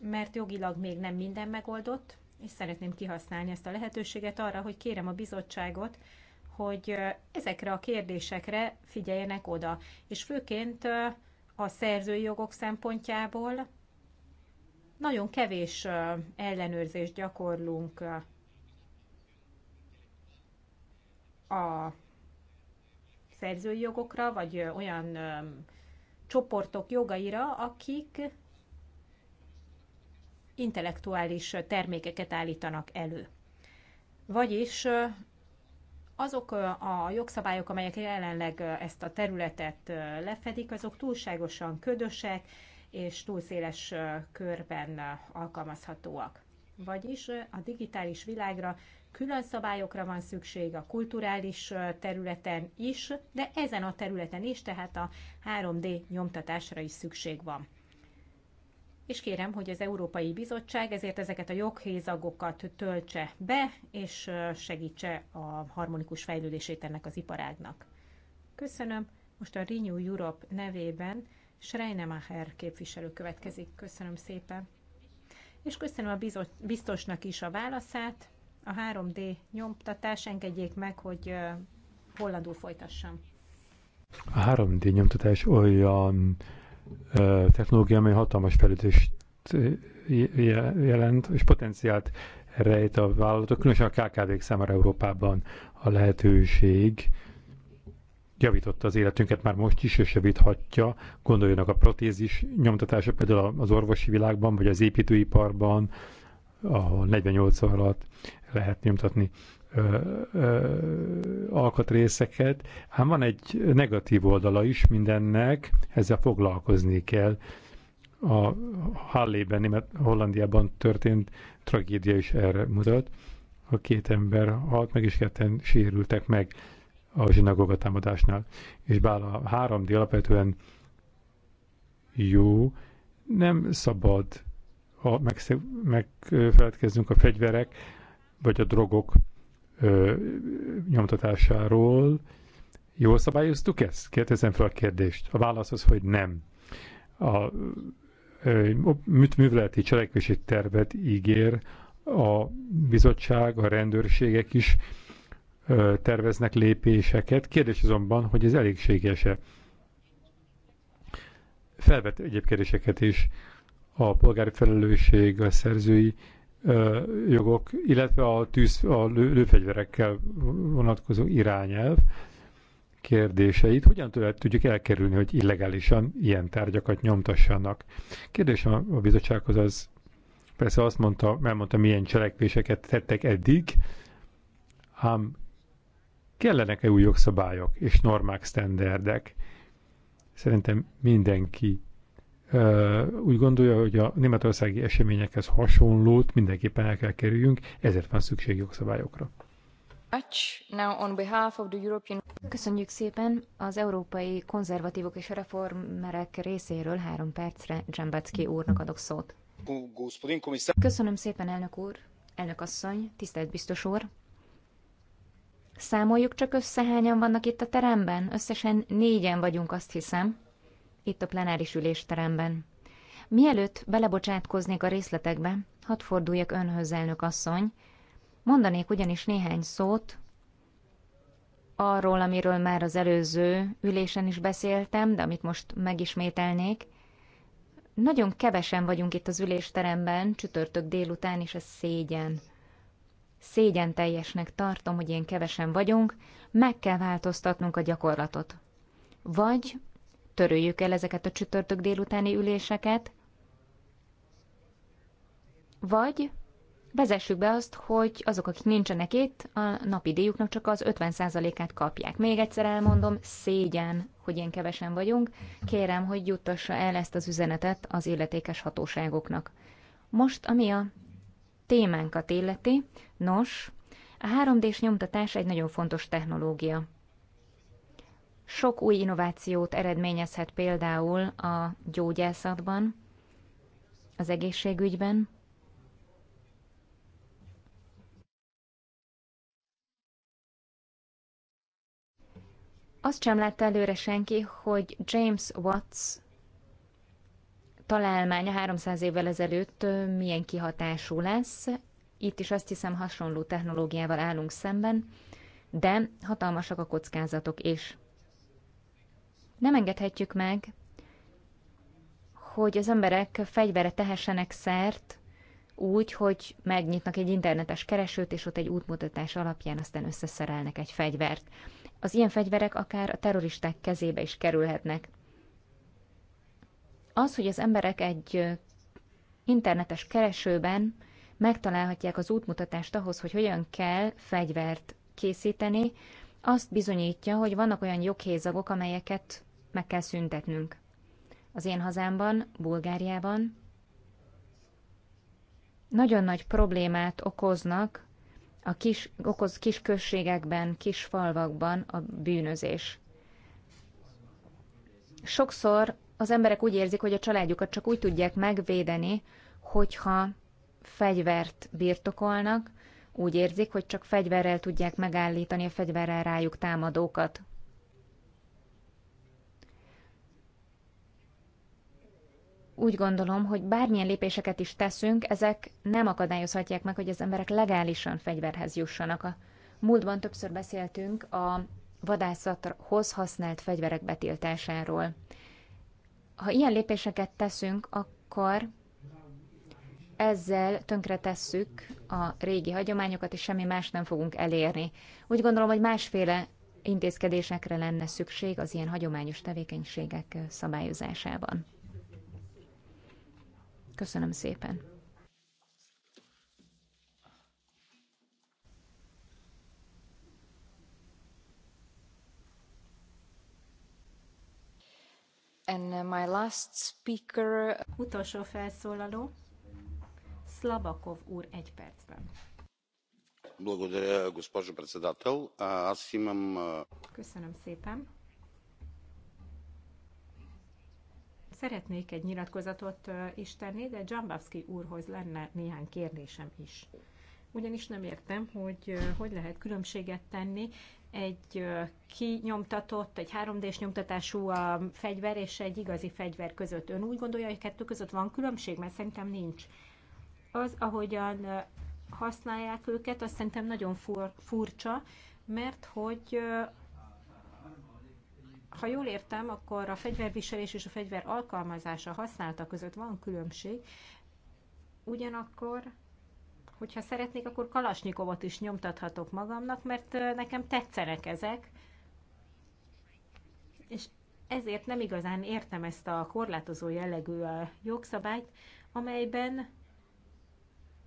mert jogilag még nem minden megoldott, és szeretném kihasználni ezt a lehetőséget arra, hogy kérem a bizottságot, hogy ezekre a kérdésekre figyeljenek oda, és főként a szerzői jogok szempontjából nagyon kevés ellenőrzést gyakorlunk a szerzői jogokra, vagy olyan csoportok jogaira, akik intellektuális termékeket állítanak elő. Vagyis azok a jogszabályok, amelyek jelenleg ezt a területet lefedik, azok túlságosan ködösek és túl széles körben alkalmazhatóak. Vagyis a digitális világra külön szabályokra van szükség a kulturális területen is, de ezen a területen is, tehát a 3D nyomtatásra is szükség van és kérem, hogy az Európai Bizottság ezért ezeket a joghézagokat töltse be, és segítse a harmonikus fejlődését ennek az iparágnak. Köszönöm. Most a Renew Europe nevében Schreinemacher képviselő következik. Köszönöm szépen. És köszönöm a bizot, biztosnak is a válaszát. A 3D nyomtatás, engedjék meg, hogy hollandul folytassam. A 3D nyomtatás olyan technológia, amely hatalmas fejlődést jelent, és potenciált rejt a vállalatok, különösen a KKV-k számára Európában a lehetőség javította az életünket, már most is, és javíthatja. Gondoljanak a protézis nyomtatása például az orvosi világban, vagy az építőiparban, ahol 48 alatt lehet nyomtatni ö, ö, alkatrészeket, van egy negatív oldala is mindennek, ezzel foglalkozni kell. A Hallében, mert Hollandiában történt tragédia is erre mutat. A két ember halt meg, és ketten sérültek meg a zsinagoga támadásnál. És bár a három d alapvetően jó, nem szabad ha megfeledkezzünk a fegyverek vagy a drogok ö, nyomtatásáról. Jól szabályoztuk ezt? Kérdezem fel a kérdést. A válasz az, hogy nem. A ö, műveleti cselekvési tervet ígér a bizottság, a rendőrségek is ö, terveznek lépéseket. Kérdés azonban, hogy ez elégséges-e. Felvet egyéb kérdéseket is a polgári felelősség, a szerzői jogok, illetve a, tűz, a lő, lőfegyverekkel vonatkozó irányelv kérdéseit. Hogyan tudjuk elkerülni, hogy illegálisan ilyen tárgyakat nyomtassanak? Kérdésem a bizottsághoz az, persze azt mondta, elmondta, milyen cselekvéseket tettek eddig, ám kellenek-e új jogszabályok és normák, sztenderdek? Szerintem mindenki úgy gondolja, hogy a németországi eseményekhez hasonlót mindenképpen el kell kerüljünk, ezért van szükség jogszabályokra. Köszönjük szépen az európai konzervatívok és reformerek részéről három percre Dzsambacki úrnak adok szót. Köszönöm szépen, elnök úr, elnök asszony, tisztelt biztos úr. Számoljuk csak össze, hányan vannak itt a teremben? Összesen négyen vagyunk, azt hiszem itt a plenáris ülésteremben. Mielőtt belebocsátkoznék a részletekbe, hadd forduljak önhöz, elnök asszony. Mondanék ugyanis néhány szót arról, amiről már az előző ülésen is beszéltem, de amit most megismételnék. Nagyon kevesen vagyunk itt az ülésteremben, csütörtök délután, és ez szégyen. Szégyen teljesnek tartom, hogy ilyen kevesen vagyunk, meg kell változtatnunk a gyakorlatot. Vagy töröljük el ezeket a csütörtök délutáni üléseket, vagy vezessük be azt, hogy azok, akik nincsenek itt, a napi díjuknak csak az 50%-át kapják. Még egyszer elmondom, szégyen, hogy ilyen kevesen vagyunk. Kérem, hogy juttassa el ezt az üzenetet az illetékes hatóságoknak. Most, ami a témánkat illeti, nos, a 3D-s nyomtatás egy nagyon fontos technológia. Sok új innovációt eredményezhet például a gyógyászatban, az egészségügyben, azt sem látta előre senki, hogy James Watts találmánya 300 évvel ezelőtt milyen kihatású lesz. Itt is azt hiszem hasonló technológiával állunk szemben, de hatalmasak a kockázatok is. Nem engedhetjük meg, hogy az emberek fegyvere tehessenek szert, úgy, hogy megnyitnak egy internetes keresőt, és ott egy útmutatás alapján aztán összeszerelnek egy fegyvert. Az ilyen fegyverek akár a terroristák kezébe is kerülhetnek. Az, hogy az emberek egy internetes keresőben megtalálhatják az útmutatást ahhoz, hogy hogyan kell fegyvert készíteni, azt bizonyítja, hogy vannak olyan joghézagok, amelyeket meg kell szüntetnünk. Az én hazámban, Bulgáriában nagyon nagy problémát okoznak a kis, okoz kis községekben, kis falvakban a bűnözés. Sokszor az emberek úgy érzik, hogy a családjukat csak úgy tudják megvédeni, hogyha fegyvert birtokolnak, úgy érzik, hogy csak fegyverrel tudják megállítani a fegyverrel rájuk támadókat. Úgy gondolom, hogy bármilyen lépéseket is teszünk, ezek nem akadályozhatják meg, hogy az emberek legálisan fegyverhez jussanak. A múltban többször beszéltünk a vadászathoz használt fegyverek betiltásáról. Ha ilyen lépéseket teszünk, akkor ezzel tönkretesszük a régi hagyományokat, és semmi más nem fogunk elérni. Úgy gondolom, hogy másféle intézkedésekre lenne szükség az ilyen hagyományos tevékenységek szabályozásában. Köszönöm szépen! And uh, my last speaker... Utolsó felszólaló. Szlabakov úr egy percben. Köszönöm szépen. Szeretnék egy nyilatkozatot is tenni, de Dzsambavszki úrhoz lenne néhány kérdésem is. Ugyanis nem értem, hogy hogy lehet különbséget tenni egy kinyomtatott, egy 3D-s nyomtatású fegyver és egy igazi fegyver között. Ön úgy gondolja, hogy kettő között van különbség? Mert szerintem nincs az, ahogyan használják őket, azt szerintem nagyon fur, furcsa, mert hogy ha jól értem, akkor a fegyverviselés és a fegyver alkalmazása használta között van különbség, ugyanakkor hogyha szeretnék, akkor kalasnyikovot is nyomtathatok magamnak, mert nekem tetszenek ezek, és ezért nem igazán értem ezt a korlátozó jellegű jogszabályt, amelyben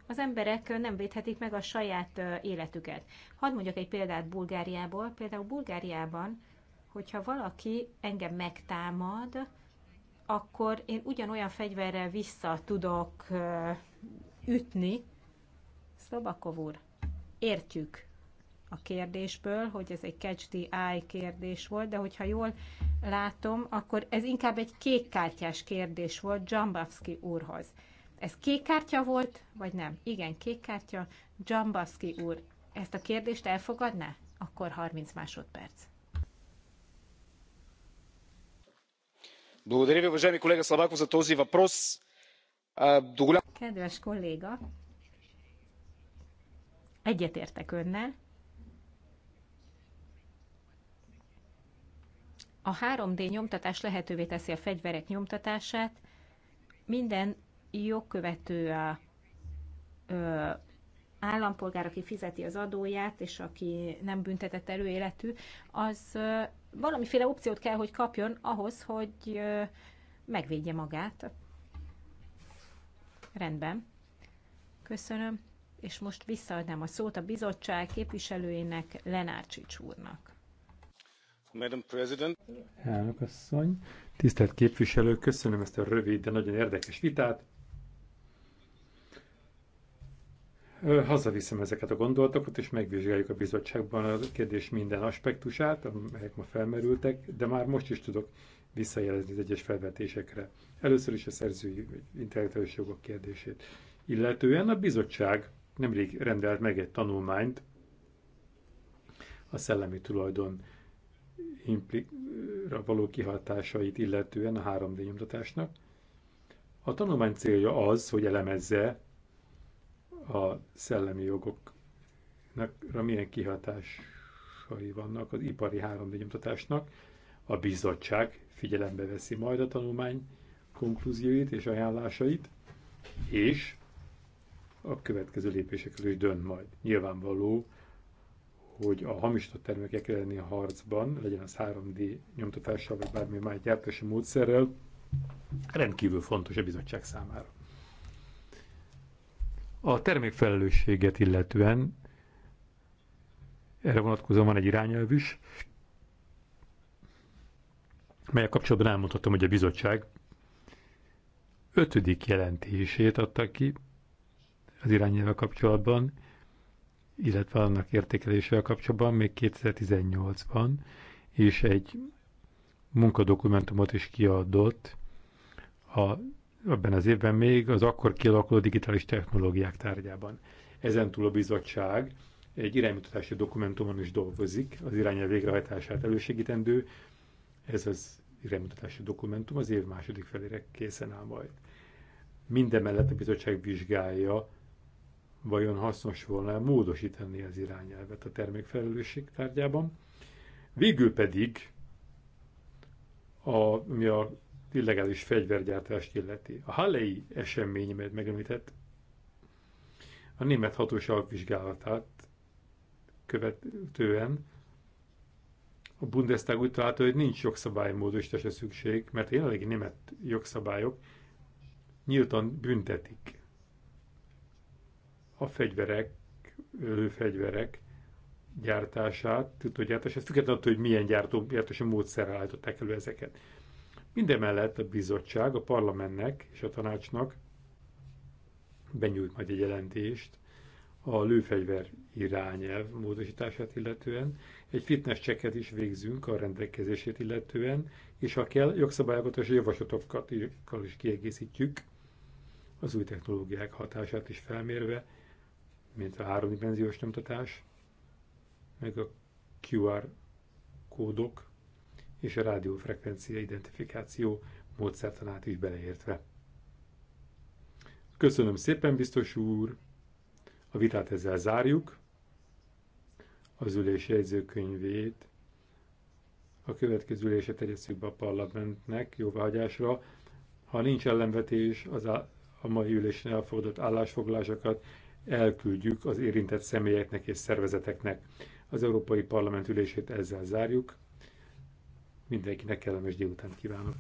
az emberek nem védhetik meg a saját életüket. Hadd mondjak egy példát Bulgáriából. Például Bulgáriában, hogyha valaki engem megtámad, akkor én ugyanolyan fegyverrel vissza tudok ütni. Szobakov úr, értjük a kérdésből, hogy ez egy catch the eye kérdés volt, de hogyha jól látom, akkor ez inkább egy kártyás kérdés volt Dzsambavszki úrhoz. Ez kék kártya volt, vagy nem? Igen, kék kártya. Dzsambaszki úr, ezt a kérdést elfogadná? Akkor 30 másodperc. Благодаря ви, уважаеми колега Слабаков, за този въпрос. Kedves kolléga, egyetértek önnel. A 3D nyomtatás lehetővé teszi a fegyverek nyomtatását, minden jogkövető ö, állampolgár, aki fizeti az adóját, és aki nem büntetett előéletű, az ö, valamiféle opciót kell, hogy kapjon ahhoz, hogy ö, megvédje magát. Rendben. Köszönöm. És most visszaadnám a szót a bizottság képviselőjének, Lenárcsics úrnak. Madam President. Elnök asszony, tisztelt képviselő, köszönöm ezt a rövid, de nagyon érdekes vitát. Hazaviszem ezeket a gondolatokat, és megvizsgáljuk a bizottságban a kérdés minden aspektusát, amelyek ma felmerültek, de már most is tudok visszajelezni az egyes felvetésekre. Először is a szerzői intellektuális jogok kérdését. Illetően a bizottság nemrég rendelt meg egy tanulmányt a szellemi tulajdon implikra való kihatásait illetően a 3D nyomtatásnak. A tanulmány célja az, hogy elemezze, a szellemi jogokra milyen kihatásai vannak az ipari 3D nyomtatásnak. A bizottság figyelembe veszi majd a tanulmány konklúzióit és ajánlásait, és a következő lépésekről is dönt majd. Nyilvánvaló, hogy a hamisított termékek elleni harcban, legyen az 3D nyomtatással, vagy bármi más gyártási módszerrel, rendkívül fontos a bizottság számára. A termékfelelősséget illetően erre vonatkozóan van egy irányelv is, melyek kapcsolatban elmondhatom, hogy a bizottság ötödik jelentését adta ki az irányelve kapcsolatban, illetve annak értékelésével kapcsolatban még 2018-ban, és egy munkadokumentumot is kiadott a ebben az évben még az akkor kialakuló digitális technológiák tárgyában. Ezen túl a bizottság egy iránymutatási dokumentumon is dolgozik, az irányelv végrehajtását elősegítendő. Ez az iránymutatási dokumentum az év második felére készen áll majd. mellett a bizottság vizsgálja, vajon hasznos volna módosítani az irányelvet a termékfelelősség tárgyában. Végül pedig, a, ami a illegális fegyvergyártást illeti. A Hallei esemény, amelyet megemlített, a német hatóság vizsgálatát követően a Bundestag úgy találta, hogy nincs jogszabálymódosításra szükség, mert a jelenlegi német jogszabályok nyíltan büntetik a fegyverek, fegyverek gyártását, gyártását, függetlenül attól, hogy milyen gyártó, gyártási módszerrel állították elő ezeket. Mindemellett a bizottság a parlamentnek és a tanácsnak benyújt majd egy jelentést a lőfegyver irányelv módosítását illetően, egy fitness cseket is végzünk a rendelkezését illetően, és ha kell, jogszabályokat javaslatokkal is kiegészítjük, az új technológiák hatását is felmérve, mint a háromdimenziós nyomtatás, meg a QR kódok és a rádiófrekvencia identifikáció módszertanát is beleértve. Köszönöm szépen, biztos úr! A vitát ezzel zárjuk. Az ülés jegyzőkönyvét a következő ülése terjesszük be a parlamentnek jóváhagyásra. Ha nincs ellenvetés, az a mai ülésen elfogadott állásfoglalásokat elküldjük az érintett személyeknek és szervezeteknek. Az Európai Parlament ülését ezzel zárjuk. Mindenkinek kellemes délután kívánok!